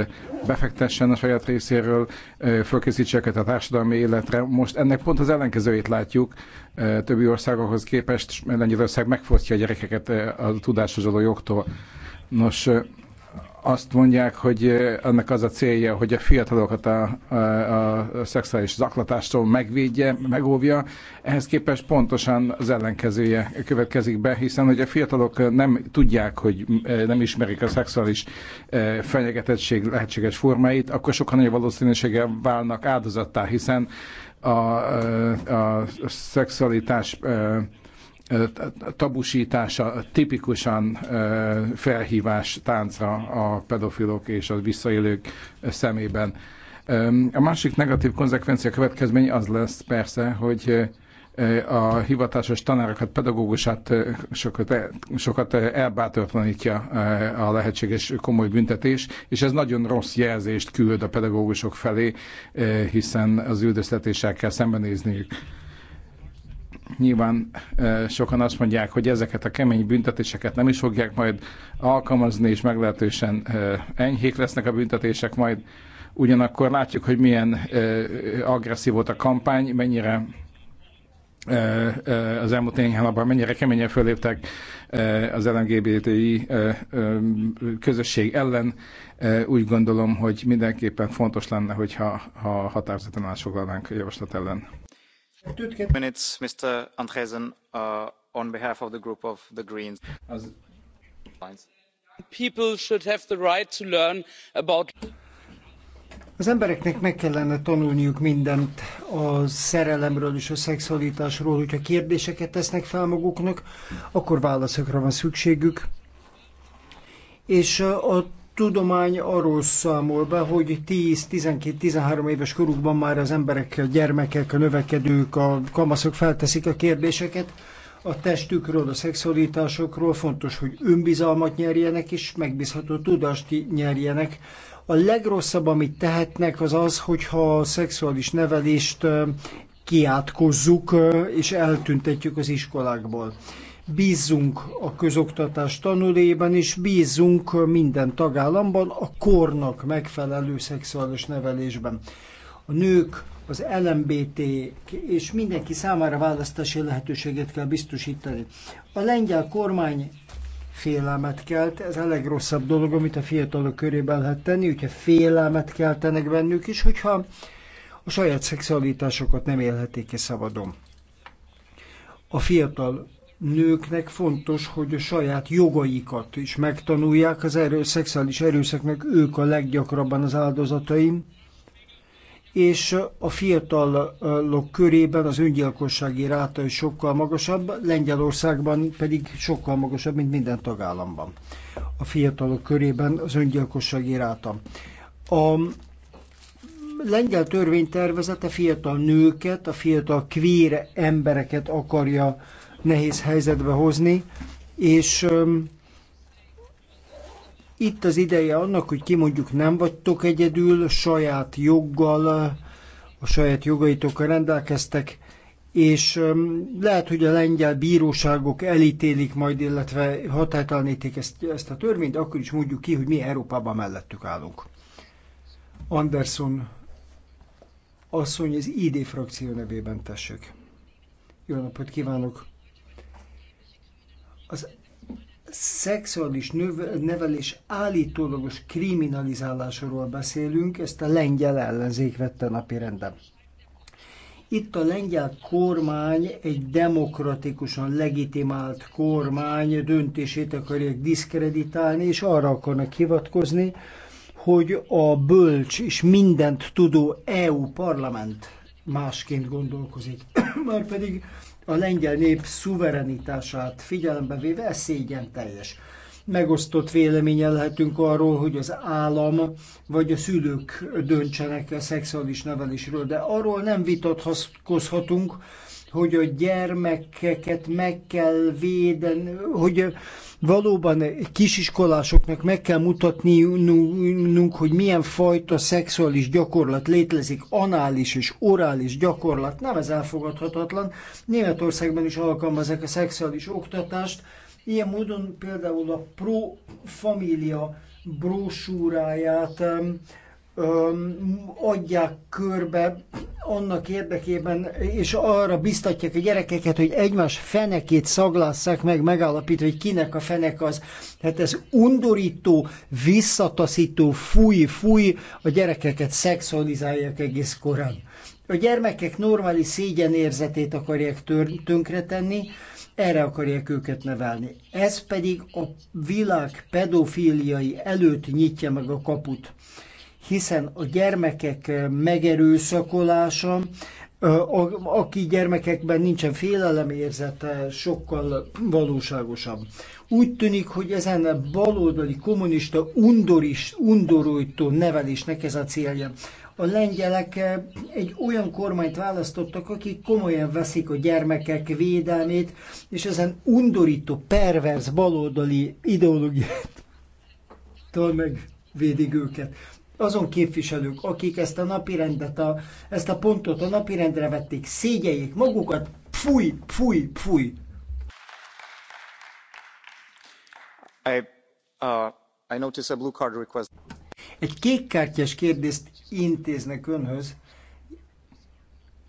befektessen a saját részéről, fölkészítse őket a társadalmi életre. Most ennek pont az ellenkezőjét látjuk, többi országokhoz képest Lengyelország megfosztja a gyerekeket a tudáshoz adó jogtól. Nos, azt mondják, hogy ennek az a célja, hogy a fiatalokat a, a, a szexuális zaklatástól megvédje, megóvja. Ehhez képest pontosan az ellenkezője következik be, hiszen hogy a fiatalok nem tudják, hogy nem ismerik a szexuális fenyegetettség lehetséges formáit, akkor sokkal nagyobb valószínűséggel válnak áldozattá, hiszen a, a, a szexualitás tabusítása tipikusan felhívás táncra a pedofilok és a visszaélők szemében. A másik negatív konzekvencia következmény az lesz persze, hogy a hivatásos tanárokat, pedagógusát sokat, sokat elbátortlanítja a lehetséges komoly büntetés, és ez nagyon rossz jelzést küld a pedagógusok felé, hiszen az kell szembenézniük Nyilván sokan azt mondják, hogy ezeket a kemény büntetéseket nem is fogják majd alkalmazni, és meglehetősen enyhék lesznek a büntetések majd. Ugyanakkor látjuk, hogy milyen agresszív volt a kampány, mennyire az elmúlt néhány napban mennyire keményen föléptek az LMGBTI közösség ellen. Úgy gondolom, hogy mindenképpen fontos lenne, hogyha ha határozatlan foglalnánk javaslat ellen az embereknek meg kellene tanulniuk mindent a szerelemről és a szexualitásról hogyha kérdéseket tesznek fel maguknak akkor válaszokra van szükségük és uh, a tudomány arról számol be, hogy 10-12-13 éves korukban már az emberek, a gyermekek, a növekedők, a kamaszok felteszik a kérdéseket a testükről, a szexualitásokról. Fontos, hogy önbizalmat nyerjenek és megbízható tudást nyerjenek. A legrosszabb, amit tehetnek, az az, hogyha a szexuális nevelést kiátkozzuk és eltüntetjük az iskolákból. Bízzunk a közoktatás tanulében, és bízzunk minden tagállamban a kornak megfelelő szexuális nevelésben. A nők, az LMBT és mindenki számára választási lehetőséget kell biztosítani. A lengyel kormány félelmet kelt, ez a legrosszabb dolog, amit a fiatalok körében lehet tenni, hogyha félelmet keltenek bennük is, hogyha a saját szexualitásokat nem élhetik ki szabadon. A fiatal nőknek fontos, hogy a saját jogaikat is megtanulják. Az erő, szexuális erőszaknak ők a leggyakrabban az áldozataim, és a fiatalok körében az öngyilkossági ráta is sokkal magasabb, Lengyelországban pedig sokkal magasabb, mint minden tagállamban. A fiatalok körében az öngyilkossági ráta. A lengyel törvénytervezete fiatal nőket, a fiatal kvére embereket akarja nehéz helyzetbe hozni, és itt az ideje annak, hogy kimondjuk nem vagytok egyedül, saját joggal, a saját jogaitokkal rendelkeztek, és lehet, hogy a lengyel bíróságok elítélik majd, illetve hatáltalanítik ezt, ezt a törvényt, akkor is mondjuk ki, hogy mi Európában mellettük állunk. Anderson asszony az ID frakció nevében tessék. Jó napot kívánok! az szexuális nevelés állítólagos kriminalizálásról beszélünk, ezt a lengyel ellenzék vette napirendre. Itt a lengyel kormány egy demokratikusan legitimált kormány döntését akarják diszkreditálni, és arra akarnak hivatkozni, hogy a bölcs és mindent tudó EU parlament másként gondolkozik. Márpedig pedig a lengyel nép szuverenitását figyelembe véve, ez szégyen teljes. Megosztott véleménye lehetünk arról, hogy az állam vagy a szülők döntsenek a szexuális nevelésről, de arról nem vitatkozhatunk, hogy a gyermekeket meg kell védeni, hogy Valóban kisiskolásoknak meg kell mutatnunk, hogy milyen fajta szexuális gyakorlat létezik, anális és orális gyakorlat. Nem ez elfogadhatatlan. Németországban is alkalmazzák a szexuális oktatást. Ilyen módon például a Pro Familia brosúráját adják körbe annak érdekében, és arra biztatják a gyerekeket, hogy egymás fenekét szaglásszák meg, megállapítva, hogy kinek a fenek az. Hát ez undorító, visszataszító, fúj, fúj, a gyerekeket szexualizálják egész korán. A gyermekek normális szégyenérzetét akarják tör- tönkretenni, erre akarják őket nevelni. Ez pedig a világ pedofíliai előtt nyitja meg a kaput hiszen a gyermekek eh, megerőszakolása, eh, aki gyermekekben nincsen félelemérzete, sokkal valóságosabb. Úgy tűnik, hogy ezen a baloldali kommunista undoris, undorújtó nevelésnek ez a célja. A lengyelek eh, egy olyan kormányt választottak, akik komolyan veszik a gyermekek védelmét, és ezen undorító, perverz baloldali ideológiát meg védik őket azon képviselők, akik ezt a napirendet, a, ezt a pontot a napirendre vették, szégyeljék magukat, fúj, fúj, fúj. I, uh, I notice a blue card request. Egy kékkártyás kérdést intéznek önhöz,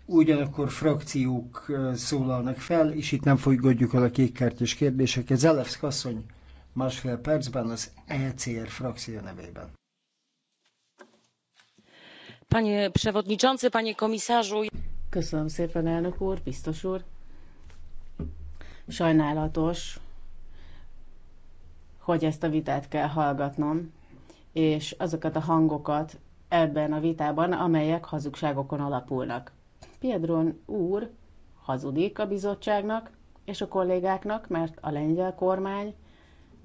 ugyanakkor frakciók uh, szólalnak fel, és itt nem fogadjuk el a kékkártyás kérdéseket. Zelevszk asszony másfél percben az ECR frakció nevében. Panie przewodniczący, panie komisarzu. Köszönöm szépen, elnök úr, biztos úr. Sajnálatos, hogy ezt a vitát kell hallgatnom, és azokat a hangokat ebben a vitában, amelyek hazugságokon alapulnak. Piedron úr hazudik a bizottságnak és a kollégáknak, mert a lengyel kormány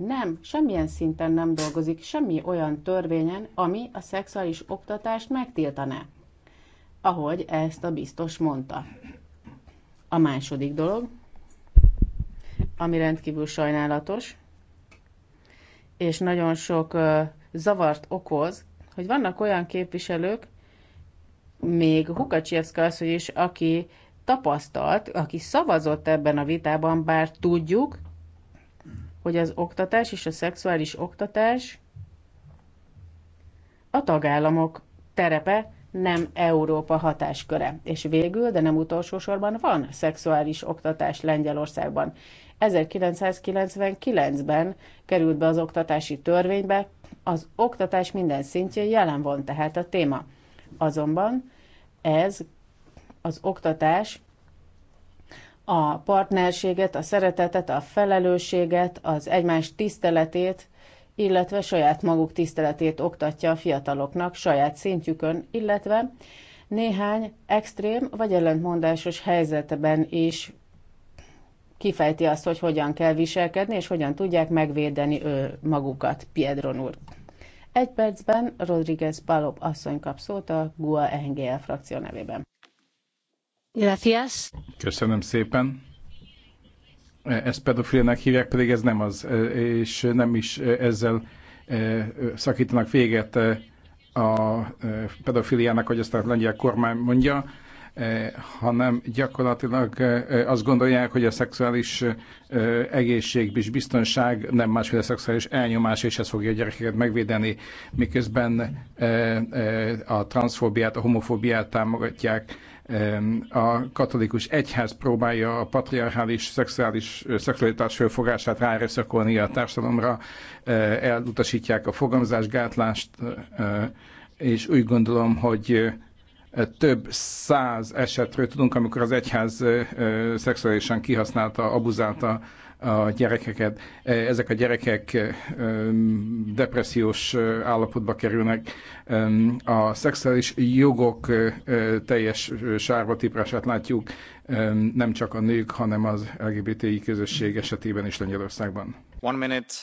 nem, semmilyen szinten nem dolgozik semmi olyan törvényen, ami a szexuális oktatást megtiltaná. Ahogy ezt a biztos mondta. A második dolog, ami rendkívül sajnálatos, és nagyon sok uh, zavart okoz, hogy vannak olyan képviselők, még az, hogy is, aki tapasztalt, aki szavazott ebben a vitában, bár tudjuk, hogy az oktatás és a szexuális oktatás a tagállamok terepe, nem Európa hatásköre. És végül, de nem utolsó sorban van szexuális oktatás Lengyelországban. 1999-ben került be az oktatási törvénybe, az oktatás minden szintjén jelen van tehát a téma. Azonban ez az oktatás a partnerséget, a szeretetet, a felelősséget, az egymás tiszteletét, illetve saját maguk tiszteletét oktatja a fiataloknak saját szintjükön, illetve néhány extrém vagy ellentmondásos helyzetben is kifejti azt, hogy hogyan kell viselkedni, és hogyan tudják megvédeni ő magukat, Piedron úr. Egy percben Rodriguez Palop asszony kap szót a GUA NGL frakció nevében. Gracias. Köszönöm szépen. Ezt pedofilnek hívják, pedig ez nem az, és nem is ezzel e, szakítanak véget e, a e, pedofiliának, hogy azt a lengyel kormány mondja, hanem gyakorlatilag azt gondolják, hogy a szexuális egészség és biztonság nem más, a szexuális elnyomás, és ez fogja a gyerekeket megvédeni, miközben a transzfóbiát, a homofóbiát támogatják a katolikus egyház próbálja a patriarchális szexuális, szexualitás fölfogását ráreszakolni a társadalomra, elutasítják a fogamzásgátlást, és úgy gondolom, hogy több száz esetről tudunk, amikor az egyház szexuálisan kihasználta, abuzálta a gyerekeket. E, ezek a gyerekek e, depressziós e, állapotba kerülnek. A szexuális jogok teljes sárvatiprását látjuk, nem csak a nők, hanem az LGBTI közösség esetében is Lengyelországban. One minute.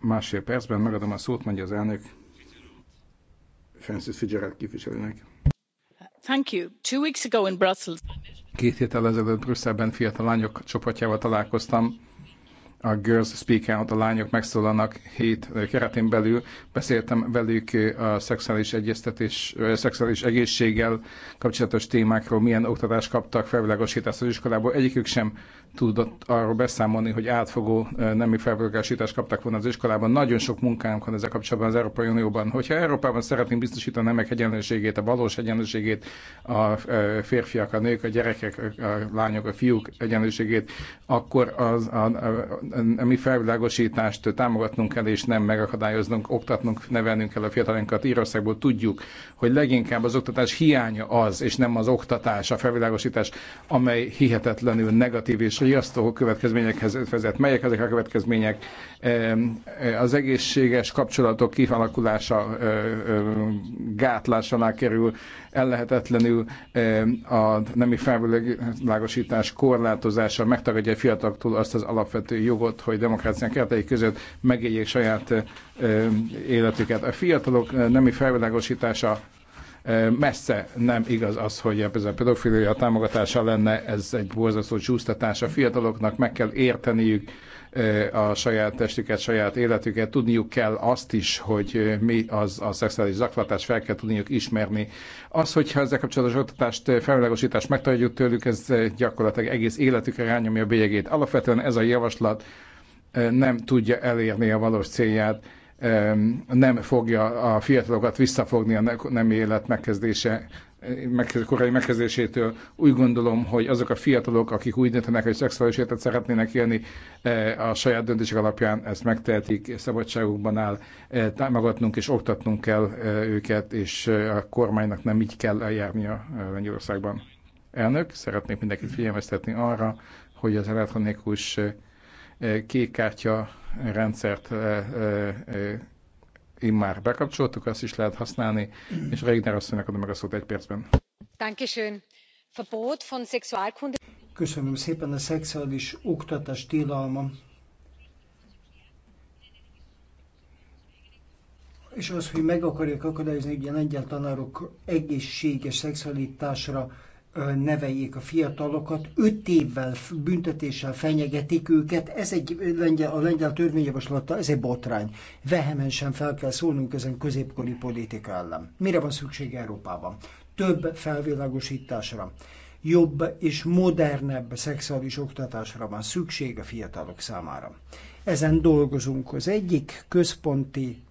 Másfél percben megadom a szót, mondja az elnök Francis Fitzgerald képviselőnek. Thank you. Two weeks ago in Brussels. Két héttel ezelőtt Brüsszelben fiatal lányok csoportjával találkoztam, a Girls Speak Out, a lányok megszólalnak hét keretén belül. Beszéltem velük a szexuális egyeztetés, a szexuális egészséggel kapcsolatos témákról, milyen oktatást kaptak, felvilágosítást az iskolából. Egyikük sem tudott arról beszámolni, hogy átfogó nemi felvilágosítást kaptak volna az iskolában. Nagyon sok munkánk van ezzel kapcsolatban az Európai Unióban. Hogyha Európában szeretnénk biztosítani a nemek egyenlőségét, a valós egyenlőségét, a férfiak, a nők, a gyerekek, a lányok, a fiúk egyenlőségét, akkor az, a, a, a, a mi felvilágosítást támogatnunk kell, és nem megakadályoznunk, oktatnunk, nevelnünk kell a fiatalinkat. Írországból tudjuk, hogy leginkább az oktatás hiánya az, és nem az oktatás, a felvilágosítás, amely hihetetlenül negatív és riasztó következményekhez vezet. Melyek ezek a következmények? Az egészséges kapcsolatok kifalakulása, gátlás alá kerül, ellehetetlenül a nemi felvilágosítás korlátozása megtagadja a fiataloktól azt az alapvető jogot, hogy demokrácián keretei között megéljék saját életüket. A fiatalok nemi felvilágosítása Messze nem igaz az, hogy ez a pedofilia támogatása lenne, ez egy borzasztó csúsztatás. A fiataloknak meg kell érteniük a saját testüket, saját életüket, tudniuk kell azt is, hogy mi az a szexuális zaklatás, fel kell tudniuk ismerni. Az, hogyha ezzel kapcsolatos oktatást, felvilágosítást megtaláljuk tőlük, ez gyakorlatilag egész életükre rányomja a bélyegét. Alapvetően ez a javaslat nem tudja elérni a valós célját nem fogja a fiatalokat visszafogni a nem élet megkezdése, korai megkezdésétől. Úgy gondolom, hogy azok a fiatalok, akik úgy döntenek, hogy szexuális életet szeretnének élni, e, a saját döntések alapján ezt megtehetik, szabadságukban áll, e, támogatnunk és oktatnunk kell e, őket, és a kormánynak nem így kell eljárnia Lengyelországban. Elnök, szeretnék mindenkit figyelmeztetni arra, hogy az elektronikus kékkártya rendszert immár bekapcsoltuk, azt is lehet használni, és Regner asszonynak adom meg a szót egy percben. Köszönöm szépen a szexuális oktatás tilalma. És az, hogy meg akarják akadályozni, hogy a lengyel tanárok egészséges szexualitásra neveljék a fiatalokat, öt évvel büntetéssel fenyegetik őket, ez egy lengyel, a lengyel törvényjavaslata, ez egy botrány. Vehemensen fel kell szólnunk ezen középkori politika ellen. Mire van szükség Európában? Több felvilágosításra, jobb és modernebb szexuális oktatásra van szükség a fiatalok számára. Ezen dolgozunk. Az egyik központi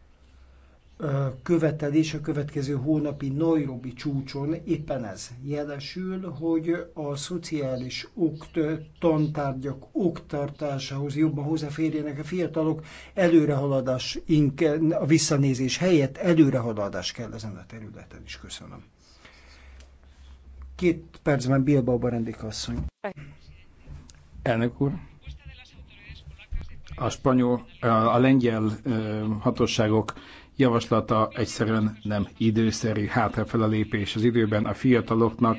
követelés a következő hónapi Nairobi csúcson éppen ez jelesül, hogy a szociális okt, tantárgyak oktartásához jobban hozzáférjenek a fiatalok, előrehaladás, a visszanézés helyett előrehaladás kell ezen a területen is. Köszönöm. Két percben Bilbao Barendik asszony. Elnök úr, a spanyol, a lengyel hatóságok javaslata egyszerűen nem időszerű, hátrafele lépés az időben a fiataloknak,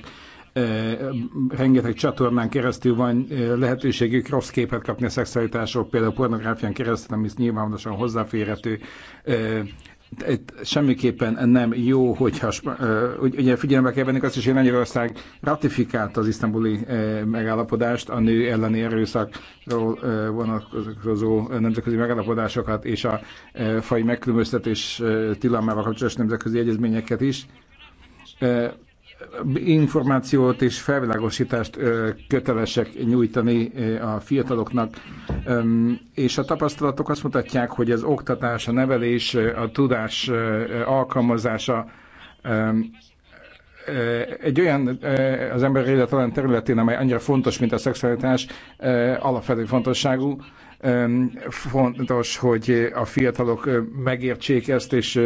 rengeteg csatornán keresztül van lehetőségük rossz képet kapni a szexualitásról, például pornográfián keresztül, ami nyilvánosan hozzáférhető itt semmiképpen nem jó, hogyha ugye figyelembe kell venni azt is, hogy Lengyelország ratifikálta az isztambuli megállapodást, a nő elleni erőszakról vonatkozó nemzetközi megállapodásokat és a faj megkülönböztetés tilalmával kapcsolatos nemzetközi egyezményeket is információt és felvilágosítást kötelesek nyújtani a fiataloknak, és a tapasztalatok azt mutatják, hogy az oktatás, a nevelés, a tudás alkalmazása egy olyan az ember élet olyan területén, amely annyira fontos, mint a szexualitás, alapvető fontosságú, fontos, hogy a fiatalok megértsék ezt, és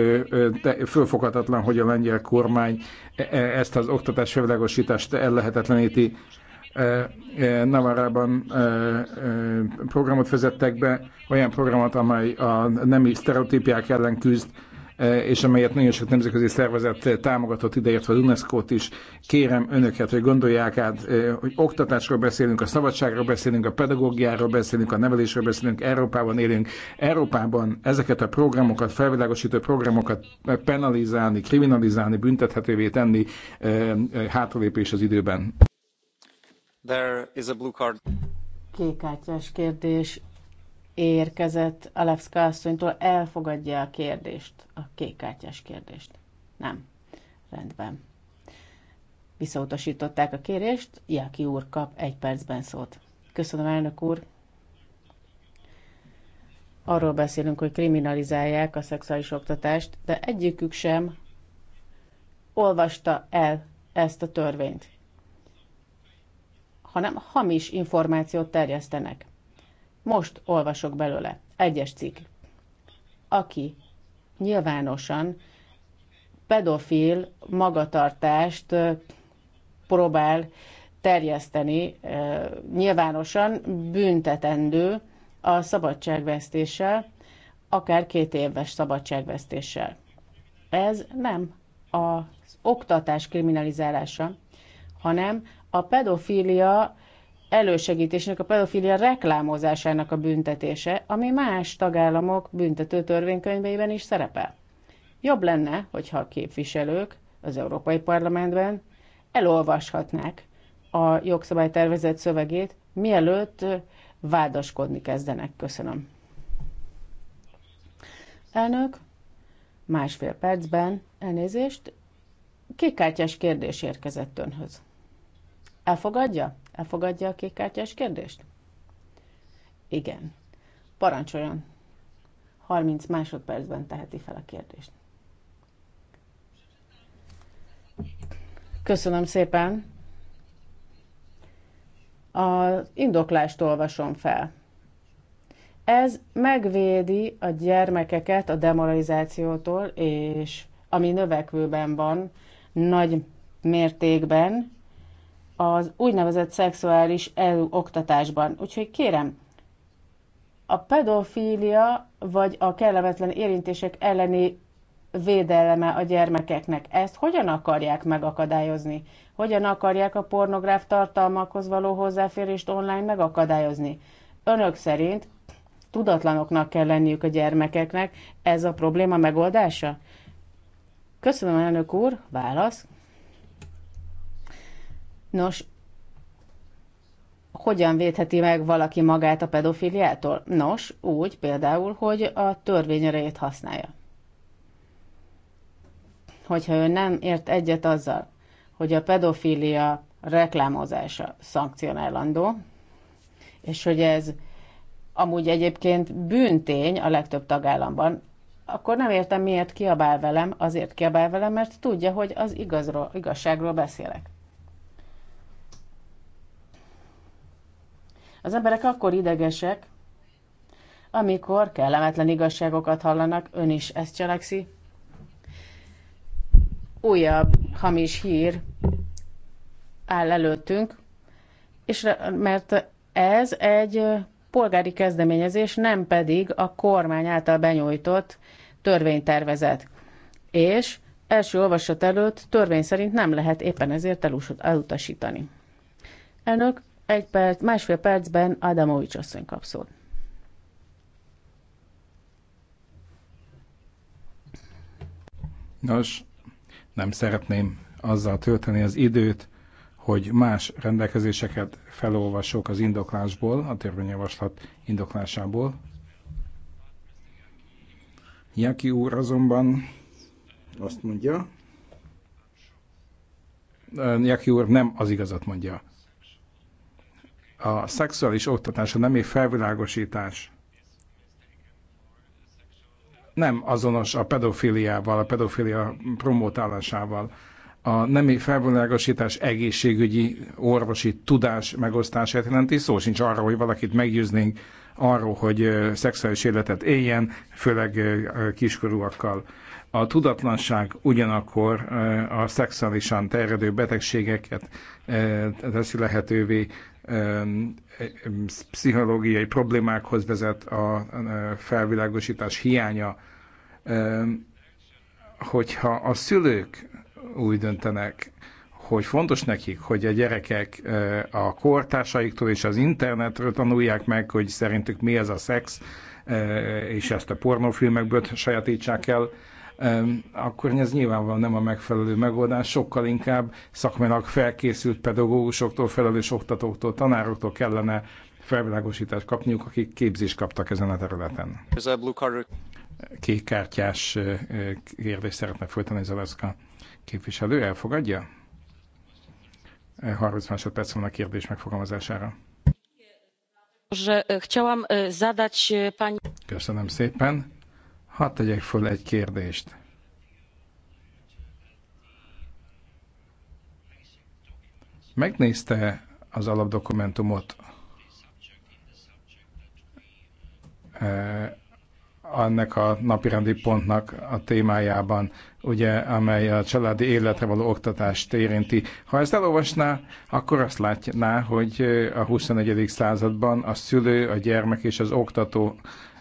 fölfoghatatlan, hogy a lengyel kormány E, e, ezt az oktatás fővilágosítást ellehetetleníti. E, Navarában programot vezettek be, olyan programot, amely a nemi sztereotípiák ellen küzd, E, és amelyet nagyon sok nemzetközi szervezet támogatott ideértve az UNESCO-t is. Kérem önöket, hogy gondolják át, e, hogy oktatásról beszélünk, a szabadságról beszélünk, a pedagógiáról beszélünk, a nevelésről beszélünk, Európában élünk. Európában ezeket a programokat, felvilágosító programokat penalizálni, kriminalizálni, büntethetővé tenni e, hátralépés az időben. There is a blue card. Kékkártyás kérdés érkezett Alevszka asszonytól, elfogadja a kérdést, a kékkártyás kérdést. Nem. Rendben. Visszautasították a kérést, Jaki úr kap egy percben szót. Köszönöm, elnök úr. Arról beszélünk, hogy kriminalizálják a szexuális oktatást, de egyikük sem olvasta el ezt a törvényt, hanem hamis információt terjesztenek. Most olvasok belőle. Egyes cikk. Aki nyilvánosan pedofil magatartást próbál terjeszteni nyilvánosan büntetendő a szabadságvesztéssel, akár két éves szabadságvesztéssel. Ez nem az oktatás kriminalizálása, hanem a pedofília elősegítésnek a pedofilia reklámozásának a büntetése, ami más tagállamok büntető törvénykönyveiben is szerepel. Jobb lenne, hogyha a képviselők az Európai Parlamentben elolvashatnák a jogszabálytervezet szövegét, mielőtt vádaskodni kezdenek. Köszönöm. Elnök, másfél percben elnézést, kékkártyás kérdés érkezett önhöz. Elfogadja? Elfogadja a kékkártyás kérdést? Igen. Parancsoljon. 30 másodpercben teheti fel a kérdést. Köszönöm szépen. Az indoklást olvasom fel. Ez megvédi a gyermekeket a demoralizációtól, és ami növekvőben van, nagy mértékben, az úgynevezett szexuális elő oktatásban. Úgyhogy kérem, a pedofília vagy a kellemetlen érintések elleni védelme a gyermekeknek. Ezt hogyan akarják megakadályozni? Hogyan akarják a pornográf tartalmakhoz való hozzáférést online megakadályozni? Önök szerint tudatlanoknak kell lenniük a gyermekeknek, ez a probléma megoldása? Köszönöm, elnök úr, válasz. Nos, hogyan védheti meg valaki magát a pedofiliától? Nos, úgy például, hogy a törvényerejét használja. Hogyha ő nem ért egyet azzal, hogy a pedofilia reklámozása szankcionálandó, és hogy ez amúgy egyébként bűntény a legtöbb tagállamban, akkor nem értem, miért kiabál velem, azért kiabál velem, mert tudja, hogy az igazról, igazságról beszélek. Az emberek akkor idegesek, amikor kellemetlen igazságokat hallanak, ön is ezt cselekszi. Újabb hamis hír áll előttünk, és mert ez egy polgári kezdeményezés, nem pedig a kormány által benyújtott törvénytervezet. És első olvasat előtt törvény szerint nem lehet éppen ezért elutasítani. Elnök, egy perc, másfél percben Adamovics asszony kap szót. Nos, nem szeretném azzal tölteni az időt, hogy más rendelkezéseket felolvasok az indoklásból, a törvényjavaslat indoklásából. Jaki úr azonban azt mondja, Jaki úr nem az igazat mondja a szexuális oktatás, a nemi felvilágosítás nem azonos a pedofiliával, a pedofilia promotálásával. A nemi felvilágosítás egészségügyi, orvosi tudás megosztását jelenti, szó sincs arról, hogy valakit meggyőznénk arról, hogy szexuális életet éljen, főleg kiskorúakkal. A tudatlanság ugyanakkor a szexuálisan terjedő betegségeket teszi lehetővé, pszichológiai problémákhoz vezet a felvilágosítás hiánya. Hogyha a szülők úgy döntenek, hogy fontos nekik, hogy a gyerekek e, a kortársaiktól és az internetről tanulják meg, hogy szerintük mi ez a szex, e, és ezt a pornófilmekből sajátítsák el, akkor ez nyilvánvalóan nem a megfelelő megoldás, sokkal inkább szakmának felkészült pedagógusoktól, felelős oktatóktól, tanároktól kellene felvilágosítást kapniuk, akik képzést kaptak ezen a területen. Kékkártyás eh, kérdést szeretne folytani Zaleszka képviselő, elfogadja? 30 másodperc van a kérdés megfogalmazására. E, e, e, Köszönöm szépen Hadd tegyek föl egy kérdést. Megnézte az alapdokumentumot eh, annak a napirendi pontnak a témájában, ugye, amely a családi életre való oktatást érinti. Ha ezt elolvasná, akkor azt látná, hogy eh, a 21. században a szülő, a gyermek és az oktató,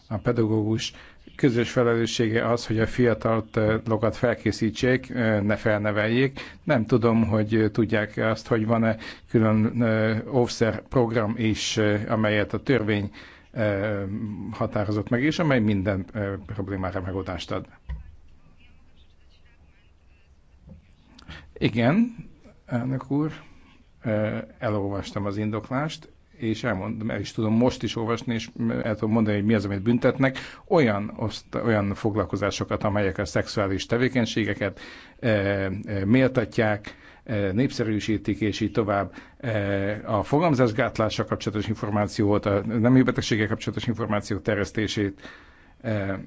a pedagógus közös felelőssége az, hogy a fiatalokat eh, felkészítsék, eh, ne felneveljék. Nem tudom, hogy tudják azt, hogy van-e külön eh, offszer program is, amelyet a törvény határozott meg, és amely minden problémára megoldást ad. Igen, elnök úr, elolvastam az indoklást, és elmondom, el is tudom most is olvasni, és el tudom mondani, hogy mi az, amit büntetnek, olyan, oszt, olyan foglalkozásokat, amelyek a szexuális tevékenységeket e, e, méltatják, e, népszerűsítik, és így tovább. E, a fogamzásgátlással kapcsolatos információt, a nemi betegségek kapcsolatos információ terjesztését, e,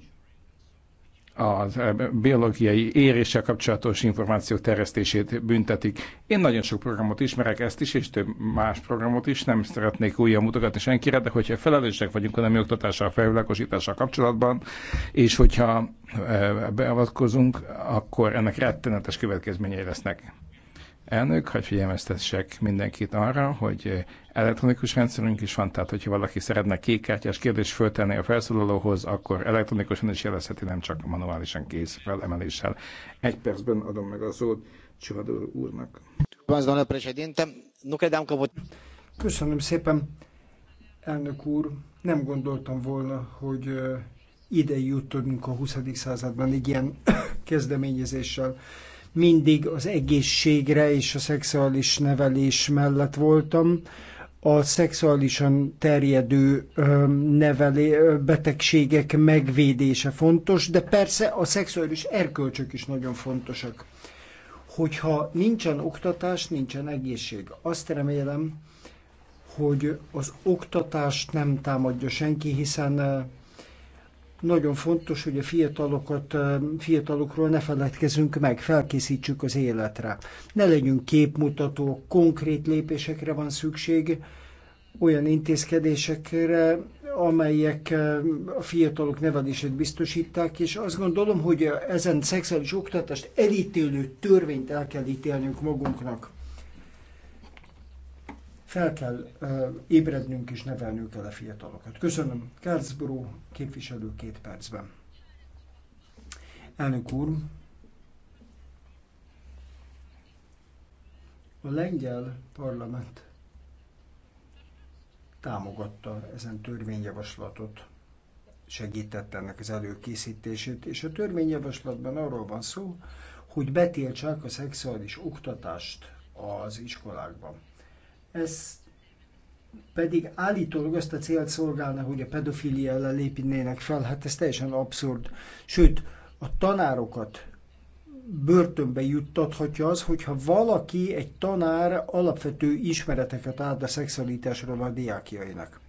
a eh, biológiai éréssel kapcsolatos információ terjesztését büntetik. Én nagyon sok programot ismerek, ezt is, és több más programot is, nem szeretnék újra mutogatni senkire, de hogyha felelősek vagyunk a nemi oktatással, felvilágosítással kapcsolatban, és hogyha eh, beavatkozunk, akkor ennek rettenetes következményei lesznek elnök, hogy figyelmeztessek mindenkit arra, hogy eh, elektronikus rendszerünk is van, tehát hogyha valaki szeretne kékkártyás kérdést föltenni a felszólalóhoz, akkor elektronikusan is jelezheti, nem csak manuálisan kész felemeléssel. Egy percben adom meg a szót Csivadó úrnak. Köszönöm szépen, elnök úr. Nem gondoltam volna, hogy eh, ide jutunk a 20. században egy ilyen kezdeményezéssel mindig az egészségre és a szexuális nevelés mellett voltam. A szexuálisan terjedő nevelé, betegségek megvédése fontos, de persze a szexuális erkölcsök is nagyon fontosak. Hogyha nincsen oktatás, nincsen egészség. Azt remélem, hogy az oktatást nem támadja senki, hiszen nagyon fontos, hogy a fiatalokat, fiatalokról ne feledkezünk meg, felkészítsük az életre. Ne legyünk képmutató, konkrét lépésekre van szükség, olyan intézkedésekre, amelyek a fiatalok nevelését biztosítják, és azt gondolom, hogy ezen szexuális oktatást elítélő törvényt el kell ítélnünk magunknak. Fel kell ébrednünk és nevelnünk kell a fiatalokat. Köszönöm. Kerzbró képviselő két percben. Elnök úr, a lengyel parlament támogatta ezen törvényjavaslatot, segítette ennek az előkészítését, és a törvényjavaslatban arról van szó, hogy betiltsák a szexuális oktatást az iskolákban. Ez pedig állítólag azt a célt szolgálna, hogy a pedofilia ellen lépnének fel. Hát ez teljesen abszurd. Sőt, a tanárokat börtönbe juttathatja az, hogyha valaki, egy tanár alapvető ismereteket ad a szexualitásról a diákjainak.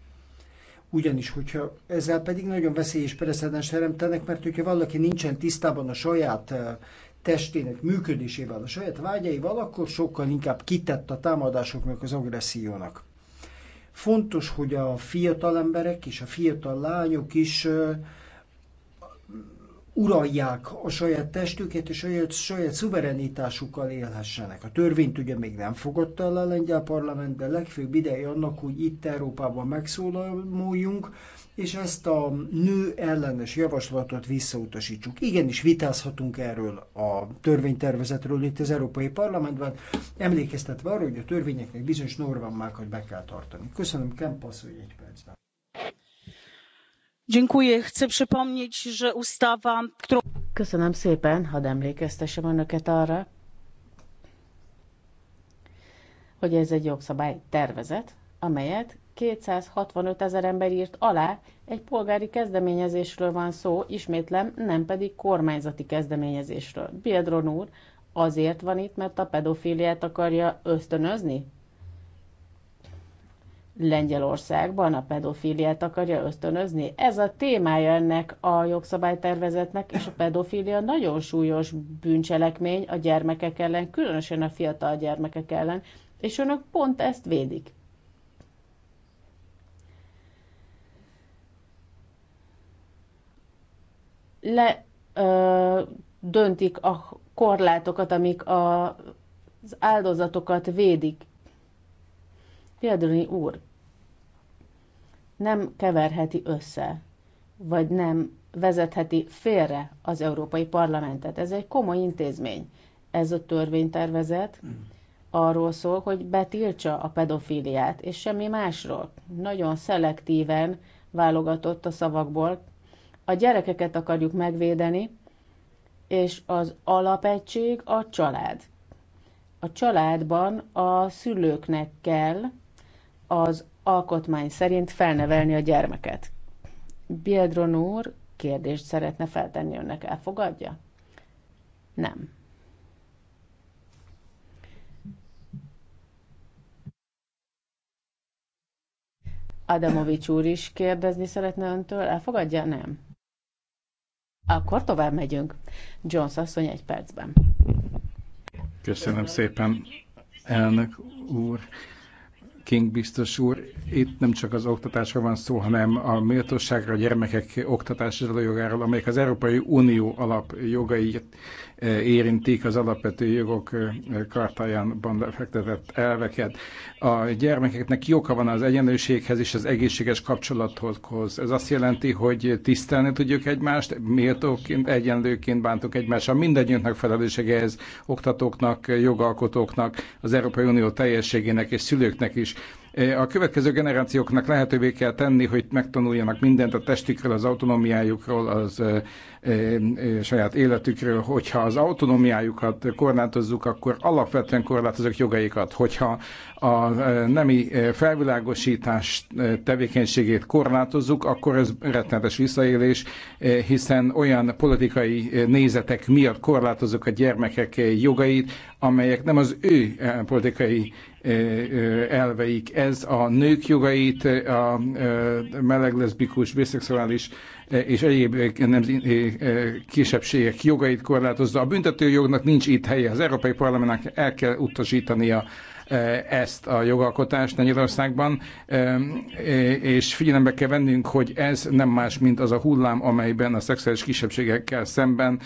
Ugyanis, hogyha ezzel pedig nagyon veszélyes precedens teremtenek, mert hogyha valaki nincsen tisztában a saját eh, testének működésével, a saját vágyaival, akkor sokkal inkább kitett a támadásoknak, az agressziónak. Fontos, hogy a fiatal emberek és a fiatal lányok is uralják a saját testüket, és a saját, saját szuverenitásukkal élhessenek. A törvényt ugye még nem fogadta el a lengyel parlament, de legfőbb ideje annak, hogy itt Európában megszólaljunk, és ezt a nő ellenes javaslatot visszautasítsuk. Igenis vitázhatunk erről a törvénytervezetről itt az Európai Parlamentben, emlékeztetve arra, hogy a törvényeknek bizonyos normákat be kell tartani. Köszönöm, Kempasz, hogy egy percben. Köszönöm szépen, hadd emlékeztessem önöket arra, hogy ez egy jogszabály tervezet, amelyet 265 ezer ember írt alá, egy polgári kezdeményezésről van szó, ismétlem, nem pedig kormányzati kezdeményezésről. Biedron úr azért van itt, mert a pedofiliát akarja ösztönözni? Lengyelországban a pedofiliát akarja ösztönözni? Ez a témája ennek a jogszabálytervezetnek, és a pedofília nagyon súlyos bűncselekmény a gyermekek ellen, különösen a fiatal gyermekek ellen, és önök pont ezt védik. le ö, döntik a korlátokat, amik a, az áldozatokat védik. Piadroni úr nem keverheti össze, vagy nem vezetheti félre az Európai Parlamentet. Ez egy komoly intézmény. Ez a törvénytervezet hmm. arról szól, hogy betiltsa a pedofíliát, és semmi másról. Nagyon szelektíven válogatott a szavakból, a gyerekeket akarjuk megvédeni, és az alapegység a család. A családban a szülőknek kell az alkotmány szerint felnevelni a gyermeket. Biedron úr kérdést szeretne feltenni önnek, elfogadja? Nem. Adamovics úr is kérdezni szeretne öntől, elfogadja? Nem. Akkor tovább megyünk. Jones asszony egy percben. Köszönöm szépen, elnök úr. King biztos úr, itt nem csak az oktatásra van szó, hanem a méltóságra, a gyermekek oktatásra jogáról, amelyek az Európai Unió alap érintik az alapvető jogok kartájában fektetett elveket. A gyermekeknek joga van az egyenlőséghez és az egészséges kapcsolathoz. Ez azt jelenti, hogy tisztelni tudjuk egymást, méltóként, egyenlőként bántunk A mindegyünknek felelőssége ez, oktatóknak, jogalkotóknak, az Európai Unió teljességének és szülőknek is a következő generációknak lehetővé kell tenni, hogy megtanuljanak mindent a testükről, az autonomiájukról, az saját életükről. Hogyha az autonomiájukat korlátozzuk, akkor alapvetően korlátozok jogaikat. Hogyha a nemi felvilágosítás tevékenységét korlátozzuk, akkor ez rettenetes visszaélés, hiszen olyan politikai nézetek miatt korlátozok a gyermekek jogait, amelyek nem az ő politikai elveik. Ez a nők jogait, a meleg leszbikus, biszexuális és egyéb kisebbségek jogait korlátozza. A büntetőjognak nincs itt helye. Az Európai Parlamentnek el kell utasítania E, ezt a jogalkotást Lengyelországban, e, e, és figyelembe kell vennünk, hogy ez nem más, mint az a hullám, amelyben a szexuális kisebbségekkel szemben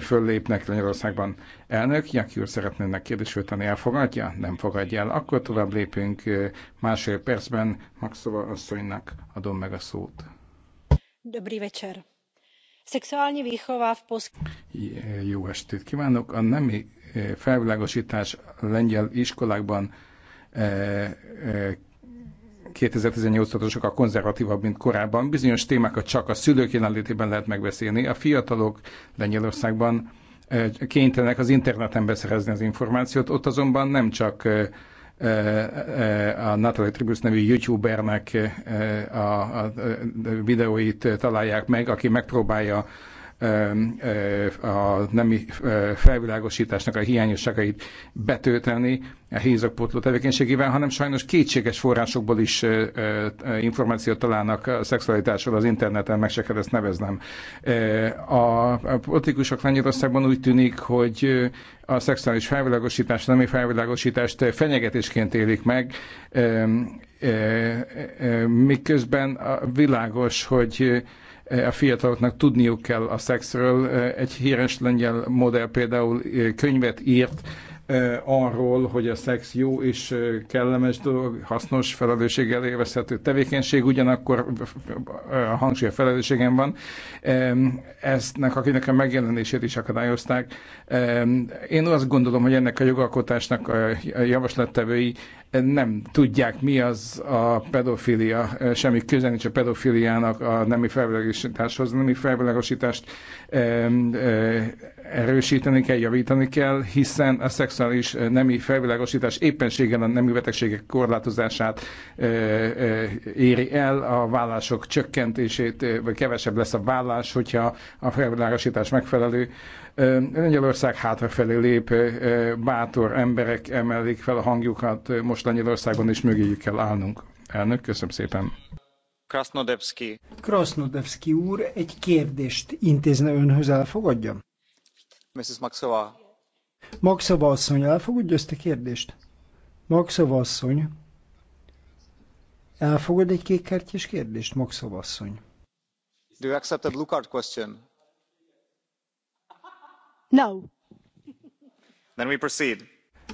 föllépnek Lengyelországban. Elnök, aki úr szeretne ennek kérdésült elfogadja? Nem fogadja el. Akkor tovább lépünk másfél percben. Maxova asszonynak adom meg a szót. Dobrý večer. Szexuális výchova v Jó estét kívánok! A nemi felvilágosítás lengyel iskolákban 2018-osok eh, eh, a konzervatívabb, mint korábban. Bizonyos témákat csak a szülők jelenlétében lehet megbeszélni. A fiatalok Lengyelországban eh, kénytelenek az interneten beszerezni az információt, ott azonban nem csak a Natalie Tribus nevű youtubernek a videóit találják meg, aki megpróbálja E, a nemi e, felvilágosításnak a hiányosságait betölteni a hézagpotló tevékenységével, hanem sajnos kétséges forrásokból is e, információt találnak a szexualitásról az interneten, meg se kell ezt neveznem. A politikusok Lengyelországban úgy tűnik, hogy a szexuális felvilágosítást, nemi felvilágosítást fenyegetésként élik meg, miközben világos, hogy E, a fiataloknak tudniuk kell a szexről. E, egy híres lengyel modell például e, könyvet írt arról, hogy a szex jó és kellemes dolog, hasznos, felelősséggel élvezhető tevékenység, ugyanakkor a hangsúly a felelősségem van. Ezt akinek a megjelenését is akadályozták. Én azt gondolom, hogy ennek a jogalkotásnak a javaslattevői nem tudják, mi az a pedofilia, semmi köze nincs a pedofiliának a nemi felvilágosításhoz. A nemi felvilágosítást erősíteni kell, javítani kell, hiszen a szexuális eh, nemi felvilágosítás éppenséggel a nemi betegségek korlátozását eh, eh, éri el, a vállások csökkentését, vagy kevesebb lesz a vállás, hogyha a felvilágosítás megfelelő. Lengyelország hátrafelé lép, bátor emberek emelik fel a hangjukat, most Lengyelországon is mögéjük kell állnunk. Elnök, köszönöm szépen. Krasnodevski. Krasnodevski úr, egy kérdést intézne önhöz, elfogadja? Mrs. Maxova. Maxova asszony, elfogadja ezt a kérdést? Maxova asszony, elfogad egy kék kérdést, Maxova asszony? Do you accept a blue card question?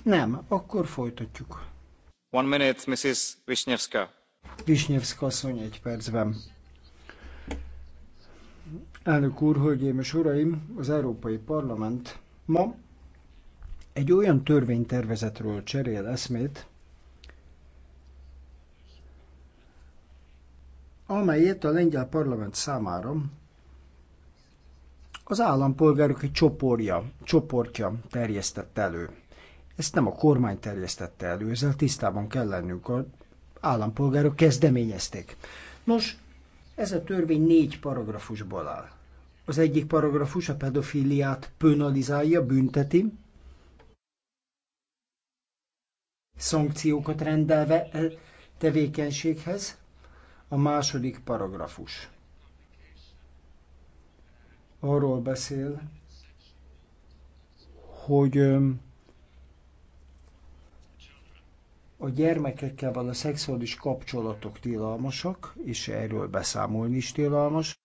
Nem, akkor folytatjuk. One minute, Mrs. Wisniewska. Wisniewska egy Elnök úr, hölgyeim és uraim, az Európai Parlament ma egy olyan törvénytervezetről cserél eszmét, amelyet a lengyel parlament számára az állampolgárok egy csoportja, csoportja terjesztett elő. Ezt nem a kormány terjesztette elő, ezzel tisztában kell lennünk, az állampolgárok kezdeményezték. Nos, ez a törvény négy paragrafusból áll. Az egyik paragrafus a pedofiliát pönalizálja, bünteti, szankciókat rendelve e- tevékenységhez. A második paragrafus arról beszél, hogy a gyermekekkel a szexuális kapcsolatok tilalmasak, és erről beszámolni is tilalmas.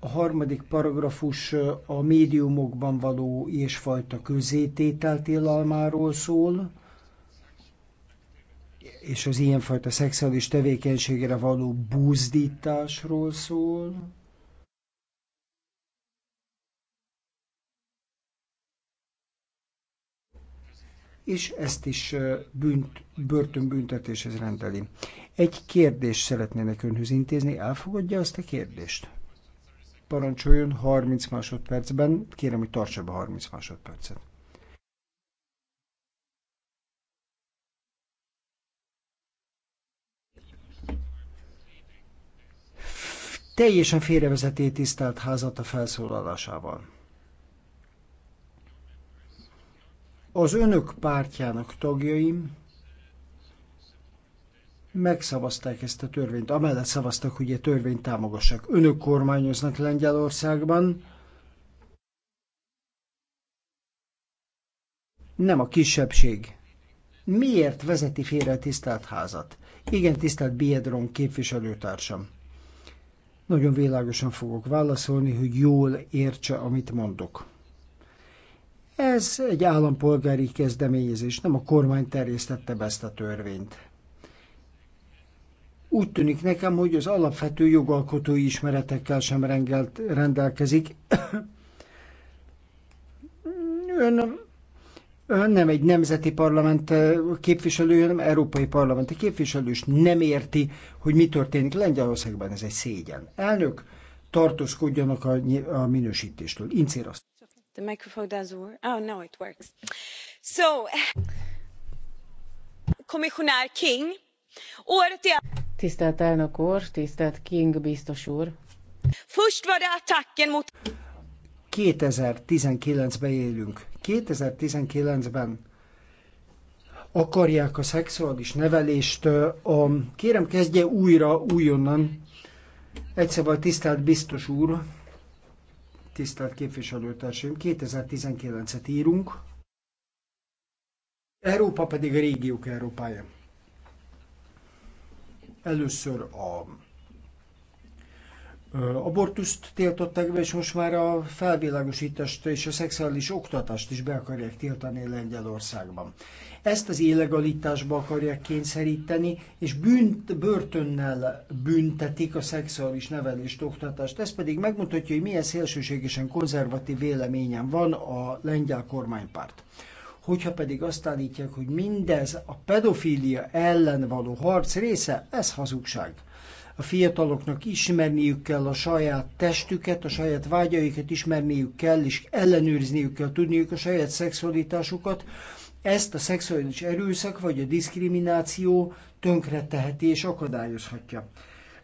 A harmadik paragrafus a médiumokban való ilyesfajta közététel tilalmáról szól, és az ilyenfajta szexuális tevékenységre való búzdításról szól. És ezt is bűnt, börtönbüntetéshez rendeli. Egy kérdést szeretnének önhöz intézni, elfogadja azt a kérdést? Parancsoljon 30 másodpercben, kérem, hogy tartsa be 30 másodpercet. teljesen félrevezeté tisztelt házat a felszólalásával. Az önök pártjának tagjaim megszavazták ezt a törvényt, amellett szavaztak, hogy a törvényt támogassák. Önök kormányoznak Lengyelországban, nem a kisebbség. Miért vezeti félre a tisztelt házat? Igen, tisztelt Biedron képviselőtársam. Nagyon világosan fogok válaszolni, hogy jól értse, amit mondok. Ez egy állampolgári kezdeményezés, nem a kormány terjesztette be ezt a törvényt. Úgy tűnik nekem, hogy az alapvető jogalkotói ismeretekkel sem rendelkezik. Ön Ön nem egy nemzeti parlament képviselő, hanem európai parlamenti képviselő, és nem érti, hogy mi történik Lengyelországban. Ez egy szégyen. Elnök, tartózkodjanak a, a minősítéstől. Incér azt. The microphone does work. Oh, no, it works. So, Commissioner King, the... Tisztelt elnök úr, tisztelt King biztos úr. Först var det attacken mot... 2019-ben élünk. 2019-ben akarják a szexuális nevelést, a, kérem kezdje újra, újonnan, vagy szóval, tisztelt biztos úr, tisztelt képviselőtársaim, 2019-et írunk, Európa pedig a régiók Európája. Először a abortuszt tiltották be, és most már a felvilágosítást és a szexuális oktatást is be akarják tiltani Lengyelországban. Ezt az illegalitásba akarják kényszeríteni, és bűnt, börtönnel büntetik a szexuális nevelést, oktatást. Ez pedig megmutatja, hogy milyen szélsőségesen konzervatív véleményen van a lengyel kormánypárt hogyha pedig azt állítják, hogy mindez a pedofília ellen való harc része, ez hazugság. A fiataloknak ismerniük kell a saját testüket, a saját vágyaikat ismerniük kell, és ellenőrizniük kell tudniuk a saját szexualitásukat. Ezt a szexuális erőszak vagy a diszkrimináció tönkreteheti és akadályozhatja.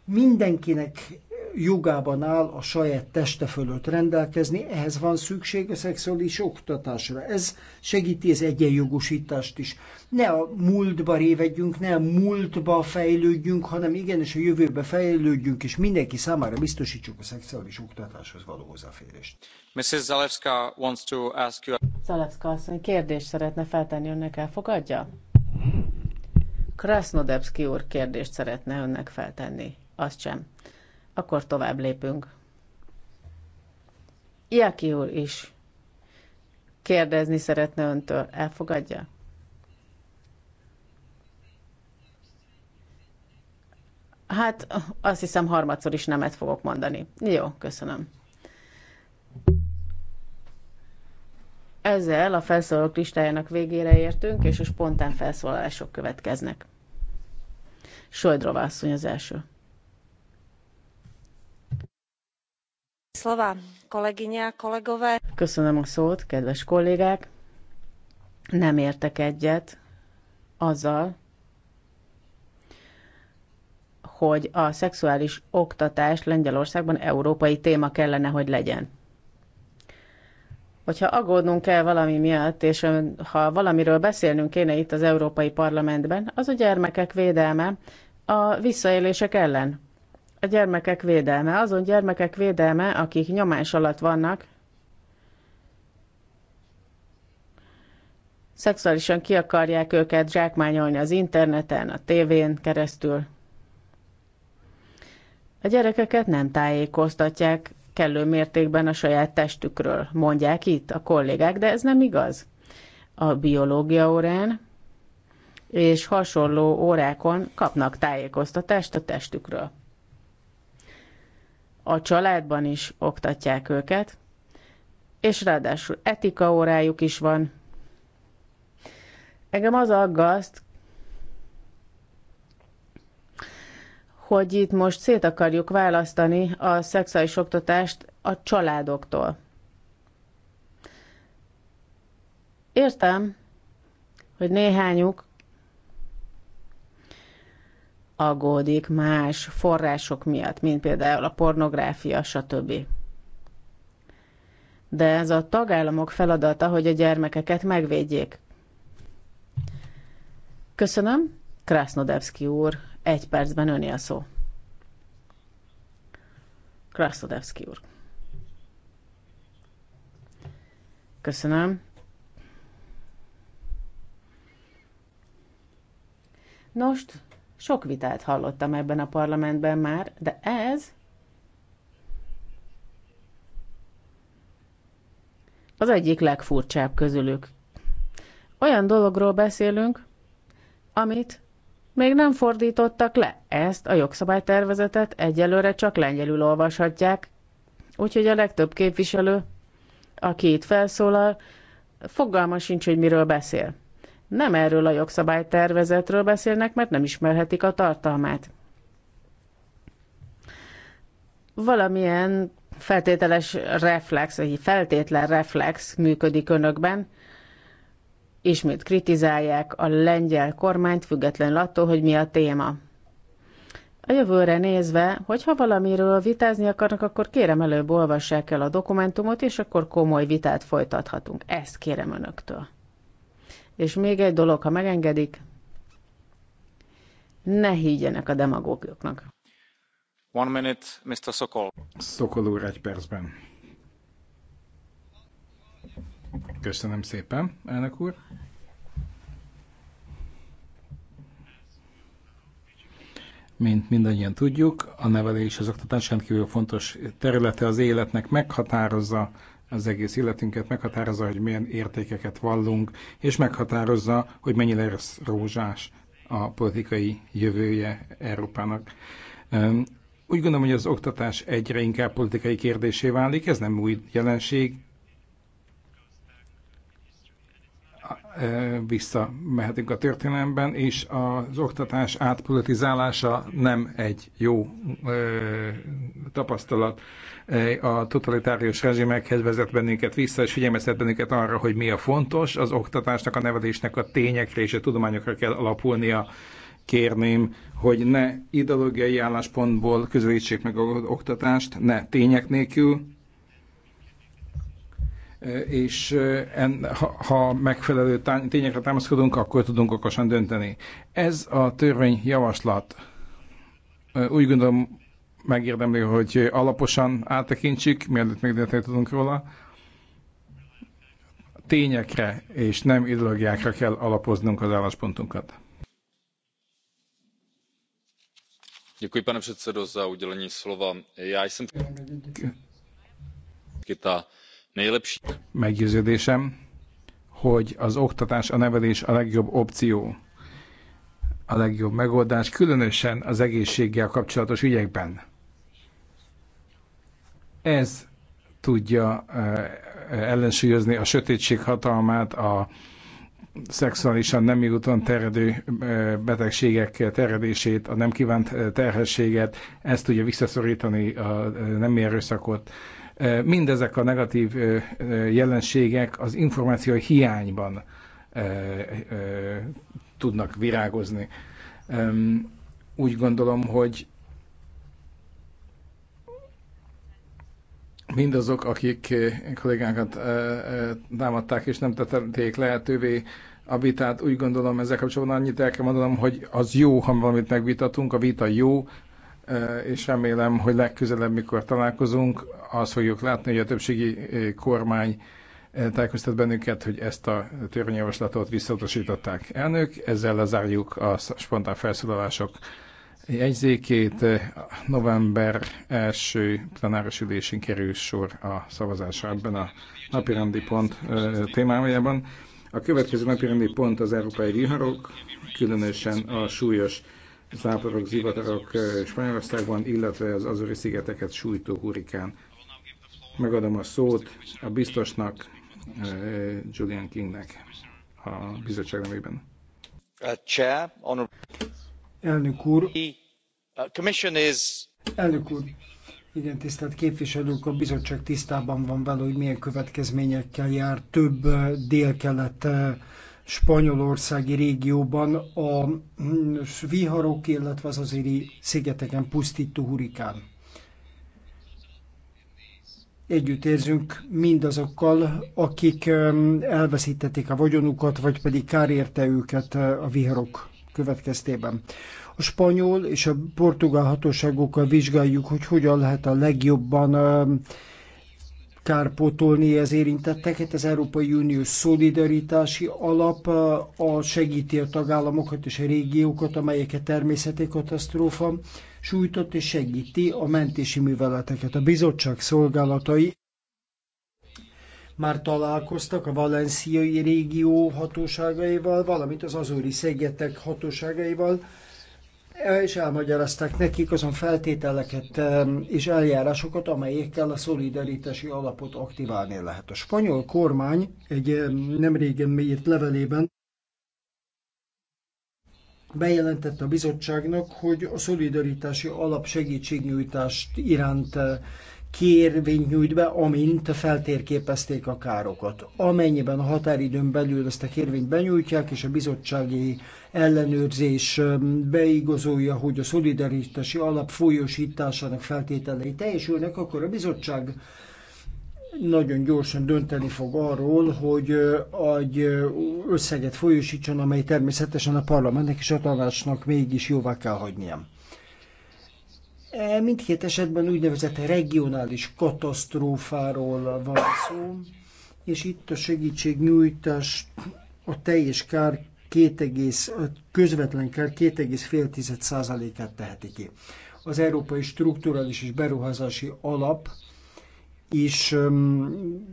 Mindenkinek jogában áll a saját teste fölött rendelkezni, ehhez van szükség a szexuális oktatásra. Ez segíti az egyenjogosítást is. Ne a múltba révedjünk, ne a múltba fejlődjünk, hanem igenis a jövőbe fejlődjünk, és mindenki számára biztosítsuk a szexuális oktatáshoz való hozzáférést. Mrs. Zalewska wants to ask you... Zalewska asszony kérdést szeretne feltenni, önnek elfogadja? Krasnodebski úr kérdést szeretne önnek feltenni. Azt sem akkor tovább lépünk. Iaki úr is kérdezni szeretne öntől. Elfogadja? Hát azt hiszem harmadszor is nemet fogok mondani. Jó, köszönöm. Ezzel a felszólalók listájának végére értünk, és a spontán felszólalások következnek. Sojdrova asszony az első. Köszönöm a szót, kedves kollégák. Nem értek egyet azzal, hogy a szexuális oktatás Lengyelországban európai téma kellene, hogy legyen. Hogyha aggódnunk kell valami miatt, és ha valamiről beszélnünk kéne itt az Európai Parlamentben, az a gyermekek védelme a visszaélések ellen a gyermekek védelme. Azon gyermekek védelme, akik nyomás alatt vannak, szexuálisan ki akarják őket zsákmányolni az interneten, a tévén keresztül. A gyerekeket nem tájékoztatják kellő mértékben a saját testükről, mondják itt a kollégák, de ez nem igaz. A biológia órán és hasonló órákon kapnak tájékoztatást a testükről a családban is oktatják őket, és ráadásul etika órájuk is van. Engem az aggaszt, hogy itt most szét akarjuk választani a szexuális oktatást a családoktól. Értem, hogy néhányuk aggódik más források miatt, mint például a pornográfia, stb. De ez a tagállamok feladata, hogy a gyermekeket megvédjék. Köszönöm. Krasnodevski úr, egy percben öné a szó. Krasnodevski úr. Köszönöm. Most sok vitát hallottam ebben a parlamentben már, de ez az egyik legfurcsább közülük. Olyan dologról beszélünk, amit még nem fordítottak le. Ezt a jogszabálytervezetet egyelőre csak lengyelül olvashatják, úgyhogy a legtöbb képviselő, aki itt felszólal, fogalma sincs, hogy miről beszél. Nem erről a jogszabálytervezetről beszélnek, mert nem ismerhetik a tartalmát. Valamilyen feltételes reflex, egy feltétlen reflex működik önökben, ismét kritizálják a lengyel kormányt, függetlenül attól, hogy mi a téma. A jövőre nézve, hogyha valamiről vitázni akarnak, akkor kérem előbb olvassák el a dokumentumot, és akkor komoly vitát folytathatunk. Ezt kérem önöktől. És még egy dolog, ha megengedik, ne higgyenek a demagógoknak. One minute, Mr. Sokol. Sokol úr, egy percben. Köszönöm szépen, elnök úr. Mint mindannyian tudjuk, a nevelés az oktatás rendkívül fontos területe az életnek, meghatározza az egész életünket, meghatározza, hogy milyen értékeket vallunk, és meghatározza, hogy mennyire lesz rózsás a politikai jövője Európának. Úgy gondolom, hogy az oktatás egyre inkább politikai kérdésé válik, ez nem új jelenség, visszamehetünk a történelemben, és az oktatás átpolitizálása nem egy jó ö, tapasztalat. A totalitárius rezsimekhez vezet bennünket vissza, és figyelmeztet bennünket arra, hogy mi a fontos. Az oktatásnak, a nevelésnek a tényekre és a tudományokra kell alapulnia. Kérném, hogy ne ideológiai álláspontból közelítsék meg az oktatást, ne tények nélkül, Eh, és eh, en ha megfelelő tényekre támaszkodunk, akkor tudunk okosan dönteni. Ez a törvényjavaslat eh, úgy gondolom megérdemli, hogy alaposan áttekintsük, mielőtt még tudunk róla. Tényekre és nem ideológiákra kell alapoznunk az álláspontunkat. Děkuji, pane předsedo, za udělení slova. Já jsem... Kita Meggyőződésem, hogy az oktatás, a nevelés a legjobb opció, a legjobb megoldás, különösen az egészséggel kapcsolatos ügyekben. Ez tudja eh, ellensúlyozni a sötétség hatalmát, a szexuálisan nem úton terjedő eh, betegségek terjedését, a nem kívánt eh, terhességet, ezt tudja visszaszorítani a nem erőszakot, Mindezek a negatív jelenségek az információ hiányban tudnak virágozni. Úgy gondolom, hogy mindazok, akik kollégánkat támadták és nem tették lehetővé a vitát, úgy gondolom ezzel kapcsolatban annyit el kell mondanom, hogy az jó, ha valamit megvitatunk, a vita jó, és remélem, hogy legközelebb, mikor találkozunk, azt fogjuk látni, hogy a többségi kormány tájékoztat bennünket, hogy ezt a törvényjavaslatot visszautasították. Elnök, ezzel lezárjuk a spontán felszólalások jegyzékét. November első plenáris ülésén kerül sor a szavazásra ebben a napirendi pont témájában. A következő napirendi pont az európai viharok, különösen a súlyos záporok, zivatarok eh, Spanyolországban, illetve az Azori szigeteket sújtó hurikán. Megadom a szót a biztosnak, eh, Julian Kingnek a bizottság nevében. Uh, Elnök úr, uh, Elnök úr, igen, tisztelt képviselők, a bizottság tisztában van vele, hogy milyen következményekkel jár több eh, dél-kelet spanyolországi régióban a mm, viharok, illetve az azéri szigeteken pusztító hurikán. Együtt érzünk mindazokkal, akik elveszítették a vagyonukat, vagy pedig kár érte őket e, a viharok következtében. A spanyol és a portugál hatóságokkal vizsgáljuk, hogy hogyan lehet a legjobban kárpótolni az érintetteket. Az Európai Unió szolidaritási alap a segíti a tagállamokat és a régiókat, amelyeket természeti katasztrófa sújtott, és segíti a mentési műveleteket. A bizottság szolgálatai már találkoztak a valenciai régió hatóságaival, valamint az azori szegetek hatóságaival, és elmagyarázták nekik azon feltételeket és eljárásokat, amelyekkel a szolidaritási alapot aktiválni lehet. A spanyol kormány egy nem régen írt levelében bejelentette a bizottságnak, hogy a szolidaritási alap segítségnyújtást iránt kérvényt nyújt be, amint feltérképezték a károkat. Amennyiben a határidőn belül ezt a kérvényt benyújtják, és a bizottsági ellenőrzés beigazolja, hogy a szolidaritási alap folyosításának feltételei teljesülnek, akkor a bizottság nagyon gyorsan dönteni fog arról, hogy egy összeget folyósítson, amely természetesen a parlamentnek és a tanácsnak mégis jóvá kell hagynia. E, mindkét esetben úgynevezett regionális katasztrófáról van szó, és itt a segítségnyújtás a teljes kár 2, a közvetlen kár 2,5%-át teheti ki. Az Európai Strukturális és Beruházási Alap is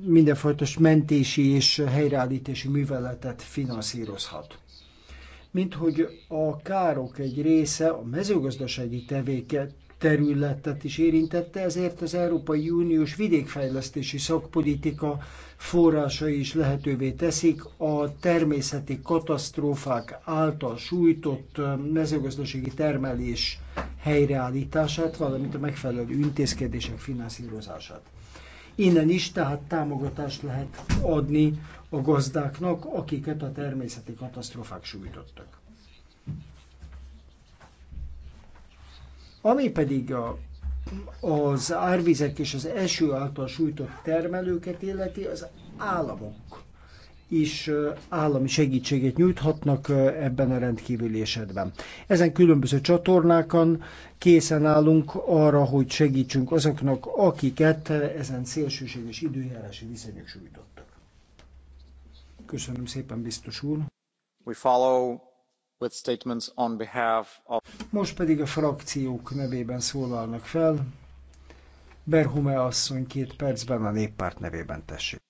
mindenfajta mentési és helyreállítási műveletet finanszírozhat. Mint hogy a károk egy része a mezőgazdasági tevéke, területet is érintette, ezért az Európai Uniós vidékfejlesztési szakpolitika forrásai is lehetővé teszik a természeti katasztrófák által sújtott mezőgazdasági termelés helyreállítását, valamint a megfelelő intézkedések finanszírozását. Innen is tehát támogatást lehet adni a gazdáknak, akiket a természeti katasztrófák sújtottak. Ami pedig a, az árvizek és az eső által sújtott termelőket illeti, az államok is állami segítséget nyújthatnak ebben a rendkívüli esetben. Ezen különböző csatornákon készen állunk arra, hogy segítsünk azoknak, akiket ezen szélsőséges időjárási viszonyok sújtottak. Köszönöm szépen, biztos úr. We follow with statements on behalf of... Most pedig a frakciók nevében szólalnak fel. Berhume asszony két percben a néppárt nevében tessék.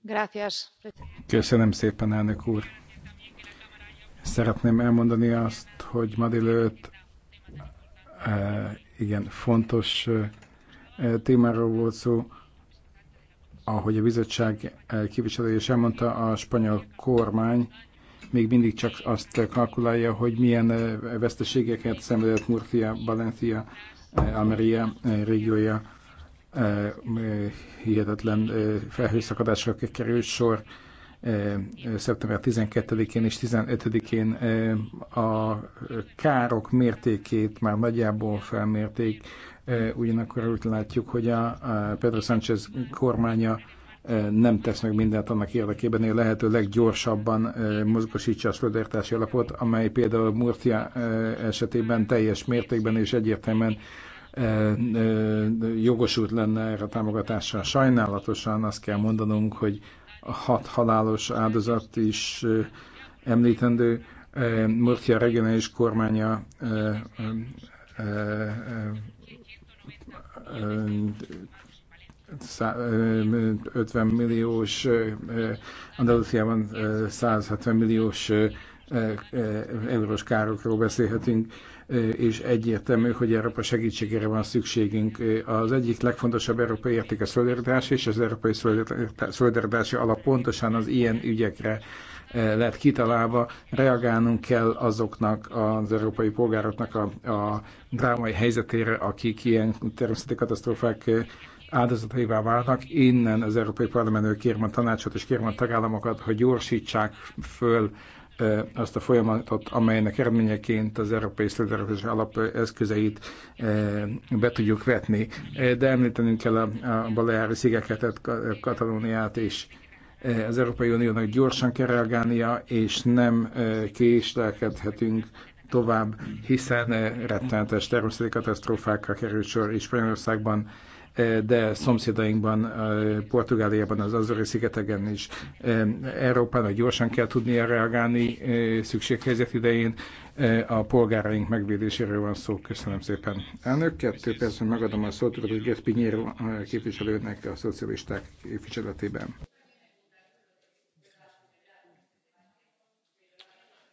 Gracias. Köszönöm szépen, elnök úr. Szeretném elmondani azt, hogy ma délőtt e, igen, fontos e, témáról volt szó, ahogy a bizottság e, képviselője is elmondta, a spanyol kormány még mindig csak azt kalkulálja, hogy milyen eh, veszteségeket szenvedett Murcia, Valencia, eh, Almeria eh, régiója hihetetlen felhőszakadásra került sor szeptember 12-én és 15-én a károk mértékét már nagyjából felmérték, ugyanakkor úgy látjuk, hogy a Pedro Sánchez kormánya nem tesz meg mindent annak érdekében, hogy lehető leggyorsabban mozgosítsa a földértási alapot, amely például Murcia esetében teljes mértékben és egyértelműen jogosult lenne erre a támogatásra. Sajnálatosan azt kell mondanunk, hogy hat halálos áldozat is említendő. Murcia regionális kormánya 50 milliós, Andalusiában 170 milliós eurós károkról beszélhetünk, és egyértelmű, hogy Európa segítségére van szükségünk. Az egyik legfontosabb európai érték a szolidaritás, és az európai szolidaritási alap pontosan az ilyen ügyekre lett kitalálva. Reagálnunk kell azoknak az európai polgároknak a, a drámai helyzetére, akik ilyen természeti katasztrófák áldozataivá válnak. Innen az Európai Parlamentől kérem a tanácsot és kérem a tagállamokat, hogy gyorsítsák föl azt a folyamatot, amelynek eredményeként az Európai Szolidaritás Alap eszközeit be tudjuk vetni. De említenünk kell a, a Baleári szigeket, Katalóniát és az Európai Uniónak gyorsan kell reagálnia, és nem késlekedhetünk tovább, hiszen rettenetes természeti katasztrófákra került sor, és Spanyolországban E, de szomszédainkban, e, Portugáliában, az Azori szigetegen is e, Európának gyorsan kell tudnia reagálni szükséghelyzet idején. A polgáraink megvédéséről van szó. Köszönöm szépen. Elnök, kettő percben megadom a szót, hogy Gert Pinyér képviselőnek a szocialisták képviseletében.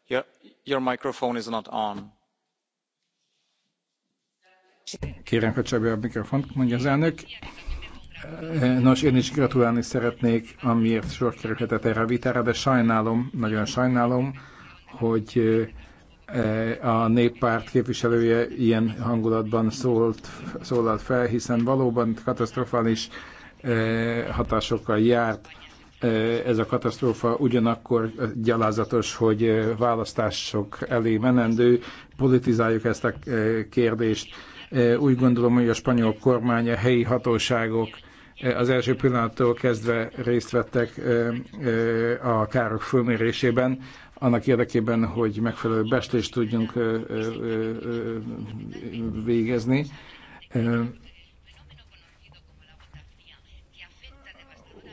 Your, your microphone is not on. Kérem, hogy Csabi a mikrofont, mondja az elnök. Nos, én is gratulálni szeretnék, amiért sor kerülhetett erre a vitára, de sajnálom, nagyon sajnálom, hogy eh, a néppárt képviselője ilyen hangulatban szólt, szólalt fel, hiszen valóban katasztrofális eh, hatásokkal járt eh, ez a katasztrófa ugyanakkor gyalázatos, hogy választások elé menendő, politizáljuk ezt a kérdést, úgy gondolom, hogy a spanyol kormány, a helyi hatóságok az első pillanattól kezdve részt vettek a károk fölmérésében, annak érdekében, hogy megfelelő bestést tudjunk végezni.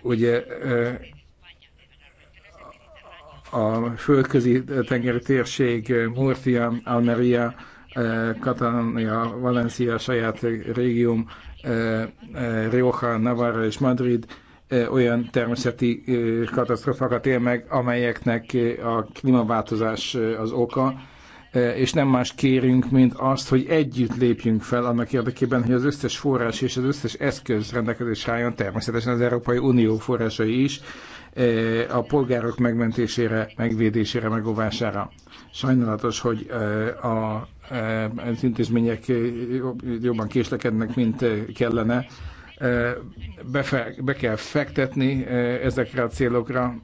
Ugye a földközi tengeri térség, Murcia, Almeria, Eh, Katania, Valencia, saját régium, eh, eh, Rioja, Navarra és Madrid olyan természeti katasztrofákat él meg, amelyeknek a klímaváltozás az oka, és nem más kérünk, mint azt, hogy együtt lépjünk fel annak érdekében, hogy az összes forrás és az összes eszköz rendelkezésre álljon, természetesen az Európai Unió forrásai is, a polgárok megmentésére, megvédésére, megóvására. Sajnálatos, hogy a Eh, az intézmények jobban késlekednek, mint kellene. Eh, Befe, be kell fektetni eh, ezekre a célokra,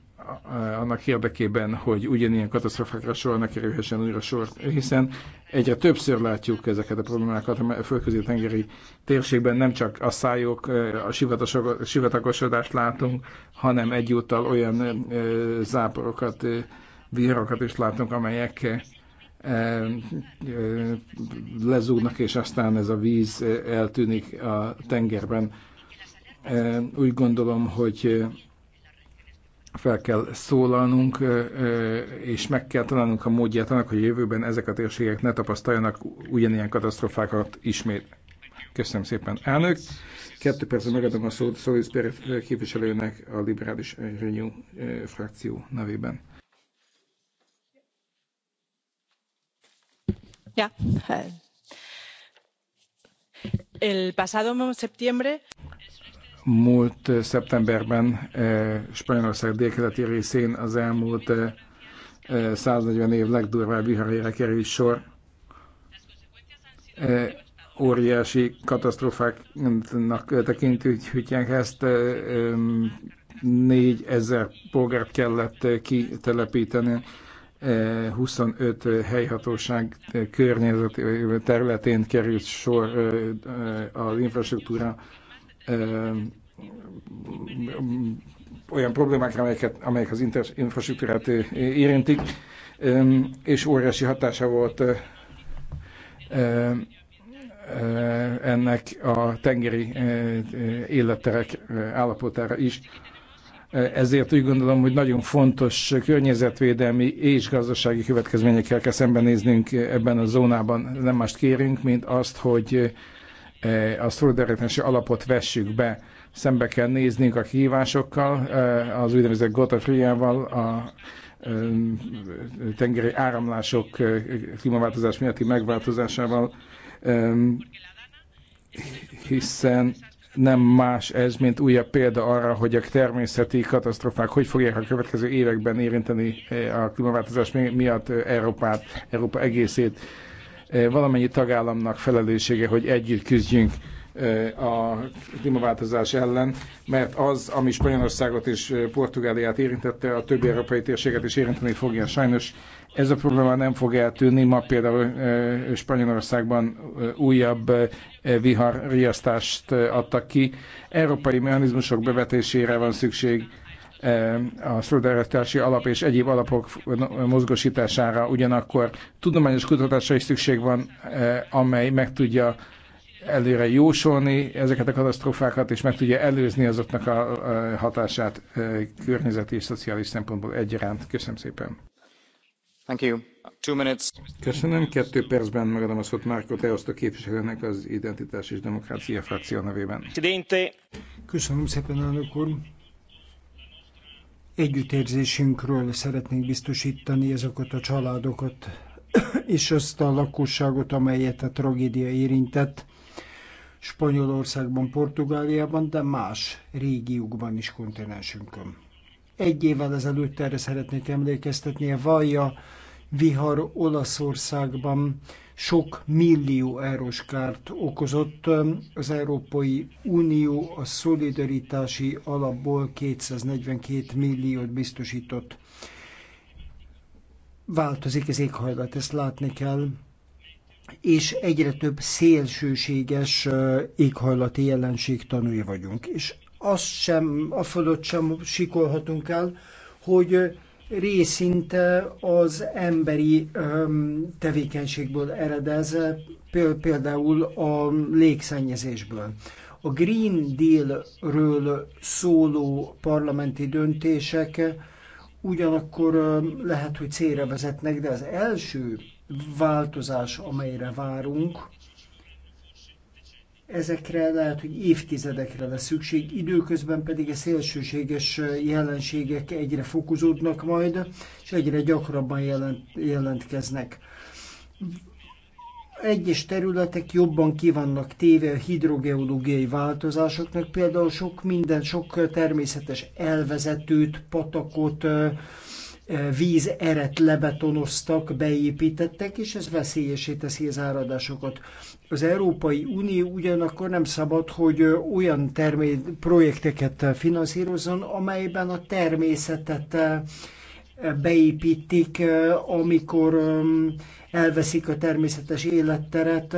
annak érdekében, hogy ugyanilyen katasztrofákra sor ne kerülhessen újra sor, hiszen egyre többször látjuk ezeket a problémákat a földközi tengeri térségben, nem csak a szájok, a sivatagosodást látunk, hanem egyúttal olyan záporokat, viharokat is látunk, amelyek lezúgnak, és aztán ez a víz eltűnik a tengerben. Úgy gondolom, hogy fel kell szólalnunk, és meg kell találnunk a módját annak, hogy a jövőben ezek a térségek ne tapasztaljanak ugyanilyen katasztrofákat ismét. Köszönöm szépen, elnök. Kettő percre megadom a szót Szolis képviselőnek a liberális Renew frakció nevében. Múlt szeptemberben eh, Spanyolország délkeleti részén az elmúlt 140 eh, eh, év legdurvább viharére került sor. Óriási katasztrófáknak tekintjük ezt. Négy ezer polgárt kellett kitelepíteni 25 helyhatóság környezet területén került sor az infrastruktúra olyan problémákra, amelyeket, amelyek az infrastruktúrát érintik, és óriási hatása volt ennek a tengeri életterek állapotára is. Ezért úgy gondolom, hogy nagyon fontos környezetvédelmi és gazdasági következményekkel kell szembenéznünk ebben a zónában. Nem mást kérünk, mint azt, hogy e, a szolidaritási alapot vessük be. Szembe kell néznünk a kihívásokkal, e, az úgynevezett Gotafriával, a e, tengeri áramlások klímaváltozás miatti megváltozásával, hiszen nem más ez, mint újabb példa arra, hogy a természeti katasztrofák hogy fogják a következő években érinteni eh, a klímaváltozás miatt eh, Európát, Európa egészét. Eh, valamennyi tagállamnak felelőssége, hogy együtt küzdjünk a klímaváltozás ellen, mert az, ami Spanyolországot és Portugáliát érintette, a többi európai térséget is érinteni fogja. Sajnos ez a probléma nem fog eltűnni. Ma például Spanyolországban újabb viharriasztást adtak ki. Európai mechanizmusok bevetésére van szükség a szolidaritási alap és egyéb alapok mozgosítására, ugyanakkor tudományos kutatásra is szükség van, amely meg tudja előre jósolni ezeket a katasztrófákat, és meg tudja előzni azoknak a hatását környezeti és szociális szempontból egyaránt. Köszönöm szépen! Köszönöm. Kettő percben megadom a szót Márko Teosztó képviselőnek az Identitás és Demokrácia frakció nevében. Köszönöm szépen, elnök úr. Együttérzésünkről szeretnénk biztosítani azokat a családokat és azt a lakosságot, amelyet a tragédia érintett Spanyolországban, Portugáliában, de más régiókban is kontinensünkön. Egy évvel ezelőtt erre szeretnék emlékeztetni, a Vajja vihar Olaszországban sok millió eurós kárt okozott. Az Európai Unió a szolidaritási alapból 242 milliót biztosított. Változik az éghajlat, ezt látni kell és egyre több szélsőséges éghajlati jelenség tanúja vagyunk. És azt sem, a fölött sem sikolhatunk el, hogy részinte az emberi öm, tevékenységből eredez, például a légszennyezésből. A Green Deal-ről szóló parlamenti döntések ugyanakkor lehet, hogy célra vezetnek, de az első változás, amelyre várunk, Ezekre lehet, hogy évtizedekre lesz szükség, időközben pedig a szélsőséges jelenségek egyre fokozódnak majd, és egyre gyakrabban jelent, jelentkeznek. Egyes területek jobban kivannak téve a hidrogeológiai változásoknak, például sok minden, sok természetes elvezetőt, patakot, víz eret lebetonoztak, beépítettek, és ez veszélyesé teszi az áradásokat. Az Európai Unió ugyanakkor nem szabad, hogy olyan termé- projekteket finanszírozzon, amelyben a természetet eh, beépítik, eh, amikor eh, elveszik a természetes életteret,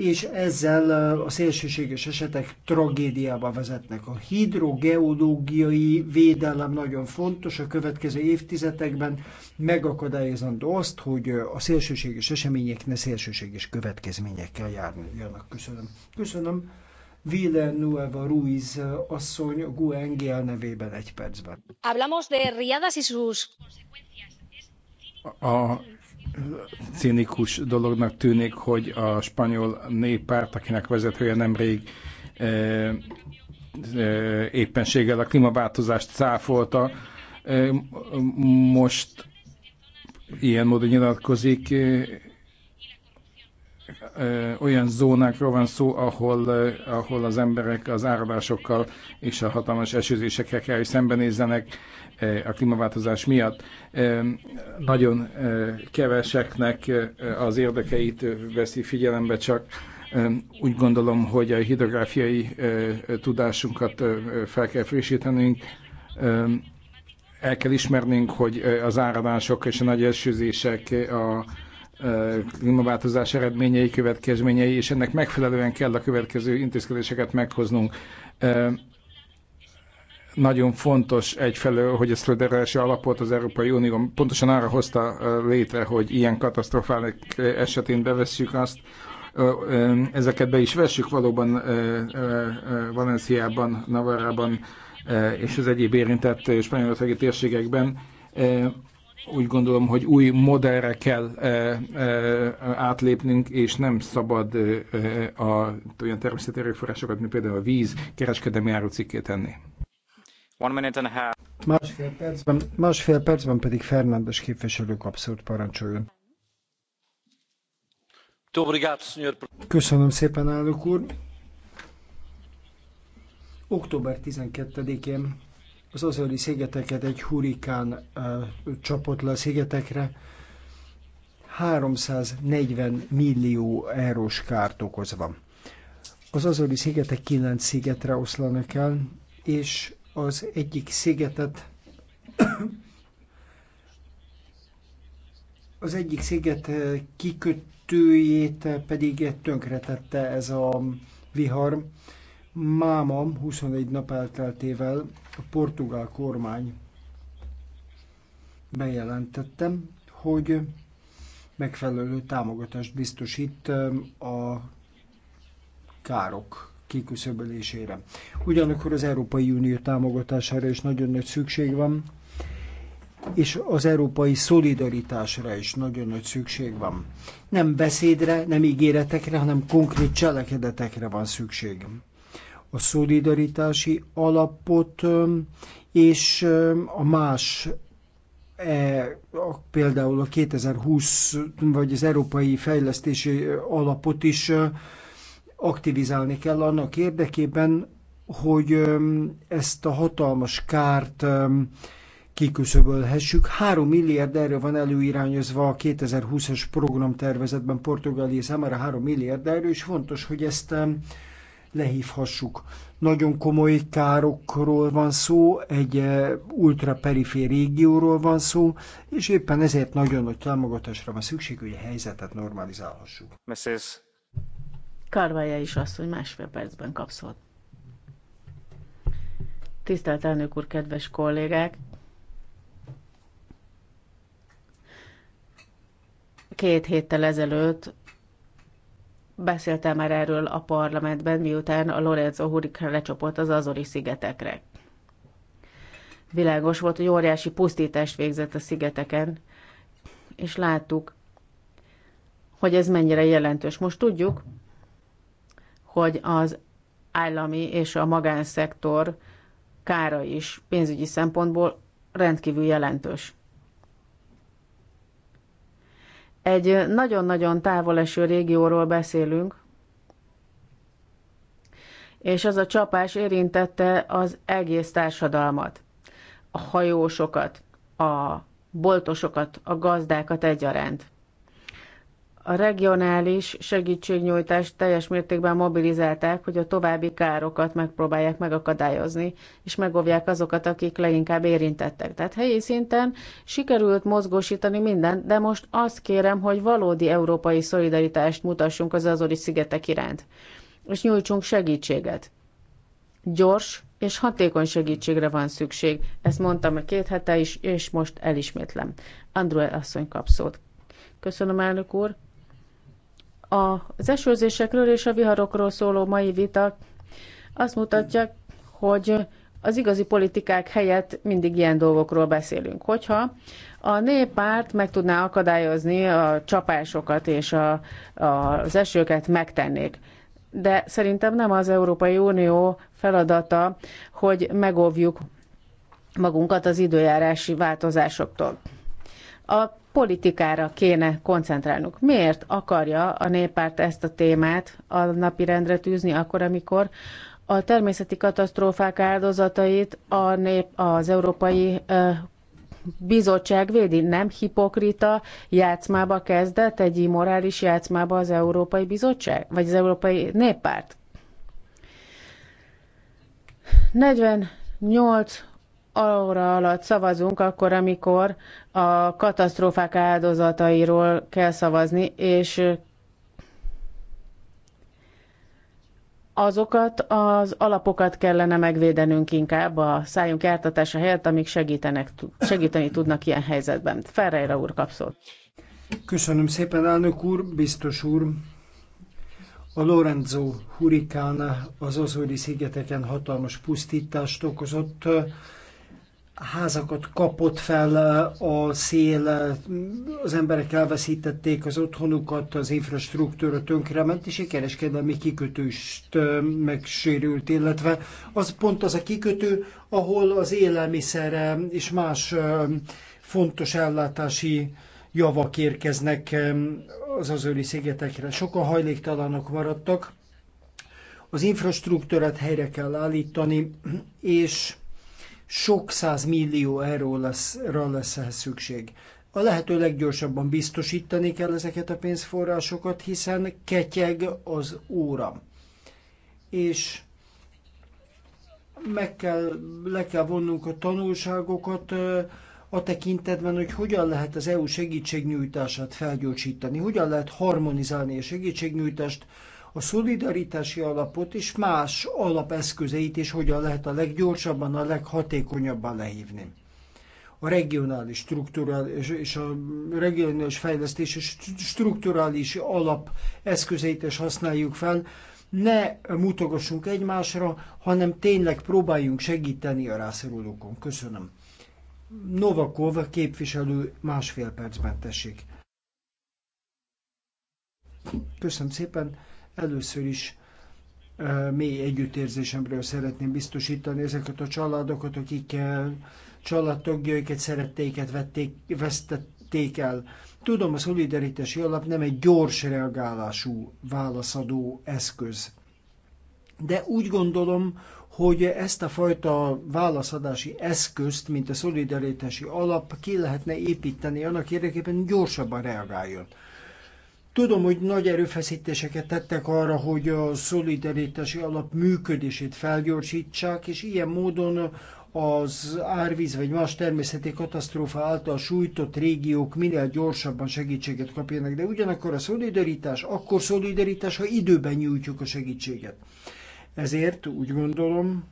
és ezzel a szélsőséges esetek tragédiába vezetnek. A hidrogeológiai védelem nagyon fontos a következő évtizedekben, megakadályozandó azt, hogy a szélsőséges események ne szélsőséges következményekkel járnak Köszönöm. Köszönöm. Villanueva Ruiz asszony a GUNGL nevében egy percben. Hablamos de riadas y sus a cinikus dolognak tűnik, hogy a spanyol néppárt, akinek vezetője nemrég e, e, éppenséggel a klímaváltozást cáfolta, e, most ilyen módon nyilatkozik, e, e olyan zónákról van szó, ahol, e, ahol az emberek az áradásokkal és a hatalmas esőzésekkel kell, hogy szembenézzenek E, a klímaváltozás miatt. E, nagyon e, keveseknek az érdekeit veszi figyelembe, csak úgy gondolom, hogy a hidrográfiai tudásunkat fel kell frissítenünk, el kell ismernünk, hogy az áradások és a nagy esőzések a klímaváltozás eredményei, következményei, és ennek megfelelően kell a következő intézkedéseket meghoznunk nagyon fontos egyfelől, hogy a szolidaritási alapot az Európai Unió pontosan arra hozta létre, hogy ilyen katasztrofálik esetén bevesszük azt, ezeket be is vessük valóban Valenciában, Navarában és az egyéb érintett spanyolországi térségekben. Úgy gondolom, hogy új modellre kell átlépnünk, és nem szabad a, olyan természeti erőforrásokat, mint például a víz kereskedelmi árucikké tenni. One minute and a half. Másfél percben, másfél percben pedig Fernándes képviselő abszolút parancsoljon. Köszönöm szépen, elnök úr. Október 12-én az azori szigeteket egy hurikán csapott le a szigetekre. 340 millió eurós kárt okozva. Az azori szigetek 9 szigetre oszlanak el, és az egyik szigetet az egyik sziget kikötőjét pedig tönkretette ez a vihar. Máma 21 nap elteltével a portugál kormány bejelentette, hogy megfelelő támogatást biztosít a károk kiküszöbölésére. Ugyanakkor az Európai Unió támogatására is nagyon nagy szükség van, és az európai szolidaritásra is nagyon nagy szükség van. Nem beszédre, nem ígéretekre, hanem konkrét cselekedetekre van szükség. A szolidaritási alapot és a más e, például a 2020 vagy az Európai Fejlesztési Alapot is aktivizálni kell annak érdekében, hogy ezt a hatalmas kárt kiküszöbölhessük. 3 milliárd erre van előirányozva a 2020-as programtervezetben Portugália számára 3 milliárd erő, és fontos, hogy ezt lehívhassuk. Nagyon komoly károkról van szó, egy ultraperifér régióról van szó, és éppen ezért nagyon nagy támogatásra van szükség, hogy a helyzetet normalizálhassuk. Mrs. Karvája is azt, hogy másfél percben ott. Tisztelt elnök úr, kedves kollégák! Két héttel ezelőtt beszéltem már erről a parlamentben, miután a Lorenzo hurrikán lecsapott az Azori szigetekre. Világos volt, hogy óriási pusztítást végzett a szigeteken, és láttuk, hogy ez mennyire jelentős. Most tudjuk, hogy az állami és a magánszektor kára is pénzügyi szempontból rendkívül jelentős. Egy nagyon-nagyon távol eső régióról beszélünk, és az a csapás érintette az egész társadalmat, a hajósokat, a boltosokat, a gazdákat egyaránt a regionális segítségnyújtást teljes mértékben mobilizálták, hogy a további károkat megpróbálják megakadályozni, és megóvják azokat, akik leginkább érintettek. Tehát helyi szinten sikerült mozgósítani mindent, de most azt kérem, hogy valódi európai szolidaritást mutassunk az Azori szigetek iránt, és nyújtsunk segítséget. Gyors és hatékony segítségre van szükség. Ezt mondtam a két hete is, és most elismétlem. Andrew asszony kap szót. Köszönöm, elnök úr! Az esőzésekről és a viharokról szóló mai vita azt mutatja, hogy az igazi politikák helyett mindig ilyen dolgokról beszélünk. Hogyha a néppárt meg tudná akadályozni a csapásokat és a, a, az esőket megtennék. De szerintem nem az Európai Unió feladata, hogy megóvjuk magunkat az időjárási változásoktól a politikára kéne koncentrálnunk. Miért akarja a néppárt ezt a témát a napirendre tűzni akkor, amikor a természeti katasztrófák áldozatait a nép, az Európai Bizottság védi? Nem hipokrita játszmába kezdett, egy immorális játszmába az Európai Bizottság, vagy az Európai Néppárt? 48 arra alatt szavazunk akkor, amikor a katasztrófák áldozatairól kell szavazni, és azokat az alapokat kellene megvédenünk inkább a szájunk jártatása helyett, amik segítenek, segíteni tudnak ilyen helyzetben. Ferreira úr kapszott. Köszönöm szépen, elnök úr, biztos úr. A Lorenzo hurikán az Azori szigeteken hatalmas pusztítást okozott házakat kapott fel a szél, az emberek elveszítették az otthonukat, az infrastruktúra tönkrement, és egy kereskedelmi kikötőst megsérült, illetve az pont az a kikötő, ahol az élelmiszer és más fontos ellátási javak érkeznek az azőri szigetekre. Sokan hajléktalanok maradtak, az infrastruktúrát helyre kell állítani, és sok száz millió euróra lesz, lesz ehhez szükség. A lehető leggyorsabban biztosítani kell ezeket a pénzforrásokat, hiszen ketyeg az óra. És meg kell, le kell vonnunk a tanulságokat a tekintetben, hogy hogyan lehet az EU segítségnyújtását felgyorsítani, hogyan lehet harmonizálni a segítségnyújtást, a szolidaritási alapot és más alapeszközeit is hogyan lehet a leggyorsabban, a leghatékonyabban lehívni. A regionális strukturális és a regionális fejlesztés és strukturális alap eszközeit is használjuk fel, ne mutogassunk egymásra, hanem tényleg próbáljunk segíteni a rászorulókon. Köszönöm. Novakov képviselő másfél percben tessék. Köszönöm szépen. Először is mély együttérzésemről szeretném biztosítani ezeket a családokat, akik családtagjaiket szeretteiket vették, vesztették el. Tudom, a szolidaritási alap nem egy gyors reagálású válaszadó eszköz. De úgy gondolom, hogy ezt a fajta válaszadási eszközt, mint a szolidaritási alap, ki lehetne építeni annak érdekében, gyorsabban reagáljon Tudom, hogy nagy erőfeszítéseket tettek arra, hogy a szolidaritási alap működését felgyorsítsák, és ilyen módon az árvíz vagy más természeti katasztrófa által sújtott régiók minél gyorsabban segítséget kapjanak, de ugyanakkor a szolidaritás, akkor szolidaritás, ha időben nyújtjuk a segítséget. Ezért úgy gondolom,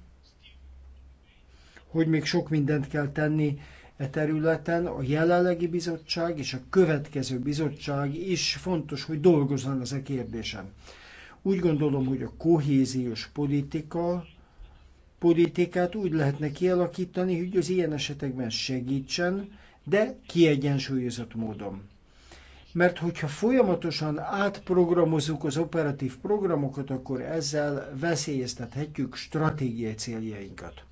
hogy még sok mindent kell tenni, E területen a jelenlegi bizottság és a következő bizottság is fontos, hogy dolgozzon ezen kérdésen. Úgy gondolom, hogy a kohéziós politika politikát úgy lehetne kialakítani, hogy az ilyen esetekben segítsen, de kiegyensúlyozott módon. Mert hogyha folyamatosan átprogramozzuk az operatív programokat, akkor ezzel veszélyeztethetjük stratégiai céljainkat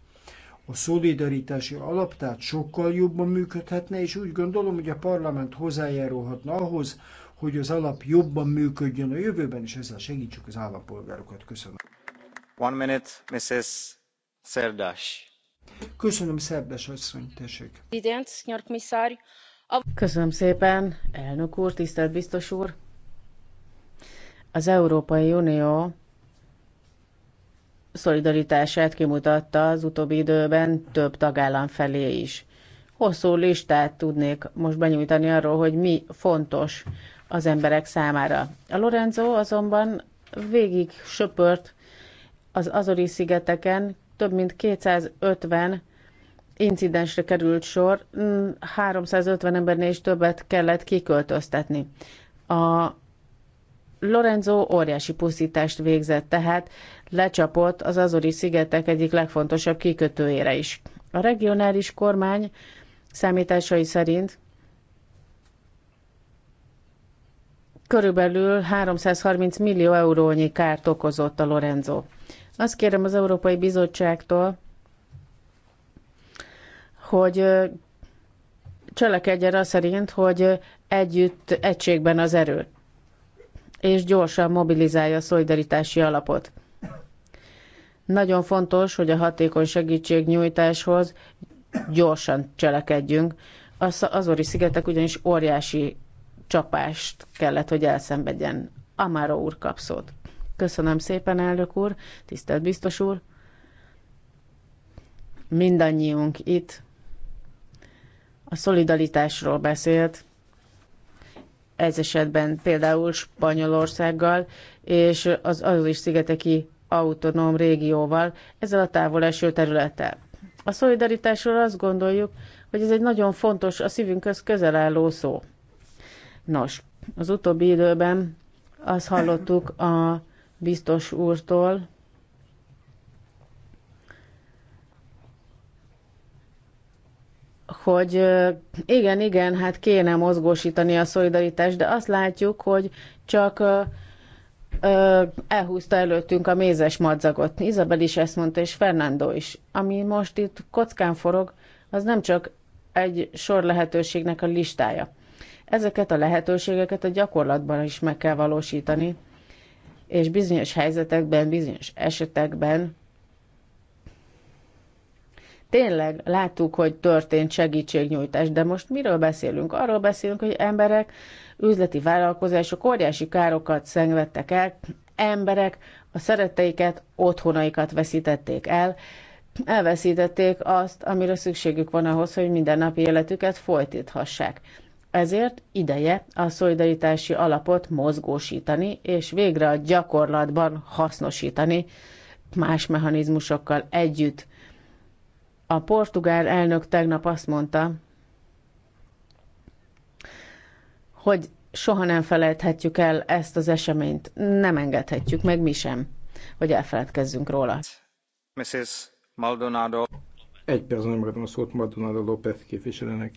a szolidaritási alap, tehát sokkal jobban működhetne, és úgy gondolom, hogy a parlament hozzájárulhatna ahhoz, hogy az alap jobban működjön a jövőben, és ezzel segítsük az állampolgárokat. Köszönöm. One minute, Mrs. Szerdás. Köszönöm, Szerdas asszony, tessék. Köszönöm szépen, elnök úr, tisztelt biztos úr. Az Európai Unió szolidaritását kimutatta az utóbbi időben több tagállam felé is. Hosszú listát tudnék most benyújtani arról, hogy mi fontos az emberek számára. A Lorenzo azonban végig söpört az Azori szigeteken, több mint 250 incidensre került sor, 350 mm, embernél is többet kellett kiköltöztetni. A Lorenzo óriási pusztítást végzett, tehát lecsapott az Azori szigetek egyik legfontosabb kikötőjére is. A regionális kormány számításai szerint körülbelül 330 millió eurónyi kárt okozott a Lorenzo. Azt kérem az Európai Bizottságtól, hogy cselekedjen az szerint, hogy együtt, egységben az erő és gyorsan mobilizálja a szolidaritási alapot. Nagyon fontos, hogy a hatékony segítségnyújtáshoz gyorsan cselekedjünk. Az Azori szigetek ugyanis óriási csapást kellett, hogy elszenvedjen. Amaro úr kap szót. Köszönöm szépen, elnök úr, tisztelt biztos úr. Mindannyiunk itt a szolidaritásról beszélt, ez esetben például Spanyolországgal és az Azulis szigeteki autonóm régióval, ezzel a távol eső területtel. A szolidaritásról azt gondoljuk, hogy ez egy nagyon fontos, a köz közel álló szó. Nos, az utóbbi időben azt hallottuk a biztos úrtól, hogy igen, igen, hát kéne mozgósítani a szolidaritást, de azt látjuk, hogy csak elhúzta előttünk a mézes madzagot. Izabel is ezt mondta, és Fernando is. Ami most itt kockán forog, az nem csak egy sor lehetőségnek a listája. Ezeket a lehetőségeket a gyakorlatban is meg kell valósítani, és bizonyos helyzetekben, bizonyos esetekben Tényleg láttuk, hogy történt segítségnyújtás, de most miről beszélünk? Arról beszélünk, hogy emberek, üzleti vállalkozások óriási károkat szenvedtek el, emberek a szeretteiket, otthonaikat veszítették el, elveszítették azt, amire szükségük van ahhoz, hogy mindennapi életüket folytathassák. Ezért ideje a szolidaritási alapot mozgósítani, és végre a gyakorlatban hasznosítani más mechanizmusokkal együtt. A portugál elnök tegnap azt mondta, hogy soha nem felejthetjük el ezt az eseményt. Nem engedhetjük meg mi sem, hogy elfeledkezzünk róla. Mrs. Maldonado. Egy percben megadom a szót Maldonado López képviselőnek.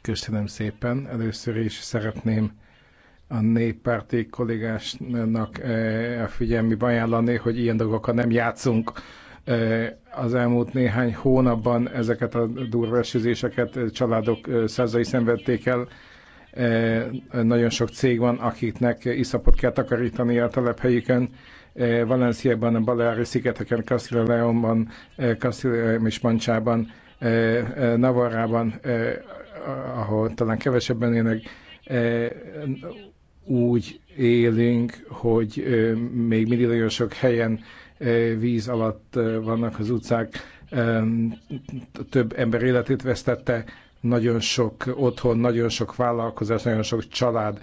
Köszönöm szépen. Először is szeretném a néppárti kollégásnak eh, a figyelmi ajánlani, hogy ilyen dolgokkal nem játszunk az elmúlt néhány hónapban ezeket a durva esőzéseket családok százai szenvedték el. Nagyon sok cég van, akiknek iszapot kell takarítani a telephelyükön. Valenciában, a Baleári szigeteken, Castilla Leonban, és Mancsában, Navarrában, ahol talán kevesebben élnek, úgy élünk, hogy még mindig nagyon sok helyen víz alatt eh, vannak az utcák, több ember életét vesztette, nagyon sok otthon, nagyon sok vállalkozás, nagyon sok család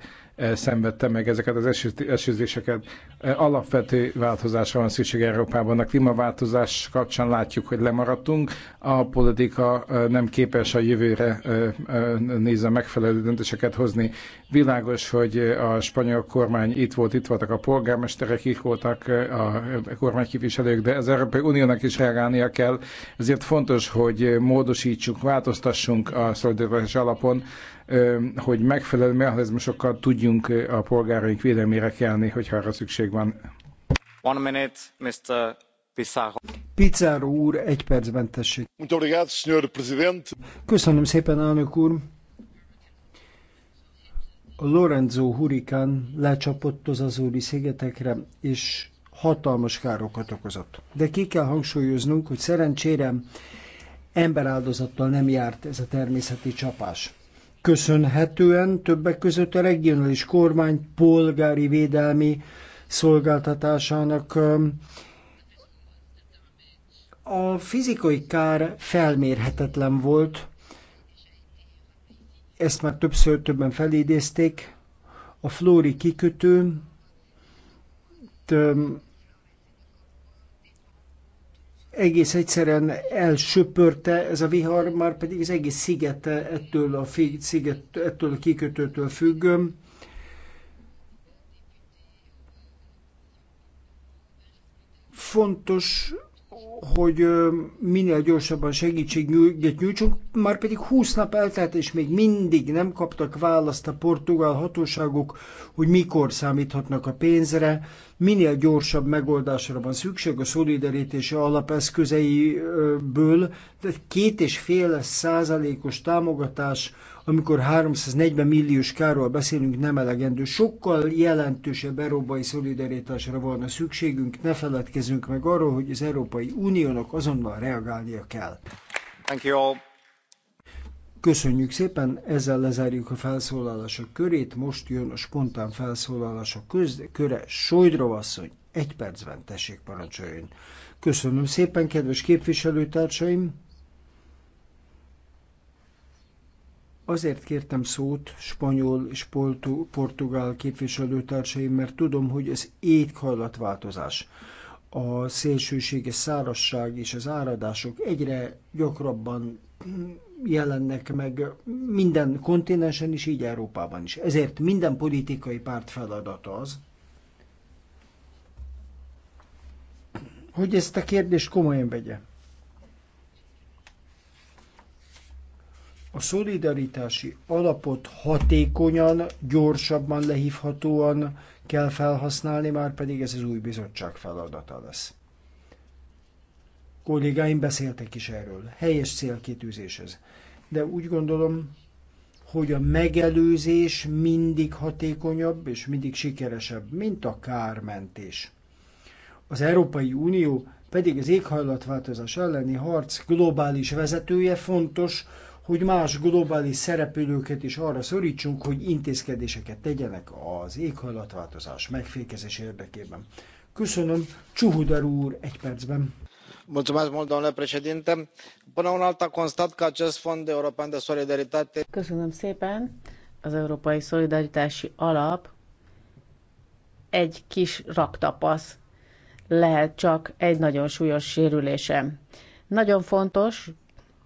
szenvedte meg ezeket az esőzéseket. E, alapvető változásra van szükség Európában. A klímaváltozás kapcsán látjuk, hogy lemaradtunk. A politika e, nem képes a jövőre e, nézve megfelelő döntéseket hozni. Világos, hogy a spanyol kormány itt volt, itt voltak a polgármesterek, itt voltak a kormányképviselők, de az Európai Uniónak is reagálnia kell. Ezért fontos, hogy módosítsuk, változtassunk a szolidaritás alapon hogy megfelelő mechanizmusokkal tudjunk a polgáraink védelmére kelni, hogyha arra szükség van. One minute, Mr. Pizarro. Pizarro úr, egy percben tessék. Muito obrigado, senhor presidente. Köszönöm szépen, elnök úr. A Lorenzo hurikán lecsapott az Azóri szigetekre, és hatalmas károkat okozott. De ki kell hangsúlyoznunk, hogy szerencsére emberáldozattal nem járt ez a természeti csapás köszönhetően többek között a regionális kormány polgári védelmi szolgáltatásának a fizikai kár felmérhetetlen volt, ezt már többször többen felidézték, a Flóri kikötő egész egyszerűen elsöpörte ez a vihar, már pedig az egész sziget ettől a, sziget, ettől a kikötőtől függöm. Fontos, hogy minél gyorsabban segítséget nyújtsunk, már pedig 20 nap eltelt, és még mindig nem kaptak választ a portugál hatóságok, hogy mikor számíthatnak a pénzre. Minél gyorsabb megoldásra van szükség a szolidaritási alapeszközeiből, tehát két és fél százalékos támogatás, amikor 340 milliós kárról beszélünk, nem elegendő. Sokkal jelentősebb európai szolidaritásra volna szükségünk, ne feledkezzünk meg arról, hogy az Európai Uniónak azonnal reagálnia kell. Thank you all. Köszönjük szépen, ezzel lezárjuk a felszólalások körét, most jön a spontán felszólalások köz, köre. Sojdrov asszony, egy percben tessék parancsoljon. Köszönöm szépen, kedves képviselőtársaim! Azért kértem szót spanyol és portugál képviselőtársaim, mert tudom, hogy az éghajlatváltozás, a szélsőséges szárasság és az áradások egyre gyakrabban jelennek meg minden kontinensen is, így Európában is. Ezért minden politikai párt feladata az, hogy ezt a kérdést komolyan vegye. A szolidaritási alapot hatékonyan, gyorsabban, lehívhatóan kell felhasználni, már pedig ez az új bizottság feladata lesz kollégáim beszéltek is erről. Helyes célkitűzés ez. De úgy gondolom, hogy a megelőzés mindig hatékonyabb és mindig sikeresebb, mint a kármentés. Az Európai Unió pedig az éghajlatváltozás elleni harc globális vezetője fontos, hogy más globális szereplőket is arra szorítsunk, hogy intézkedéseket tegyenek az éghajlatváltozás megfékezés érdekében. Köszönöm, Csuhudar úr, egy percben domnule președinte până una alta constat că acest fond european de solidaritate. köszönöm szépen az európai szolidaritási alap egy kis raktapasz lehet csak egy nagyon súlyos sérülése. Nagyon fontos,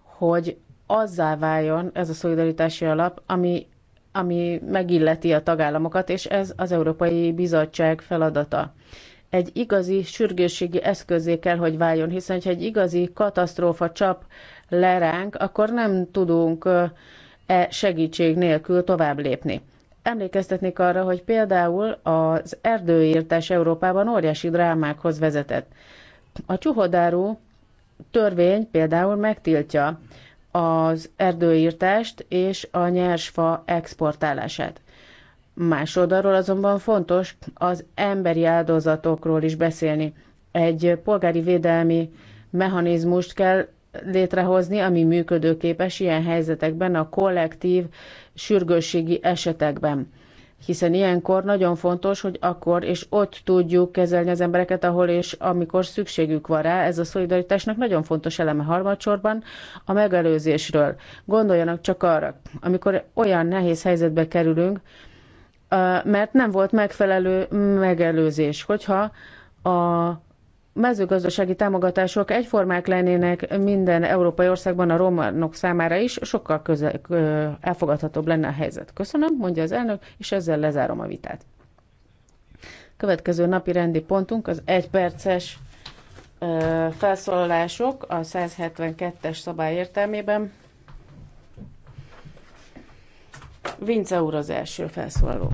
hogy azzá váljon ez a szolidaritási alap, ami, ami megilleti a tagállamokat, és ez az Európai Bizottság feladata egy igazi sürgősségi eszközé kell, hogy váljon, hiszen ha egy igazi katasztrófa csap le ránk, akkor nem tudunk e segítség nélkül tovább lépni. Emlékeztetnék arra, hogy például az erdőírtás Európában óriási drámákhoz vezetett. A csuhodárú törvény például megtiltja az erdőírtást és a nyersfa exportálását oldalról azonban fontos az emberi áldozatokról is beszélni. Egy polgári védelmi mechanizmust kell létrehozni, ami működőképes ilyen helyzetekben, a kollektív sürgősségi esetekben. Hiszen ilyenkor nagyon fontos, hogy akkor és ott tudjuk kezelni az embereket, ahol és amikor szükségük van rá. Ez a szolidaritásnak nagyon fontos eleme harmadsorban a megelőzésről. Gondoljanak csak arra, amikor olyan nehéz helyzetbe kerülünk, mert nem volt megfelelő megelőzés. Hogyha a mezőgazdasági támogatások egyformák lennének minden európai országban a romanok számára is, sokkal közel, elfogadhatóbb lenne a helyzet. Köszönöm, mondja az elnök, és ezzel lezárom a vitát. Következő napi rendi pontunk az egyperces felszólalások a 172-es szabály értelmében. Vince úr az első felszólaló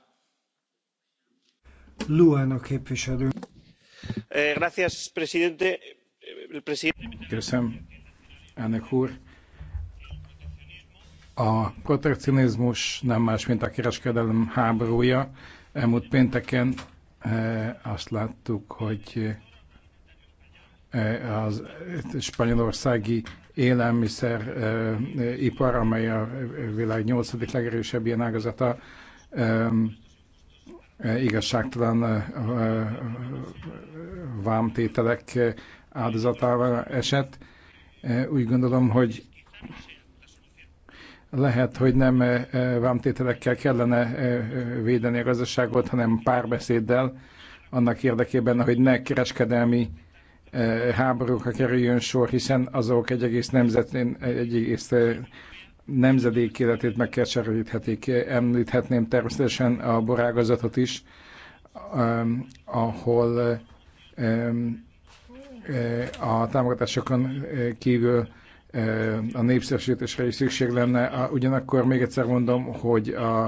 Eh, presidente. Köszönöm, elnök úr. A protekcionizmus nem más, mint a kereskedelem háborúja. Elmúlt pénteken eh, azt láttuk, hogy eh, az spanyolországi élelmiszeripar, amely a világ nyolcadik legerősebb ilyen ágazata, Eh, igazságtalan eh, eh, vámtételek áldozatává esett. Úgy gondolom, hogy lehet, hogy nem vámtételekkel kellene védeni a gazdaságot, hanem párbeszéddel, annak érdekében, hogy ne kereskedelmi háborúkra kerüljön sor, hiszen azok egy egész nemzetén, egy egész nemzedék életét megkeserülhetik. Említhetném természetesen a borágazatot is, um, ahol um, uh, a támogatásokon uh, kívül uh, a népszerűsítésre is szükség lenne. Ugyanakkor még egyszer mondom, hogy a,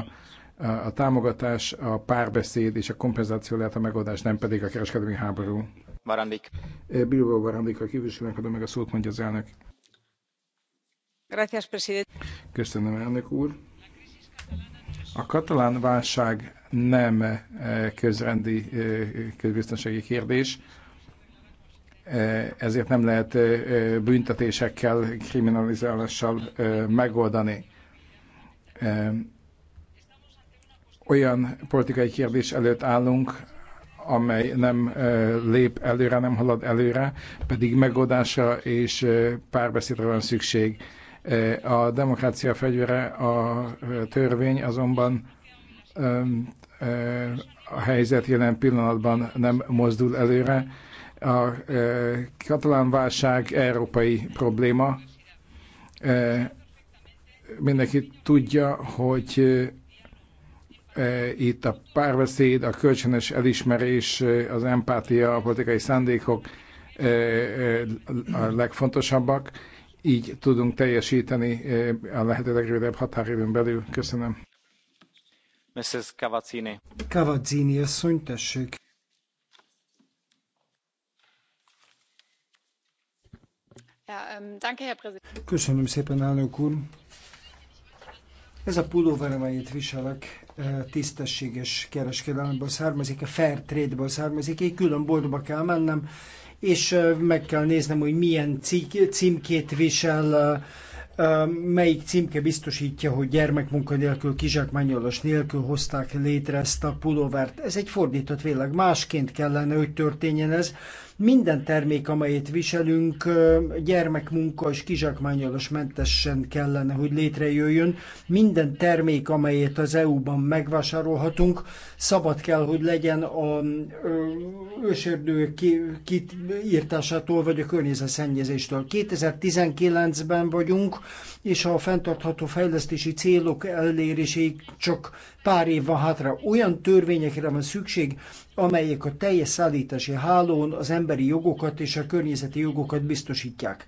a támogatás, a párbeszéd és a kompenzáció lehet a megoldás, nem pedig a kereskedelmi háború. Barandik. Bilbao Barandik, a képviselőnek adom meg a szót, mondja az elnök. Köszönöm, elnök úr. A katalán válság nem eh, közrendi eh, közbiztonsági kérdés, eh, ezért nem lehet büntetésekkel, kriminalizálással megoldani. Olyan politikai kérdés előtt állunk, amely nem lép előre, nem halad előre, pedig megoldásra és párbeszédre van szükség a demokrácia fegyvere a törvény, azonban a helyzet jelen pillanatban nem mozdul előre. A katalán válság európai probléma. Mindenki tudja, hogy itt a párbeszéd, a kölcsönös elismerés, az empátia, a politikai szándékok a legfontosabbak így tudunk teljesíteni eh, a lehető legrövidebb határidőn belül. Köszönöm. Mrs. Cavazzini. Cavazzini asszony, tessék. Köszönöm szépen, elnök úr. Ez a pulóver, amelyet viselek, eh, tisztességes kereskedelemből származik, a fair trade-ből származik, egy külön boltba kell mennem, és meg kell néznem, hogy milyen címkét visel, melyik címke biztosítja, hogy gyermekmunka nélkül, kizsákmányolás nélkül hozták létre ezt a pulóvert. Ez egy fordított világ. Másként kellene, hogy történjen ez. Minden termék, amelyet viselünk, gyermekmunka és kizsákmányolás mentesen kellene, hogy létrejöjjön. Minden termék, amelyet az EU-ban megvásárolhatunk, szabad kell, hogy legyen a őserdő kiírtásától, vagy a környezetszennyezéstől. 2019-ben vagyunk, és a fenntartható fejlesztési célok eléréséig csak pár év van hátra. Olyan törvényekre van szükség, amelyek a teljes szállítási hálón az emberi jogokat és a környezeti jogokat biztosítják.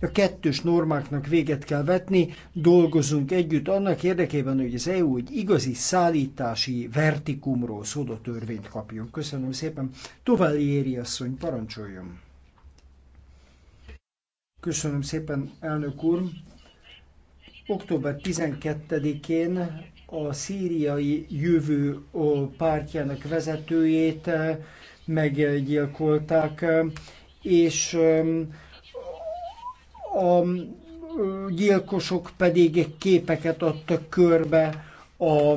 A kettős normáknak véget kell vetni, dolgozunk együtt annak érdekében, hogy az EU egy igazi szállítási vertikumról szóló törvényt kapjon. Köszönöm szépen. További éri asszony, parancsoljon. Köszönöm szépen, elnök úr. Október 12-én a szíriai jövő pártjának vezetőjét meggyilkolták, és a gyilkosok pedig képeket adtak körbe, a,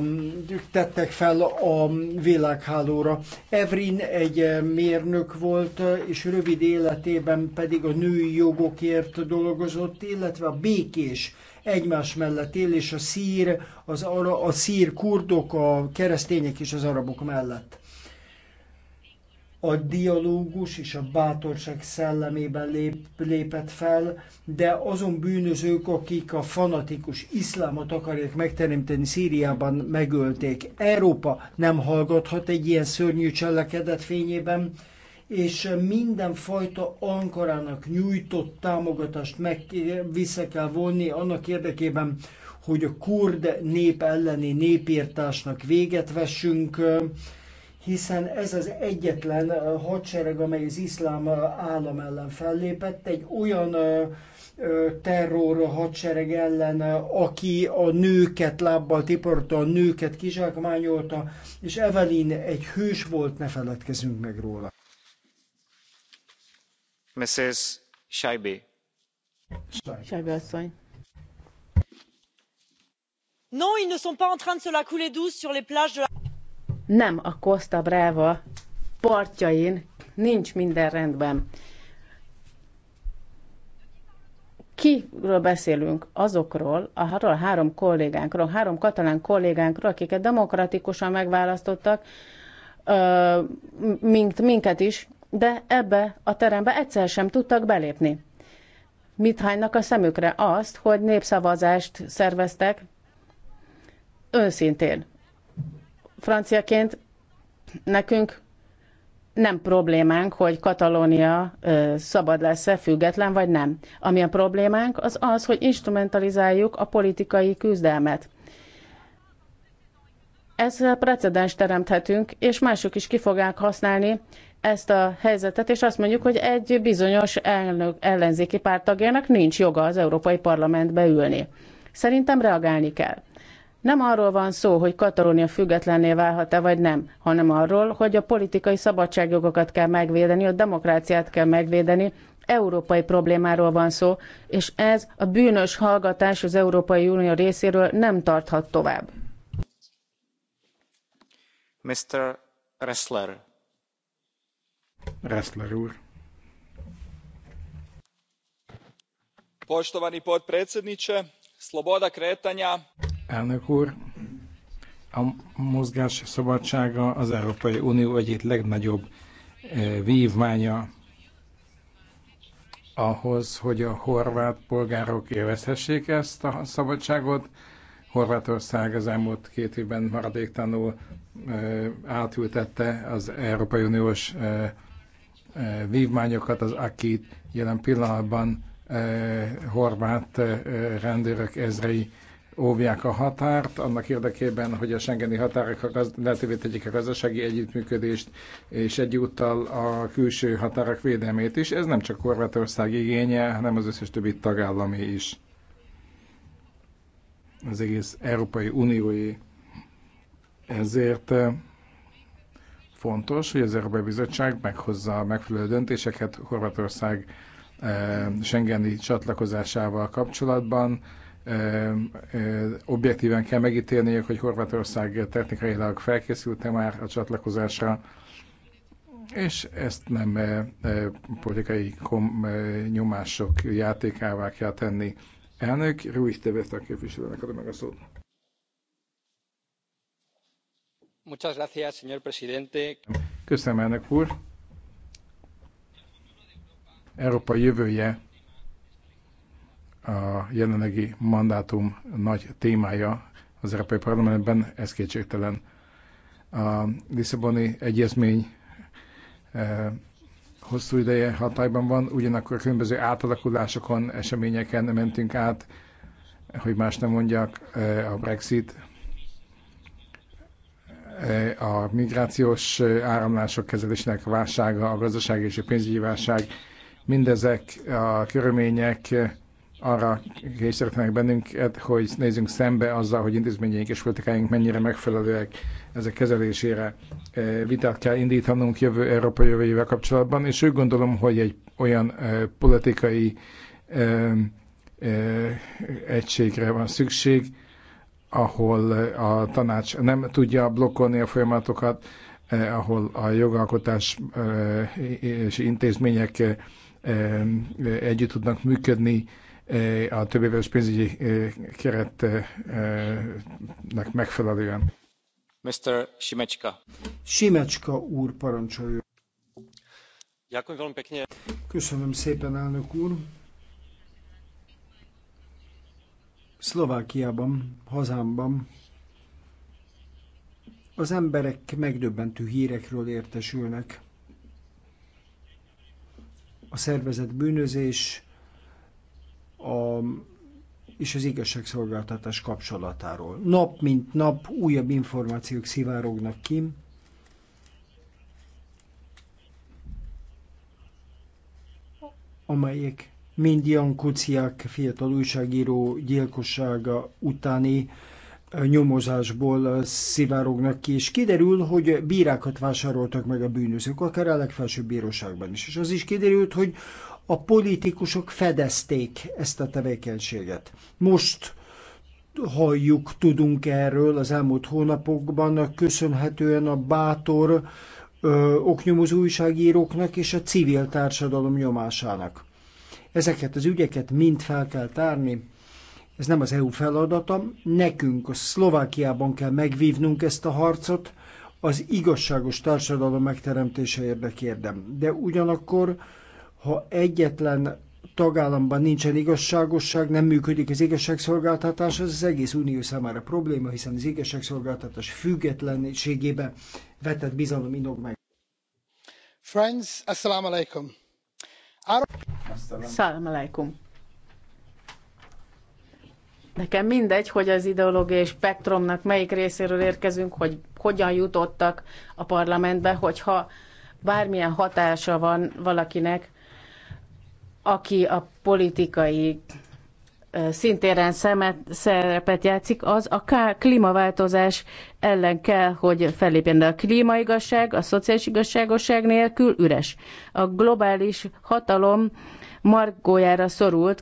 tettek fel a világhálóra. Evrin egy mérnök volt, és rövid életében pedig a női jogokért dolgozott, illetve a békés egymás mellett él, és a szír, az ara, a szír kurdok, a keresztények és az arabok mellett. A dialógus és a bátorság szellemében lép, lépett fel, de azon bűnözők, akik a fanatikus iszlámot akarják megteremteni Szíriában, megölték. Európa nem hallgathat egy ilyen szörnyű cselekedet fényében, és mindenfajta Ankarának nyújtott támogatást meg vissza kell vonni annak érdekében, hogy a kurd nép elleni népírtásnak véget vessünk, hiszen ez az egyetlen eh, hadsereg, amely az iszlám eh, állam ellen fellépett, egy olyan eh, terror hadsereg ellen, aki a nőket lábbal tiporta, a nőket kizsákmányolta, és Evelin egy hős volt, ne feledkezünk meg róla. Non, ils ne sont pas en train de se la couler douce sur les plages de Nem a Costa Brava partjain nincs minden rendben. Kiről beszélünk? Azokról, a három kollégánkról, három katalán kollégánkról, akiket demokratikusan megválasztottak, mint minket is, de ebbe a terembe egyszer sem tudtak belépni. Mit a szemükre azt, hogy népszavazást szerveztek? Őszintén. Franciaként nekünk nem problémánk, hogy Katalónia ö, szabad lesz-e, független vagy nem. Ami a problémánk, az az, hogy instrumentalizáljuk a politikai küzdelmet. Ezzel precedens teremthetünk, és mások is ki fogják használni, ezt a helyzetet, és azt mondjuk, hogy egy bizonyos elnök, ellenzéki párttagjának nincs joga az Európai Parlamentbe ülni. Szerintem reagálni kell. Nem arról van szó, hogy Katalónia függetlenné válhat-e vagy nem, hanem arról, hogy a politikai szabadságjogokat kell megvédeni, a demokráciát kell megvédeni, európai problémáról van szó, és ez a bűnös hallgatás az Európai Unió részéről nem tarthat tovább. Mr. Ressler Ressler úr. Poštovani potpredsjedniče, sloboda kretanja. Elnök úr, a mozgás szabadsága az Európai Unió egyik legnagyobb eh, vívmánya ahhoz, hogy a horvát polgárok élvezhessék ezt a szabadságot. Horvátország az elmúlt két évben maradéktanul eh, átültette az Európai Uniós eh, Eh, vívmányokat, az akit jelen pillanatban eh, horvát eh, rendőrök ezrei óvják a határt, annak érdekében, hogy a Schengeni határok lehetővé tegyék a gazdasági együttműködést, és egyúttal a külső határok védelmét is. Ez nem csak Horvátország igénye, hanem az összes többi tagállami is. Az egész Európai uniói Ezért Fontos, hogy az Európai Bizottság meghozza a megfelelő döntéseket Horvátország e, Schengeni csatlakozásával kapcsolatban. E, e, objektíven kell megítélni, hogy Horvátország technikailag felkészült-e már a csatlakozásra, és ezt nem politikai kom, nyomások játékává kell tenni. Elnök, Rúj Tevetak képviselőnek adom meg a szót. señor presidente. Köszönöm, elnök úr. Európa jövője a jelenlegi mandátum nagy témája az Európai Parlamentben, ez kétségtelen. A Lisszaboni Egyezmény e, hosszú ideje hatályban van, ugyanakkor különböző átalakulásokon, eseményeken mentünk át, hogy más nem mondjak, e, a Brexit, Eh, a migrációs eh, áramlások kezelésének válsága, a gazdasági és a pénzügyi válság, mindezek a körülmények eh, arra kényszerítenek bennünket, hogy nézzünk szembe azzal, hogy intézményeink és politikáink mennyire megfelelőek ezek kezelésére. Vitát kell indítanunk jövő Európa jövőjével kapcsolatban, és úgy gondolom, hogy egy olyan politikai egységre van szükség, ahol a tanács nem tudja blokkolni a folyamatokat, eh, ahol a jogalkotás eh, és intézmények eh, eh együtt tudnak működni, eh, a többéves pénzügyi eh, keretnek eh, megfelelően. Mr. Simecska. Simecska úr parancsolja. Köszönöm szépen, elnök úr. Szlovákiában, hazámban az emberek megdöbbentő hírekről értesülnek. A szervezet bűnözés a, és az igazságszolgáltatás kapcsolatáról. Nap mint nap újabb információk szivárognak ki, amelyek mind Jan Kuciák fiatal újságíró gyilkossága utáni nyomozásból szivárognak ki, és kiderül, hogy bírákat vásároltak meg a bűnözők, akár a legfelsőbb bíróságban is. És az is kiderült, hogy a politikusok fedezték ezt a tevékenységet. Most halljuk, tudunk erről az elmúlt hónapokban, köszönhetően a bátor ö, oknyomozó újságíróknak és a civil társadalom nyomásának. Ezeket az ügyeket mind fel kell tárni, ez nem az EU feladata, nekünk a Szlovákiában kell megvívnunk ezt a harcot, az igazságos társadalom megteremtése érdekében. De ugyanakkor, ha egyetlen tagállamban nincsen igazságosság, nem működik az igazságszolgáltatás, az az egész unió számára probléma, hiszen az igazságszolgáltatás függetlenségébe vetett bizalom inog meg. Friends, assalamu alaikum Szállam alaikum. Nekem mindegy, hogy az ideológiai spektrumnak melyik részéről érkezünk, hogy hogyan jutottak a parlamentbe, hogyha bármilyen hatása van valakinek, aki a politikai szintéren szemet, szerepet játszik, az a klímaváltozás ellen kell, hogy fellépjen, de a klímaigazság, a szociális igazságosság nélkül üres. A globális hatalom margójára szorult,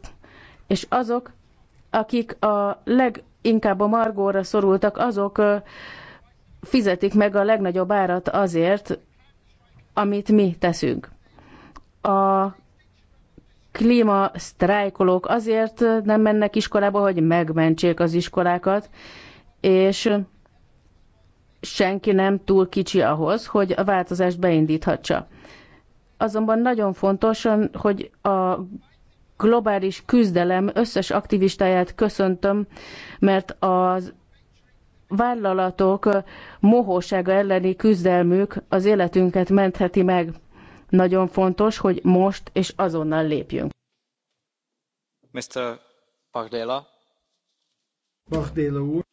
és azok, akik a leginkább a margóra szorultak, azok fizetik meg a legnagyobb árat azért, amit mi teszünk. A klíma sztrájkolók azért nem mennek iskolába, hogy megmentsék az iskolákat, és senki nem túl kicsi ahhoz, hogy a változást beindíthatsa. Azonban nagyon fontos, hogy a globális küzdelem összes aktivistáját köszöntöm, mert az vállalatok mohósága elleni küzdelmük az életünket mentheti meg. Nagyon fontos, hogy most és azonnal lépjünk. Mr. Pagdela. Pagdela úr.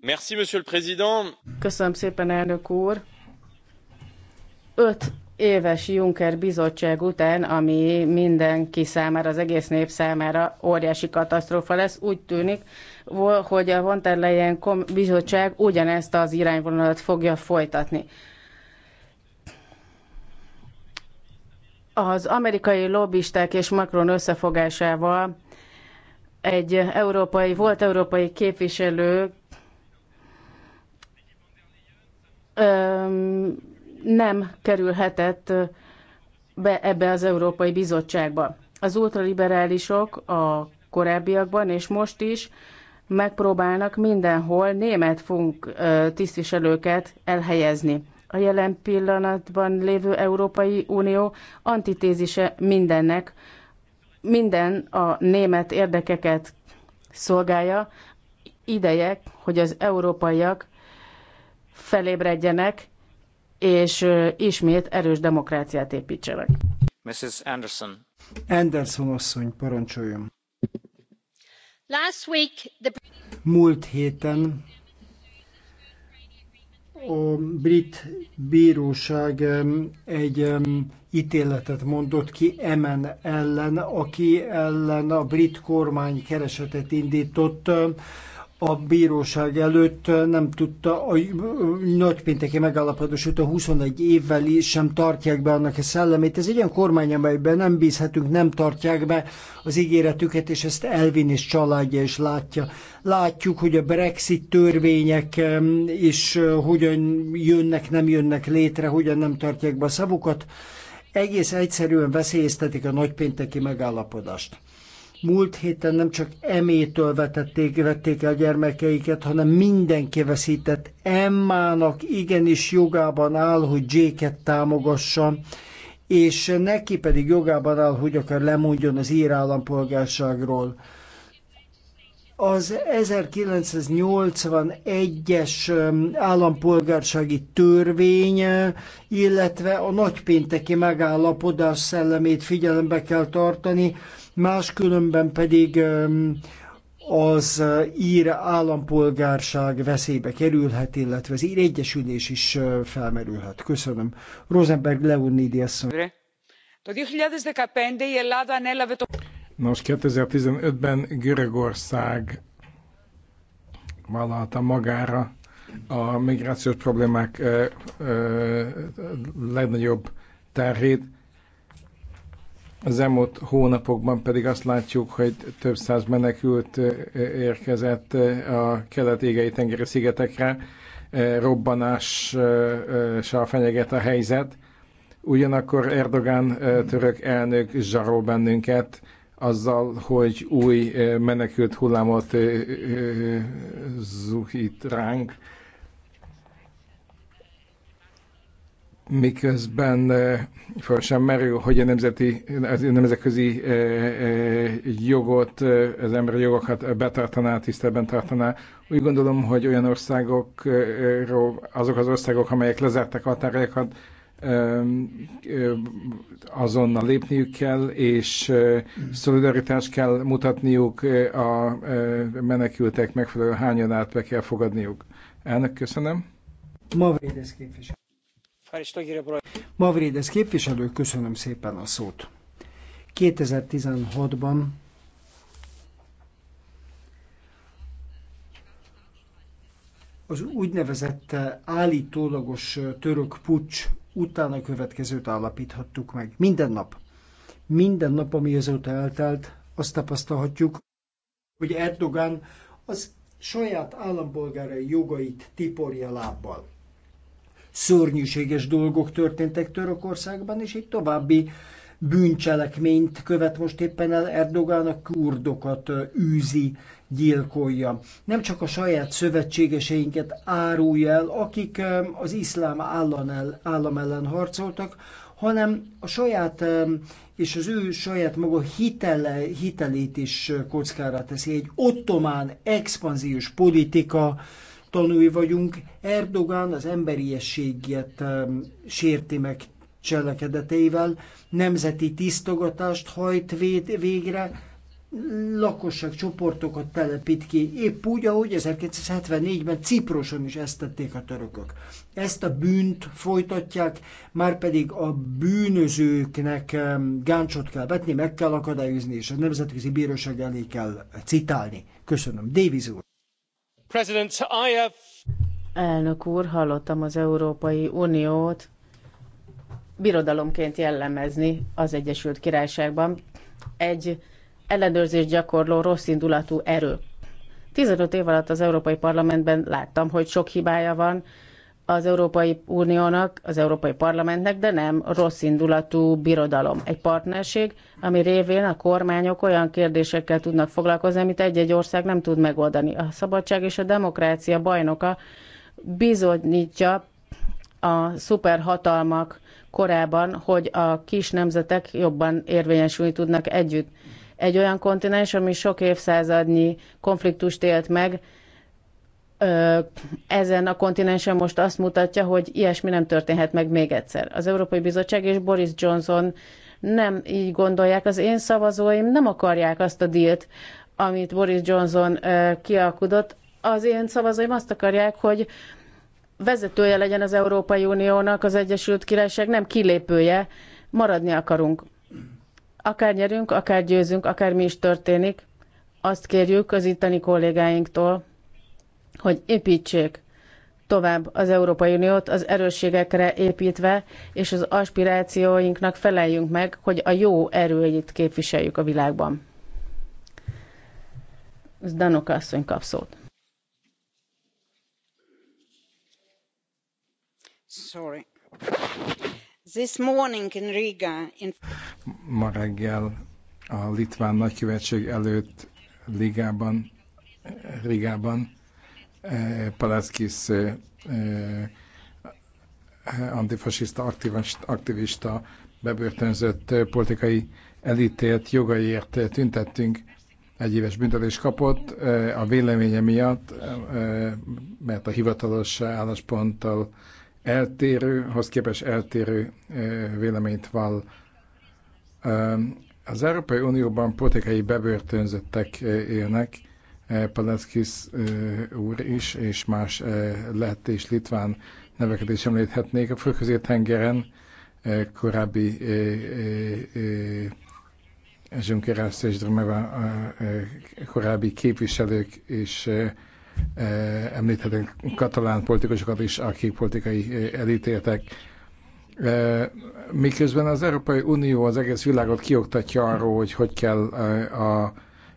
Merci, monsieur le président. Köszönöm szépen, elnök úr. Öt éves Juncker bizottság után, ami mindenki számára, az egész nép számára óriási katasztrófa lesz, úgy tűnik, hogy a von der Leyen bizottság ugyanezt az irányvonalat fogja folytatni. az amerikai lobbisták és Macron összefogásával egy európai, volt európai képviselő nem kerülhetett be ebbe az Európai Bizottságba. Az ultraliberálisok a korábbiakban és most is megpróbálnak mindenhol német funk tisztviselőket elhelyezni a jelen pillanatban lévő Európai Unió antitézise mindennek. Minden a német érdekeket szolgálja. Idejek, hogy az európaiak felébredjenek, és ismét erős demokráciát építsenek. Mrs. Anderson. Anderson asszony, parancsoljon. Last week the... Múlt héten a brit bíróság egy ítéletet mondott ki Emen ellen, aki ellen a brit kormány keresetet indított a bíróság előtt nem tudta, a nagypénteki megállapodás után 21 évvel is sem tartják be annak a szellemét. Ez egy olyan kormány, amelyben nem bízhetünk, nem tartják be az ígéretüket, és ezt Elvin és családja is látja. Látjuk, hogy a Brexit törvények is hogyan jönnek, nem jönnek létre, hogyan nem tartják be a szavukat. Egész egyszerűen veszélyeztetik a nagypénteki megállapodást. Múlt héten nem csak emétől vetették, vették el gyermekeiket, hanem mindenki veszített. Emmának igenis jogában áll, hogy Jake-et támogassa, és neki pedig jogában áll, hogy akár lemondjon az ír állampolgárságról. Az 1981-es állampolgársági törvény, illetve a nagypénteki megállapodás szellemét figyelembe kell tartani, máskülönben pedig az eh, ír állampolgárság veszélybe kerülhet, illetve az ír egyesülés is eh, felmerülhet. Köszönöm. Rosenberg Leonidi asszony. Nos, 2015-ben Görögország vállalta magára a migrációs problémák eh, legnagyobb terhét, az elmúlt hónapokban pedig azt látjuk, hogy több száz menekült érkezett a kelet-égei tengeri szigetekre, robbanással fenyeget a helyzet. Ugyanakkor Erdogan török elnök zsarol bennünket azzal, hogy új menekült hullámot zuhít ránk miközben eh, föl sem merül, hogy a nemzeti, az nemzetközi eh, eh, jogot, az emberi jogokat betartaná, tisztelben tartaná. Úgy gondolom, hogy olyan országokról, azok az országok, amelyek a határaikat, azonnal lépniük kell, és szolidaritást kell mutatniuk, a menekültek megfelelő hányadát be kell fogadniuk. Elnök, köszönöm. Ma védesz képviselő. Mavrides képviselő, köszönöm szépen a szót. 2016-ban az úgynevezett állítólagos török pucs utána következőt állapíthattuk meg. Minden nap. Minden nap, ami azóta eltelt, azt tapasztalhatjuk, hogy Erdogan az saját állampolgárai jogait tiporja lábbal szörnyűséges dolgok történtek Törökországban, és egy további bűncselekményt követ most éppen el Erdogán, a kurdokat űzi, gyilkolja. Nem csak a saját szövetségeseinket árulja el, akik az iszlám állam, el, állam ellen harcoltak, hanem a saját és az ő saját maga hitele, hitelét is kockára teszi. Egy ottomán expanziós politika, tanúi vagyunk. Erdogan az emberiességet sérti meg cselekedeteivel, nemzeti tisztogatást hajt véd, végre, lakosság csoportokat telepít ki, épp úgy, ahogy 1974-ben Ciproson is ezt tették a törökök. Ezt a bűnt folytatják, már pedig a bűnözőknek gáncsot kell vetni, meg kell akadályozni, és a Nemzetközi Bíróság elé kell citálni. Köszönöm. Davis úr. Elnök úr, hallottam az Európai Uniót birodalomként jellemezni az Egyesült Királyságban. Egy ellenőrzés gyakorló rosszindulatú erő. 15 év alatt az Európai Parlamentben láttam, hogy sok hibája van, az Európai Uniónak, az Európai Parlamentnek, de nem rossz indulatú birodalom. Egy partnerség, ami révén a kormányok olyan kérdésekkel tudnak foglalkozni, amit egy-egy ország nem tud megoldani. A szabadság és a demokrácia bajnoka bizonyítja a szuperhatalmak korában, hogy a kis nemzetek jobban érvényesülni tudnak együtt. Egy olyan kontinens, ami sok évszázadnyi konfliktust élt meg, ezen a kontinensen most azt mutatja, hogy ilyesmi nem történhet meg még egyszer. Az Európai Bizottság és Boris Johnson nem így gondolják. Az én szavazóim nem akarják azt a dílt, amit Boris Johnson kialkudott. Az én szavazóim azt akarják, hogy vezetője legyen az Európai Uniónak, az Egyesült Királyság nem kilépője, maradni akarunk. Akár nyerünk, akár győzünk, akár mi is történik, azt kérjük az itteni kollégáinktól, hogy építsék tovább az Európai Uniót az erősségekre építve, és az aspirációinknak feleljünk meg, hogy a jó erőjét képviseljük a világban. Zdanoka asszony kap szót. Sorry. This morning in Riga in... Ma reggel a Litván nagykövetség előtt Ligában, Rigában Eh, Palackis eh, eh, antifasiszta aktivista bebörtönzött politikai elítélt jogaiért tüntettünk. Egy éves büntetés kapott a véleménye miatt, mert a hivatalos állásponttal eltérő, hoz képes eltérő véleményt vall. Az Európai Unióban politikai bebörtönzöttek élnek, Eh, Palenskis eh, úr is, és más eh, lett és litván neveket is említhetnék. A földközi tengeren korábbi Zsunkerász és Drumeva korábbi képviselők és említhetek katalán politikusokat is, akik politikai elítéltek. Miközben az Európai Unió az egész világot kioktatja arról, hogy hogy kell a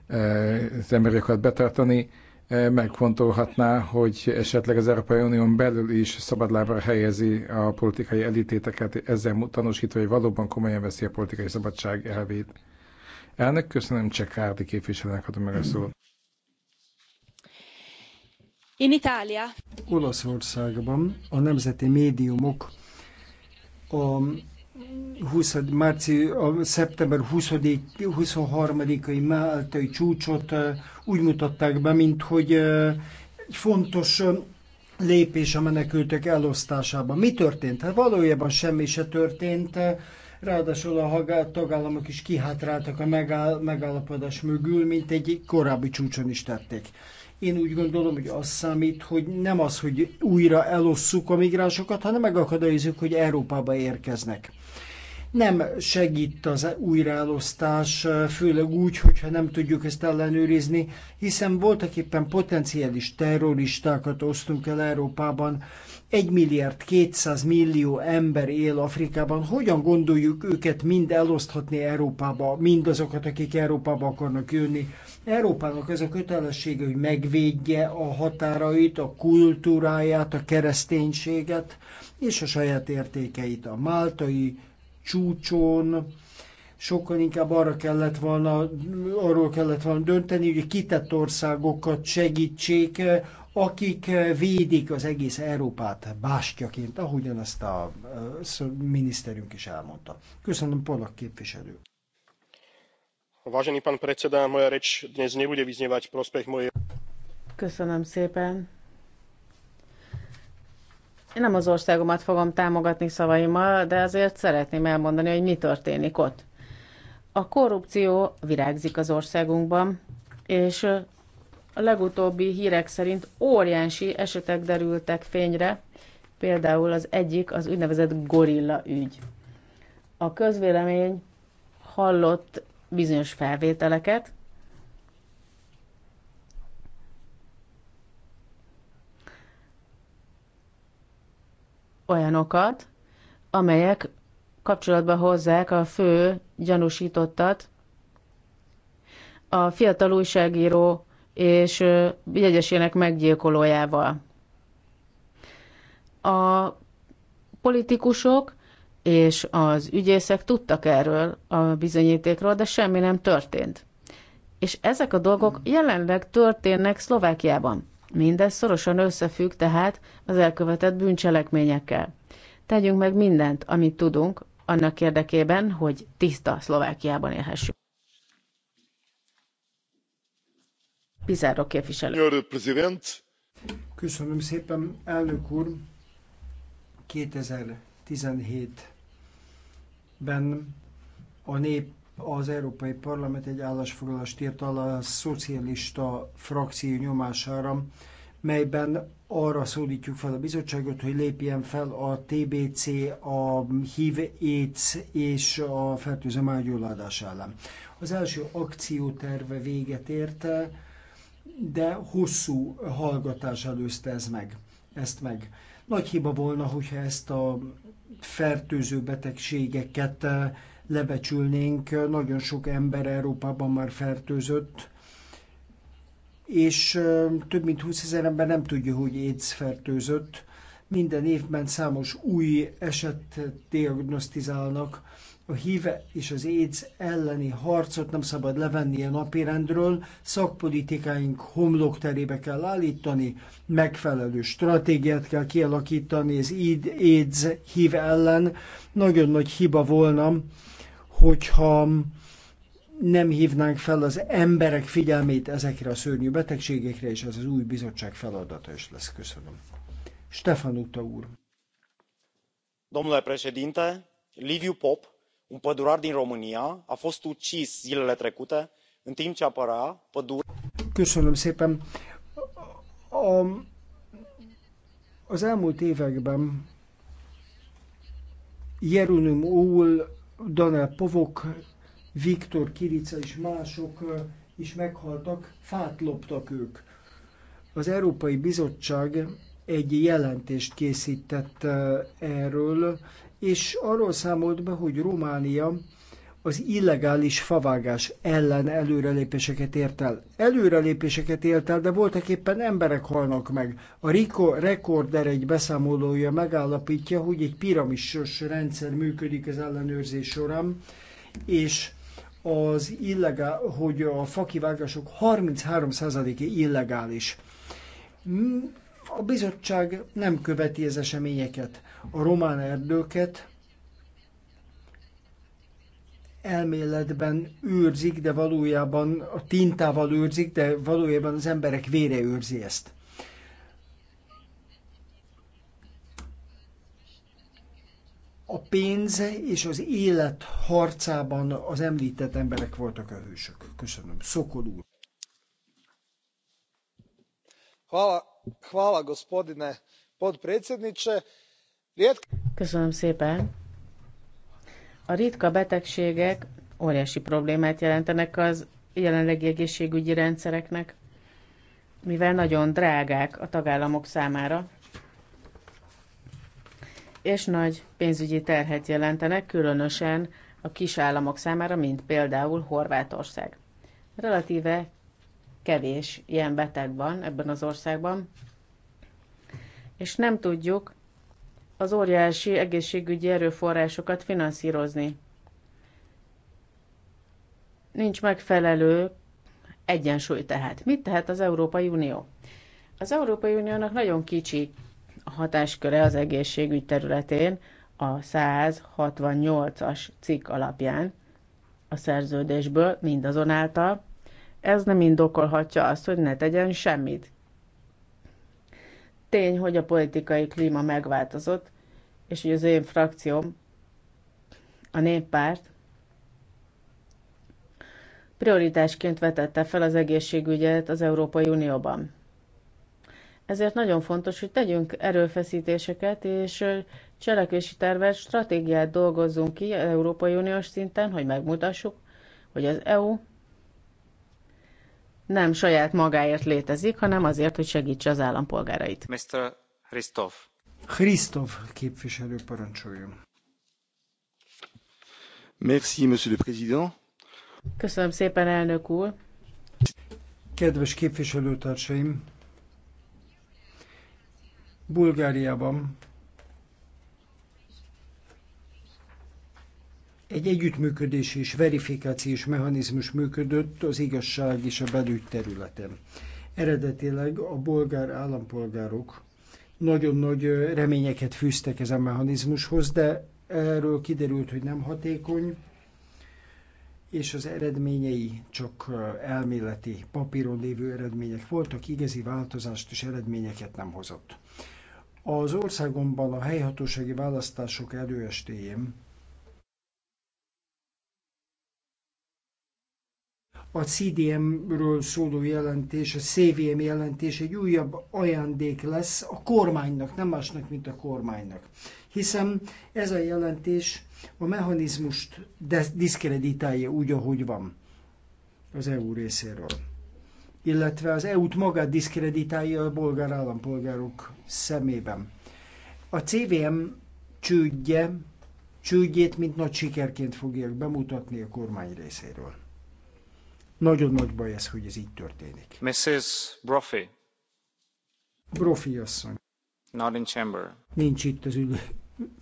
az embereket betartani, megfontolhatná, hogy esetleg az Európai Unión belül is szabadlábra helyezi a politikai elítéteket, ezzel tanúsítva, hogy valóban komolyan veszi a politikai szabadság elvét. Elnök, köszönöm, csak Kárdi képviselőnek adom meg a szót. In Italia. Olaszországban a nemzeti médiumok a 20. márci, a szeptember 20. 23-ai máltai csúcsot úgy mutatták be, mint hogy egy fontos lépés a menekültek elosztásában. Mi történt? Hát valójában semmi se történt, ráadásul a tagállamok is kihátráltak a megállapodás mögül, mint egy korábbi csúcson is tették. Én úgy gondolom, hogy az számít, hogy nem az, hogy újra elosszuk a migránsokat, hanem megakadályozunk, hogy Európába érkeznek nem segít az újraelosztás, főleg úgy, hogyha nem tudjuk ezt ellenőrizni, hiszen voltak éppen potenciális terroristákat osztunk el Európában, 1 milliárd 200 millió ember él Afrikában, hogyan gondoljuk őket mind eloszthatni Európába, mind azokat, akik Európába akarnak jönni. Európának ez a kötelessége, hogy megvédje a határait, a kultúráját, a kereszténységet és a saját értékeit. A máltai csúcson sokkal inkább arra kellett volna, arról kellett volna dönteni, hogy a kitett országokat segítsék, akik védik az egész Európát bástyaként, ahogyan ezt a, miniszterünk is elmondta. Köszönöm, Polak képviselő. Vážený pán predseda, moja reč dnes nebude vyznievať prospech mojej... Köszönöm szépen. Én nem az országomat fogom támogatni szavaimmal, de azért szeretném elmondani, hogy mi történik ott. A korrupció virágzik az országunkban, és a legutóbbi hírek szerint óriási esetek derültek fényre, például az egyik az úgynevezett gorilla ügy. A közvélemény hallott bizonyos felvételeket, olyanokat, amelyek kapcsolatba hozzák a fő gyanúsítottat, a fiatal újságíró és jegyesének meggyilkolójával. A politikusok és az ügyészek tudtak erről a bizonyítékról, de semmi nem történt. És ezek a dolgok jelenleg történnek Szlovákiában. Mindez szorosan összefügg tehát az elkövetett bűncselekményekkel. Tegyünk meg mindent, amit tudunk, annak érdekében, hogy tiszta Szlovákiában élhessünk. Pizarro képviselő. Köszönöm szépen, elnök úr. 2017-ben a nép az Európai Parlament egy állásfoglalást írt alá a szocialista frakció nyomására, melyben arra szólítjuk fel a bizottságot, hogy lépjen fel a TBC, a HIV, AIDS és a fertőző mágyulladás ellen. Az első akcióterve véget érte, de hosszú hallgatás előzte ez meg, ezt meg. Nagy hiba volna, hogyha ezt a fertőző betegségeket lebecsülnénk. Nagyon sok ember Európában már fertőzött, és több mint 20 ezer ember nem tudja, hogy AIDS fertőzött. Minden évben számos új eset diagnosztizálnak. A híve és az AIDS elleni harcot nem szabad levenni a napirendről, szakpolitikáink homlokterébe kell állítani, megfelelő stratégiát kell kialakítani az AIDS, híve ellen. Nagyon nagy hiba volna, hogyha nem hívnánk fel az emberek figyelmét ezekre a szörnyű betegségekre, és ez az új bizottság feladata is lesz. Köszönöm. Stefan Uta úr. Domnule președinte, Liviu Pop, un pădurar din România, a fost ucis zilele trecute în timp ce apăra pădurea... Köszönöm szépen. A, az elmúlt években Jerunum Úl Danel Povok, Viktor Kirica és mások is meghaltak, fát loptak ők. Az Európai Bizottság egy jelentést készített erről, és arról számolt be, hogy Románia az illegális favágás ellen előrelépéseket ért el. Előrelépéseket ért el, de voltak éppen emberek halnak meg. A Rico Recorder egy beszámolója megállapítja, hogy egy piramisos rendszer működik az ellenőrzés során, és az illegál, hogy a fakivágások 33%-a illegális. Hmm, a bizottság nem követi az eseményeket. A román erdőket elméletben őrzik, de valójában a tintával őrzik, de valójában az emberek vére őrzi ezt. A pénz és az élet harcában az említett emberek voltak a hősök. Köszönöm. Szokol úr. Hvala, hvala gospodine podpredsjedniče. Köszönöm szépen. A ritka betegségek óriási problémát jelentenek az jelenlegi egészségügyi rendszereknek, mivel nagyon drágák a tagállamok számára, és nagy pénzügyi terhet jelentenek, különösen a kis államok számára, mint például Horvátország. Relatíve kevés ilyen beteg van ebben az országban, és nem tudjuk, az óriási egészségügyi erőforrásokat finanszírozni. Nincs megfelelő egyensúly tehát. Mit tehet az Európai Unió? Az Európai Uniónak nagyon kicsi a hatásköre az egészségügy területén a 168-as cikk alapján a szerződésből mindazonáltal. Ez nem indokolhatja azt, hogy ne tegyen semmit. Tény, hogy a politikai klíma megváltozott, és hogy az én frakcióm, a néppárt, prioritásként vetette fel az egészségügyet az Európai Unióban. Ezért nagyon fontos, hogy tegyünk erőfeszítéseket, és cselekvési tervet, stratégiát dolgozzunk ki Európai Uniós szinten, hogy megmutassuk, hogy az EU nem saját magáért létezik, hanem azért, hogy segítse az állampolgárait. Mr. Christoph. Christoph képviselő parancsoljon. Merci, Monsieur le Président. Köszönöm szépen, elnök úr. Kedves képviselőtársaim, Bulgáriában Egy együttműködés és verifikációs mechanizmus működött az igazság és a belügy területen. Eredetileg a bolgár állampolgárok nagyon nagy reményeket fűztek ezen mechanizmushoz, de erről kiderült, hogy nem hatékony, és az eredményei csak elméleti, papíron lévő eredmények voltak, igazi változást és eredményeket nem hozott. Az országomban a helyhatósági választások előestéjén a CDM-ről szóló jelentés, a CVM jelentés egy újabb ajándék lesz a kormánynak, nem másnak, mint a kormánynak. Hiszen ez a jelentés a mechanizmust diszkreditálja úgy, ahogy van az EU részéről. Illetve az EU-t magát diszkreditálja a bolgár állampolgárok szemében. A CVM csődje, csődjét, mint nagy sikerként fogják bemutatni a kormány részéről. Nagyon nagy baj ez, hogy ez így történik. Mrs. Brophy. Brophy asszony. Not in chamber. Nincs itt az ülő.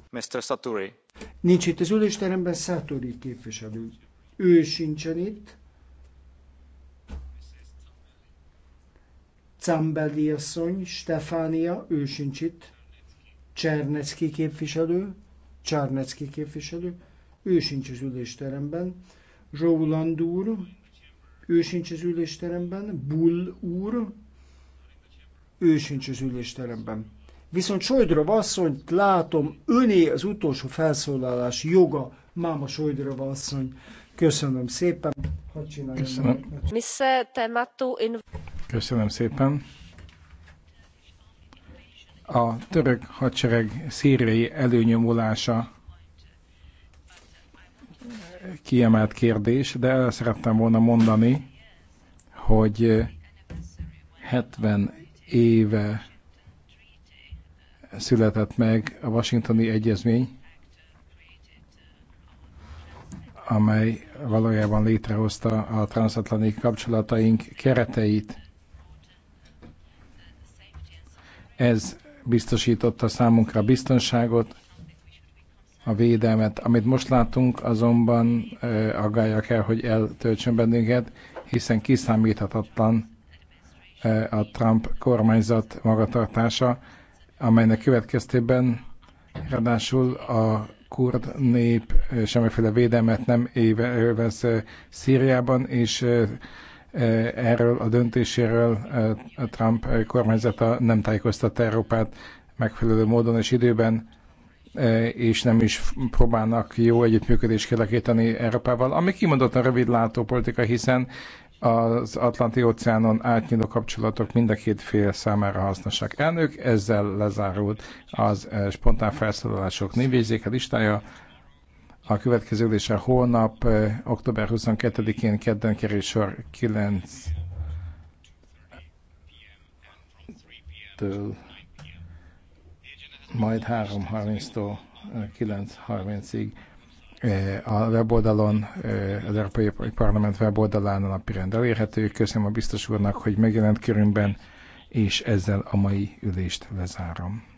Mr. Saturi. Nincs itt az ülésteremben Saturi képviselő. Ő sincsen itt. Cambelli asszony, Stefánia, ő sincs itt. Csernecki képviselő, Csárnecki képviselő, ő sincs az ülésteremben. Roland úr, ő sincs az ülésteremben, Bull úr, ő sincs az ülésteremben. Viszont Sojdrova asszonyt látom, öné az utolsó felszólalás joga, máma Sojdrova asszony. Köszönöm szépen. Köszönöm. Köszönöm szépen. A török hadsereg szíriai előnyomulása kiemelt kérdés, de el szerettem volna mondani, hogy 70 éve született meg a Washingtoni Egyezmény, amely valójában létrehozta a transatlanti kapcsolataink kereteit. Ez biztosította számunkra biztonságot, a védelmet. Amit most látunk, azonban aggálja kell, hogy eltöltsön bennünket, hiszen kiszámíthatatlan a Trump kormányzat magatartása, amelynek következtében ráadásul a kurd nép semmiféle védelmet nem élvez Szíriában, és erről a döntéséről a Trump kormányzata nem tájékoztatta Európát megfelelő módon és időben. E, és nem is próbálnak jó együttműködést kialakítani Európával, ami kimondottan rövidlátó politika, hiszen az Atlanti óceánon átnyúló kapcsolatok mind a két fél számára hasznosak. Elnök, ezzel lezárult az e, spontán felszólalások névjegyzéke listája. A következő ülése holnap, e, október 22-én kedden kerül sor 9 től majd 3.30-tól 9.30-ig eh, eh, a weboldalon, eh, az Európai Parlament weboldalán a napirend elérhető. Köszönöm a biztos úrnak, hogy megjelent körünkben, és ezzel a mai ülést lezárom.